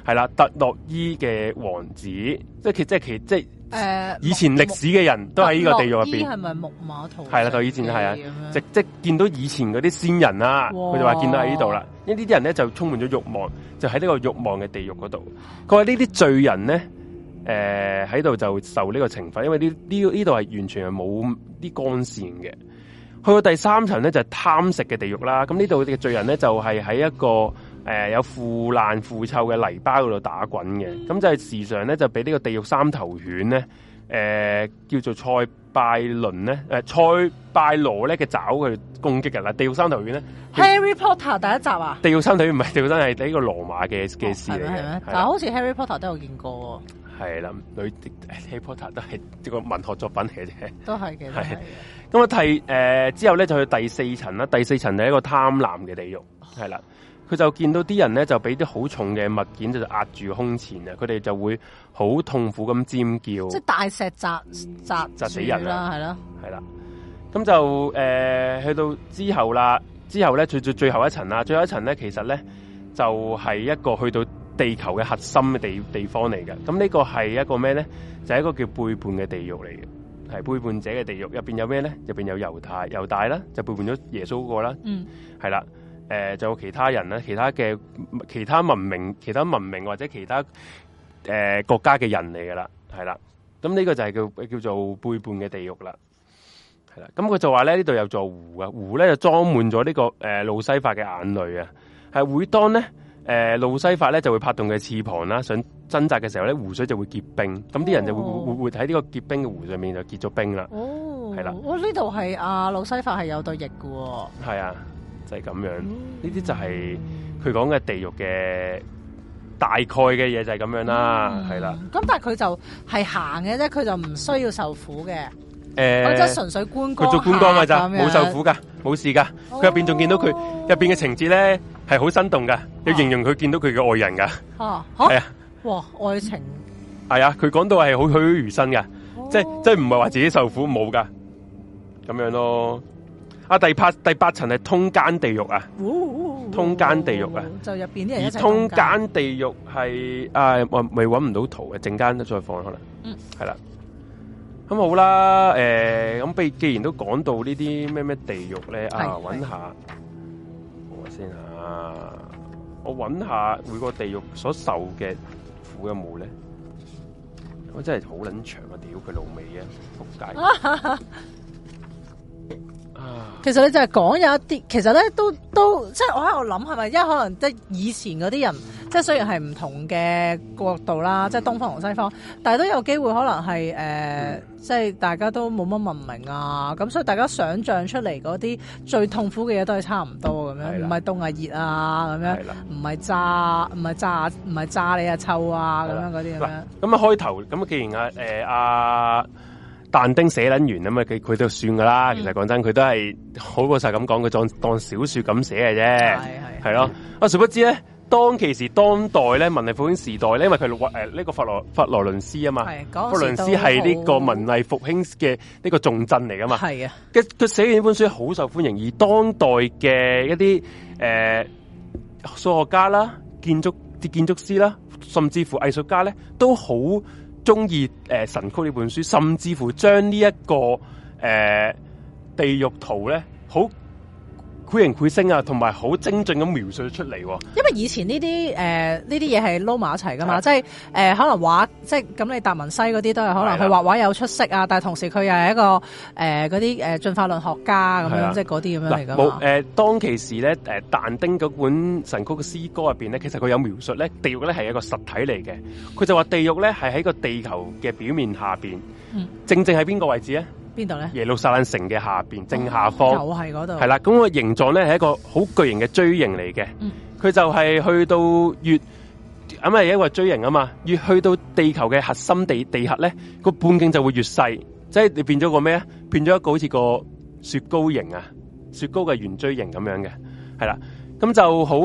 係啦，特洛伊嘅王子，即係其即係其即係，誒，以前歷史嘅人都喺呢個地獄入邊，係咪木馬圖？係啦，就以前係啊，即即，即見到以前嗰啲先人啦，啊，佢就話見到喺呢度啦，因為這些呢啲人咧就充滿咗慾望，就喺呢個慾望嘅地獄嗰度。佢話呢啲罪人咧，誒喺度就受呢個懲罰，因為呢呢呢度係完全係冇啲光線嘅。去到第三層咧就係、是、貪食嘅地獄啦，咁呢度嘅罪人咧就係、是、喺一個。誒、呃，有腐爛腐臭嘅泥巴嗰度打滾嘅，咁、嗯嗯、就係、是、時常咧就俾呢個地獄三頭犬咧，誒、呃，叫做塞拜倫咧，誒、呃，塞拜羅咧嘅爪去攻擊嘅啦。地獄三頭犬咧，《Harry Potter》第一集啊？地獄三頭犬唔係地獄真係呢個羅馬嘅嘅事嚟嘅。但好似《Harry Potter》都有見過、哦。係啦，女《Harry Potter》都係呢個文學作品嚟嘅啫。都係嘅，係。咁我睇誒之後咧就去第四層啦。第四層就係一個貪婪嘅地獄，係、哦、啦。佢就見到啲人咧，就俾啲好重嘅物件壓，就壓住胸前啊！佢哋就會好痛苦咁尖叫。即係大石砸砸砸死人啦，係咯，係啦。咁就誒、呃，去到之後啦，之後咧最最最後一層啦，最後一層咧，其實咧就係、是、一個去到地球嘅核心嘅地地方嚟嘅。咁呢個係一個咩咧？就係、是、一個叫背叛嘅地獄嚟嘅，係背叛者嘅地獄。入邊有咩咧？入邊有猶太、猶大啦，就背叛咗耶穌嗰個啦。嗯，係啦。誒、呃，就有其他人，其他嘅其他文明，其他文明或者其他誒、呃、國家嘅人嚟噶啦，係啦。咁呢個就係叫叫做背叛嘅地獄啦，係啦。咁佢就話咧，呢度有座湖啊，湖咧就裝滿咗呢了、這個誒、呃、路西法嘅眼淚啊，係會當咧誒、呃、路西法咧就會拍動嘅翅膀啦，想掙扎嘅時候咧，湖水就會結冰，咁、哦、啲人就會、哦、會會喺呢個結冰嘅湖上面就結咗冰啦。哦，係啦，呢度係啊，路西法係有對翼嘅、哦，係啊。就係、是、咁樣，呢、嗯、啲就係佢講嘅地獄嘅大概嘅嘢就係咁樣啦，係、嗯、啦。咁、嗯、但係佢就係行嘅啫，佢就唔需要受苦嘅。誒、欸，佢就係純粹觀光，佢做觀光嘅咋，冇受苦噶，冇事噶。佢入邊仲見到佢入邊嘅情節咧，係好生動噶，要形容佢見到佢嘅愛人噶。哦，係啊，啊，哇，愛情係啊，佢講到係好栩栩如生噶、哦，即係即係唔係話自己受苦冇噶，咁樣咯。啊！第八第八層係通奸地獄啊，通奸地獄啊，哦哦、就入邊啲人而通奸地獄係誒，咪咪搵唔到圖嘅，陣間都再放可能，係、嗯、啦，咁、嗯、好啦，誒、欸，咁畢既然都講到呢啲咩咩地獄咧，啊，搵下，我先下、啊，我搵下每個地獄所受嘅苦有冇咧？我真係好捻長啊！屌佢老味啊，仆街！ 其實你就係講有一啲，其實咧都都即係我喺度諗係咪，因為可能即係以前嗰啲人，即係雖然係唔同嘅角度啦，即係東方同西方，嗯、但係都有機會可能係誒，呃嗯、即係大家都冇乜文明啊，咁所以大家想象出嚟嗰啲最痛苦嘅嘢都係差唔多咁樣，唔係凍啊熱啊咁樣，唔係炸唔係炸唔係炸，炸你啊臭啊咁樣嗰啲咁樣。咁啊開頭咁既然、呃、啊。誒但丁寫撚完啊嘛，佢佢都算噶啦。嗯、其實講真，佢都係好過曬咁講，佢當當小説咁寫嘅啫。係係係咯。嗯、啊，誰不知咧？當其時，當代咧，文藝復興時代咧，因為佢六個誒呢個佛羅佛羅倫斯啊嘛，那個、佛羅倫斯係呢個文藝復興嘅呢個重鎮嚟噶嘛。係啊。佢佢寫完呢本書好受歡迎，而當代嘅一啲誒、呃、數學家啦、建築啲建築師啦，甚至乎藝術家咧，都好。中意誒神曲呢本書甚至乎將、這個呃、呢一個誒地獄圖咧，好。繪形繪聲啊，同埋好精準咁描述出嚟，啊。因為以前呢啲誒呢啲嘢係撈埋一齊噶嘛，是的即係誒，呃，可能畫，即係咁你達文西嗰啲都係可能佢畫畫有出色啊，是但係同時佢又係一個誒嗰啲誒進化論學家咁樣，即係嗰啲咁樣嚟噶。冇誒，呃，當其時咧，誒但丁嗰本神曲嘅詩歌入邊咧，其實佢有描述咧，地獄咧係一個實體嚟嘅。佢就話地獄咧係喺個地球嘅表面下邊，嗯，正正喺邊個位置咧？邊度咧？耶路撒冷城嘅下邊，正下方就係嗰度係啦。咁、哦就係嗰個形狀咧係一個好巨型嘅錐形嚟嘅。佢、嗯、就係去到越咁係、啊、一個錐形啊嘛。越去到地球嘅核心地地核咧，個半徑就會越細，即係你變咗個咩咧？變咗一個好似個雪糕形啊，雪糕嘅圓錐形咁樣嘅係啦。咁就好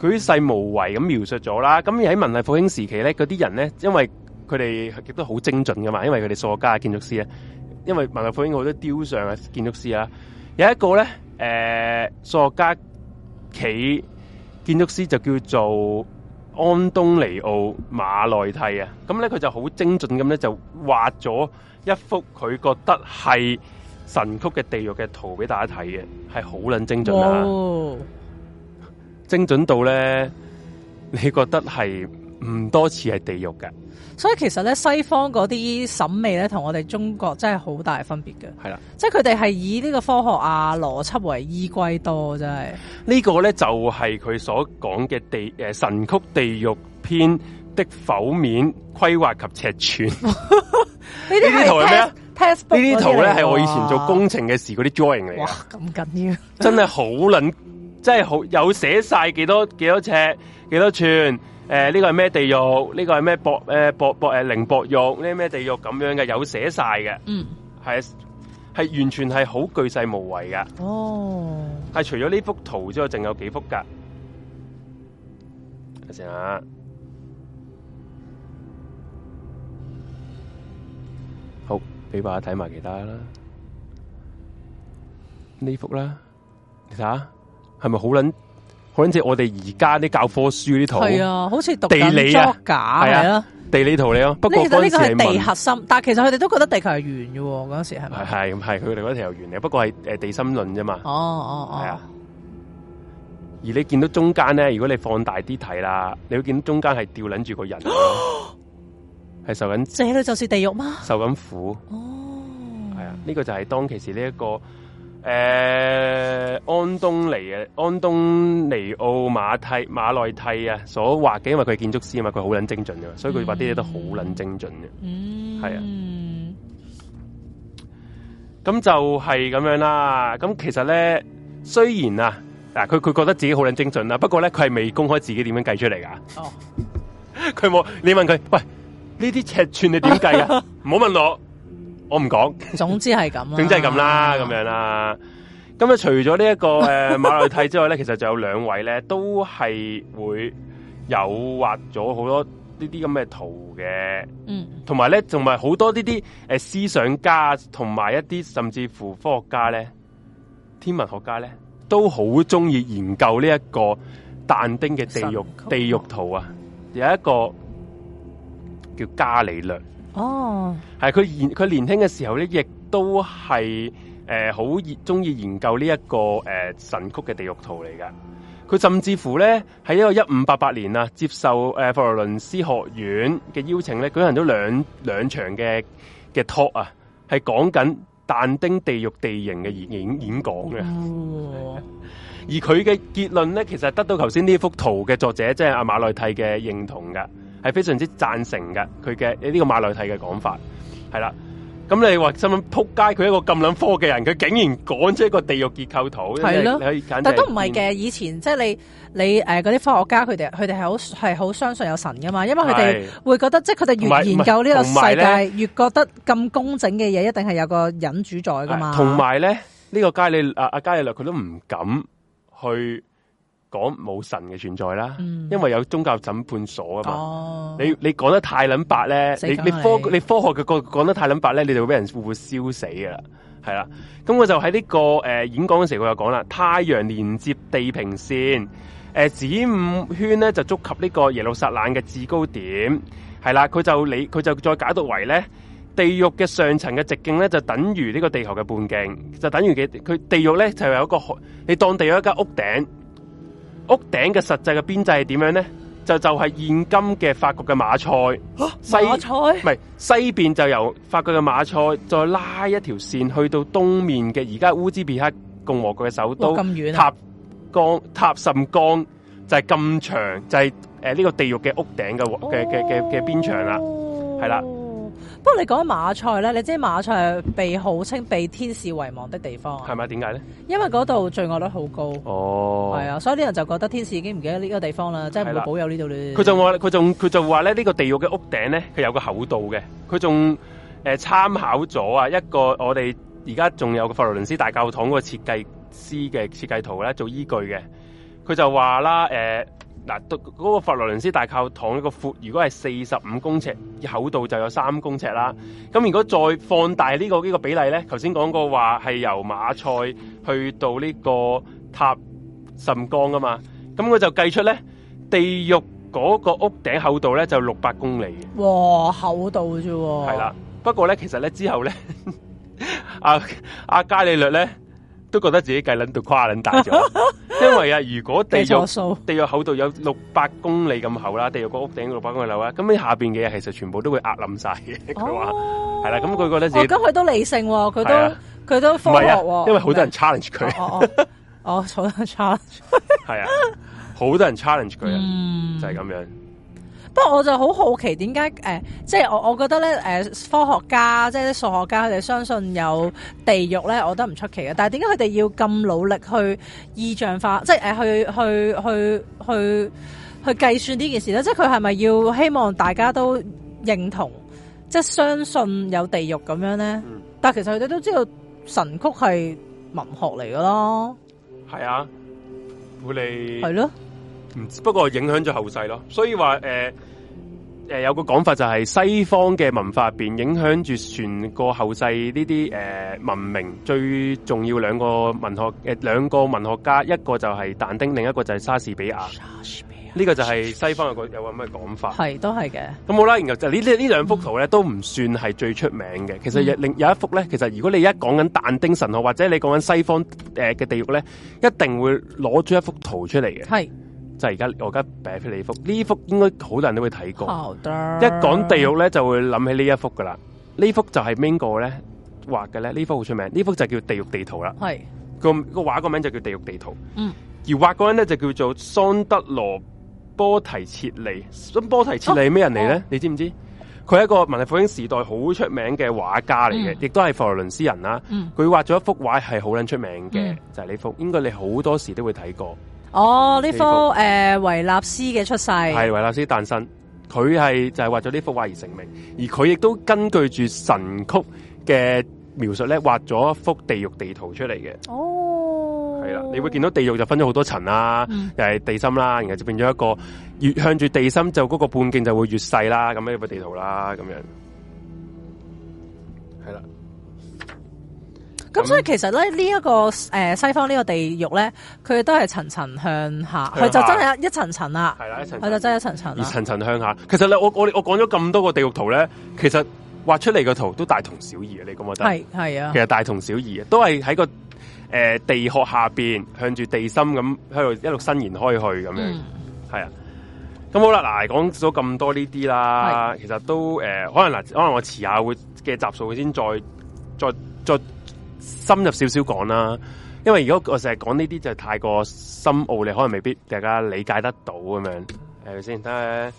巨細無遺咁描述咗啦。咁喺文藝復興時期咧，嗰啲人咧，因為佢哋亦都好精準噶嘛，因為佢哋數學家嘅建築師咧。因為文藝復興好多雕像啊，建築師啊。有一個咧，誒、呃，數學家、企建築師就叫做安東尼奧馬內蒂啊，咁咧佢就好精準咁咧就畫咗一幅佢覺得係神曲嘅地獄嘅圖俾大家睇嘅，係好捻精準啊、哦，精準到咧，你覺得係？唔多似係地獄嘅，所以其實咧，西方嗰啲審美咧，同我哋中國真係好大分別嘅。係啦，即係佢哋係以呢個科學啊、邏輯為依歸多，真係呢個咧就係、是、佢所講嘅地誒、呃、神曲地獄篇的剖面規劃及尺寸呢 啲 圖係咩啊？呢 啲圖咧係我以前做工程嘅時嗰啲 drawing 嚟嘅。哇，咁緊要，真係好捻，真係好有寫晒幾多幾多尺幾多寸。誒、呃，呢個係咩地獄？呢個係咩薄？誒薄薄誒靈薄獄？呢咩、呃、地獄咁樣嘅？有寫晒嘅，嗯，係係完全係好巨細無遺嘅。哦，係除咗呢幅圖之外，仲有幾幅噶？睇下先，好俾爸睇埋其他啦，呢幅啦，睇下係咪好撚？是嗰陣時我哋而家啲教科書呢套、啊，係啊，好似讀緊作假係啊，啊，啊，地理圖嚟咯。不過呢個係地核心，但係其實佢哋都覺得地球係圓嘅。嗰陣時係係係，佢哋覺得地球圓嘅，不過係誒地心論啫嘛。哦哦哦、啊。而你見到中間咧，如果你放大啲睇啦，你會見到中間係吊捻住個人，係受緊。這裏就是地獄嗎？受緊苦。哦。係啊，呢、這個就係當其時呢、這、一個。誒、呃，安東尼啊，安東尼奧馬蒂馬內蒂啊，所畫嘅，因為佢係建築師啊嘛，佢好撚精準嘅，所以佢畫啲嘢都好撚精準嘅。嗯，係啊。嗯，咁就係咁樣啦。咁其實咧，雖然啊，嗱、啊，佢佢覺得自己好撚精準啦，不過咧，佢係未公開自己點樣計出嚟㗎。哦，佢冇，你問佢，喂，呢啲尺寸你點計㗎？唔 好問我。我唔講，總之係咁，總之係咁啦，咁樣啦。咁啊，這啊除咗呢一個誒、呃、馬雷蒂之外咧， 其實就有兩位咧，都係會有畫咗好多呢啲咁嘅圖嘅。嗯，同埋咧，同埋好多呢啲誒思想家、同埋一啲甚至乎科學家咧，天文學家咧，都好中意研究呢一個但丁嘅地獄地獄圖啊。有一個叫伽利略。哦、oh.，係佢年佢年輕嘅時候咧，亦都係誒好熱中意研究呢、這、一個誒、呃、神曲嘅地獄圖嚟噶。佢甚至乎咧喺一個一五八八年啊，接受誒佛羅倫斯學院嘅邀請咧，舉行咗兩兩場嘅嘅 talk 啊，係講緊但丁地獄地形嘅演演演講嘅。哦、oh.，而佢嘅結論咧，其實係得到頭先呢幅圖嘅作者，即係阿馬內蒂嘅認同噶。係非常之贊成嘅佢嘅呢個馬來蒂嘅講法，係啦。咁、嗯、你話心諗撲街，佢一個咁諗科嘅人，佢竟然講出一個地獄結構圖，係咯？但都唔係嘅，以前即係你你誒嗰啲科學家，佢哋佢哋係好係好相信有神噶嘛？因為佢哋會覺得，是即係佢哋越研究呢個世界，越覺得咁工整嘅嘢一定係有個隱主宰噶嘛。同埋咧，呢、呢個伽利阿阿伽利略佢都唔敢去。講冇神嘅存在啦，因為有宗教審判所啊嘛。哦、你你講得太撚白咧，你你科你，你科學嘅講講得太撚白咧，你就會俾人活活燒死噶啦。係啦，咁、嗯嗯、我就喺呢、這個誒、呃、演講嘅時候，我就講啦，太陽連接地平線，誒、呃、子午圈咧就觸及呢個耶路撒冷嘅至高點，係啦。佢就你佢就再解讀為咧，地獄嘅上層嘅直徑咧就等於呢個地球嘅半徑，就等於幾佢地獄咧就有一個你當地有一間屋頂。屋頂嘅實際嘅邊際係點樣咧？就就係現今嘅法國嘅馬賽西，唔係西邊就由法國嘅馬賽再拉一條線去到東面嘅而家烏茲別克共和國嘅首都塔干塔什干，就係咁長，就係誒呢個地獄嘅屋頂嘅嘅嘅嘅嘅邊長啦，係啦。不過你講馬賽咧，你知馬賽被號稱，被天使遺忘的地方，係咪？點解咧？因為嗰度罪惡率好高，哦，係啊，所以啲人就覺得天使已經唔記得呢個地方啦，即係唔會保佑呢度咧。佢就話，佢仲佢就話咧，呢個地獄嘅屋頂咧，佢有個厚度嘅，佢仲誒參考咗啊一個我哋而家仲有個佛羅倫斯大教堂嗰個設計師嘅設計圖咧做依據嘅，佢就話啦誒。呃嗱，嗰個佛羅倫斯大教堂呢個闊，如果係四十五公尺厚度就有三公尺啦。咁如果再放大呢個呢個比例咧，頭先講過話係由馬賽去到呢個塔什江噶嘛，咁佢就計出咧地獄嗰個屋頂厚度咧就六百公里。哇，厚度啫？係啦，不過咧，其實咧之後咧，阿阿伽利略咧。都覺得自己計撚到誇撚大咗， 因為啊，如果地殼地殼厚度有六百公里咁厚啦，地殼個屋頂六百公里樓啦，咁你下邊嘅嘢其實全部都會壓冧晒嘅，佢話係啦，咁佢、啊嗯、覺得自己，咁、哦、佢都理性喎、哦，佢都佢、啊、都科學、哦啊、因為好多人 challenge 佢、 哦，哦，坐喺度 challenge，係啊，好多人 challenge 佢啊、嗯，就係、是、咁樣。不過我就好好奇點解誒，即係我我覺得咧，誒、呃、科學家即係啲數學家，佢哋相信有地獄咧，我覺得唔出奇嘅。但係點解佢哋要咁努力去意象化，即係誒、呃、去去去去去計算呢件事咧？即係佢係咪要希望大家都認同，即係相信有地獄咁樣咧？嗯、但係其實佢哋都知道神曲係文學嚟噶咯。係啊，會你係咯。對不過影響咗後世咯，所以話誒誒有個講法就係西方嘅文化入邊影響住全個後世呢啲誒文明最重要兩個文學誒、呃、兩個文學家，一個就係但丁，另一個就係莎士比亞。莎士比亞。呢、這個就係西方有個，有個有咁嘅講法，係都係嘅。咁好啦，然後就呢啲呢兩幅圖咧都唔算係最出名嘅、嗯。其實有另有一幅咧，其實如果你一講緊但丁神學，或者你講緊西方誒嘅地獄咧，一定會攞出一幅圖出嚟嘅。係。就係而家，我而家俾你幅呢幅，幅應該好多人都會睇過。一講地獄咧，就會諗起呢一幅噶啦。呢幅就係邊個咧畫嘅咧？的呢幅好出名，呢幅就叫地獄地圖啦。係個個畫個名就叫地獄地圖。嗯，而畫嗰人咧就叫做桑德羅波提切利。桑、嗯、波提切利咩人嚟咧，哦？你知唔知？佢係一個文藝復興時代好出名嘅畫家嚟嘅，亦都係佛羅倫斯人啦。佢畫咗一幅畫係好捻出名嘅、嗯，就係、是、呢幅。應該你好多時都會睇過。哦、oh，呢幅誒、呃、維納斯嘅出世係維納斯誕生，佢係就係、是、畫咗呢幅畫而成名，而佢亦都根據住神曲嘅描述咧，畫咗一幅地獄地圖出嚟嘅。哦，係啦，你會見到地獄就分咗好多層啦，mm. 又係地心啦，然後就變咗一個越向住地心就嗰個半徑就會越細啦，咁樣嘅地圖啦，咁樣。咁所以其實咧呢一、這個誒、呃、西方呢個地獄咧，佢都係層層向下，佢就真係一層層啦。係啦，一層，佢就真係一層層，而層層向下。其實咧，我我我講咗咁多個地獄圖咧，其實畫出嚟個圖都大同小異啊！你咁覺得？係係啊，其實大同小異啊，都係喺個誒、呃、地殼下邊向住地心咁喺度一路伸延開去咁樣。係、嗯、啊，咁好了啦，嗱講咗咁多呢啲啦，其實都誒、呃，可能嗱，可能我遲下會嘅集數先再再再。再再再深入少少講啦，因為如果我成日講呢啲就太過深奧，你可能未必大家理解得到咁樣，係咪先？但係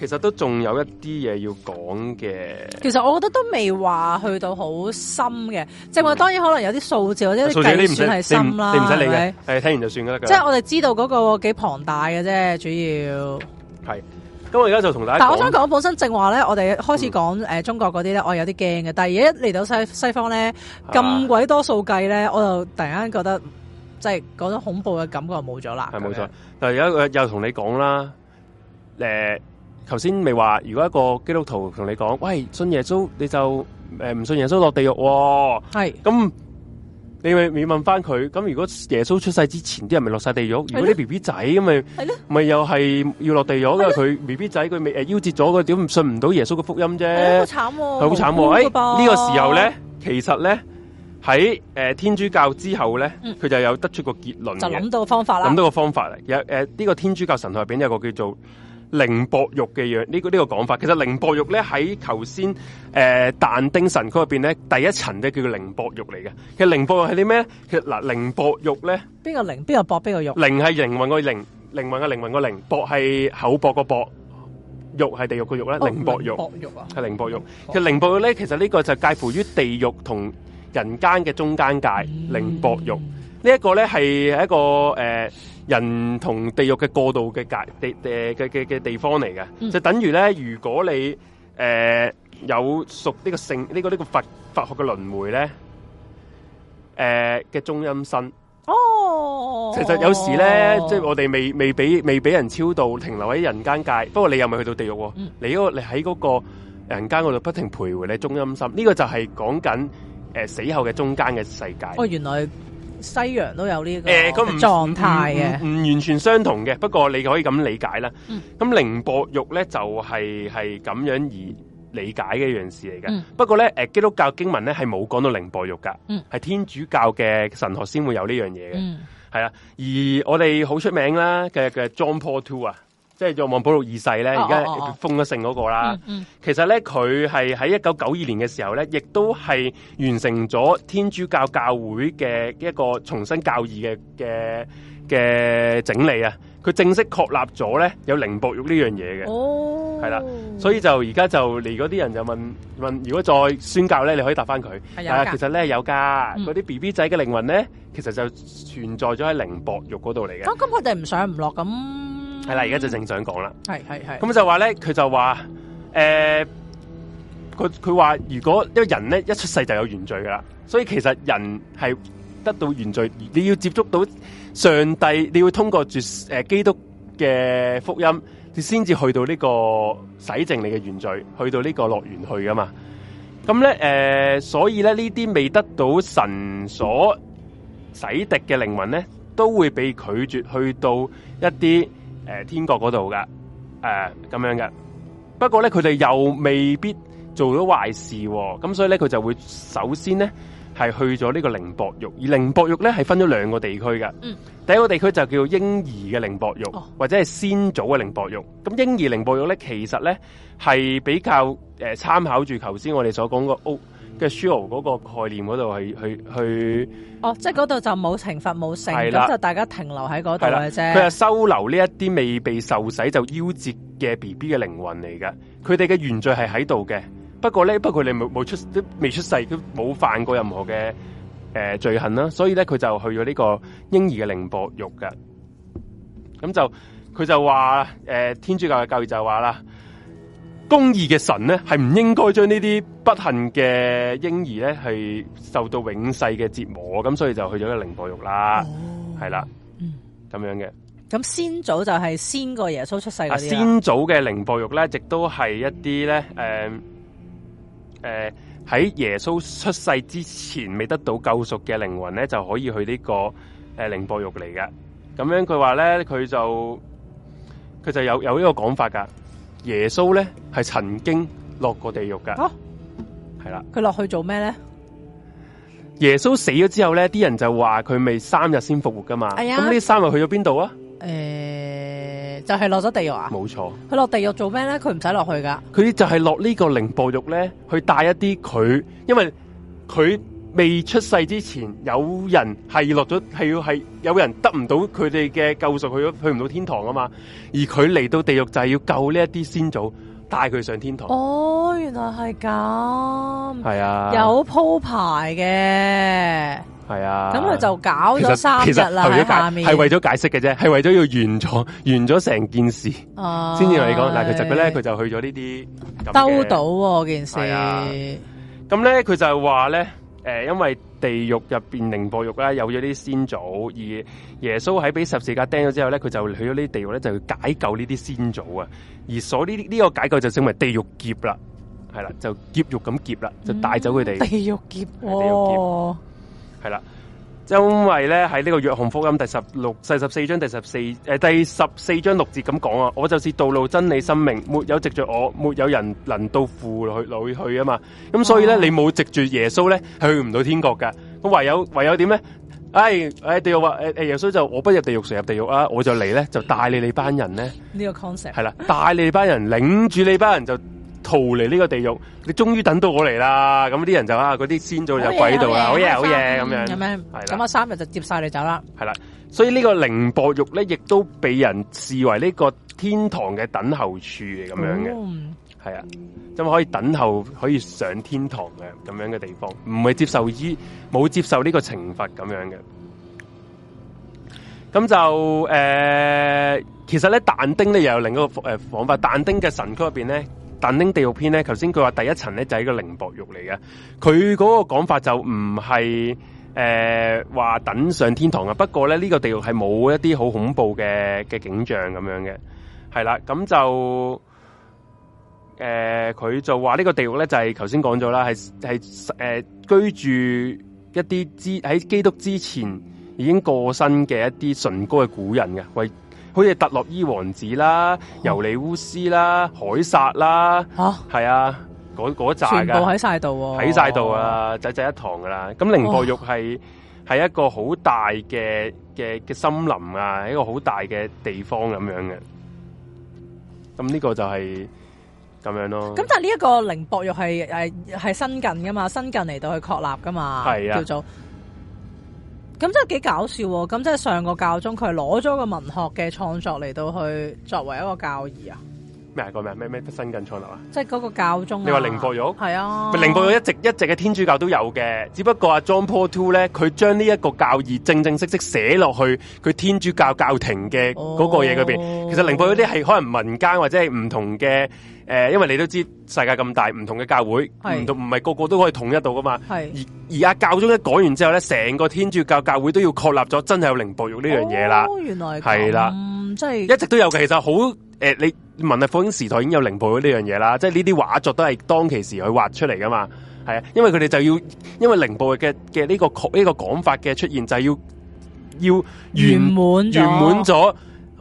其實都仲有一啲嘢要講嘅。其實我覺得都未話去到好深嘅，即係話當然可能有啲數字或者啲唔算係深啦，你唔使理解，係咪？係聽完就算噶啦。即係我哋知道嗰個幾龐大嘅啫，主要係。是咁我而家就同大家，但係我想講，我本身正話咧，我哋開始講誒中國嗰啲咧，我有啲驚嘅。但係而家嚟到西西方咧，咁鬼多數計咧，我就突然間覺得，即係嗰種恐怖嘅感覺冇咗啦。係冇錯。但係而家又同你講啦，誒，頭先未話，如果一個基督徒同你講，喂，信耶穌你就誒唔信耶穌落地獄喎，係咁。你咪咪問翻佢，咁如果耶穌出世之前啲人咪落晒地獄？如果你 B B 仔咁咪咪又係要落地獄，因為佢 B B 仔佢未誒夭折咗，佢點信唔到耶穌嘅福音啫？好慘，喎、哦哦哎！好、啊、慘。喂，呢個時候咧，其實咧喺誒天主教之後咧，佢就有得出個結論，就諗到,方到個方法啦，諗到個方法嚟。有誒呢、呃這個天主教神學入邊有個叫做。靈薄獄嘅樣呢、呢個呢、呢個講法，其實靈薄獄咧喺頭先誒但丁神曲入邊咧第一層咧叫做靈薄獄嚟嘅。其實靈薄獄係啲咩咧？其實嗱，靈、呃、薄獄咧，邊個靈？邊個薄？邊個獄？靈係靈魂個靈，靈魂嘅靈魂個靈，薄係厚薄個薄，獄係地獄個獄咧。靈、哦、薄獄。薄獄啊，係靈薄獄。其實靈薄獄咧，其實呢個就介乎於地獄同人間嘅中間界。靈、嗯、薄獄、呢個、呢是一個咧係一個誒。呃人同地獄嘅過渡嘅界地誒嘅嘅嘅地方嚟嘅，就等於咧，如果你誒、呃、有屬呢個法呢、這個呢、這個佛佛學嘅輪迴咧，誒、呃、嘅中陰身。哦，其實有時咧、哦，即係我哋未未俾未俾人超度，停留喺人間界。不過你又咪去到地獄、哦嗯？你嗰你喺嗰個人間嗰度不停徘徊，你中陰身呢個就係講緊誒死後嘅中間嘅世界。哦、原來。西洋都有呢個狀態嘅，唔、嗯嗯、完全相同嘅。不過你可以咁理解啦。咁靈薄獄咧就係係咁樣而理解嘅一樣事嚟嘅。嗯、不過咧，誒基督教經文咧係冇講到靈薄獄噶，係、嗯、天主教嘅神學先會有呢樣嘢嘅。係、嗯、啊，而我哋好出名啦嘅嘅 John Paul Two 啊。即係若望保祿二世咧，而家封咗聖嗰個啦。啊啊啊啊啊嗯嗯，其實咧佢係喺一九九二年嘅時候咧，亦都係完成咗天主教教會嘅一個重新教義嘅嘅嘅整理啊。佢正式確立咗咧有靈薄獄呢樣嘢嘅，係、哦、啦。所以就而家就嚟嗰啲人就問問，如果再宣教咧，你可以回答翻佢。係啊，其實咧有噶，嗰啲 B B 仔嘅靈魂咧、嗯，其實就存在咗喺靈薄獄嗰度嚟嘅。咁、啊，咁佢哋唔上唔落咁。係啦，而家就正想講啦。係係係，咁就話咧，佢就話，誒、呃，佢佢話如果因為人咧一出世就有原罪噶啦，所以其實人係得到原罪，你要接觸到上帝，你要通過絕誒、呃、基督嘅福音，你先至去到呢個洗淨你嘅原罪，去到呢個樂園去噶嘛。咁咧，誒、呃，所以咧呢啲未得到神所洗滌嘅靈魂咧，都會被拒絕去到一啲。誒、呃，天國嗰度㗎，誒、呃、咁樣嘅。不過咧，佢哋又未必做咗壞事、哦，咁所以咧，佢就會首先咧係去咗呢個靈薄獄，而靈薄獄咧係分咗兩個地區嘅。嗯，第一個地區就叫嬰兒嘅靈薄獄，或者係先祖嘅靈薄獄。咁嬰兒靈薄獄咧，其實咧係比較誒參、呃、考住頭先我哋所講、那個屋。哦嘅 s h o 嗰個概念嗰度係去去，去哦，即嗰度就冇懲罰冇性，咁就大家停留喺嗰度嘅啫。佢係收留呢一啲未被受洗就夭折嘅 B B 嘅靈魂嚟嘅，佢哋嘅原罪係喺度嘅。不過咧，不過佢哋冇冇出都未出世都冇犯過任何嘅、呃、罪行啦，所以咧佢就去咗呢個嬰兒嘅靈薄獄嘅。咁就佢就話、呃、天主教嘅教育就話啦。公義嘅神咧，係唔應該將呢啲不幸嘅嬰兒咧，係受到永世嘅折磨，咁所以就去咗個靈薄獄啦，係、哦、啦，咁樣嘅。咁、嗯嗯、先祖就係先過耶穌出世嗰啲、啊、先祖嘅靈薄獄咧，亦都係一啲咧，誒、呃，誒、呃，喺耶穌出世之前未得到救贖嘅靈魂咧，就可以去、這個呃、波這呢個誒靈薄獄嚟嘅。咁樣佢話咧，佢就佢就有有呢個講法噶。耶穌咧係曾經落過地獄噶，係、啊、啦。佢落去做咩咧？耶穌死咗之後咧，啲人就話佢未三日先復活噶嘛。咁、哎、呢三日去咗邊度啊？誒，就係落咗地獄啊？冇錯。佢落地獄做咩咧？佢唔使落去噶。佢就係落呢個靈薄獄咧，去帶一啲佢，因為佢。未出世之前，有人係落咗，係要係有人得唔到佢哋嘅救贖，去咗去唔到天堂啊嘛。而佢嚟到地獄就係要救呢一啲先祖，帶佢上天堂。哦，原來係咁，係啊，有鋪排嘅，係啊。咁佢就搞咗三日啦喺下面，係為咗解釋嘅啫，係為咗要完咗完咗成件事，先至同你講。但係佢呢，咧，佢就去咗呢啲兜到、啊、件事。咁咧、啊，佢就話咧。誒，因為地獄入邊靈薄獄啦，有咗啲先祖，而耶穌喺俾十字架釘咗之後咧，佢就去咗呢啲地獄咧，就解救呢啲先祖啊，而所呢呢個解救就稱為地獄劫啦，係啦，就劫獄咁劫啦，就帶走佢哋，嗯。地獄、哦、劫，係啦。因為咧喺呢在這個約翰福音第十六四十四章第十四誒、呃、第十四章六節咁講啊，我就是道路真理生命，沒有藉著我，沒有人能到父那裡去啊嘛。咁、嗯、所以咧，oh. 你冇藉著耶穌咧，去唔到天國噶。咁唯有唯有點咧？哎哎，地獄話誒誒，耶穌就我不入地獄誰入地獄啊？我就嚟咧就帶你哋班人咧呢、這個 concept 係啦，帶你哋班人領住你班人就。逃離呢個地獄，你終於等到我嚟啦！咁啲人就啊，嗰啲先祖就跪喺度啦，好嘢、好嘢咁樣，係啦，咁啊三日就接晒你走啦。係啦，所以呢個靈薄獄咧，亦都被人視為呢個天堂嘅等候處咁樣嘅、哦，係啊，咁可以等候可以上天堂嘅咁樣嘅地方，唔係接受醫，冇接受呢個懲罰咁樣嘅。咁就誒、呃，其實咧但丁咧又有另一個誒方法，但丁嘅神曲入邊咧。但丁地獄篇咧，頭先佢話第一層咧就係，是，個靈薄獄嚟嘅，佢嗰個講法就唔係誒話等上天堂嘅。不過咧，呢，這個地獄係冇一啲好恐怖嘅嘅景象咁樣嘅，係啦。咁就誒佢，呃，就話呢個地獄咧就係頭先講咗啦，係係誒居住一啲之喺基督之前已經過身嘅一啲純高嘅古人嘅喂。好似特洛伊王子啦、oh. 尤利烏斯啦、凱撒啦，吓、oh. 係啊，嗰嗰扎全部喺晒度，喺晒度啊，oh. 仔仔一堂噶啦。咁寧博玉係係、oh. 一個好大嘅嘅嘅森林啊，一個好大嘅地方咁樣嘅。咁呢個就係咁樣咯。咁但係呢一個寧博玉係誒係新近噶嘛，新近嚟到去確立噶嘛，係啊，叫做。咁真係幾搞笑喎！咁即係上個教宗佢攞咗個文學嘅創作嚟到去作為一個教義啊？咩個咩？咩咩新近創立啊？即係嗰個教宗、啊。你話靈薄獄？係啊，靈薄獄一直一直嘅天主教都有嘅，只不過阿 John Paul II 咧，佢將呢一個教義正正式式寫落去佢天主教教廷嘅嗰個嘢嗰邊。其實靈薄獄啲係可能民間或者係唔同嘅。誒、呃，因為你都知道世界咁大，唔同嘅教會唔同，唔係個個都可以統一到噶嘛係而而阿教宗一講完之後咧，成個天主教教會都要確立咗真係有靈薄獄呢樣嘢啦。原來係啦，即係一直都有嘅。其實好誒、呃，你文藝復興時代已經有靈薄獄呢樣嘢啦，即係呢啲畫作都係當其時去畫出嚟噶嘛係啊，因為佢哋就要因為靈薄嘅嘅呢個呢、這個講法嘅出現就要，就係要要圓滿圓滿咗。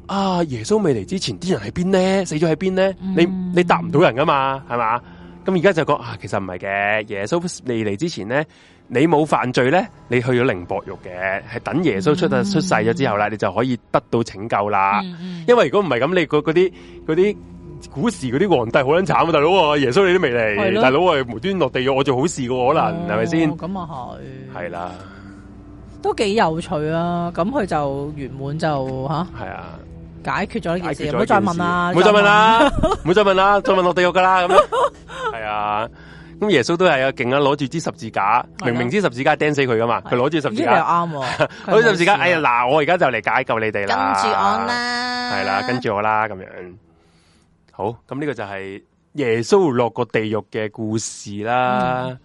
啊！耶穌未嚟之前，啲人喺邊咧？死咗喺邊咧？你你答唔到人噶嘛，係嘛？咁而家就講啊，其實唔係嘅。耶穌未嚟之前咧，你冇犯罪咧，你去咗靈薄獄嘅，係等耶穌出啊出世咗之後啦、嗯，你就可以得到拯救啦、嗯。因為如果唔係咁，你嗰啲嗰啲古時嗰啲皇帝好撚慘啊！大佬啊，耶穌你都未嚟，大佬啊，無端落地獄，我做好事噶可能係咪先？咁、哦、啊，係係、哦、啦，都幾有趣啊！咁佢就圓滿就吓係啊。解決咗呢件事，唔好再問啦，唔好再問啦，唔好再問啦，再問落地獄噶啦，咁樣係啊，咁耶穌都係啊，勁啊，攞住支十字架，明明支十字架釘死佢噶嘛，佢攞住十字架又啱，攞住十字架，哎呀，嗱，我而家就嚟，解救你哋啦，跟住我啦，係啦，跟住我啦，咁樣好，咁呢個就係耶穌落過地獄嘅故事啦。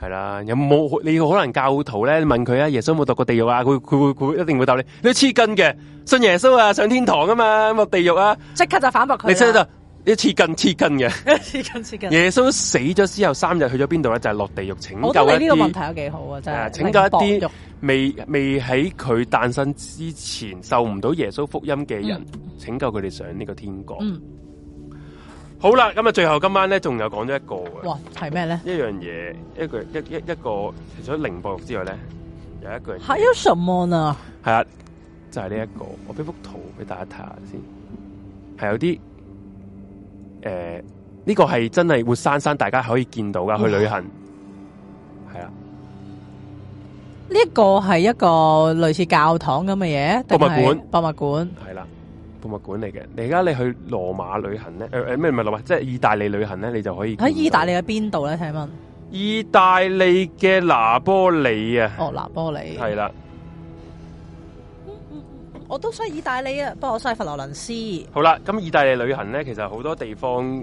係啦，有冇你可能教徒咧？問佢啊，耶穌冇讀過地獄啊？佢佢會佢一定會答你，你黐筋嘅，信耶穌啊上天堂啊嘛，冇地獄啊，即刻就反駁佢。你知道，你黐筋，黐筋嘅，黐筋，黐筋。耶穌死咗之後三日去咗邊度咧？就係、是、落地獄拯救一啲。我哋呢個問題幾好啊，真係。拯救一啲、就是、未未喺佢誕生之前受唔到耶穌福音嘅人、嗯，拯救佢哋上呢個天國。嗯好啦，咁啊，最後今晚咧，仲有講咗一個嘅，哇，係咩咧？一樣嘢，一個一一一,一個除咗零博之外咧，有一個係 Ushman 啊，係啊，就係呢一個，我俾幅圖俾大家睇下先，係有啲誒，呢、呃這個係真係活生生大家可以見到噶、嗯，去旅行係啊，呢、這、一個係一個類似教堂咁嘅嘢，博物館，博物館，係啦。博物館嚟嘅，你而家你去羅馬旅行咧？誒、呃、誒，咩唔係羅馬，即係意大利旅行咧，你就可以喺意大利嘅邊度咧？請問，意大利嘅拿波里啊？哦，拿波里係啦，我都想意大利啊，不過我想佛羅倫斯。好啦，咁意大利旅行咧，其實好多地方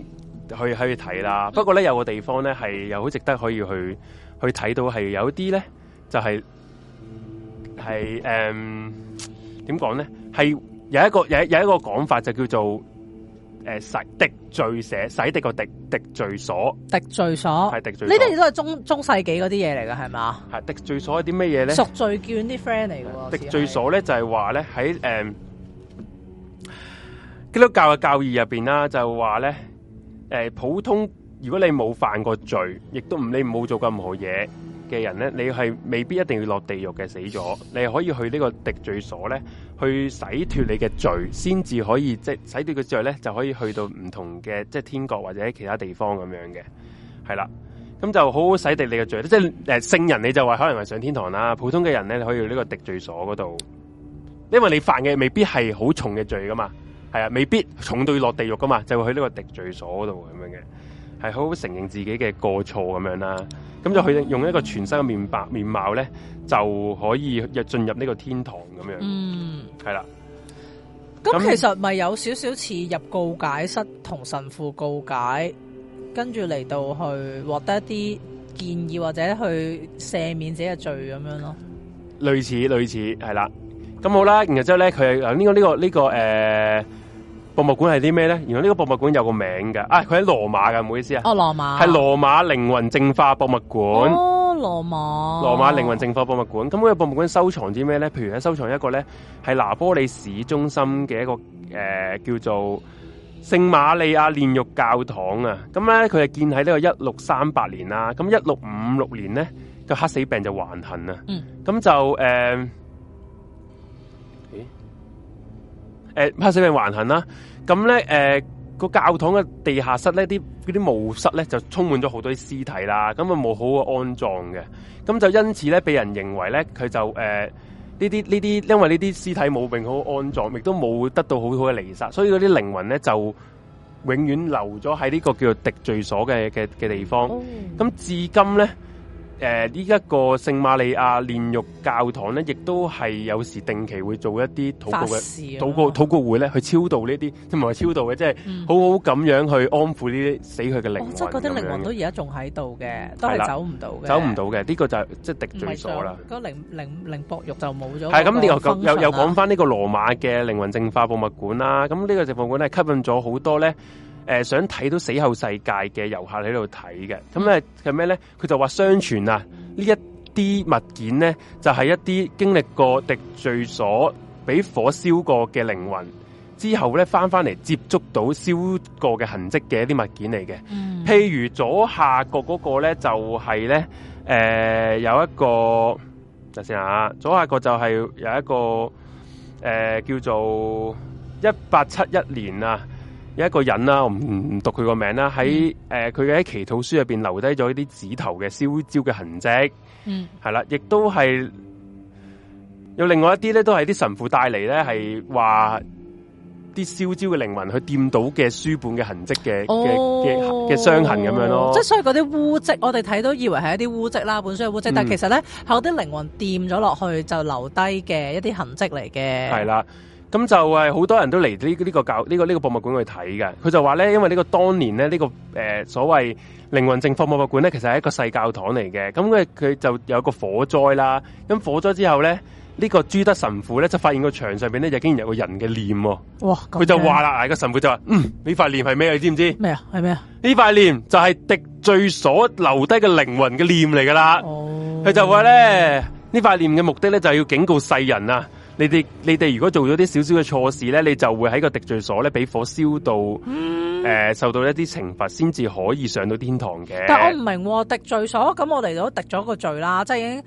去去睇啦。不過咧有個地方咧係又好值得可以去去睇到，係有啲咧就係係誒點講咧係。有一個有有一個講法就叫做誒、呃、洗敵罪舍洗敵個敵敵罪所敵罪所係敵罪呢啲都係中中世紀嗰啲嘢嚟噶係嘛？係敵罪所係啲咩嘢咧？贖罪券啲 friend 嚟噶，敵罪所咧就係話咧喺誒基督教嘅教義入邊啦，就話咧誒普通如果你冇犯過罪，亦都唔你冇做過任何嘢。嘅人咧，你係未必一定要落地獄嘅，死咗，你可以去呢個滌罪所咧，去洗脱你嘅罪，先至可以即係洗脱個罪咧，就可以去到唔同嘅即係天國或者其他地方咁樣嘅，係啦，咁就好好洗滌你嘅罪咧，即係誒聖人你就話可能係上天堂啦，普通嘅人咧，你可以去呢個滌罪所嗰度，因為你犯嘅未必係好重嘅罪噶嘛，係啊，未必重到要落地獄噶嘛，就會去呢個滌罪所嗰度咁樣嘅，係好好承認自己嘅過錯咁樣啦。咁就佢用一個全新嘅面白面貌咧，就可以進入進入呢個天堂咁樣，係、嗯、啦。咁、嗯、其實咪有少少似入告解室同神父告解，跟住嚟到去獲得一啲建議或者去赦免自己嘅罪咁樣咯。類似類似係啦。咁好啦，然後之後咧，佢係呢個呢、呢個呢、呢個誒。呃博物館係啲咩咧？原來呢個博物館有個名嘅，啊，佢喺羅馬嘅，唔好意思啊。哦、oh,，羅馬。係羅馬靈魂淨化博物館。哦、oh,，羅馬。羅馬靈魂淨化博物館。咁呢個博物館收藏啲咩咧？譬如咧，收藏一個咧係拿波利市中心嘅一個誒、呃、叫做聖瑪利亞煉獄教堂啊。咁咧佢係建喺呢個一六三八年啦。咁一六五六年咧，個黑死病就橫行啊。嗯、mm.。咁就誒。誒黑死病橫行啦，咁咧誒個教堂嘅地下室咧，啲啲墓室咧就充滿咗好多啲屍體啦，咁啊冇好嘅安葬嘅，咁就因此咧，俾人認為咧佢就誒呢啲呢啲，因為呢啲屍體冇永好安葬，亦都冇得到好好嘅離散，所以嗰啲靈魂咧就永遠留咗喺呢個叫做滌罪所嘅嘅嘅地方，咁至今咧。誒呢一個聖瑪利亞煉獄教堂咧，亦都係有時定期會做一啲禱告嘅禱告、啊、禱告、禱告會咧，去超度呢啲，唔係話超度嘅、嗯，即係好好咁樣去安撫呢啲死去嘅靈魂、哦。即係嗰啲靈魂都而家仲喺度嘅，都係走唔到嘅。走唔到嘅，呢、這個就係、是、即係滌罪所啦。嗰靈靈靈薄獄就冇咗、啊。係咁，你又講又又講翻呢個羅馬嘅靈魂淨化博物館啦。咁呢個博物館係吸引咗好多咧。誒、呃，想睇到死後世界嘅遊客喺度睇嘅，咁咧係咩咧？佢就話相傳啊，呢一啲物件咧，就係、是、一啲經歷過滌罪所俾火燒過嘅靈魂之後咧，翻翻嚟接觸到燒過嘅痕跡嘅一啲物件嚟嘅、嗯。譬如左下角嗰個咧，就係、是、咧，誒、呃、有一個，等先下左下角就係有一個，誒、呃、叫做一八七一年啊。有一個人啦，我唔讀佢個名啦。喺誒，佢喺祈禱書入邊留低咗一啲紙頭嘅燒焦嘅痕跡，嗯，係、呃、啦，亦、嗯、都係有另外一啲咧，都係啲神父帶嚟咧，係話啲燒焦嘅靈魂去掂到嘅書本嘅痕跡嘅嘅嘅嘅傷痕咁樣咯。即係所以嗰啲污跡，我哋睇到以為係一啲污跡啦，本書嘅污跡、嗯，但係其實咧係嗰啲靈魂掂咗落去就留低嘅一啲痕跡嚟嘅。係啦。咁就係好多人都嚟呢呢個教呢個呢個博物館去睇嘅。佢就話咧，因為呢個當年咧呢、這個誒、呃、所謂靈魂正放博物館咧，其實係一個細教堂嚟嘅。咁佢就有個火災啦。咁火災之後咧，呢、這個朱德神父咧就發現個牆上邊咧就竟然有個人嘅念、哦。哇！佢就話啦，這個神父就話：嗯，呢塊念係咩？你知唔知？咩啊？係咩啊？呢塊念就係滴罪所留低嘅靈魂嘅念嚟噶啦。哦。佢就話咧，呢塊念嘅目的咧就係、是、要警告世人啊。你哋你哋如果做咗啲少少嘅錯事咧，你就會喺個滌罪所咧，俾火燒到，誒、嗯呃，受到一啲懲罰，先至可以上到天堂嘅。但我唔明喎，滌罪所咁我哋都滌咗個罪啦，即係已經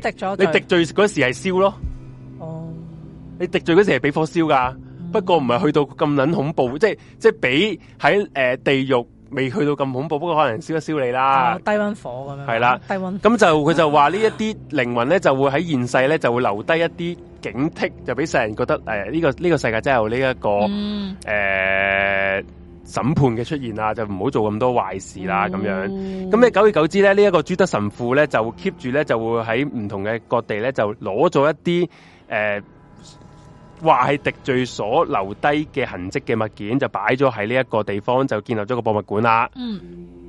咗。你滌罪嗰時係燒咯，哦，你滌罪嗰時係俾火燒噶、嗯，不過唔係去到咁捻恐怖，即係即係俾喺誒地獄。未去到咁恐怖，不過可能燒一燒你、啊、溫啦。低溫火咁樣。係啦，低溫。咁就佢就話呢一啲靈魂咧，就會喺現世咧，就會留低一啲警惕，就俾世人覺得誒、呢、呃這個呢、這個世界真係有呢、這、一個誒審、嗯呃、判嘅出現啦，就唔好做咁多壞事啦咁、嗯、樣。咁咧，久而久之咧，呢、這、一個朱德神父咧就 keep 住咧，就會喺唔同嘅各地咧就攞咗一啲誒。呃話係敵罪所留低嘅痕迹嘅物件，就擺咗喺呢一個地方，就建立咗個博物館啦。嗯，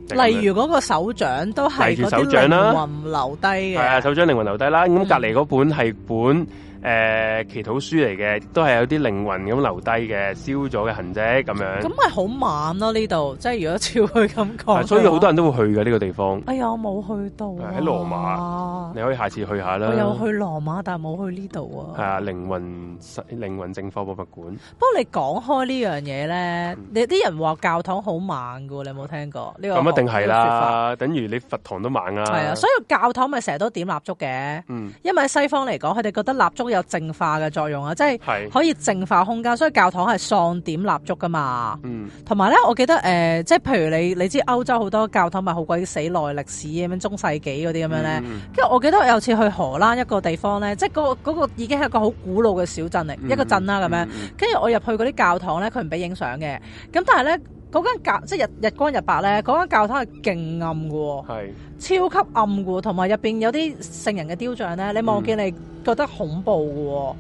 例如嗰個手掌都係、嗯，住手掌啦，靈魂留低嘅。係、嗯、啊，手掌靈魂留低啦。咁隔籬嗰本係本。誒、呃、祈禱書嚟嘅，都係有啲靈魂咁留低嘅，燒咗嘅痕跡咁樣。咁咪好猛咯呢度，即係如果照佢咁講。所以好多人都會去嘅呢、這個地方。哎呀，我冇去到、啊。喺、啊、羅馬、啊，你可以下次去一下啦。我有去羅馬，但冇去呢度啊。係啊，靈魂靈魂政科博物館。不過你講開呢樣嘢咧，你啲人話教堂好猛㗎喎，你有冇聽過？呢、嗯、咁、這個、一定係啦，等於你佛堂都猛啊。係啊，所以教堂咪成日都點蠟燭嘅。嗯。因為喺西方嚟講，佢哋覺得蠟燭有淨化嘅作用啊，即係可以淨化空間，所以教堂係喪點蠟燭噶嘛。同、嗯、埋呢，我記得誒，即、呃、係譬如你，你知歐洲好多教堂咪好鬼死耐歷史咁樣中世紀嗰啲咁樣呢。跟、嗯、住我記得有次去荷蘭一個地方呢，即係嗰、嗰個已經係個好古老嘅小鎮嚟、嗯，一個鎮啦咁樣。跟、嗯、住我入去嗰啲教堂它不呢，佢唔俾影相嘅。咁但係呢，嗰間教即係日日光日白呢，嗰間教堂係勁暗噶喎。係。超級暗嘅，同埋入邊有啲聖人嘅雕像咧，你望見你覺得恐怖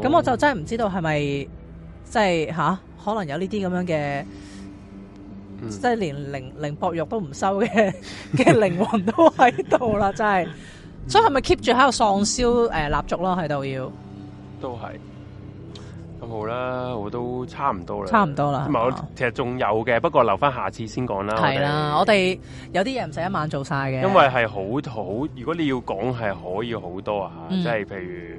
嘅，咁、嗯、我就真係唔知道係咪即係吓，可能有呢啲咁樣嘅、嗯，即係連靈靈薄獄都唔收嘅嘅靈魂都喺度啦， 真係，所以係咪 keep 住喺度喪燒誒蠟燭咯喺度要，都係。咁好啦，我都差唔多啦，差唔多啦。唔係，我其實仲有嘅、哦，不過留翻下次先講啦。係啦、啊，我哋有啲嘢唔使一晚做曬嘅。因為係好好，如果你要講係可以好多啊、嗯，即係譬如誒。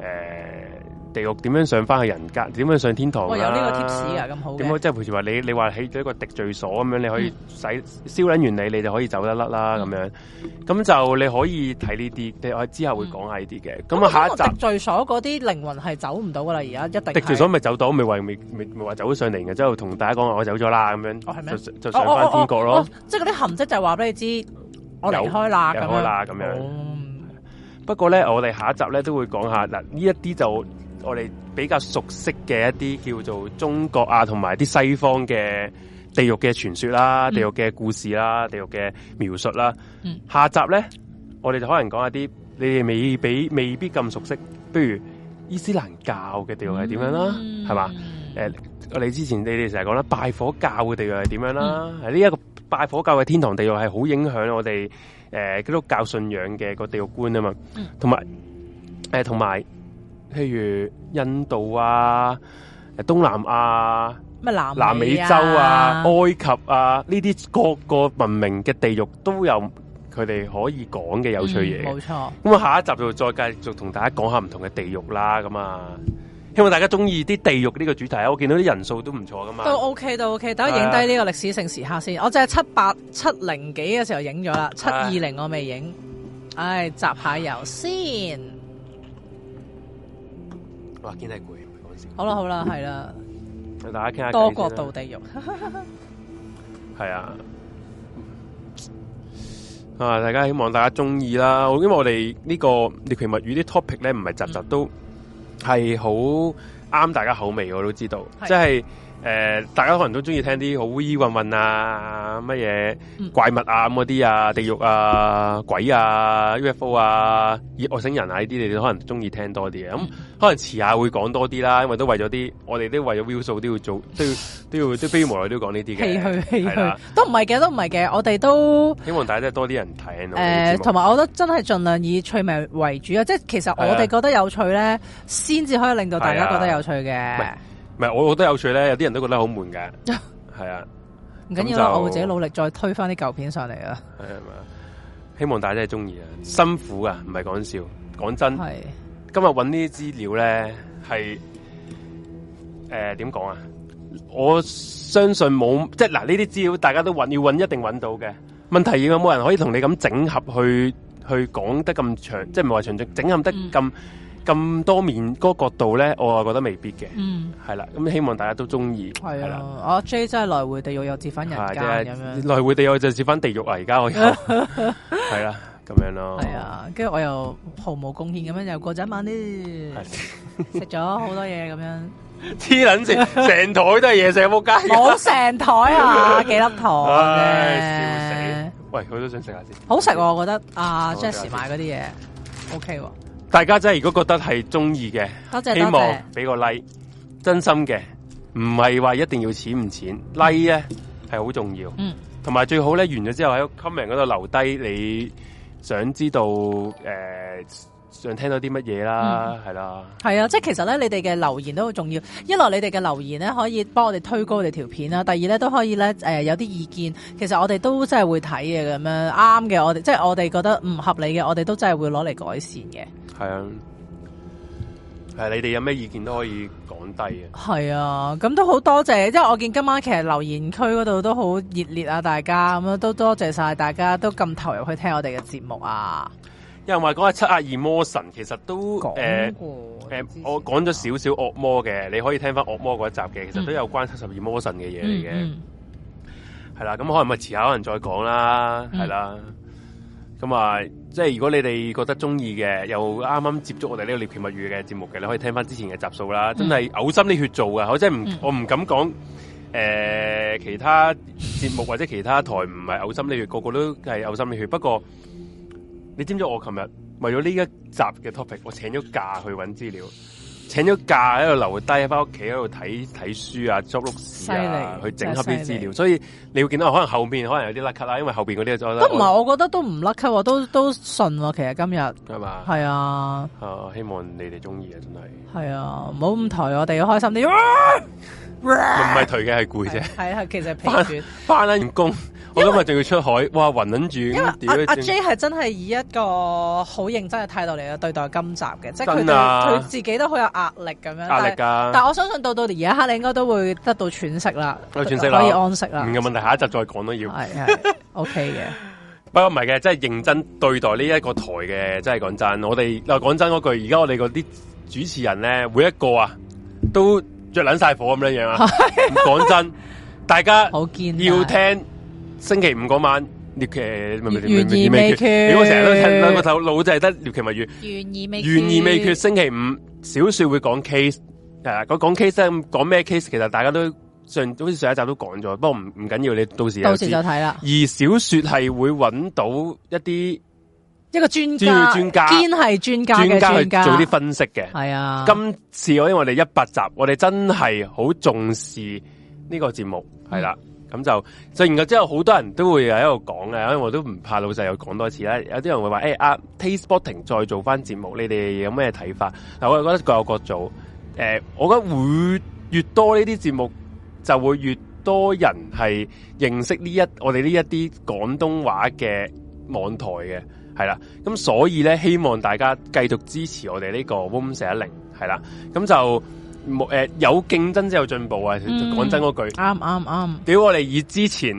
呃地獄點樣上翻去人間？點樣上天堂、啊？哇！有呢個貼士啊，咁好嘅。點即係譬如話你，你話起咗一個滌罪所咁樣，你可以使燒捻完你，你就可以走得甩啦咁樣。咁、嗯、就你可以睇呢啲，我之後會講下呢啲嘅。咁、嗯、啊，下一集滌罪所嗰啲靈魂係走唔到噶啦，而家一定。滌罪所咪走到咪話咪咪話走咗上嚟嘅，之後同大家講我走咗啦咁樣，哦、是就就上翻天國咯。哦哦哦哦哦、即係嗰啲痕跡就話俾你知我離開啦咁樣,開了樣,開了樣、哦。不過咧，我哋下一集咧都會講下嗱，呢一啲就。我哋比較熟悉嘅一啲叫做中國啊，同埋啲西方嘅地獄嘅傳說啦，地獄嘅故事啦，地獄嘅描述啦。嗯、下集咧，我哋就可能講下啲你哋未比未必咁熟悉，譬如伊斯蘭教嘅地獄係點樣啦、啊，係、嗯、嘛？誒、呃，我哋之前你哋成日講啦，拜火教嘅地獄係點樣啦、啊？係呢一個拜火教嘅天堂地獄係好影響我哋誒，嗰、呃、基督教信仰嘅個地獄觀啊嘛，同埋誒，同、呃、埋。譬如印度啊，東南亞、南美，啊、南美洲啊、埃及啊，呢啲各個文明嘅地獄都有佢哋可以講嘅有趣嘢。冇、嗯、錯，咁啊，下一集就再繼續同大家講下唔同嘅地獄啦。咁啊，希望大家中意啲地獄呢個主題啊，我見到啲人數都唔錯噶嘛。都 OK 都 OK，等我影低呢個歷史性時刻先。我淨係七八七零幾嘅時候影咗啦，七二零我未影。唉，集下油先。哇！堅係攰，嗰時。好啦好啦，係啦。大家傾下多角度地獄。係啊。啊！大家希望大家中意啦，因為我哋呢個《獵奇物語》啲 topic 咧，唔係集集都係好啱大家口味，我都知道，即係。就是誒、呃，大家可能都中意聽啲好烏衣混混啊，乜嘢怪物啊，嗰啲啊，地獄啊，鬼啊、嗯，U F O 啊，外星人啊呢啲，你哋可能中意聽多啲啊。咁、嗯嗯、可能遲下會講多啲啦，因為都為咗啲，我哋都為咗 view 數都要做，都要都要都非常無奈都講呢啲嘅。唏都唔係嘅，都唔係嘅，我哋都希望大家多啲人睇、呃。誒，同埋我覺得真係盡量以趣味為主啊，即係其實我哋覺得有趣咧，先至可以令到大家覺得有趣嘅。唔係，我覺得有趣咧，有啲人都覺得好悶嘅，係 啊，唔緊要啦，我自己努力再推返啲舊片上嚟啊！係嘛，希望大家真係中意啊，辛苦啊，唔係講笑，講真，係今日搵呢啲資料咧，係誒點講啊？我相信冇即係嗱，呢啲資料大家都搵，要搵一定搵到嘅。問題而有冇人可以同你咁整合去去講得咁長，即係唔係話長整合得咁。嗯咁多面嗰個角度咧，我啊覺得未必嘅，係、嗯、啦。咁希望大家都中意係啦。我、啊啊、J 真係來回地獄又折翻人間咁樣，來回地獄就折翻地獄啊！而家我又係啦，咁 樣咯。係啊，跟住我又毫無貢獻咁樣又過咗一晚咧。食咗好多嘢咁樣。黐捻線，成台都係嘢，成屋街冇成台啊， 幾粒糖啫、啊 哎、喂，佢都想食下先。好食、啊啊、我覺得阿 Jessie 買嗰啲嘢 OK、啊。大家真係如果覺得係中意嘅，希望俾個 like，真心嘅，唔係話一定要錢唔錢，like 咧係好重要。嗯，同埋最好咧，完咗之後喺 comment 嗰度留低你想知道誒。呃想聽到啲乜嘢啦，係、嗯、啦，係啊，即係其實咧，你哋嘅留言都好重要。一來你哋嘅留言咧，可以幫我哋推高我哋條片啦；第二咧，都可以咧，誒、呃、有啲意見，其實我哋都真係會睇嘅咁樣。啱嘅，我哋即係我哋覺得唔合理嘅，我哋都真係會攞嚟改善嘅。係啊，係你哋有咩意見都可以講低嘅。係啊，咁都好多謝，即係我見今晚其實留言區嗰度都好熱烈啊！大家咁樣、嗯、都多謝晒，大家都咁投入去聽我哋嘅節目啊！有人話講下七十二魔神，其實都誒誒、呃，我講咗少少惡魔嘅、啊，你可以聽翻惡魔嗰一集嘅，其實都有關七十二魔神嘅嘢嚟嘅。係、嗯、啦，咁可能咪遲下可能再講啦，係啦。咁、嗯、啊，即係如果你哋覺得中意嘅，又啱啱接觸我哋呢、這個獵奇物語嘅節目嘅，你可以聽翻之前嘅集數啦、嗯。真係嘔心瀝血做噶，我真係唔、嗯，我唔敢講誒、呃、其他節目或者其他台唔係嘔心瀝血， 個個都係嘔心瀝血。不過。你知唔知我琴日為咗呢一集嘅 topic，我請咗假去揾資料。請咗假喺度留低，翻屋企喺度睇睇書啊，捉碌屎啊，去整合啲資料，所以你會見到可能後邊可能有啲甩咳 u 啦，因為後邊嗰啲我得我都唔係，我覺得都唔甩咳 u 都都順。其實今日係嘛？係啊。啊，希望你哋中意啊，真係。係啊，唔好咁頹，我哋要開心啲。唔係頹嘅係攰啫。係啊，啊，其實平轉翻翻完工，我今日仲要出海。哇，暈捻住。阿 J 係真係以一個好認真嘅態度嚟去對待今集嘅、啊，即係佢佢自己都好有。壓力咁樣，壓力噶、啊。但係我相信到到而家一刻，你應該都會得到喘息啦，可以安息啦。唔嘅問題，下一集再講都要。係 OK 嘅。不過唔係嘅，真係認真對待呢一個檯嘅。真係講真，我哋講講真嗰句，而家我哋嗰啲主持人咧，每一個啊都着捻晒火咁樣樣啊。講 真的， 大家要聽星期五嗰晚獵奇，唔 未如果成日都捻個頭，腦就係得獵奇物語，懸而未懸而未，未，未決。星期五。小說會講 case，係、啊、啦，佢講 case 真講咩 case，其實大家都上好似上一集都講咗，不過唔唔緊要，你到時就到時就睇啦。而小說係會揾到一啲一個專家、專家兼係專家、專家，家去做啲分析嘅，係啊。今次我因為我哋一百集，我哋真係好重視呢個節目，係啦。嗯咁就，就，然之後，好多人都會喺度講嘅，因為我都唔怕老細又講多次啦。有啲人會話，誒、欸、阿、啊、Taste Boating 再做翻節目，你哋有咩睇法？但我又覺得各有各做。誒、欸，我覺得會越多呢啲節目，就會越多人係認識呢一我哋呢一啲廣東話嘅網台嘅，係啦。咁所以咧，希望大家繼續支持我哋呢個 Wom 四一零，係啦。咁就。冇誒、呃，有競爭先有進步啊！講、嗯、真嗰句，啱啱啱。屌我哋以之前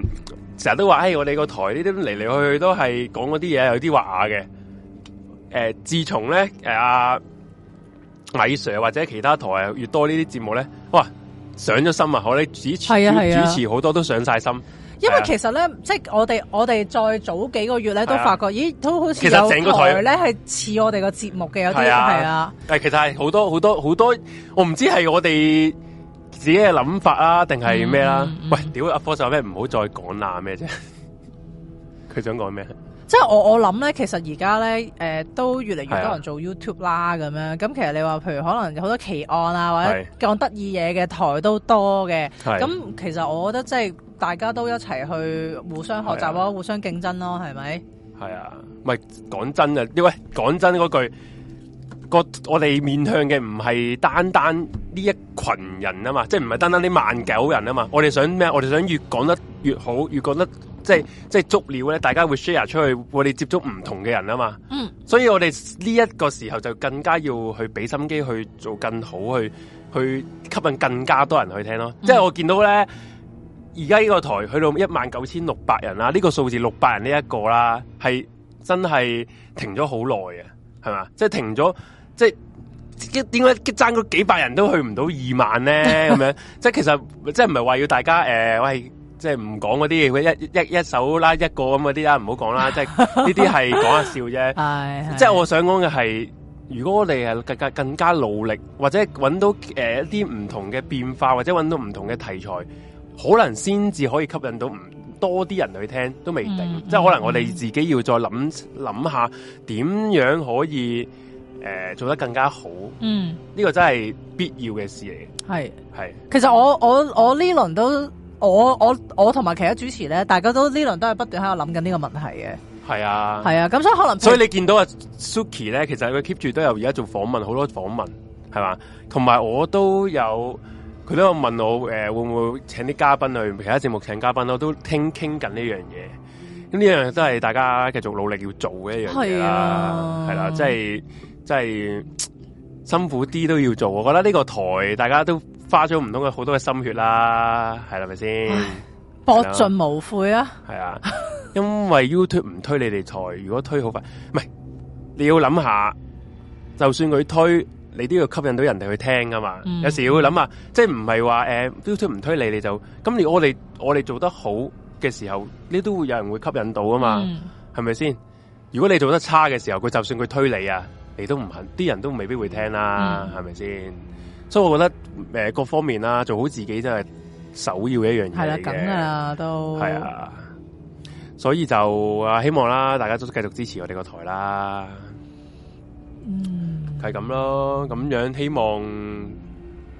成日都話，誒、欸、我哋個台呢啲嚟嚟去去，都係講嗰啲嘢有啲滑牙嘅。誒、呃，自從咧誒阿米 Sir 或者其他台越多呢啲節目咧，哇，上咗心啊！我哋主主主持好多都上晒心。因為其實咧，即係我哋我哋再早幾個月咧，都發覺，啊、咦，都好似其實整個台咧係似我哋個節目嘅，有啲人係啊，啊。但誒，其實係好多好多好多，我唔知係我哋自己嘅諗法啊，定係咩啦？嗯嗯嗯、喂，屌阿科手咩唔好再講啦，咩啫？佢 想講咩？即係我我諗咧，其實而家咧，誒、呃、都越嚟越多人做 YouTube 啦，咁樣咁。其實你話，譬如可能有好多奇案啊，或者講得意嘢嘅台都多嘅。咁、啊、其實我覺得即係大家都一齊去互相學習咯，啊、互相競爭咯，係咪、啊？係啊，咪講真啊，因喂，講真嗰句，個我哋面向嘅唔係單單呢一群人啊嘛，即係唔係單單呢萬九人啊嘛。我哋想咩？我哋想越講得越好，越講得。即係即係足料咧，大家會 share 出去，我哋接觸唔同嘅人啊嘛。嗯，所以我哋呢一個時候就更加要去俾心機去做更好，去去吸引更加多人去聽咯。嗯、即係我見到咧，而家呢個台去到一萬九千六百人啦，呢、這個數字六百人呢一個啦，係真係停咗好耐嘅，係嘛？即係停咗，即係點解爭咗幾百人都去唔到二萬咧？咁 樣，即係其實即係唔係話要大家誒、呃，喂。即係唔講嗰啲，一一一手啦，一個咁嗰啲啦，唔好講啦。即係呢啲係講下笑啫。即係我想講嘅係，如果我哋係更加更加努力，或者揾到誒、呃、一啲唔同嘅變化，或者揾到唔同嘅題材，可能先至可以吸引到唔多啲人去聽，都未定。嗯、即係可能我哋自己要再諗諗下，點樣可以誒、呃、做得更加好。嗯，呢、這個真係必要嘅事嚟嘅。係係，其實我我我呢輪都。我我我同埋其他主持咧，大家都呢輪都係不斷喺度諗緊呢個問題嘅。係啊，係啊，咁所以可能。所以你見到阿 Suki 咧，其實佢 keep 住都有而家做訪問，好多訪問係嘛，同埋我都有佢都有問我誒、呃，會唔會請啲嘉賓去其他節目請嘉賓，我都傾傾緊呢樣嘢。咁、嗯、呢樣嘢都係大家繼續努力要做嘅一樣嘢啦，係啦、啊啊，即係即係辛苦啲都要做。我覺得呢個台大家都。花咗唔同嘅好多嘅心血啦，係啦，咪先博盡無悔啊 ！係啊，因為 YouTube 唔推你哋台，如果推好快，唔係你要諗下，就算佢推，你都要吸引到人哋去聽噶嘛。嗯、有時要諗下，嗯、即係唔係話誒，YouTube 唔推你，你就咁。你我哋我哋做得好嘅時候，你都會有人會吸引到㗎嘛，係咪先？如果你做得差嘅時候，佢就算佢推你啊，你都唔肯，啲人都未必會聽啦，係咪先？所以我覺得誒，各方面啦，做好自己真係首要嘅一樣嘢嘅。係啦、啊，咁啊都。係啊，所以就啊，希望啦，大家都繼續支持我哋個台啦。嗯，係咁咯，咁樣希望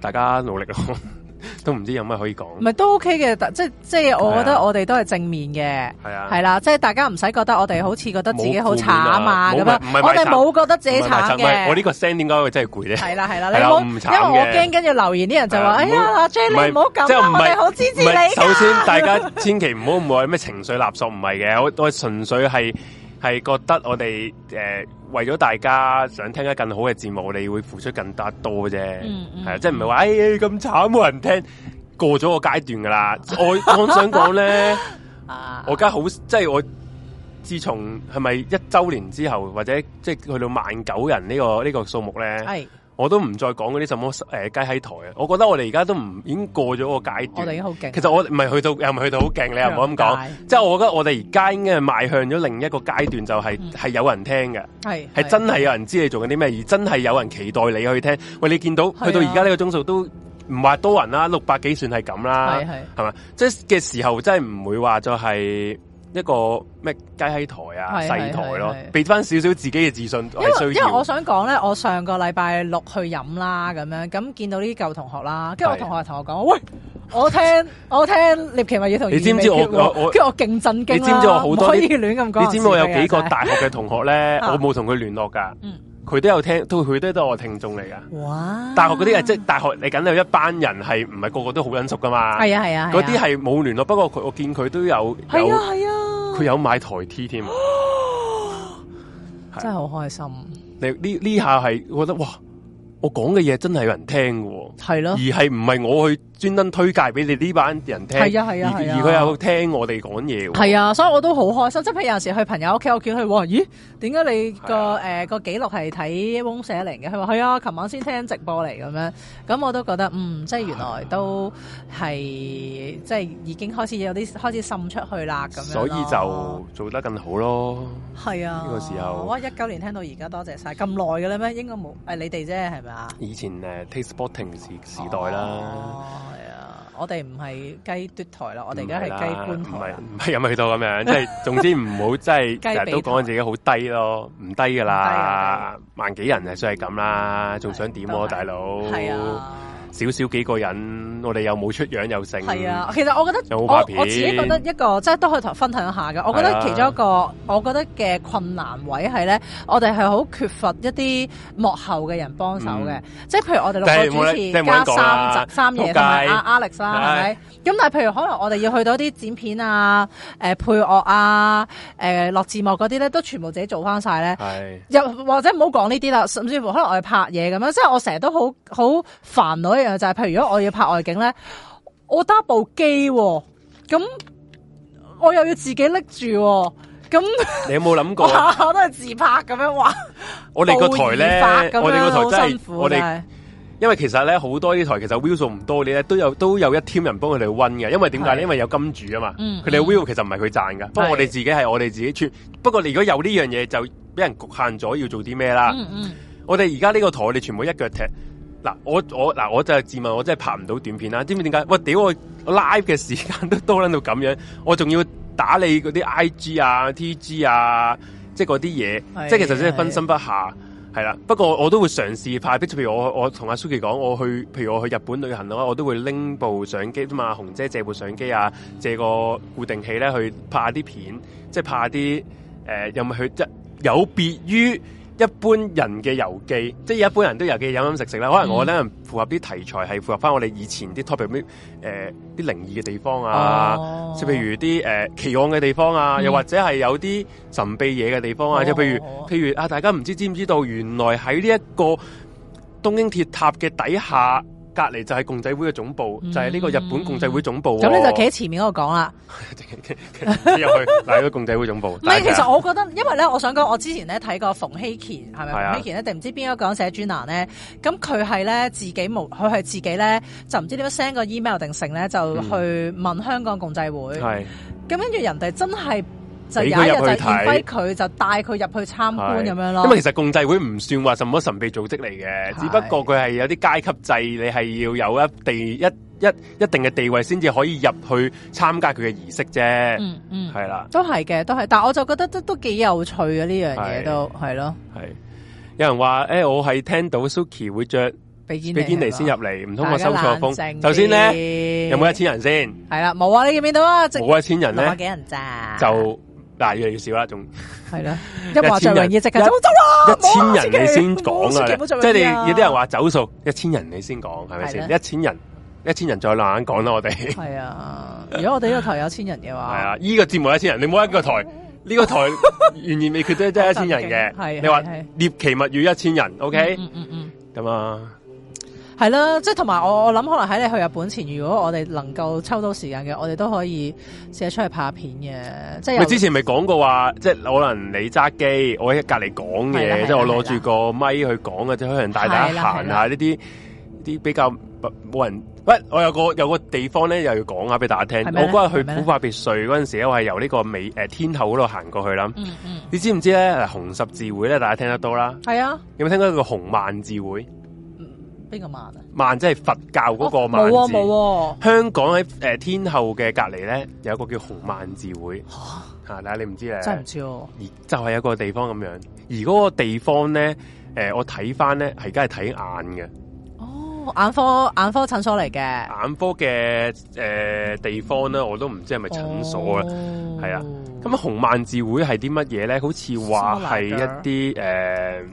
大家努力咯、嗯。 都唔知有乜可以講，唔係都 OK 嘅，即即係我覺得我哋都係正面嘅，係啦、係啊係啊係啊，即係大家唔使覺得我哋好似覺得自己好慘啊咁樣、啊，我哋冇覺得自己慘嘅。我，個聲音我呢個聲點解會真係攰咧？係啦係啦，你唔好，因為我驚跟住留言啲人就話、啊，哎呀，阿 Jenny 唔好咁，我哋好支持你。首先大家千祈唔好唔會有咩情緒勒索唔係嘅，我我純粹係。係覺得我哋誒、呃，為咗大家想聽得更好嘅節目，你會付出更加多嘅啫，係、嗯、啊、嗯，即係唔係話誒咁慘冇人聽，過咗個階段㗎喇。 我想呢 我想講咧，我而家好即係我自從係咪一周年之後，或者即係去到萬九人、這個這個、數目呢個呢個數目咧。哎我都唔再講嗰啲什麼誒雞喺台啊！我覺得我哋而家都唔已經過咗個階段。好，其實我唔係去到又唔係去到好勁，你又唔好咁講。即係我覺得我哋而家應該係邁向咗另一個階段，就是，就係係有人聽嘅，係真係有人知你做緊啲咩，而真係有人期待你去聽。喂，你見到、啊、去到而家呢個鐘數都唔話多人啦，六百幾算係咁啦，係咪？係嘛？即係嘅時候真係唔會話就係、是。一個咩雞喺台啊，細台咯、啊，俾翻少少自己嘅自信需要因。因為我想講咧，我上個禮拜六去飲啦，咁樣咁見到呢啲舊同學啦，跟住我同學同我講：喂，我聽 我聽你。」其文要同你知唔知我我勁震驚，你知唔知我好多可以亂咁講？你知唔知，知，知我有幾個大學嘅同學咧？ 我冇同佢聯絡噶，佢、嗯、都有聽，都佢都係我聽眾嚟噶。哇大！大學嗰啲啊，即係大學嚟緊有一班人係唔係個個都好稔熟噶嘛？係啊係啊，嗰啲係冇聯絡。不過佢我見佢都有，係啊係啊。佢有買台 T 添、啊啊，真係好開心。你呢呢下係覺得哇，我講嘅嘢真係有人聽喎，係咯，而係唔係我去。專登推介俾你呢班人聽，係啊係啊係啊係啊、而佢又聽我哋講嘢。係啊，所以我都好開心。即係譬如有時去朋友屋企，我叫佢，哇！咦，點解你個誒個記錄係睇翁社玲嘅？佢話係啊，琴晚先聽直播嚟咁樣。咁我都覺得，嗯，即係原來都係、啊、即係已經開始有啲開始滲出去啦咁。所以就做得更好咯。係啊，呢、呢個時候好啊，一九年聽到而家，多謝晒，咁耐嘅喇咩？應該冇你哋啫係咪啊？以前、呃、Taste Sporting 時代啦、哦。我哋唔係雞奪台咯，我哋而家係雞觀台。唔係唔係，咁去到咁樣，即 係總之唔好即係成日都講自己好低咯，唔低噶啦，萬幾人、嗯、啊，所以係咁啦，仲想點喎，大佬？少少幾個人，我哋又冇出樣又成。係啊，其實我覺得有冇我，我自己覺得一個即係都可以同分享一下嘅。我覺得其中一個、啊、我覺得嘅困難位係咧，我哋係好缺乏一啲幕後嘅人幫手嘅。嗯、即係譬如我哋六個主持、啊、加三集、啊、三嘢阿、呃、Alex 啦、啊，係咪、啊？咁但係譬如可能我哋要去到啲剪片啊、呃、配樂啊、呃、落字幕嗰啲咧，都全部自己做翻晒咧。又、啊、或者唔好講呢啲啦，甚至乎可能我哋拍嘢咁樣，即係我成日都好好煩惱。就係譬如如果我要拍外景咧，我得部機，咁我又要自己拎住，咁你有冇諗過？ 我都係自拍咁樣話。我哋個台咧，我哋個台真係我哋，因為其實咧好多呢台其實 view 數唔多，你咧都有都有一 team 人幫佢哋溫嘅。因為點解咧？因為有金主啊嘛。佢、嗯、哋嘅、嗯、view 其實唔係佢賺噶，不過我哋自己係我哋自己出。不過如果有呢樣嘢，就俾人局限咗要做啲咩啦。嗯嗯，我哋而家呢個台，我哋全部一腳踢。嗱，我我嗱，我就係自問，我真係拍唔到短片啦，知唔知點解？喂，屌我 live 嘅時間都多撚到咁樣，我仲要打理嗰啲 IG 啊、TG 啊，即係嗰啲嘢，即係其實真係分心不下，係啦。不過我都會嘗試拍，比如我我同阿 Suki 講，我去，譬如我去日本旅行咯，我都會拎部相機啫嘛，紅姐借部相機啊，借個固定器咧，去拍下啲片，即係拍下啲誒，呃、又不是即有冇去有別於。一般人嘅遊記，即係一般人都遊記飲飲食食啦。可能我咧符合啲題材，係、嗯、符合翻我哋以前啲 topic 啲誒啲靈異嘅地方啊，即、哦、譬如啲誒、呃、奇案嘅地方啊，嗯、又或者係有啲神秘嘢嘅地方啊，即、哦、譬如、哦、譬如啊，大家唔知知唔知道，知知道原來喺呢一個東京鐵塔嘅底下。隔離就係共濟會嘅總部，嗯、就係、是、呢個日本共濟會總部、哦。咁、嗯、你就企喺前面嗰個講啦。入 進去，喺 個共濟會總部。唔 係，其實我覺得，因為咧，我想講，我之前咧睇過馮希賢，係咪、啊、馮希賢一定唔知邊一個寫專欄咧？咁佢係咧自己冇，佢係自己咧就唔知點樣 send 個 email 定成咧，就去問香港共濟會。係、嗯。咁跟住人哋真係。就有人就見翻佢，就帶佢入去參觀咁樣咯。因為其實共濟會唔算話什麼神秘組織嚟嘅，只不過佢係有啲階級制，你係要有一地一一一,一定嘅地位先至可以入去參加佢嘅儀式啫。嗯嗯，係啦，都係嘅，都係。但係我就覺得都都幾有趣嘅呢樣嘢，都係咯。係有人話誒、欸，我係聽到 Suki 會着比堅比堅尼先入嚟，唔通我收錯風。首先咧，有冇一千人先？係啦，冇啊！你見唔見到啊？冇一千人，兩百幾人咋？就大越嚟越少啦，仲係 啦，一千人嘅席就走咗一千人你先講啦，即係你有啲人話走數一千人，你先講係咪先？一千人，一千人再慢慢講啦，我哋。係啊，如果我哋呢個台有千人嘅話，係啊，依、這個節目一千人，你冇一個台，呢 個台完完未決定，真係一千人嘅。係， 你話獵奇物語一千人，OK，嗯嗯嗯，咁、嗯嗯、啊。係啦，即係同埋我我諗可能喺你去日本前，如果我哋能夠抽到時間嘅，我哋都可以寫出去拍片嘅。即係之前咪講過話，即係可能你揸機，我喺隔籬講嘢，即係我攞住個咪去講嘅，即可能帶大家行下呢啲啲比較冇人。喂，我有個有個地方咧，又要講下俾大家聽。我嗰日去普法別墅嗰陣時，我係由呢個美、誒、呃、天后嗰度行過去啦，嗯嗯。你知唔知咧？紅十字會咧，大家聽得多啦。係啊，有冇聽過個紅萬字會？邊個萬啊？萬即係佛教嗰個萬字冇冇。香港喺誒、呃、天后嘅隔籬咧，有一個叫紅萬字會。吓，你唔知啊？知道真唔知、哦、而就係、是、有個地方咁樣，而嗰個地方咧，誒、呃，我睇翻咧係，而家係睇眼嘅。哦，眼科眼科診所嚟嘅。眼科嘅誒、呃、地方咧，我都唔知係咪診所、哦、啊？係啊。咁紅萬字會係啲乜嘢咧？好似話係一啲誒。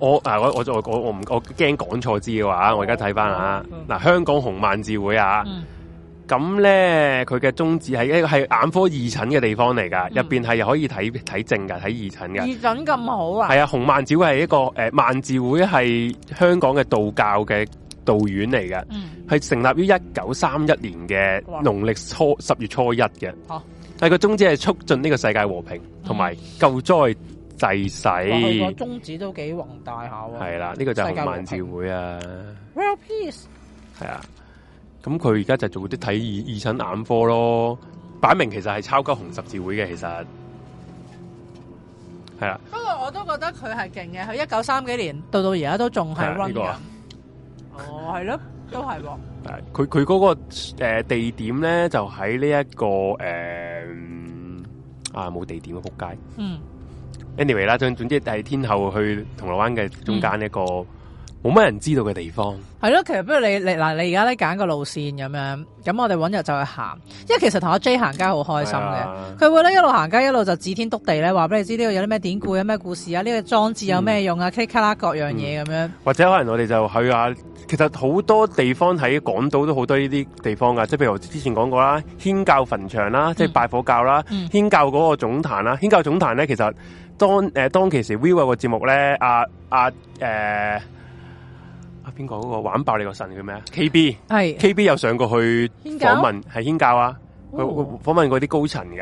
我啊，我我我我我唔我驚講錯字嘅話，我而家睇翻啊，嗱，香港紅萬字會啊，咁咧佢嘅宗旨係一個係眼科義診嘅地方嚟噶入邊係可以睇睇症噶睇義診噶義診咁好啊？係啊，紅萬字會係一個誒、呃、萬字會係香港嘅道教嘅道院嚟嘅，係、嗯、成立於一九三一年嘅農曆初十月初一嘅。哦、啊，但係個宗旨係促進呢個世界和平同埋救災。嗯濟世，佢個宗旨都幾宏大下。係啦，呢、這個就係萬字會啊。Well, peace。係啊，咁佢而家就做啲睇耳耳診眼科咯，擺明其實係超級紅十字會嘅，其實係啦。不過我都覺得佢係勁嘅，佢一九三幾年到到而家都仲係 run、這個啊、哦，係咯，都係喎。佢佢嗰個誒、呃、地點咧，就喺呢一個誒、呃、啊冇地點嘅仆街。嗯。anyway 啦，咁總之係天后去銅鑼灣嘅中間一個冇乜人知道嘅地方，係咯，其實不如你你嗱，你而家咧揀個路線咁樣，咁我哋揾日就去行，因為其實同阿 J 行街好開心嘅，佢、哎、會咧一路行街一路就指天篤地咧話俾你知呢個有啲咩典故，有咩故事啊，呢個裝置有咩用啊，click 啦各樣嘢咁樣，嗯、或者可能我哋就去啊，其實好多地方喺港島都好多呢啲地方噶，即係譬如我之前講過啦，祆教墳場啦，即係拜火教啦，祆、嗯嗯、教嗰個總壇啦，祆教總壇咧其實。當誒、呃，當其時 Vivo 個節目咧，阿阿誒阿邊個個玩爆你個神叫咩啊？KB 係 KB 有上過去訪問，係興教訪、哦、啊，訪問嗰啲高層噶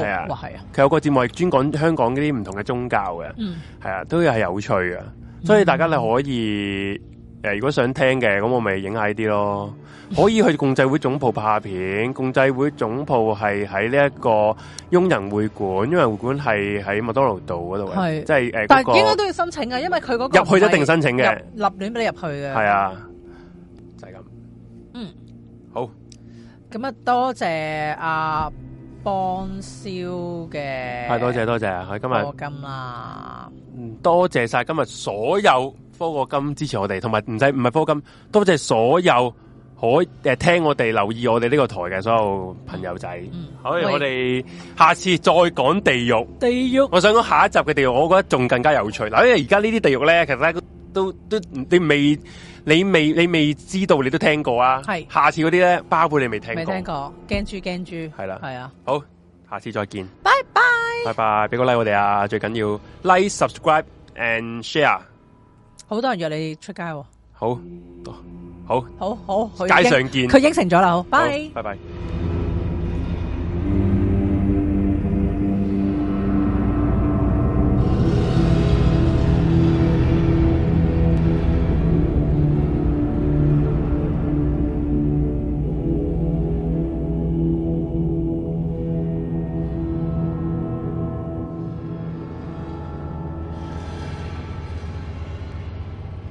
係啊，係啊，佢有個節目係專講香港啲唔同嘅宗教嘅，係、嗯、啊，都有係有趣嘅，所以大家你可以。誒，如果想聽嘅，咁我咪影下啲咯。可以去共濟會總部拍下片。 共濟會總部係喺呢一個雍仁會館，雍仁會館係喺麥當勞道嗰度。係，即係誒、呃。但係應該都要申請啊，因為佢嗰個去入去一定申請嘅，立亂俾你入去嘅。係啊，就係、是、咁。嗯，好。咁啊，多謝阿邦少嘅，係多謝多謝啊，佢今日多金多謝晒、啊、今日、啊、所有。科金支持我哋，同埋唔使唔係科金，多謝所有可以聽我哋、留意我哋呢個台嘅所有朋友仔。可、嗯、以，okay, 我哋下次再講地獄地獄。我想講下一集嘅地獄，我覺得仲更加有趣嗱。因為而家呢啲地獄咧，其實呢都都、都你未你未你未、你未知道，你都聽過啊。係，下次嗰啲咧，包括你未聽未聽過驚住驚住，係啦，係啊。好，下次再見，拜拜，拜拜，俾個 like 我哋啊，最緊要 like、subscribe and share。好多人約你出街，哦好，好，好，好好，街上見。佢應承咗啦，好，拜，拜拜。Bye bye